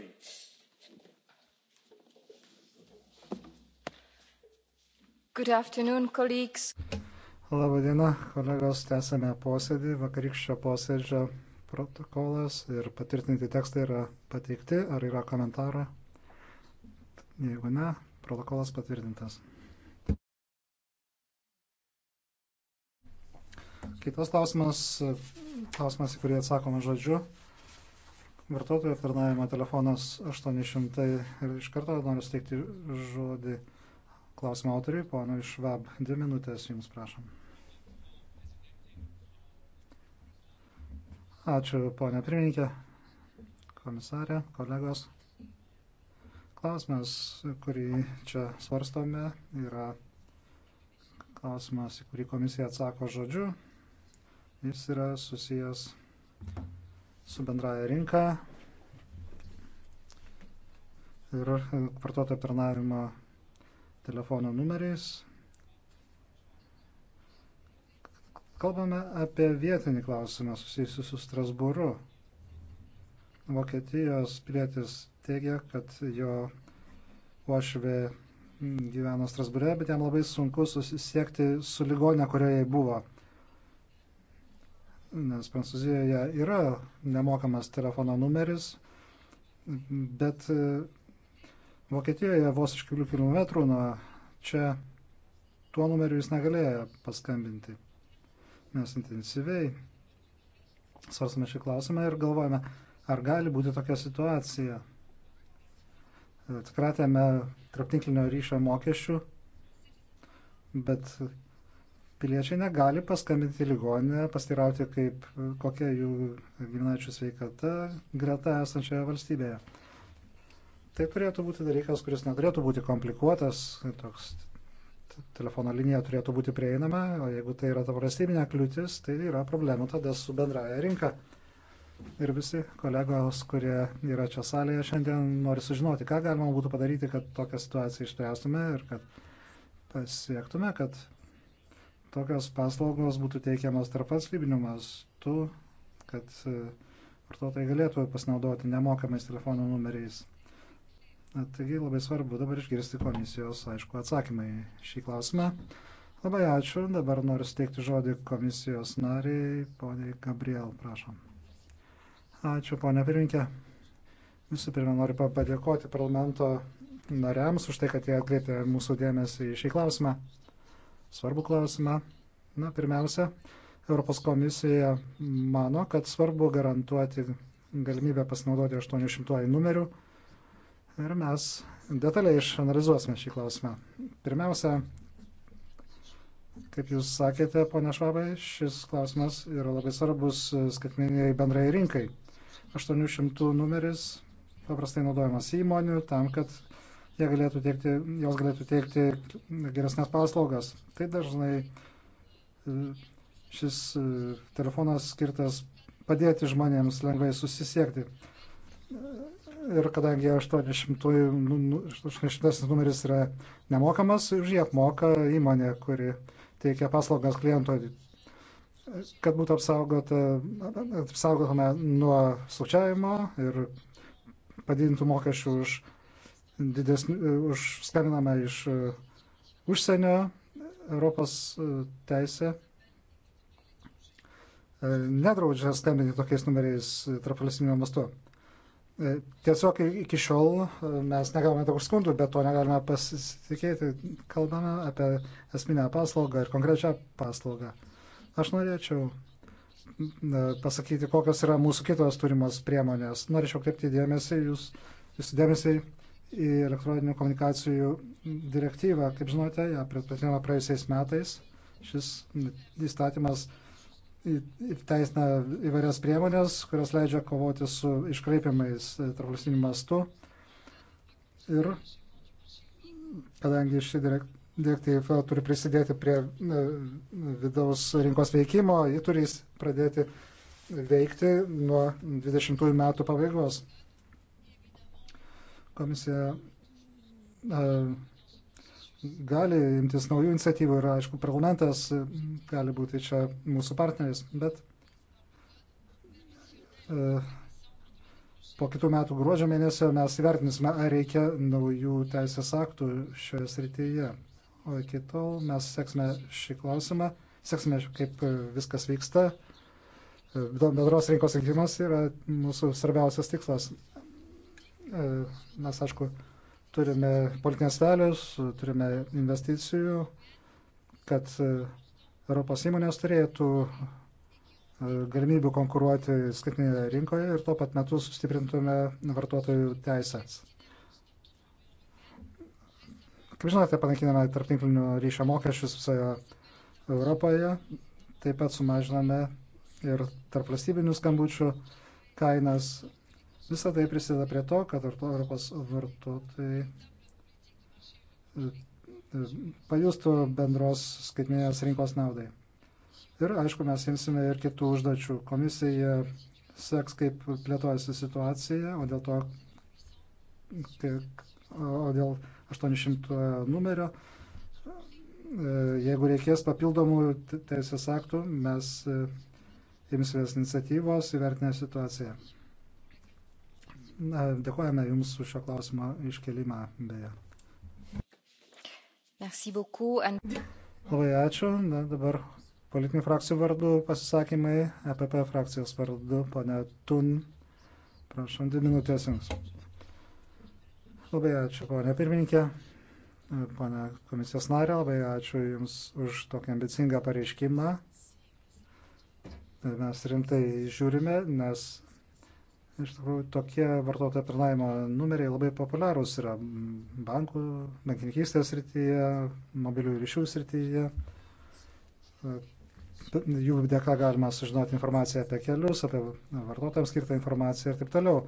laba diena kolegos tęsiame posėdį vakarykščio posėdžio protokolas ir patvirtinti tekstai yra pateikti ar yra komentarų jeigu ne protokolas patvirtintas kitas klausimas klausimas į kurį atsakoma žodžiu vartotojų aptarnavimo telefonas 800 ir iš karto noriu steigti žodį klausimo autoriui, ponui Švab. Dvi minutės jums prašom. Ačiū, ponia pirmininkė, komisarė, kolegos. Klausimas, kurį čia svarstome, yra klausimas, į kurį komisija atsako žodžiu. Jis yra susijęs su bendraja rinka ir vartotojo aptarnavimo telefono numeriais. Kalbame apie vietinį klausimą susijusiu su Strasbūru. Vokietijos pilietis teigia, kad jo uošvė gyveno Strasbūre, bet jam labai sunku susisiekti su ligonė, kurioje buvo nes Prancūzijoje yra nemokamas telefono numeris, bet e, Vokietijoje vos iš kelių kilometrų nuo čia tuo numeriu jis negalėjo paskambinti. Mes intensyviai svarstame šį klausimą ir galvojame, ar gali būti tokia situacija. Atkratėme e, traptinklinio ryšio mokesčių, bet piliečiai negali paskambinti ligoninę, pastirauti, kaip, kokia jų giminaičių sveikata greta esančioje valstybėje. Tai turėtų būti dalykas, kuris neturėtų būti komplikuotas, toks telefono linija turėtų būti prieinama, o jeigu tai yra ta valstybinė kliūtis, tai yra problemų tada su bendraja rinka. Ir visi kolegos, kurie yra čia salėje šiandien, nori sužinoti, ką galima būtų padaryti, kad tokią situaciją išspręstume ir kad pasiektume, kad tokios paslaugos būtų teikiamas tarp atslybinių mastų, kad e, vartotojai galėtų pasinaudoti nemokamais telefonų numeriais. Taigi labai svarbu dabar išgirsti komisijos, aišku, atsakymai šį klausimą. Labai ačiū. Dabar noriu steikti žodį komisijos nariai, poniai Gabriel, prašom. Ačiū, ponia pirminkė. Visų pirma, noriu padėkoti parlamento nariams už tai, kad jie atkreipė mūsų dėmesį į šį klausimą svarbų klausimą. Na, pirmiausia, Europos komisija mano, kad svarbu garantuoti galimybę pasinaudoti 800 numeriu ir mes detaliai išanalizuosime šį klausimą. Pirmiausia, kaip jūs sakėte, ponia Švabai, šis klausimas yra labai svarbus skaitmeniniai bendrai rinkai. 800 numeris paprastai naudojamas įmonių tam, kad galėtų teikti, jos galėtų teikti geresnės paslaugas. Tai dažnai e, šis e, telefonas skirtas padėti žmonėms lengvai susisiekti. Ir kadangi 80, 80 nu, nu, numeris yra nemokamas, už jį apmoka įmonė, kuri teikia paslaugas kliento, kad būtų apsaugota, apsaugotume nuo sukčiavimo ir padidintų mokesčių už didesnių, e, už, skambiname iš e, užsienio Europos e, teisė nedraudžia skambinti tokiais numeriais tarpvalstybinio mastu. Tiesiog iki šiol mes negavome daug skundų, bet to negalime pasitikėti. Kalbame apie esminę paslaugą ir konkrečią paslaugą. Aš norėčiau pasakyti, kokios yra mūsų kitos turimos priemonės. Norėčiau kreipti dėmesį, jūs, jūsų dėmesį į elektroninių komunikacijų direktyvą. Kaip žinote, ją pritvirtinama praėjusiais metais. Šis įstatymas teisina įvairias priemonės, kurios leidžia kovoti su iškreipimais tarpvalstybiniu mastu. Ir kadangi ši direktyva turi prisidėti prie vidaus rinkos veikimo, ji turi pradėti veikti nuo 20 metų pabaigos. Komisija gali imtis naujų iniciatyvų ir, aišku, parlamentas gali būti čia mūsų partneris, bet po kitų metų gruodžio mėnesio mes įvertinsime, ar reikia naujų teisės aktų šioje srityje. O iki tol mes seksime šį klausimą, seksime, kaip viskas vyksta. Bendros rinkos rinkimas yra mūsų svarbiausias tikslas. E, mes, aišku, turime politinės valios, turime investicijų, kad e, Europos įmonės turėtų e, galimybių konkuruoti skaitinėje rinkoje ir tuo pat metu sustiprintume vartotojų teisės. Kaip žinote, panaikiname tarptinklinio ryšio mokesčius visoje Europoje, taip pat sumažiname ir tarp valstybinių skambučių kainas Visą tai prisideda prie to, kad Europos vartotojai e, e, pajustų bendros skaitminės rinkos naudai. Ir aišku, mes imsime ir kitų užduočių. Komisija seks, kaip plėtojasi situacija, o dėl to, o dėl 800 numerio, e, jeigu reikės papildomų teisės aktų, mes imsimės iniciatyvos įvertinę situaciją. Dėkojame Jums už šio klausimo iškelimą beje. Labai ačiū. Na, dabar politinių frakcijų vardu pasisakymai, EPP frakcijos vardu, pane Tun. Prašom, dvi minutės Jums. Labai ačiū, ponė pirmininkė, e, ponė komisijos narė, labai ačiū Jums už tokį ambicingą pareiškimą. E, mes rimtai žiūrime, nes Iš tikrųjų, tokie vartotojo aptarnavimo numeriai labai populiarūs yra bankų, bankininkystės srityje, mobilių ryšių srityje. Jų dėka galima sužinoti informaciją apie kelius, apie vartotojams skirtą informaciją ir taip toliau.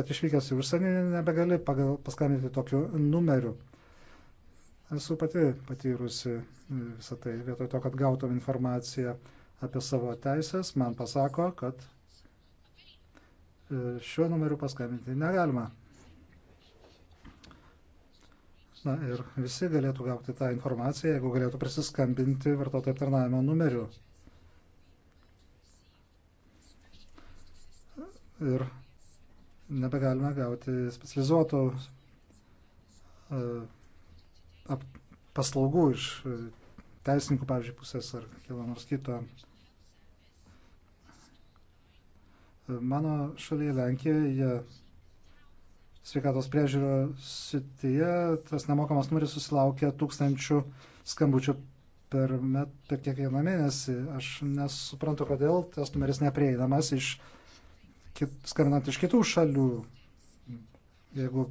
Bet išvykęs į užsienį nebegali pagal, paskambinti tokiu numeriu. Esu pati patyrusi e, visą tai. Vietoj to, kad gautum informaciją apie savo teisės, man pasako, kad E, šiuo numeriu paskambinti negalima. Na ir visi galėtų gauti tą informaciją, jeigu galėtų prisiskambinti vartotojų aptarnavimo numeriu. Ir nebegalime gauti specializuotų e, paslaugų iš e, teisininkų, pavyzdžiui, pusės ar kilo nors kito Mano šalyje Lenkijoje sveikatos priežiūros sityje tas nemokamas numeris susilaukia tūkstančių skambučių per, met, per kiekvieną mėnesį. Aš nesuprantu, kodėl tas numeris neprieinamas iš kit, skambinant iš kitų šalių. Jeigu,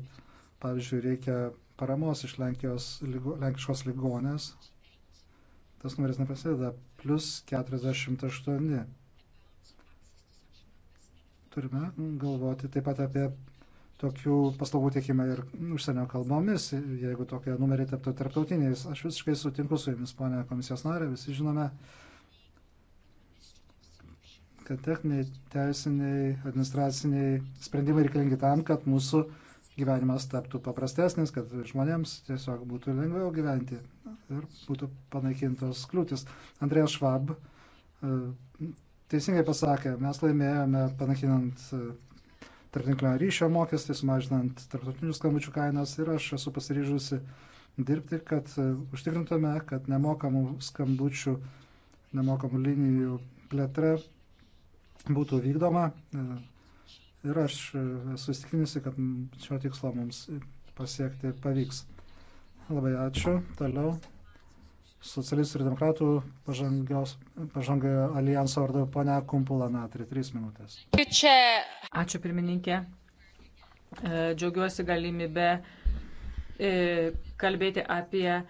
pavyzdžiui, reikia paramos iš Lenkijos, lygo, lenkiškos ligonės, tas numeris neprasideda plus 48 turime galvoti taip pat apie tokių paslaugų tiekimą ir užsienio kalbomis, jeigu tokie numeriai taptų tarptautiniais. Aš visiškai sutinku su Jumis, ponė komisijos narė, visi žinome, kad techniniai, teisiniai, administraciniai sprendimai reikalingi tam, kad mūsų gyvenimas taptų paprastesnis, kad žmonėms tiesiog būtų lengviau gyventi ir būtų panaikintos kliūtis. Andrėjas Švab teisingai pasakė, mes laimėjome panakinant e, tarptinklinio ryšio mokestį, sumažinant tarptautinių skambučių kainas ir aš esu pasiryžusi dirbti, kad e, užtikrintume, kad nemokamų skambučių, nemokamų linijų plėtra būtų vykdoma. E, ir aš esu įstikinusi, kad šio tikslo mums pasiekti pavyks. Labai ačiū. Toliau socialistų ir demokratų pažangios, pažangiojo alijanso vardu ponia Kumpula Natri, trys minutės. Ačiū pirmininkė. E, džiaugiuosi galimybę e, kalbėti apie e,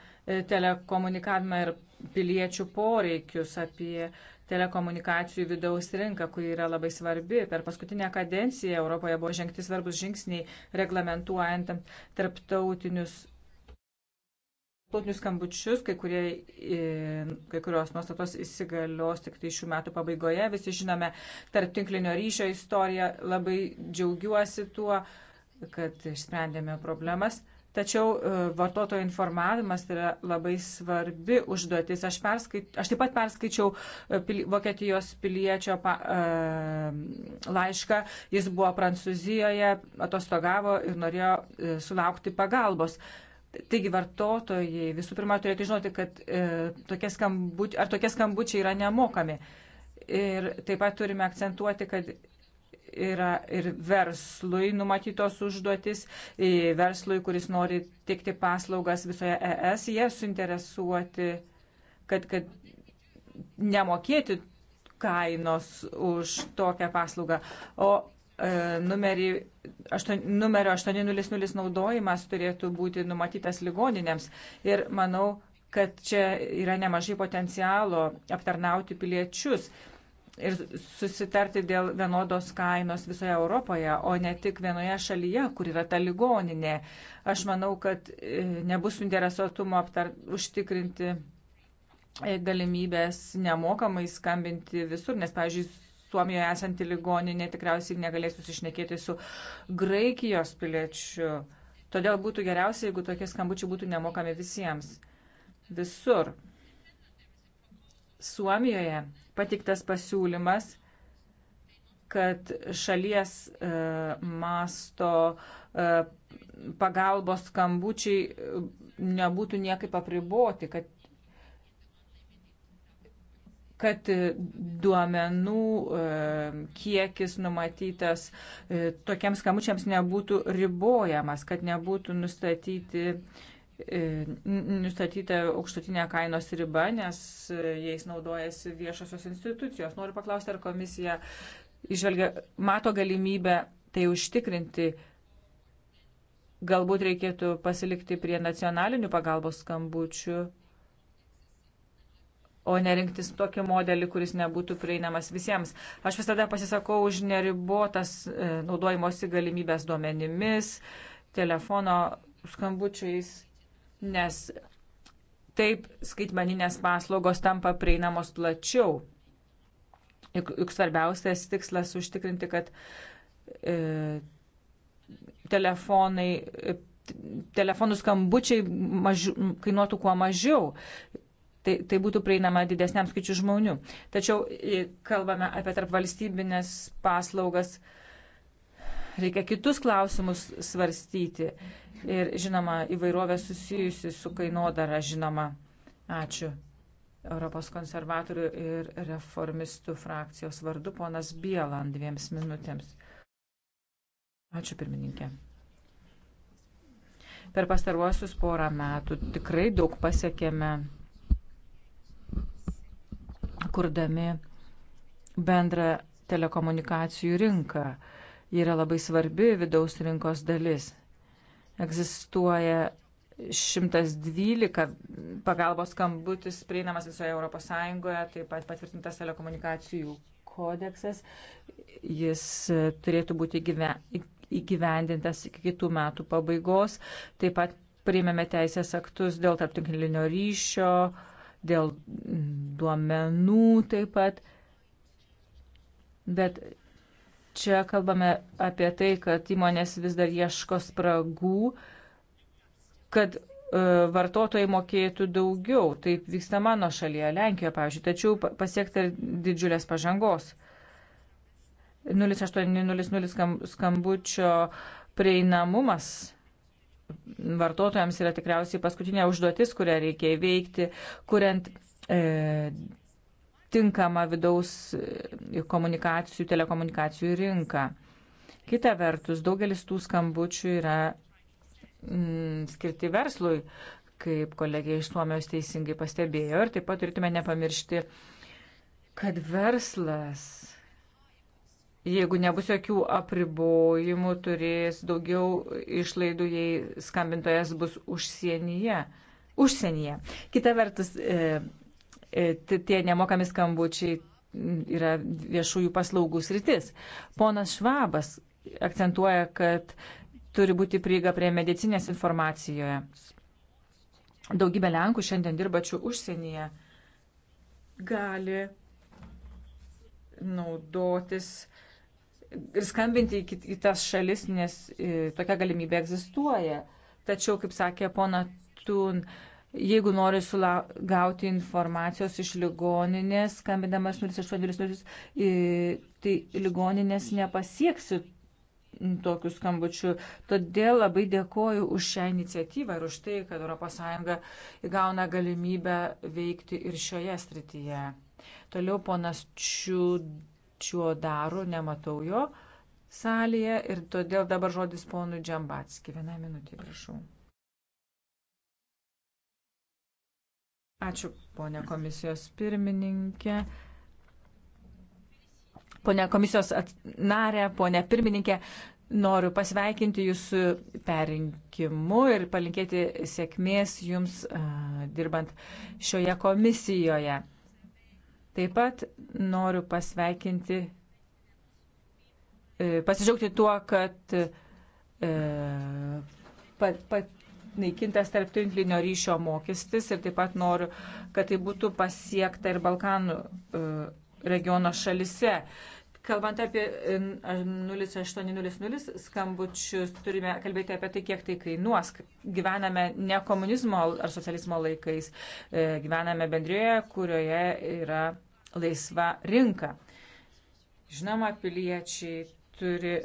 telekomunikavimą ir piliečių poreikius, apie telekomunikacijų vidaus rinką, kuri yra labai svarbi. Per paskutinę kadenciją Europoje buvo žengti svarbus žingsniai reglamentuojant tarptautinius plotinius skambučius, kai, kurie, kai kurios nuostatos įsigalios tik tai šių metų pabaigoje. Visi žinome tarp tinklinio ryšio istoriją, labai džiaugiuosi tuo, kad išsprendėme problemas. Tačiau e, vartotojo informavimas yra labai svarbi užduotis. Aš, perskait, aš taip pat perskaičiau e, pil, Vokietijos piliečio pa, e, laišką. Jis buvo Prancūzijoje, atostogavo ir norėjo e, sulaukti pagalbos. E, Taigi vartotojai visų pirma turėtų žinoti, kad e, tokie, skambučiai, ar tokie skambučiai yra nemokami. Ir taip pat turime akcentuoti, kad yra ir verslui numatytos užduotis, verslui, kuris nori teikti paslaugas visoje ES, jie suinteresuoti, kad, kad nemokėti kainos už tokią paslaugą. O E, numerį, aštuon, numerio 800 naudojimas turėtų būti numatytas ligoninėms. Ir manau, kad čia yra nemažai potencialo aptarnauti piliečius ir susitarti dėl vienodos kainos visoje Europoje, o ne tik vienoje šalyje, kur yra ta ligoninė. Aš manau, kad e, nebus suinteresuotumo aptar, užtikrinti e, galimybės nemokamai skambinti visur, nes, pavyzdžiui, Suomijoje esanti ligoninė tikriausiai negalės susišnekėti su Graikijos piliečiu. Todėl būtų geriausia, jeigu tokie skambučiai būtų nemokami visiems. Visur. Suomijoje patiktas pasiūlymas, kad šalies e, masto e, pagalbos skambučiai e, nebūtų niekaip apriboti, kad kad e, duomenų e, kiekis numatytas e, tokiems skamučiams nebūtų ribojamas, kad nebūtų nustatyti nustatyta aukštutinė kainos riba, nes jais naudojasi viešosios institucijos. Noriu paklausti, ar komisija išvelgia, mato galimybę tai užtikrinti. Galbūt reikėtų pasilikti prie nacionalinių pagalbos skambučių o nerinktis tokį modelį, kuris nebūtų prieinamas visiems. Aš visada pasisakau už neribotas e, naudojimosi galimybės duomenimis, telefono skambučiais, nes taip skaitmeninės paslaugos tampa prieinamos plačiau. Juk, juk svarbiausias tikslas užtikrinti, kad e, telefonai. E, telefonų skambučiai maž, kainuotų kuo mažiau tai, tai būtų prieinama didesniam skaičiu žmonių. Tačiau kalbame apie tarpvalstybinės paslaugas, reikia kitus klausimus svarstyti ir, žinoma, įvairovė susijusi su kainodara, žinoma. Ačiū. Europos konservatorių ir reformistų frakcijos vardu ponas Bielan dviems minutėms. Ačiū pirmininkė. Per pastaruosius porą metų tikrai daug pasiekėme kurdami bendrą telekomunikacijų rinką. Ji yra labai svarbi vidaus rinkos dalis. Egzistuoja 112 pagalbos skambutis prieinamas visoje ES, taip pat patvirtintas telekomunikacijų kodeksas. Jis e, turėtų būti įgyvendintas iki kitų metų pabaigos. Taip pat priėmėme teisės aktus dėl tarptinklinio ryšio, dėl duomenų taip pat. Bet čia kalbame apie tai, kad įmonės vis dar ieško spragų, kad e, vartotojai mokėtų daugiau. Taip vyksta mano šalyje, Lenkijoje, pavyzdžiui. Tačiau pasiekta didžiulės pažangos. 0800 skambučio prieinamumas vartotojams yra tikriausiai paskutinė užduotis, kurią reikia įveikti, kuriant e, tinkamą vidaus e, komunikacijų, telekomunikacijų rinką. Kita vertus, daugelis tų skambučių yra mm, skirti verslui, kaip kolegija iš Suomijos teisingai pastebėjo. Ir taip pat turėtume nepamiršti, kad verslas jeigu nebus jokių apribojimų, turės daugiau išlaidų, jei skambintojas bus užsienyje. užsienyje. Kita vertus, e, e, tie nemokami skambučiai yra viešųjų paslaugų sritis. Ponas Švabas akcentuoja, kad turi būti prieiga prie medicinės informacijoje. Daugybė Lenkų šiandien dirbačių užsienyje gali naudotis ir skambinti į kitas šalis, nes e, tokia galimybė egzistuoja. Tačiau, kaip sakė pona Tun, jeigu nori sula, gauti informacijos iš ligoninės, skambinamas 0800, e, tai ligoninės nepasieksi tokių skambučių. Todėl labai dėkoju už šią iniciatyvą ir už tai, kad ES įgauna galimybę veikti ir šioje srityje. Toliau ponas Čiūdas. Čiodaru, nematau jo salėje ir todėl dabar žodis ponui Džambatski. Vieną minutį, prašau. Ačiū, ponė komisijos pirmininkė. Pone komisijos narė, ponė pirmininkė, noriu pasveikinti jūsų perinkimu ir palinkėti sėkmės jums uh, dirbant šioje komisijoje. Taip pat noriu pasveikinti, e, pasidžiaugti tuo, kad e, pat, pat, naikintas tarp tinklinio ryšio mokestis ir taip pat noriu, kad tai būtų pasiekta ir Balkanų e, regiono šalise. Kalbant apie 0800 skambučius, turime kalbėti apie tai, kiek tai kainuos. Gyvename ne komunizmo ar socializmo laikais, e, gyvename bendrėje, kurioje yra laisva rinka. Žinoma, piliečiai turi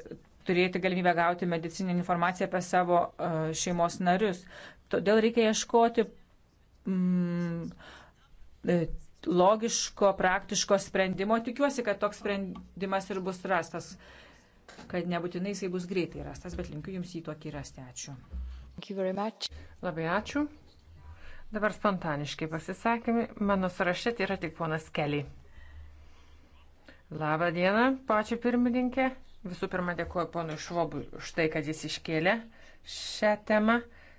turėti galimybę gauti medicininę informaciją apie savo e, šeimos narius. Todėl reikia ieškoti mm, logiško, praktiško sprendimo. Tikiuosi, kad toks sprendimas ir bus rastas, kad nebūtinai jisai bus greitai rastas, bet linkiu Jums jį tokį rasti. Ačiū. Labai ačiū. Dabar spontaniškai pasisakymai. Mano sąraše tai yra tik ponas Keli. Labą dieną, pačią pirmininkę. Visų pirma, dėkuoju ponui Švobui už tai, kad jis iškėlė šią temą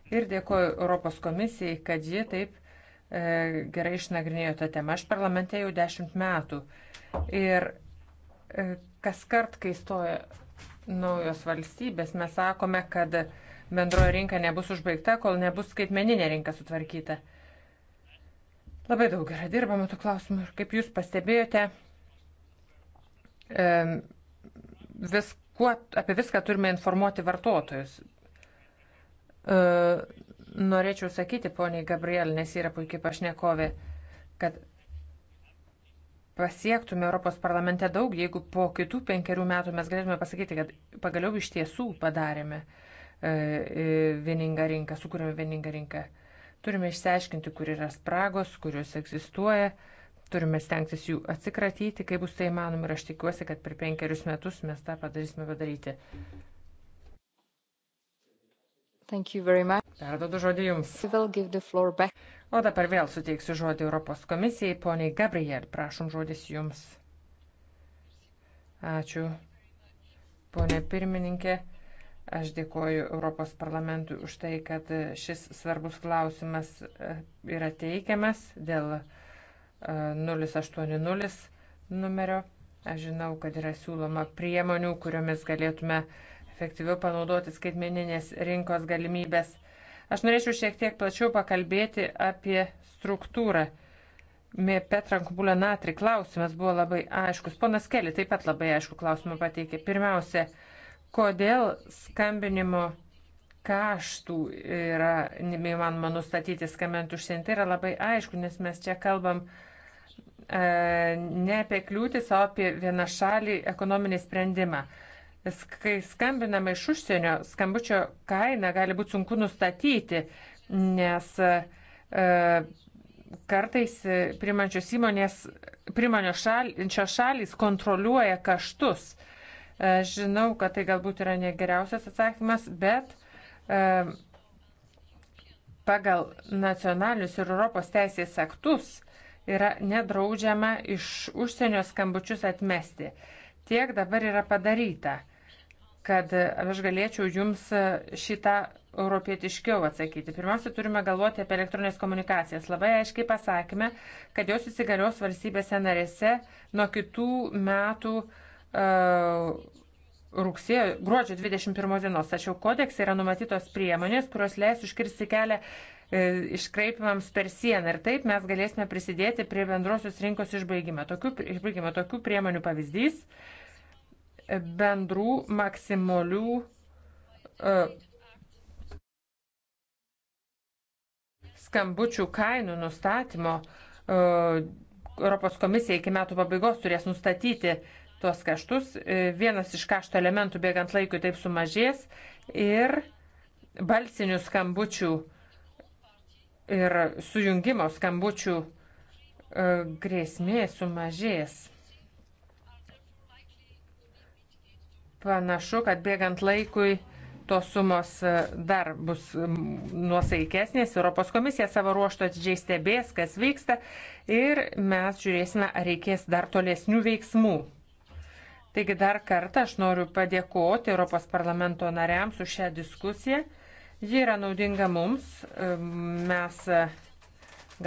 ir dėkoju Europos komisijai, kad ji taip E, gerai išnagrinėjo tą temą. Aš parlamente jau dešimt metų. Ir e, kas kart, kai stoja naujos valstybės, mes sakome, kad bendroji rinka nebus užbaigta, kol nebus skaitmeninė rinka sutvarkyta. Labai daug yra dirbama tų klausimų ir kaip jūs pastebėjote, e, vis, kuo, apie viską turime informuoti vartotojus. Norėčiau sakyti, poniai Gabriel, nes yra puikiai pašnekovė, kad pasiektume Europos parlamente daug, jeigu po kitų penkerių metų mes galėtume pasakyti, kad pagaliau iš tiesų padarėme e, e, vieningą rinką, sukūrėme vieningą rinką. Turime išsiaiškinti, kur yra spragos, kurios egzistuoja, turime stengtis jų atsikratyti, kaip bus tai įmanoma ir aš tikiuosi, kad per penkerius metus mes tą padarysime padaryti. Perdodu žodį Jums. O dabar vėl suteiksiu žodį Europos komisijai, poniai Gabriel, prašom žodis Jums. Ačiū, ponė pirmininkė. Aš dėkoju Europos parlamentui už tai, kad šis svarbus klausimas e, yra teikiamas dėl 080 e, numerio. Aš žinau, kad yra siūloma priemonių, kuriomis galėtume uh, efektyviau panaudoti skaitmeninės rinkos galimybės. Aš norėčiau šiek tiek plačiau pakalbėti apie struktūrą. Petrank Bulenatri klausimas buvo labai aiškus. Ponas Keli taip pat labai aišku klausimą pateikė. Pirmiausia, kodėl skambinimo kaštų yra neįmanoma nustatyti skambant užsienį. Tai yra labai aišku, nes mes čia kalbam e, ne apie kliūtis, o apie vienašalį ekonominį sprendimą kai skambiname iš užsienio, skambučio kainą gali būti sunku nustatyti, nes e, kartais primančios įmonės, primančios šal, šalys kontroliuoja kaštus. E, žinau, kad tai galbūt yra negeriausias atsakymas, bet e, pagal nacionalinius ir Europos teisės aktus yra nedraudžiama iš užsienio skambučius atmesti tiek dabar yra padaryta, kad aš galėčiau jums šitą europietiškiau atsakyti. Pirmiausia, turime galvoti apie elektroninės komunikacijas. Labai aiškiai pasakėme, kad jos įsigalios valstybėse narėse nuo kitų metų uh, rugsėjo, gruodžio 21 dienos. Tačiau kodekse yra numatytos priemonės, kurios leis užkirsti kelią e, iškraipimams per sieną ir taip mes galėsime prisidėti prie bendrosios rinkos išbaigimo. Tokių, išbaigimo, tokių priemonių pavyzdys bendrų maksimalių e, skambučių kainų nustatymo e, Europos komisija iki metų pabaigos turės nustatyti tuos kaštus. E, vienas iš kašto elementų bėgant laikui taip sumažės ir balsinių skambučių ir sujungimo skambučių grėsmė sumažės. Panašu, kad bėgant laikui tos sumos e, dar bus nuosaikesnės. Europos komisija savo ruoštų atidžiai stebės, kas vyksta ir mes žiūrėsime, ar reikės dar tolesnių veiksmų. Taigi dar kartą aš noriu padėkoti Europos parlamento nariams už šią diskusiją. Ji yra naudinga mums. E, mes e,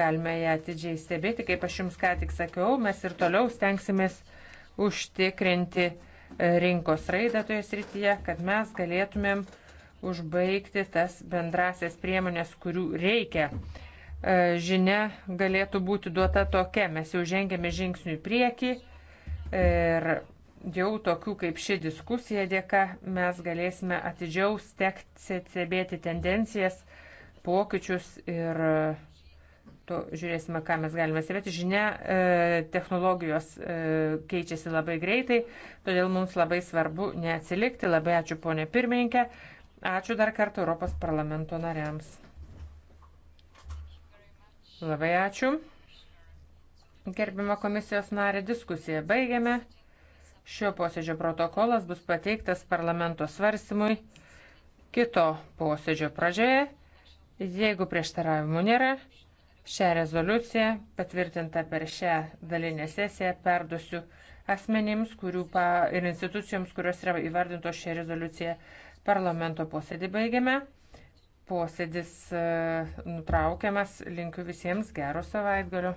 galime ją atidžiai stebėti, kaip aš jums ką tik sakiau, mes ir toliau stengsimės užtikrinti rinkos raidą toje srityje, kad mes galėtumėm užbaigti tas bendrasias priemonės, kurių reikia. E, žinia galėtų būti duota tokia, mes jau žengėme žingsnių į priekį ir jau tokių kaip ši diskusija dėka mes galėsime atidžiau stebėti tendencijas, pokyčius ir to žiūrėsime, ką mes galime stebėti. Žinia, e, technologijos e, keičiasi labai greitai, todėl mums labai svarbu neatsilikti. Labai ačiū ponė pirmininkė, ačiū dar kartą Europos parlamento nariams. Labai ačiū. Gerbimo komisijos narė diskusiją baigiame. Šio posėdžio protokolas bus pateiktas parlamento svarstymui kito posėdžio pradžioje. Jeigu prieštaravimų nėra, Šią rezoliuciją, patvirtintą per šią dalinę sesiją, perduosiu asmenims pa, ir institucijoms, kurios yra įvardintos šią rezoliuciją. Parlamento posėdį baigiame. Posėdis e, nutraukiamas. Linkiu visiems gero savaitgalio.